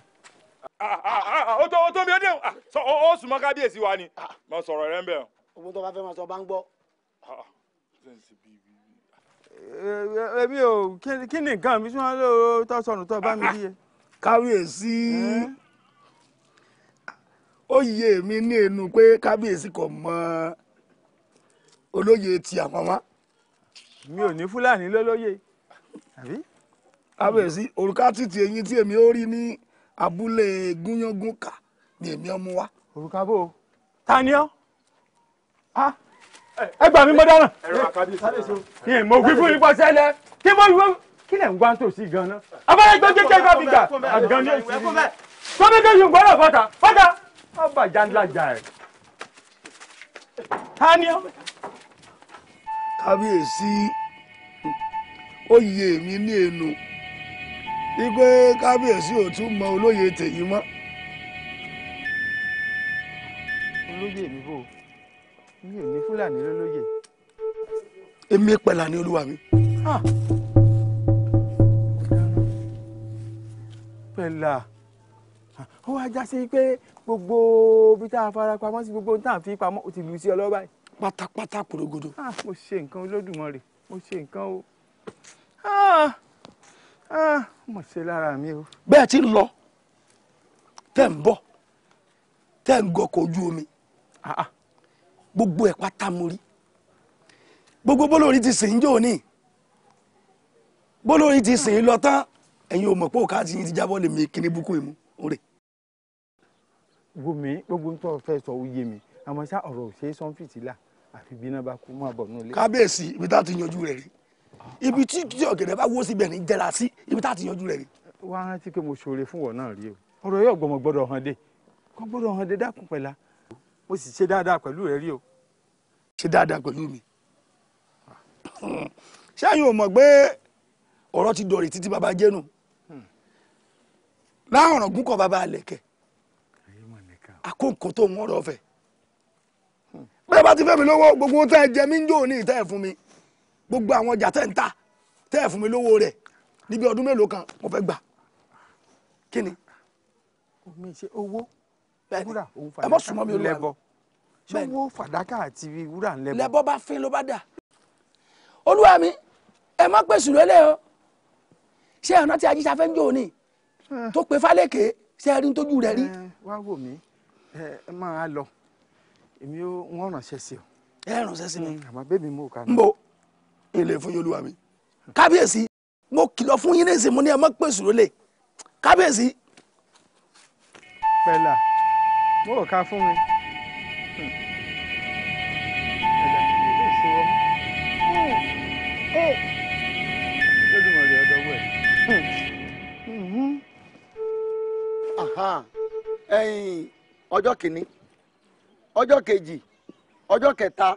ó tó ó tó mi ó dé ó sùn mọ́ kábíyèsí wa ni mo sọ̀rọ̀ rẹ̀ ń bẹ̀. owó tó bá fẹ́ máa sọ bá ń gbọ́ èmi ò kí ni nǹkan mi tí wọ́n lò ó tọ́sọ̀nù tó bá mi díye kábíyèsí ó yé mi ní ẹnu pé kábíyèsí kò mọ olóye ti àwọn wá. mi ò ní fúlàní lólóye àbí. kábíyèsí òrùka títí eyín tí èmi ó rí ní abúlé gúnyángúnkà ni èmi ọmú wa. òrùka bò ó ta ni ọ ẹ gbà mí mọ dáná. ẹ̀rọ àkàbíyèsí. mi ò mọ̀ wí fún yín sẹ́lẹ̀ kí mo wí fún kí lẹ̀ ń gbá tòsí gan-an. abáyé gbọ́dọ̀ jẹ́ kọ́ bìgà àgàn ní èsì yìí. kọ́mẹ́tẹ́ yìí ń gbọ́dọ̀ fọ́tà fọ́tà ọba jàǹdàjà ẹ̀. taniọ́. kábíyèsí oyè mi ní ẹnu wípé kábíyèsí ò tún mọ olóyè tèyí mọ́. olóyè mi bò mi ò ní fúlàní lólóyè. èmi pẹ̀lá ni olúwa mi. Ah. pẹ̀lá ó wá já sí pé gbogbo bí tá a fara pamọ́ sí gbogbo tá à ń fi pamọ́ ó ti lù sí ọ lọ́wọ́ báyìí. pátápátá porogodo. Ah, mo ṣe nǹkan olódùmarè mo ṣe nǹkan o ah, ah, mo ṣe lára mi o. bẹ́ẹ̀ ti ń lọ tẹ́ ń bọ̀ tẹ́ ń gọkọ̀ ojú omi gbogbo ẹ̀ pátá mo rí gbogbo bólórí ti sìn ń jò ní bólórí ti sìn lọ tán ẹ̀yin ò mọ̀ pé òkáàtì yín ti jábọ́ lè mi kíní búkú ìmú òrè. wùmí gbogbo ń tọ́ fẹ́ sọ òye mi àmọ́ ṣá ọ̀rọ̀ ò ṣe é sọ́n fìtílà àfi bí iná bá kú mọ́ àbọ̀ nílé. kábíyèsí ibi tá a ti yanjú rẹ̀ rí ibi tí tí ọ̀gẹ̀dẹ̀ bá wó síbẹ̀ ní jẹ́ra sí ibi tá a ti yanjú rẹ̀ rí. wá rántí pé mo ṣoore fún wọn náà rí o ọ̀rọ̀ yóò gbọmọ gbọ́dọ̀ hàn dé kò hàn dé dákun pẹ̀lá mo sì ṣe dáadáa pẹ̀lú rẹ rí o. ṣe dáadáa pẹ̀lú mi ṣé àyìn ò mọ̀ pé ọ̀rọ̀ ti dọ̀rẹ̀ títí baba jẹ́nu láàrùn ọ̀gùn kan bàbá àlẹ̀kẹ̀ àkó nǹkan tó ń wọ́n rọ̀ fẹ́ bẹ́ẹ̀ bá ti fẹ́ mi lọ́wọ́ gbogbo ohun tẹ́ ẹ jẹ mí ń jò ní ìtẹ́ ẹ̀ fún mi gbogbo àwọn ọjà tẹ́ ń ta tẹ́ ẹ̀ fún mi lówó rẹ̀ níbi ọdún mélòó kan mo fẹ́ gbà kí ni. omi ṣe owó wúrà òun fàdákà ń lẹ́bọ ṣé owó fàdákà àti wúrà lẹ́bọ. lẹ́bọ bá fín ló bá dà olúwa mi ẹ má pèsè lọ́lẹ́ o ṣé ọ̀nà tí ajíṣafẹ́ ń jò ní tó pe fálékè ṣe rí nítójú rẹ rí. wá wò mí ẹ máa lọ èmi ó wọn ránṣẹ́ sí o. ẹ ránṣẹ́ sí mi. àmọ́ bébí mo kà. n bò ilé fún yolúwa mi kábíyèsí mo kìlọ̀ fún yín nísìnyí mo ní ẹ mọ́ pèsè lólè kábíyèsí. pẹ̀lá mo ò ka fún mi. Hey! Hmm. ẹ̀yìn ọjọ́ kìíní ọjọ́ kejì ọjọ́ kẹta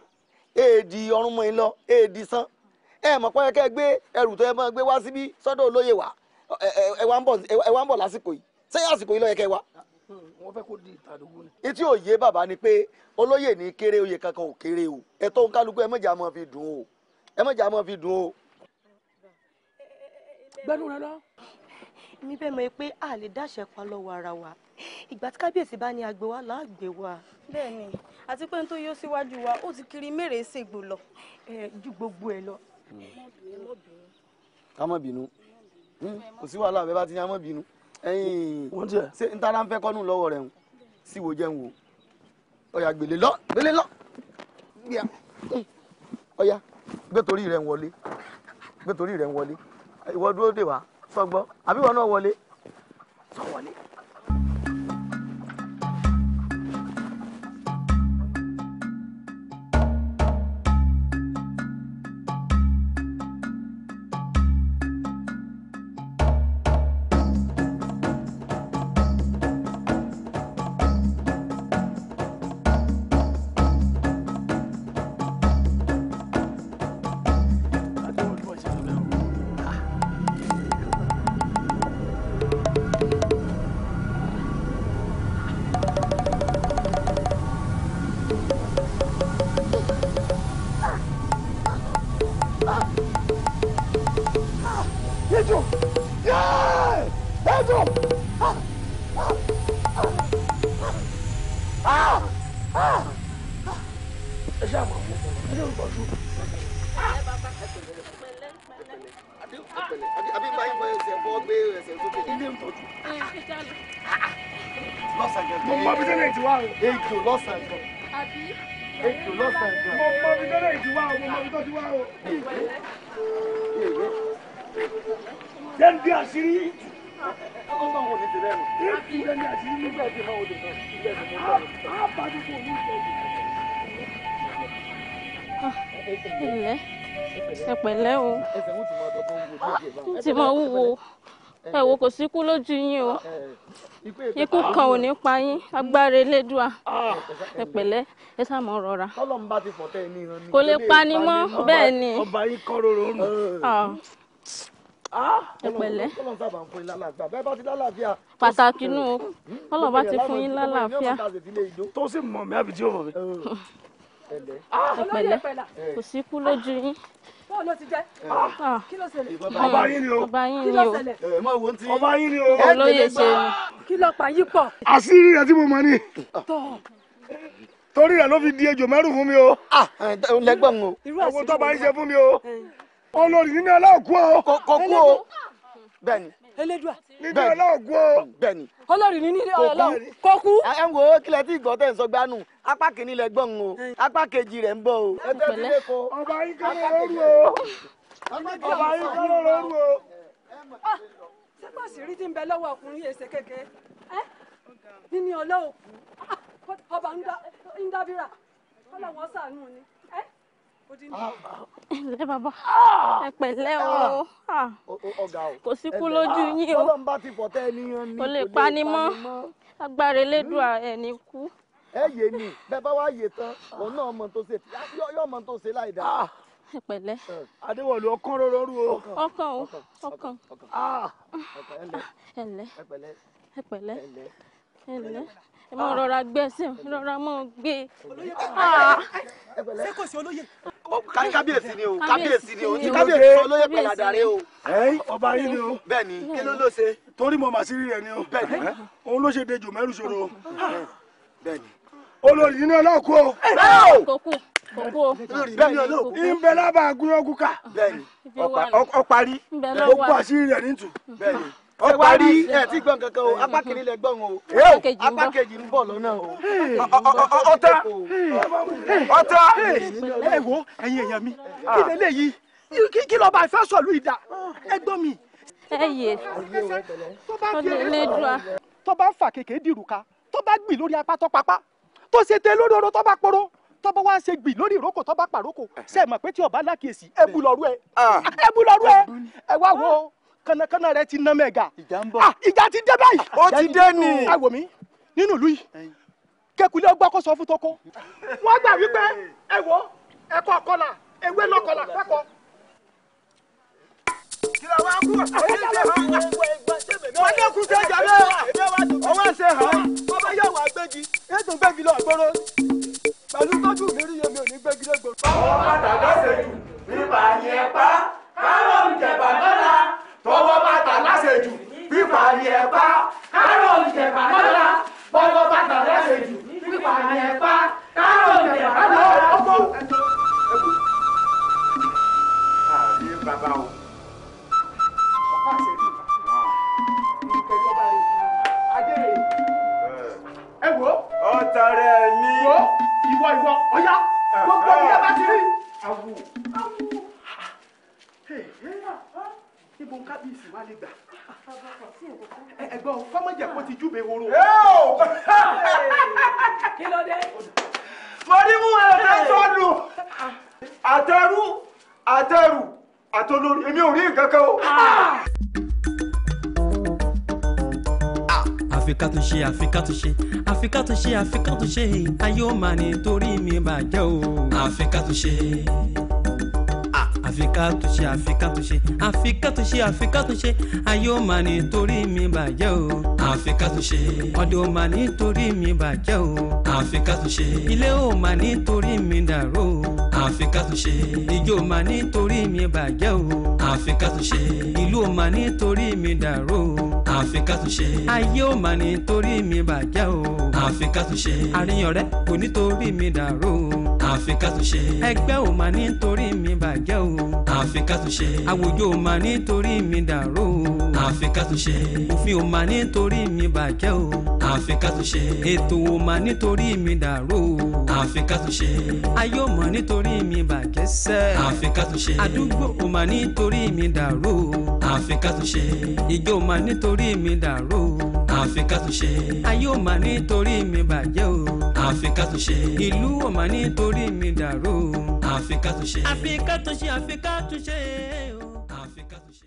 èèdì ọrùnmọ yín lọ èèdì sán ẹ mọ̀ pé kẹ́ gbé ẹrù tó yẹ máa gbé wá síbí sọ́dọ̀ wa ẹ wá ń bọ̀ lásìkò yìí sẹ́yìn àsìkò yìí ló yẹ wọ́n fẹ́ kó di ni. etí òye bàbá ni pé olóyè ní kéré oyè kankan ò kéré o ẹ̀tọ́ ẹ mọ̀jà fi dùn o ẹ mọ̀jà máa fi dùn o. gbẹ́nu rẹ mi bẹ́ẹ̀ mọ̀ pé a lè dáṣẹ́ pa lọ́wọ́ ara wa ìgbà tí kábíyèsí bá ní agbe wa là á gbé wa. bẹ́ẹ̀ni àti pé n tó yọ síwájú wa ó ti kiri mèrè ṣègbò lọ ju gbogbo ẹ lọ. ká má bínú hmm, kò sí wàhálà bẹ́ẹ̀ bá ti ní àmọ́ bínú ṣé n tara ń fẹ́ kọ́nù lọ́wọ́ rẹ̀ ń sì wò jẹun wò ọ̀yà gbèlè lọ gbèlè lọ ọ̀yà gbé rẹ̀ ń wọlé gbé rẹ̀ ń wọlé ìwọ dúró dè wá sọgbọ àbí wọn náà wọlé sọ wọlé. nossa ẹ wo kò síkú lójú yín o ikú kan ò ní pa yín agbára elédùà ẹ pẹ̀lẹ́ ẹ sàmọ rọra kò lè pani mọ́ bẹ́ẹ̀ ni ẹ ah. pẹ̀lẹ́ pàtàkì nù Ọlọ́run bá ti fún yín lálàáfíà tó sì mọ mi lójú yín báwo ló ti jẹ́ eh. ah, ah. ọba yín ni o ọba eh, ṣe ni. kí ló pa yín àṣírí rẹ tí mo mọ ni torí rẹ ló fi di ejò mẹ́rù fún mi o. Ah, lẹ́gbọ̀n o. owó tó bá ń ṣe fún mi o. Eh. olórí nínú ẹlẹ́ọ̀kú o. kókó o bẹ́ẹ̀ ni níbi olóògùn o. bẹ́ẹ̀ni. olórí ni níbi olóògùn kò kú. ẹ ń wo kílẹ̀ tí ìgbọ́ tẹ̀ ń sọ gbánú apá kìíní lẹ gbọ́n o apá kejì rẹ̀ ń bọ̀ o. ẹ tẹ́ sílé ko. ọba yín kẹ́lẹ́ lóru o. ọba yín kẹ́lẹ́ lóru o. Ah, ṣé kò sí rí tí ń bẹ lọ́wọ́ ọkùnrin èsè kékeré níní olóògùn ah, ọba ń dábìrà ọlọ́wọ́ sàánú ni. Ah. ẹ bàbá ah. ẹ pẹ̀lẹ́ o ah. kò sí lójú yín o kò lè pani mọ́ agbára elédùà ẹ̀ ní kú. ẹ yé ni bẹ́ẹ̀ bá wá yé tán òun náà mọ tó ṣe yóò mọ tó ṣe láì dáa. ẹ pẹ̀lẹ́. Eh, adéwọlú ọkàn rọrọ rú o. ọkàn o ọkàn. ẹlẹ ẹ pẹ̀lẹ́ ẹlẹ ẹ mọ rọra gbẹ sí rọra mọ gbé. ṣé kò sí olóyè kábíyèsí ni o kábíyèsí ni o ní kábíyèsí tó lóye pàlàdà rẹ o. ọba yìí ni o. bẹ́ẹ̀ni kí ló ló ṣe. torí mo màsí rí rẹ ni o. bẹ́ẹ̀ni òun ló ṣe de jùmẹ́rù ṣòro. bẹ́ẹ̀ni. olórí yìí ni ọlọ́ọ̀kú o. kókó kókó. bẹ́ẹ̀ni olóòkú. ìbẹ̀lẹ̀ bá a gúnyán kúkà. bẹ́ẹ̀ni ọ̀parí. ó kó àṣírí rẹ̀ nítù. bẹ́ẹ̀ni ó parí ẹ tí gbọ́n kankan o apá kìíní lẹ gbọ́n o apá kejì ń bọ̀ lọ́nà o. ọ̀tá ọ̀tá ẹ wo ẹ̀yin èèyàn mi ah. kí lè léyìí kí lọ́ọ́ bá ẹ fẹ́ sọ̀lú ìdá ẹ gbọ́ mi. ẹ yé ọlẹ́dùá. tó bá ń fà kékeré dìrùka tó bá gbìn lórí apá tó papá tó ṣe tẹ lórí oró tó bá poró tó bá wá ṣe gbìn lórí ìrókò tó bá pàrókò ṣe é mọ̀ pé tí ọba lákìyèsí ẹ bú ah. lọ́rú ẹ ẹ bú lọ́rú ẹ ẹ wá wo kànnàkànnà rẹ ti ná mẹ́ga. ìjà ń bọ̀ ah, ìjà ti dé báyìí. ó ti dé ni. ẹ wò mí nínú ìlú yìí kẹkùlé ọgbà kó sọ fún toko. wọ́n gbà wípé ẹ wọ ẹ̀kọ́ ewé lọ́kọlà kẹ́kọ̀ọ́. kìlọ̀ wa jù nípa yẹn pa káwọn ń jẹ̀bà lọ́la tọwọ́ bàtà láṣejù pípa ni ẹ pa kárọ̀ ìjẹ̀bà lọ́la tọwọ́ bàtà láṣejù pípa ni ẹ pa kárọ̀ ìjẹ̀bà lọ́la. àbí ibo kábíyèsí wa lè gbà. ẹ̀gbọ́n fọmọjà kò ti júbe horo. kí ló dé. mo ní mú ẹ̀rọ sọ́ọ̀nù àtẹrù àtẹrù àtolórí èmi ò rí nǹkan kan o. Ah! àfikà tó ṣe àfikà ayé ó mà ní torí mi bàjẹ́ o. àfikà tó ṣe àfi ká túnṣe àfi ká túnṣe àfi ká túnṣe àfi ká túnṣe ayé ó mà nítorí mi bàjẹ́ o. àfi ká túnṣe. ọ̀dọ̀ ó mà nítorí mi bàjẹ́ o. àfi ká túnṣe. ilé ó mà nítorí mi dàrú o. àfi ká túnṣe. ìjó mà nítorí mi bàjẹ́ o. àfi ká túnṣe. ìlú ó mà nítorí mi dàrú o àfi ká tún ṣe. ayé ò mà nítorí mi bàjẹ́ o. àfi ká tún ṣe. àríyàn rẹ kò nítorí mi dàrú o àfi ká tún ṣe. ẹgbẹ́ ò máa nítorí mi bàjẹ́ o. àfi ká tún ṣe. àwùjọ ò máa nítorí mi dàrú o. àfi ká tún ṣe. òfin ò máa nítorí mi bàjẹ́ o. àfi ká tún ṣe. ètò ò máa nítorí mi dàrú o. àfi ká tún ṣe. ayé ò máa nítorí mi bàjẹ́ sẹ́. àfi ká tún ṣe. àdúgbò ò máa nítorí mi dàrú o. àfi ká tún ṣe. ìjọ ò máa nítorí mi dàrú o àfi ká tún ṣe. ayé ò mà nítorí mi bàjẹ́ o. àfi ká tún ṣe. ìlú ò mà nítorí mi dàrú o. àfi ká tún ṣe. àfi ká tún ṣe àfi ká tún ṣe. àfi ká tún ṣe.